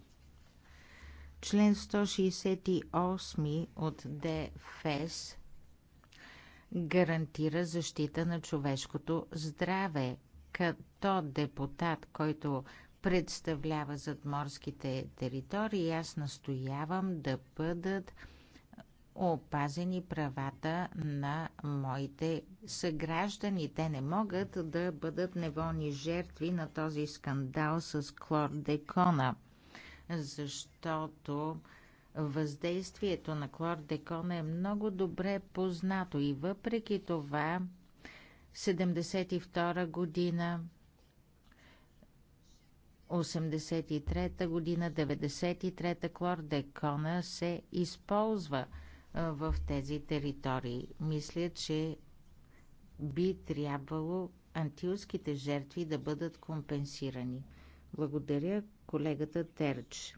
Член 168 от ДФС гарантира защита на човешкото здраве. Като депутат, който представлява задморските територии. Аз настоявам да бъдат опазени правата на моите съграждани. Те не могат да бъдат неволни жертви на този скандал с клордекона, защото въздействието на клордекона е много добре познато и въпреки това 72 година 83-та година, 93-та декона се използва в тези територии. Мисля, че би трябвало антилските жертви да бъдат компенсирани. Благодаря колегата Терч.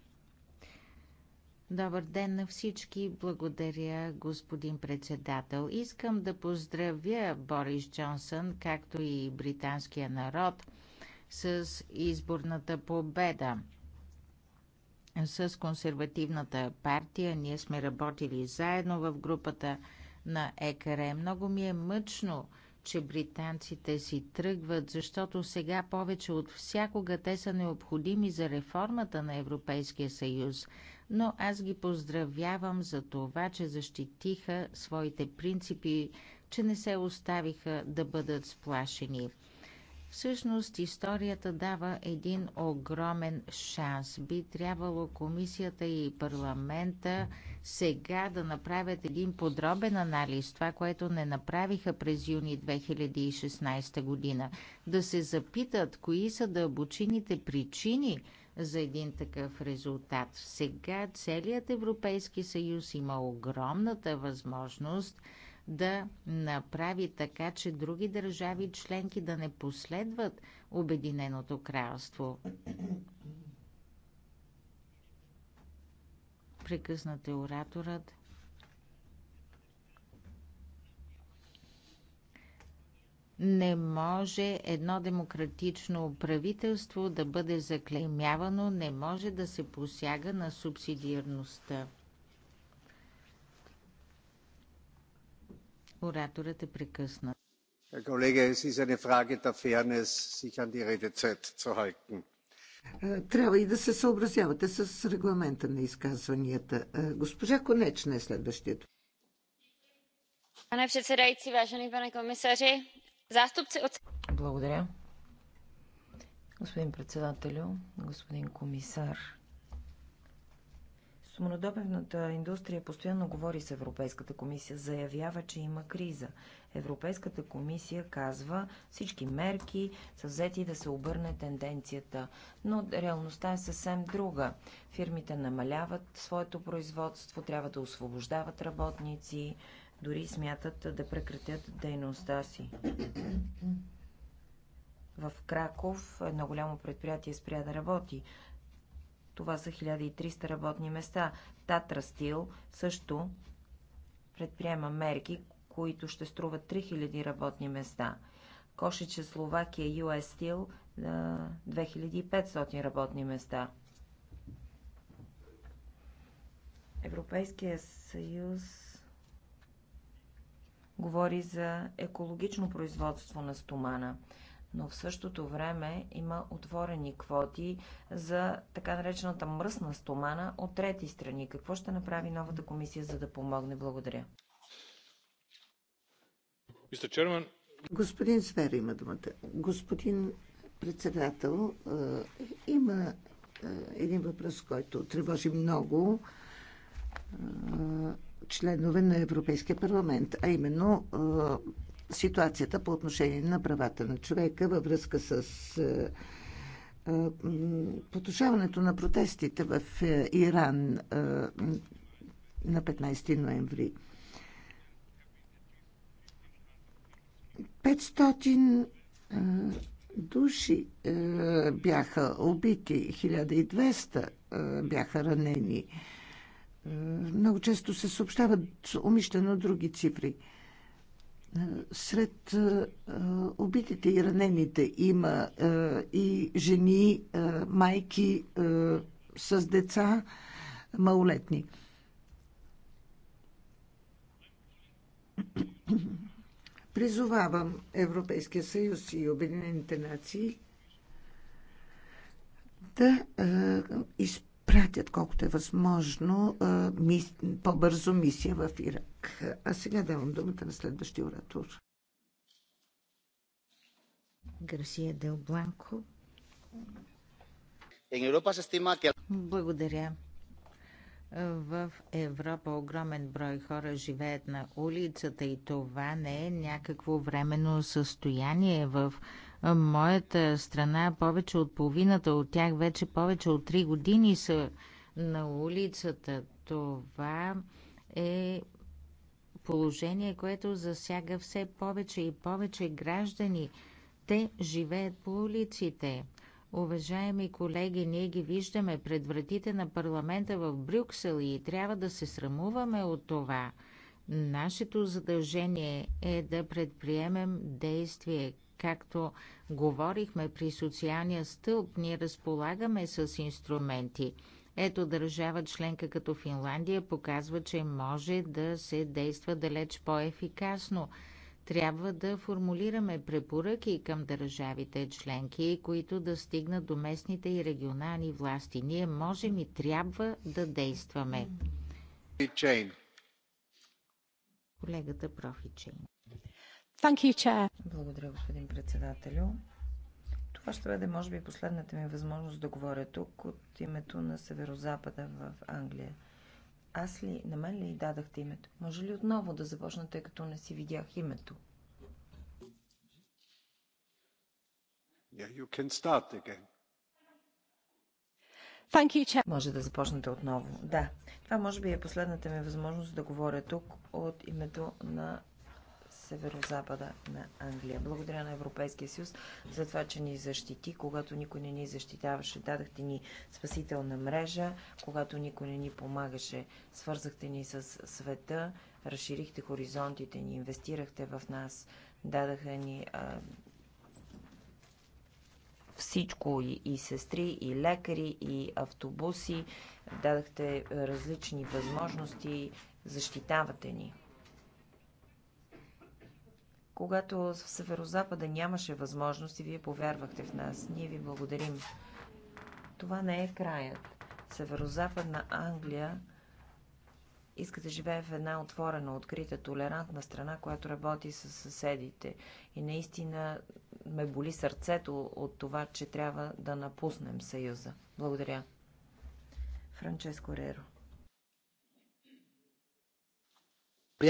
Добър ден на всички. Благодаря, господин председател. Искам да поздравя Борис Джонсън, както и британския народ – с изборната победа. С консервативната партия ние сме работили заедно в групата на ЕКР. Много ми е мъчно, че британците си тръгват, защото сега повече от всякога те са необходими за реформата на Европейския съюз. Но аз ги поздравявам за това, че защитиха своите принципи, че не се оставиха да бъдат сплашени. Всъщност историята дава един огромен шанс. Би трябвало комисията и парламента сега да направят един подробен анализ, това, което не направиха през юни 2016 година. Да се запитат кои са дълбочините причини за един такъв резултат. Сега целият Европейски съюз има огромната възможност – да направи така, че други държави членки да не последват Обединеното кралство. Прекъснат е ораторът. Не може едно демократично правителство да бъде заклеймявано, не може да се посяга на субсидиарността. Ораторът е прекъснат. Колега, Трябва и да се съобразявате с регламента на изказванията. Е, госпожа Конечна е следващият. Благодаря. Господин председателю, господин комисар, Сумонодобивната индустрия постоянно говори с Европейската комисия, заявява, че има криза. Европейската комисия казва, всички мерки са взети да се обърне тенденцията, но реалността е съвсем друга. Фирмите намаляват своето производство, трябва да освобождават работници, дори смятат да прекратят дейността си. В Краков едно голямо предприятие спря да работи, това са 1300 работни места. Татра Стил също предприема мерки, които ще струват 3000 работни места. Кошича Словакия US Steel 2500 работни места. Европейския съюз говори за екологично производство на стомана но в същото време има отворени квоти за така наречената мръсна стомана от трети страни. Какво ще направи новата комисия, за да помогне? Благодаря. Господин Свер има думата. Господин председател, е, има е, един въпрос, който тревожи много е, членове на Европейския парламент, а именно ситуацията по отношение на правата на човека във връзка с е, е, потушаването на протестите в е, Иран на 15 ноември. 500 души бяха убити, 1200 бяха ранени. Много често се съобщават умишлено други цифри. Сред е, е, убитите и ранените има е, и жени, майки с деца, малолетни. Призовавам Европейския съюз и Обединените нации да изпълнят пратят колкото е възможно по-бързо мисия в Ирак. А сега давам думата на следващия оратор. Гарсия Дел Бланко. Благодаря. В Европа огромен брой хора живеят на улицата и това не е някакво временно състояние в моята страна повече от половината от тях вече повече от 3 години са на улицата. Това е положение, което засяга все повече и повече граждани. Те живеят по улиците. Уважаеми колеги, ние ги виждаме пред вратите на парламента в Брюксел и трябва да се срамуваме от това. Нашето задължение е да предприемем действие Както говорихме при социалния стълб, ние разполагаме с инструменти. Ето държава членка като Финландия показва, че може да се действа далеч по-ефикасно. Трябва да формулираме препоръки към държавите членки, които да стигнат до местните и регионални власти. Ние можем и трябва да действаме. Колегата Профичейн. You, Благодаря, господин председателю. Това ще бъде, може би, последната ми възможност да говоря тук от името на Северо-Запада в Англия. Аз ли, на мен ли дадахте името? Може ли отново да започна, тъй като не си видях името? Yeah, you can start again. You, може да започнете отново. Да, това може би е последната ми възможност да говоря тук от името на северо-запада на Англия. Благодаря на Европейския съюз за това, че ни защити, когато никой не ни защитаваше. Дадахте ни спасителна мрежа, когато никой не ни помагаше. Свързахте ни с света, разширихте хоризонтите ни, инвестирахте в нас, дадаха ни а, всичко и, и сестри, и лекари, и автобуси, дадахте различни възможности, защитавате ни когато в Северо-Запада нямаше възможност и вие повярвахте в нас. Ние ви благодарим. Това не е краят. Северо-Западна Англия иска да живее в една отворена, открита, толерантна страна, която работи с съседите. И наистина ме боли сърцето от това, че трябва да напуснем Съюза. Благодаря. Франческо Реро.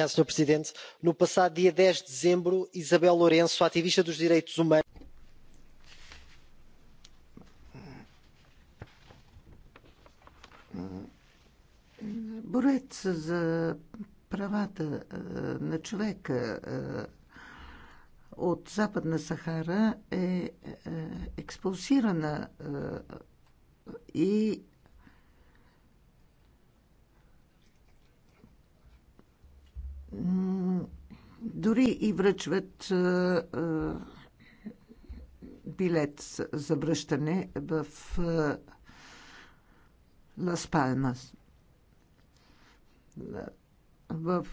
senhor presidente no passado dia dez de dezembro isabel lourenço ativista dos direitos humanos. за правата на човека от Западна Сахара е и дори и връчват билет за връщане в Лас Палмас. В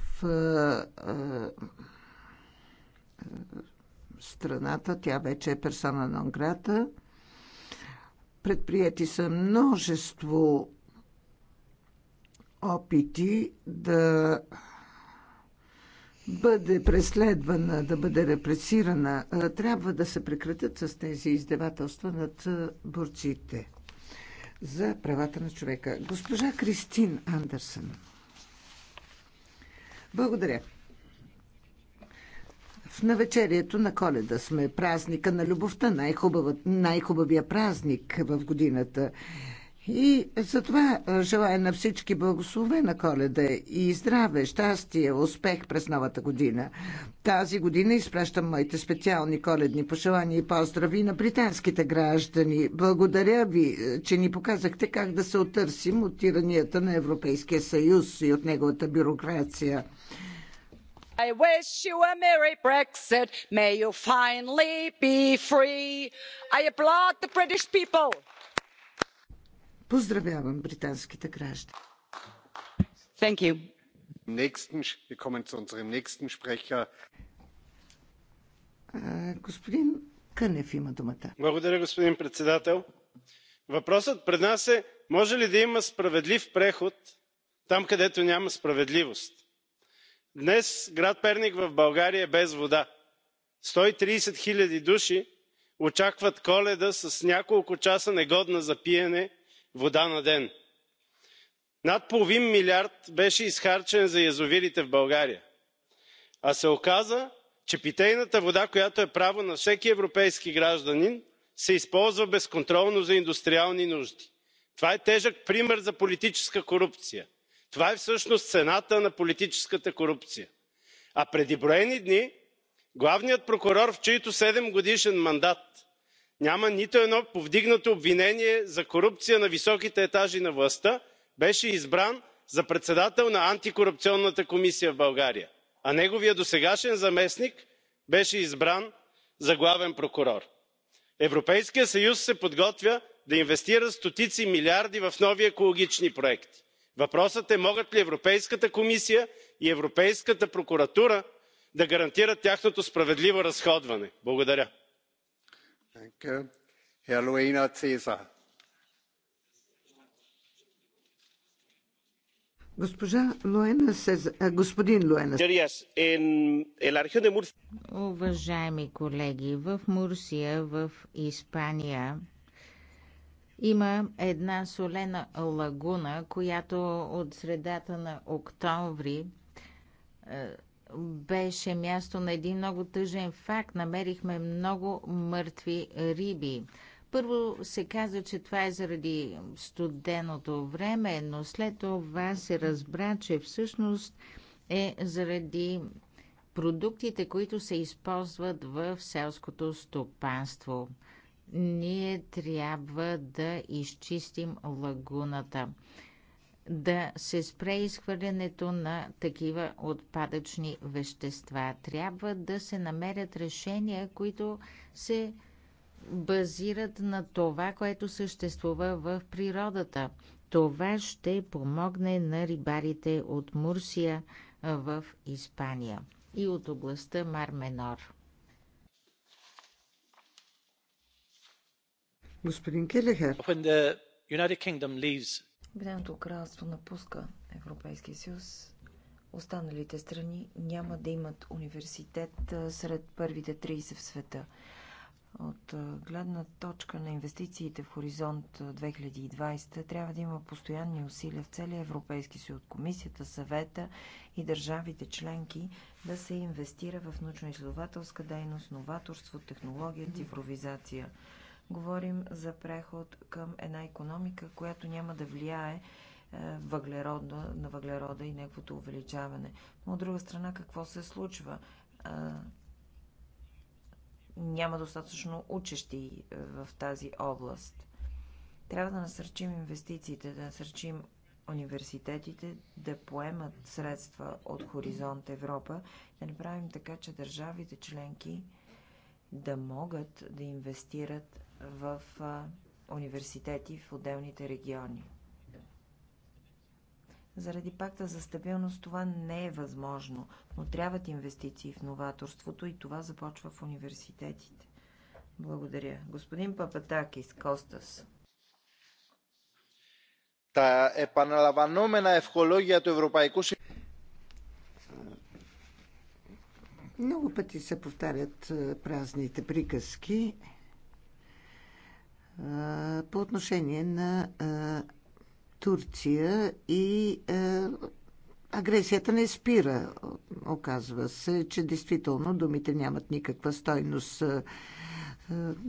страната тя вече е персона на грата. Предприяти са множество опити да бъде преследвана, да бъде репресирана. Трябва да се прекратят с тези издевателства над борците за правата на човека. Госпожа Кристин Андерсен. Благодаря. В навечерието на коледа сме празника на любовта, най-хубавия най празник в годината. И затова е, желая на всички благословена коледа и здраве, щастие, успех през новата година. Тази година изпращам моите специални коледни пожелания и поздрави на британските граждани. Благодаря ви, е, че ни показахте как да се отърсим от тиранията на Европейския съюз и от неговата бюрокрация. I wish you a merry Brexit. May you finally be free. I applaud the British people. Поздравявам британските граждани. Господин Кънев има думата. Благодаря, господин председател. Въпросът пред нас е може ли да има справедлив преход там, където няма справедливост? Днес град Перник в България е без вода. 130 хиляди души очакват Коледа с няколко часа негодна за пиене вода на ден. над половин милиард беше изхарчен за язовирите в българя а се оказа че питейната вода която е право на всеки европейски гражданин се използва безконтролно за индустриални нужди. това е тежък пример за политическа корупция. това е всъщност цената на политическата корупция. а преди броени дни главният прокурор в чийто седемгодишен мандат няма нито едно повдигнато обвинение за корупция на високите етажи на властта беше избран за председател на антикорупционната комисия в българия а неговият досегашен заместник беше избран за главен прокурор. европейският съюз се подготвя да инвестира стотици милиарди в нови екологични проекти. въпросът е могат ли европейската комисия и европейската прокуратура да гарантират тяхното справедливо разходване? благодаря господин Луена. Уважаеми колеги, в Мурсия, в Испания, има една солена лагуна, която от средата на октомври беше място на един много тъжен факт. Намерихме много мъртви риби. Първо се каза, че това е заради студеното време, но след това се разбра, че всъщност е заради продуктите, които се използват в селското стопанство. Ние трябва да изчистим лагуната да се спре изхвърлянето на такива отпадъчни вещества. Трябва да се намерят решения, които се базират на това, което съществува в природата. Това ще помогне на рибарите от Мурсия в Испания и от областта Марменор. Господин Келехер. Обединеното кралство напуска Европейския съюз. Останалите страни няма да имат университет сред първите 30 в света. От гледна точка на инвестициите в Хоризонт 2020 трябва да има постоянни усилия в целия Европейски съюз, Комисията, съвета и държавите членки да се инвестира в научно-изследователска дейност, новаторство, технология, цифровизация. Говорим за преход към една економика, която няма да влияе е, въглерода, на въглерода и неговото увеличаване. Но от друга страна, какво се случва? Е, няма достатъчно учещи е, в тази област. Трябва да насърчим инвестициите, да насърчим университетите да поемат средства от Хоризонт Европа, да направим така, че държавите членки да могат да инвестират в университети в отделните региони. Заради пакта за стабилност това не е възможно, но трябват инвестиции в новаторството и това започва в университетите. Благодаря. Господин Папатакис Костас. Τα επαναλαμβανόμενα ευχολόγια του Ευρωπαϊκού Много пъти се повтарят празните приказки по отношение на Турция и агресията не спира. Оказва се, че действително думите нямат никаква стойност.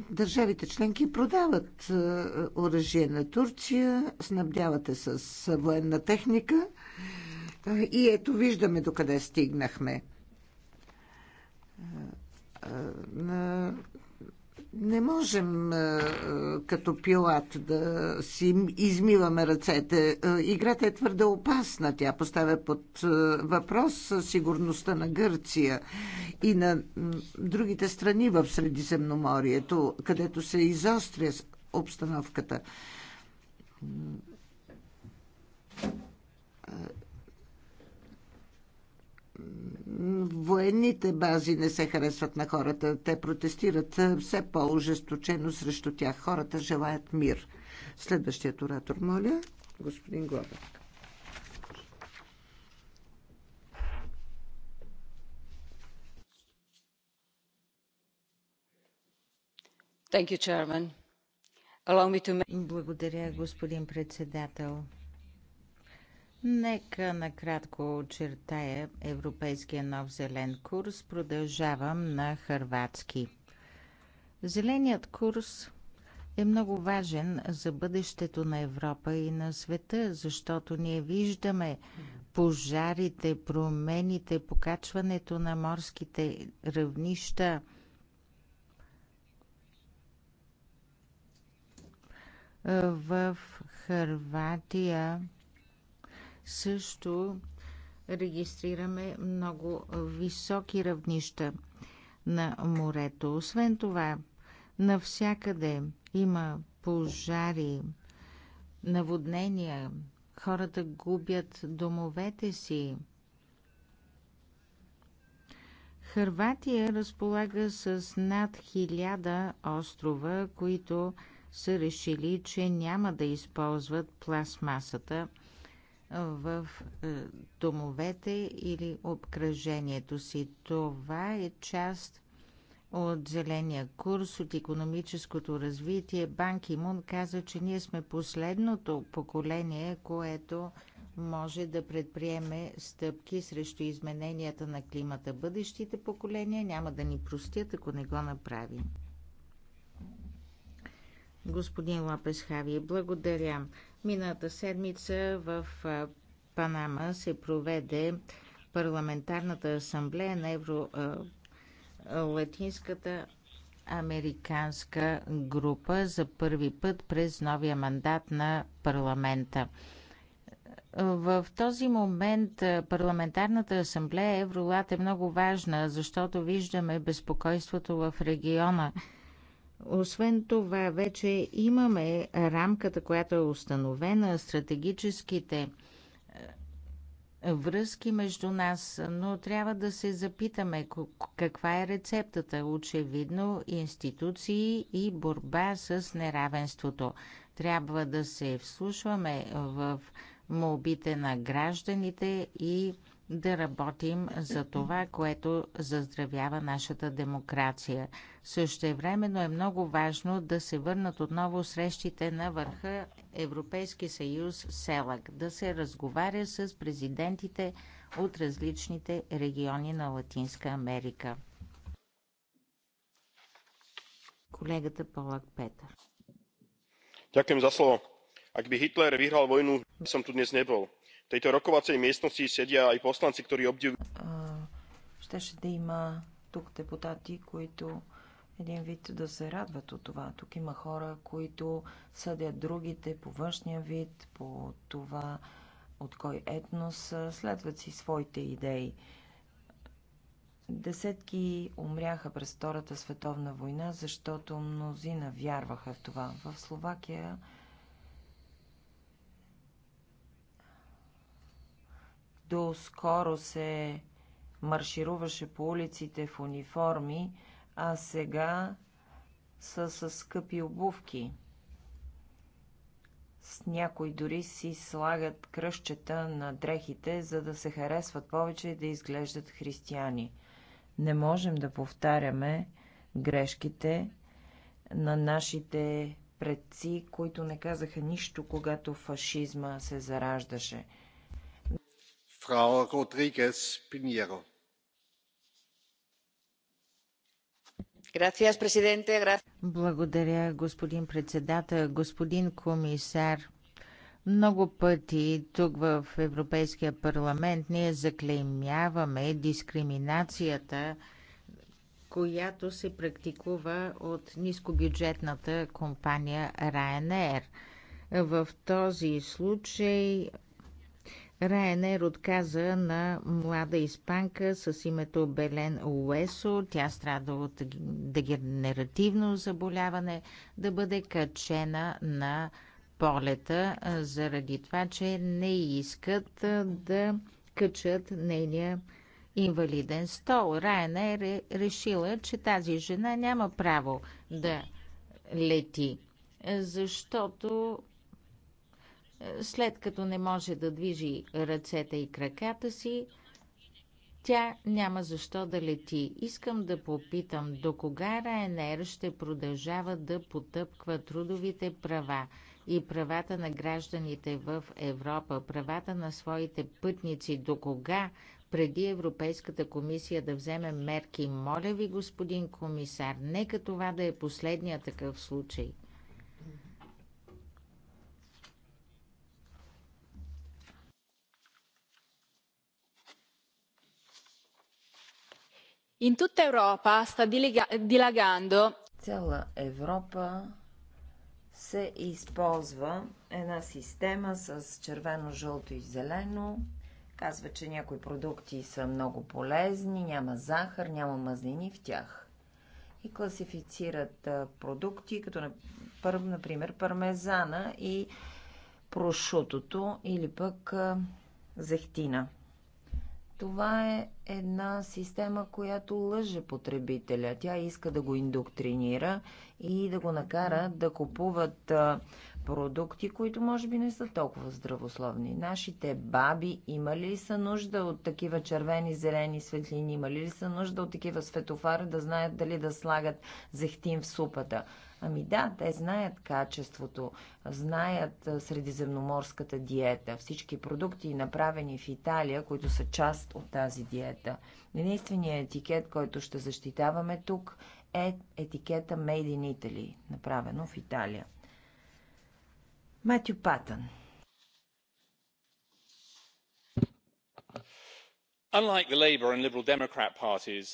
Държавите членки продават оръжие на Турция, снабдявате с военна техника и ето виждаме докъде стигнахме не можем е, е, като пилат да си измиваме ръцете. Е, играта е твърде опасна. Тя поставя под въпрос сигурността на Гърция и на другите страни в Средиземноморието, където се изостря обстановката. военните бази не се харесват на хората. Те протестират все по-ожесточено срещу тях. Хората желаят мир. Следващият оратор, моля, господин Глобък. Благодаря, господин председател. Нека накратко очертая Европейския нов зелен курс. Продължавам на хърватски. Зеленият курс е много важен за бъдещето на Европа и на света, защото ние виждаме пожарите, промените, покачването на морските равнища. В Хърватия също регистрираме много високи равнища на морето. Освен това, навсякъде има пожари, наводнения, хората губят домовете си. Хърватия разполага с над хиляда острова, които са решили, че няма да използват пластмасата – в е, домовете или обкръжението си. Това е част от зеления курс, от економическото развитие. Банки Мун каза, че ние сме последното поколение, което може да предприеме стъпки срещу измененията на климата. Бъдещите поколения няма да ни простят, ако не го направим господин Лапес Хави. Благодаря. Мината седмица в Панама се проведе парламентарната асамблея на Евро Латинската американска група за първи път през новия мандат на парламента. В този момент парламентарната асамблея Евролат е много важна, защото виждаме безпокойството в региона – освен това, вече имаме рамката, която е установена, стратегическите е, връзки между нас, но трябва да се запитаме каква е рецептата. Очевидно, институции и борба с неравенството. Трябва да се вслушваме в молбите на гражданите и да работим за това, което заздравява нашата демокрация. Същевременно е много важно да се върнат отново срещите на върха Европейски съюз СЕЛАК, да се разговаря с президентите от различните региони на Латинска Америка. Колегата Полак Петър. за слово. Ако би Хитлер виграл войну, съм тук днес не nebol tejto rokovacej miestnosti sedia aj poslanci, ktorí obdivujú. Щеше да има тук депутати, които един вид да се радват от това. Тук има хора, които съдят другите по външния вид, по това от кой етнос, следват си своите идеи. Десетки умряха през Втората световна война, защото мнозина вярваха в това. В Словакия До скоро се маршируваше по улиците в униформи, а сега са с скъпи обувки. С някои дори си слагат кръщета на дрехите, за да се харесват повече и да изглеждат християни. Не можем да повтаряме грешките на нашите предци, които не казаха нищо, когато фашизма се зараждаше – благодаря, господин председател, господин комисар. Много пъти тук в Европейския парламент ние заклеймяваме дискриминацията, която се практикува от нискобюджетната компания Ryanair. В този случай Райенер отказа на млада испанка с името Белен Уесо, тя страда от дегенеративно заболяване, да бъде качена на полета, заради това, че не искат да качат нейния инвалиден стол. Райенер е решила, че тази жена няма право да лети, защото след като не може да движи ръцете и краката си, тя няма защо да лети. Искам да попитам, до кога Ryanair ще продължава да потъпква трудовите права и правата на гражданите в Европа, правата на своите пътници, до кога преди Европейската комисия да вземе мерки. Моля ви, господин комисар, нека това да е последния такъв случай. In tutta Europa sta dilagando. Цяла Европа се използва една система с червено, жълто и зелено. Казва, че някои продукти са много полезни, няма захар, няма мазнини в тях. И класифицират продукти, като например пармезана и прошутото или пък зехтина. Това е една система, която лъже потребителя. Тя иска да го индоктринира и да го накара да купуват продукти, които може би не са толкова здравословни. Нашите баби има ли са нужда от такива червени, зелени светлини? Има ли са нужда от такива светофари да знаят дали да слагат зехтин в супата? Ами да, те знаят качеството, знаят средиземноморската диета, всички продукти, направени в Италия, които са част от тази диета. Единственият етикет, който ще защитаваме тук, е етикета Made in Italy, направено в Италия. Матю Патън. Unlike the Labour and Liberal Democrat parties,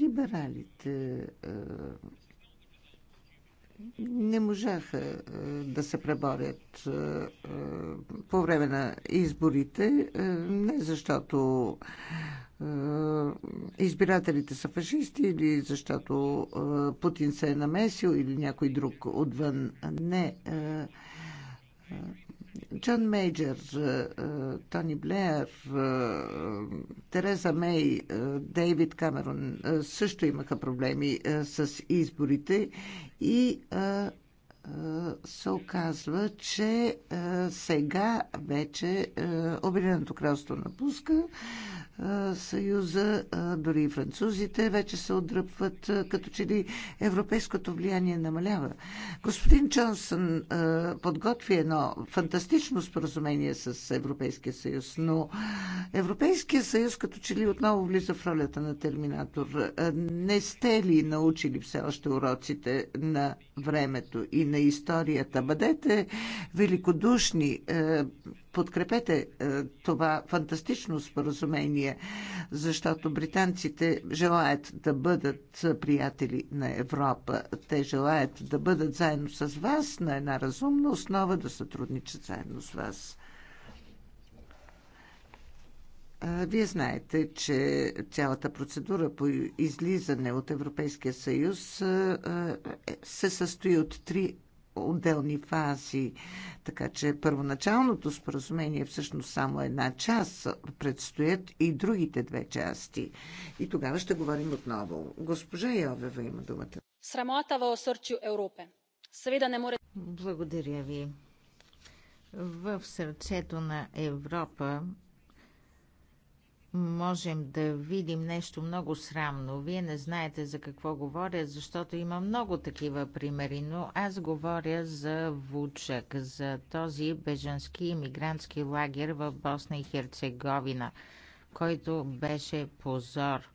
Либералите не можаха да се преборят по време на изборите, не защото избирателите са фашисти или защото Путин се е намесил или някой друг отвън. Не. Джон Мейджер, е, е, Тони Блеер, е, Тереза Мей, Дейвид Камерон също имаха проблеми с изборите и се оказва, че е, сега вече е, Обединеното кралство напуска е, Съюза, дори и французите вече се отдръпват, като че ли европейското влияние намалява. Господин Джонсън подготви едно фантастично споразумение с Европейския съюз, но Европейския съюз като че ли отново влиза в ролята на терминатор. Не сте ли научили все още уроците на времето и на историята. Бъдете великодушни, е, подкрепете е, това фантастично споразумение, защото британците желаят да бъдат приятели на Европа. Те желаят да бъдат заедно с вас на една разумна основа, да сътрудничат заедно с вас. Вие знаете, че цялата процедура по излизане от Европейския съюз е, се състои от три отделни фази. Така че първоначалното споразумение всъщност само една част. Предстоят и другите две части. И тогава ще говорим отново. Госпожа Йовева има думата. Срамота во сърчу Европе. не море... Благодаря ви. В сърцето на Европа можем да видим нещо много срамно. Вие не знаете за какво говоря, защото има много такива примери, но аз говоря за Вучък, за този бежански иммигрантски лагер в Босна и Херцеговина, който беше позор.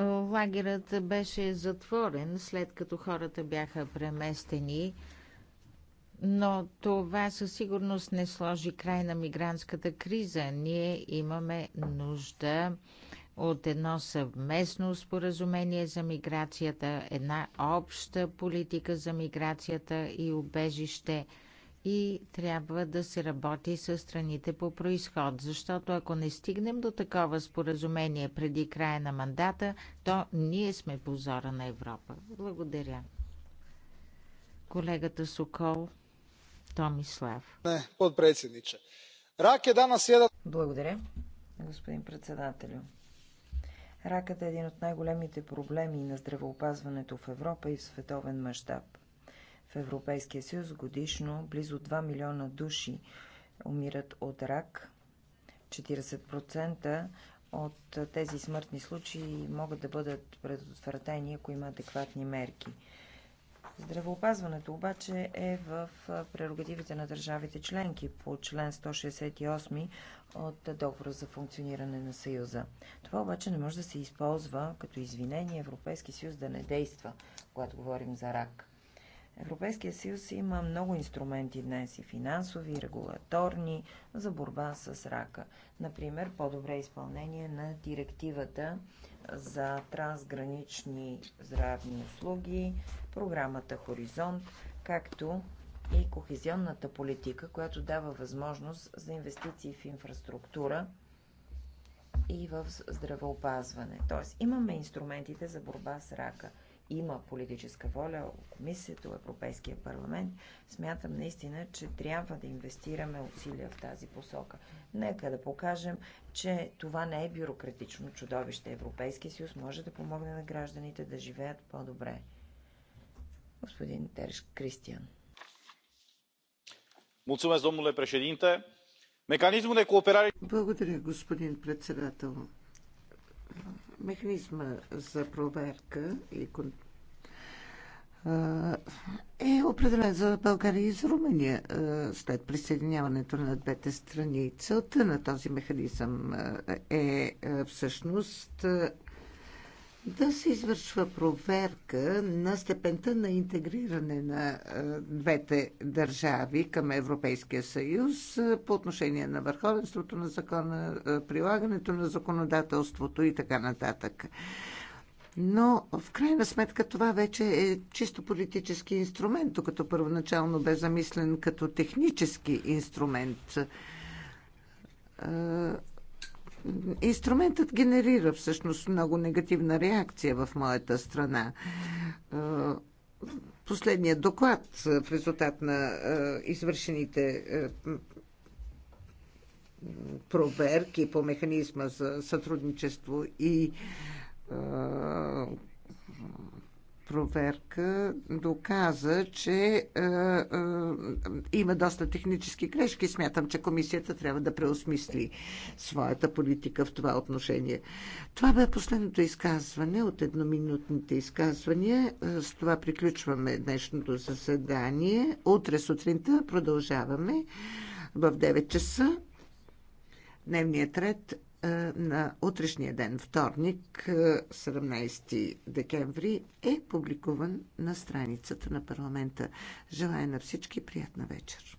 Лагерът беше затворен, след като хората бяха преместени но това със сигурност не сложи край на мигрантската криза. Ние имаме нужда от едно съвместно споразумение за миграцията, една обща политика за миграцията и убежище и трябва да се работи с страните по происход, защото ако не стигнем до такова споразумение преди края на мандата, то ние сме позора на Европа. Благодаря. Колегата Сокол. Томислав. Не, подпредседниче. Рак е данас jedan... Благодаря, господин председателю. Ракът е един от най-големите проблеми на здравеопазването в Европа и в световен мащаб. В Европейския съюз годишно близо 2 милиона души умират от рак. 40% от тези смъртни случаи могат да бъдат предотвратени, ако има адекватни мерки. Здравеопазването обаче е в прерогативите на държавите членки по член 168 от договора за функциониране на Съюза. Това обаче не може да се използва като извинение Европейски съюз да не действа, когато говорим за рак. Европейския съюз има много инструменти днес и финансови, и регулаторни за борба с рака. Например, по-добре изпълнение на директивата за трансгранични здравни услуги, програмата Хоризонт, както и кохезионната политика, която дава възможност за инвестиции в инфраструктура и в здравеопазване. Тоест, имаме инструментите за борба с рака. Има политическа воля, комисията, Европейския парламент. Смятам наистина, че трябва да инвестираме усилия в тази посока. Нека да покажем, че това не е бюрократично чудовище. Европейския съюз може да помогне на гражданите да живеят по-добре господин Терж Кристиан. Благодаря, господин председател. Механизма за проверка и е определен за България и за Румъния след присъединяването на двете страни. Целта на този механизъм е всъщност да се извършва проверка на степента на интегриране на двете държави към Европейския съюз по отношение на върховенството на закона, прилагането на законодателството и така нататък. Но в крайна сметка това вече е чисто политически инструмент, докато първоначално бе замислен като технически инструмент Инструментът генерира всъщност много негативна реакция в моята страна. Е, последният доклад е, в резултат на е, извършените проверки по механизма за сътрудничество и проверка доказа, че е, е, има доста технически грешки. Смятам, че комисията трябва да преосмисли своята политика в това отношение. Това бе последното изказване от едноминутните изказвания. Е, с това приключваме днешното заседание. Утре сутринта продължаваме в 9 часа. Дневният ред е, на утрешния ден, вторник, 17 е, декември, е публикуван на страницата на парламента. Желая на всички приятна вечер!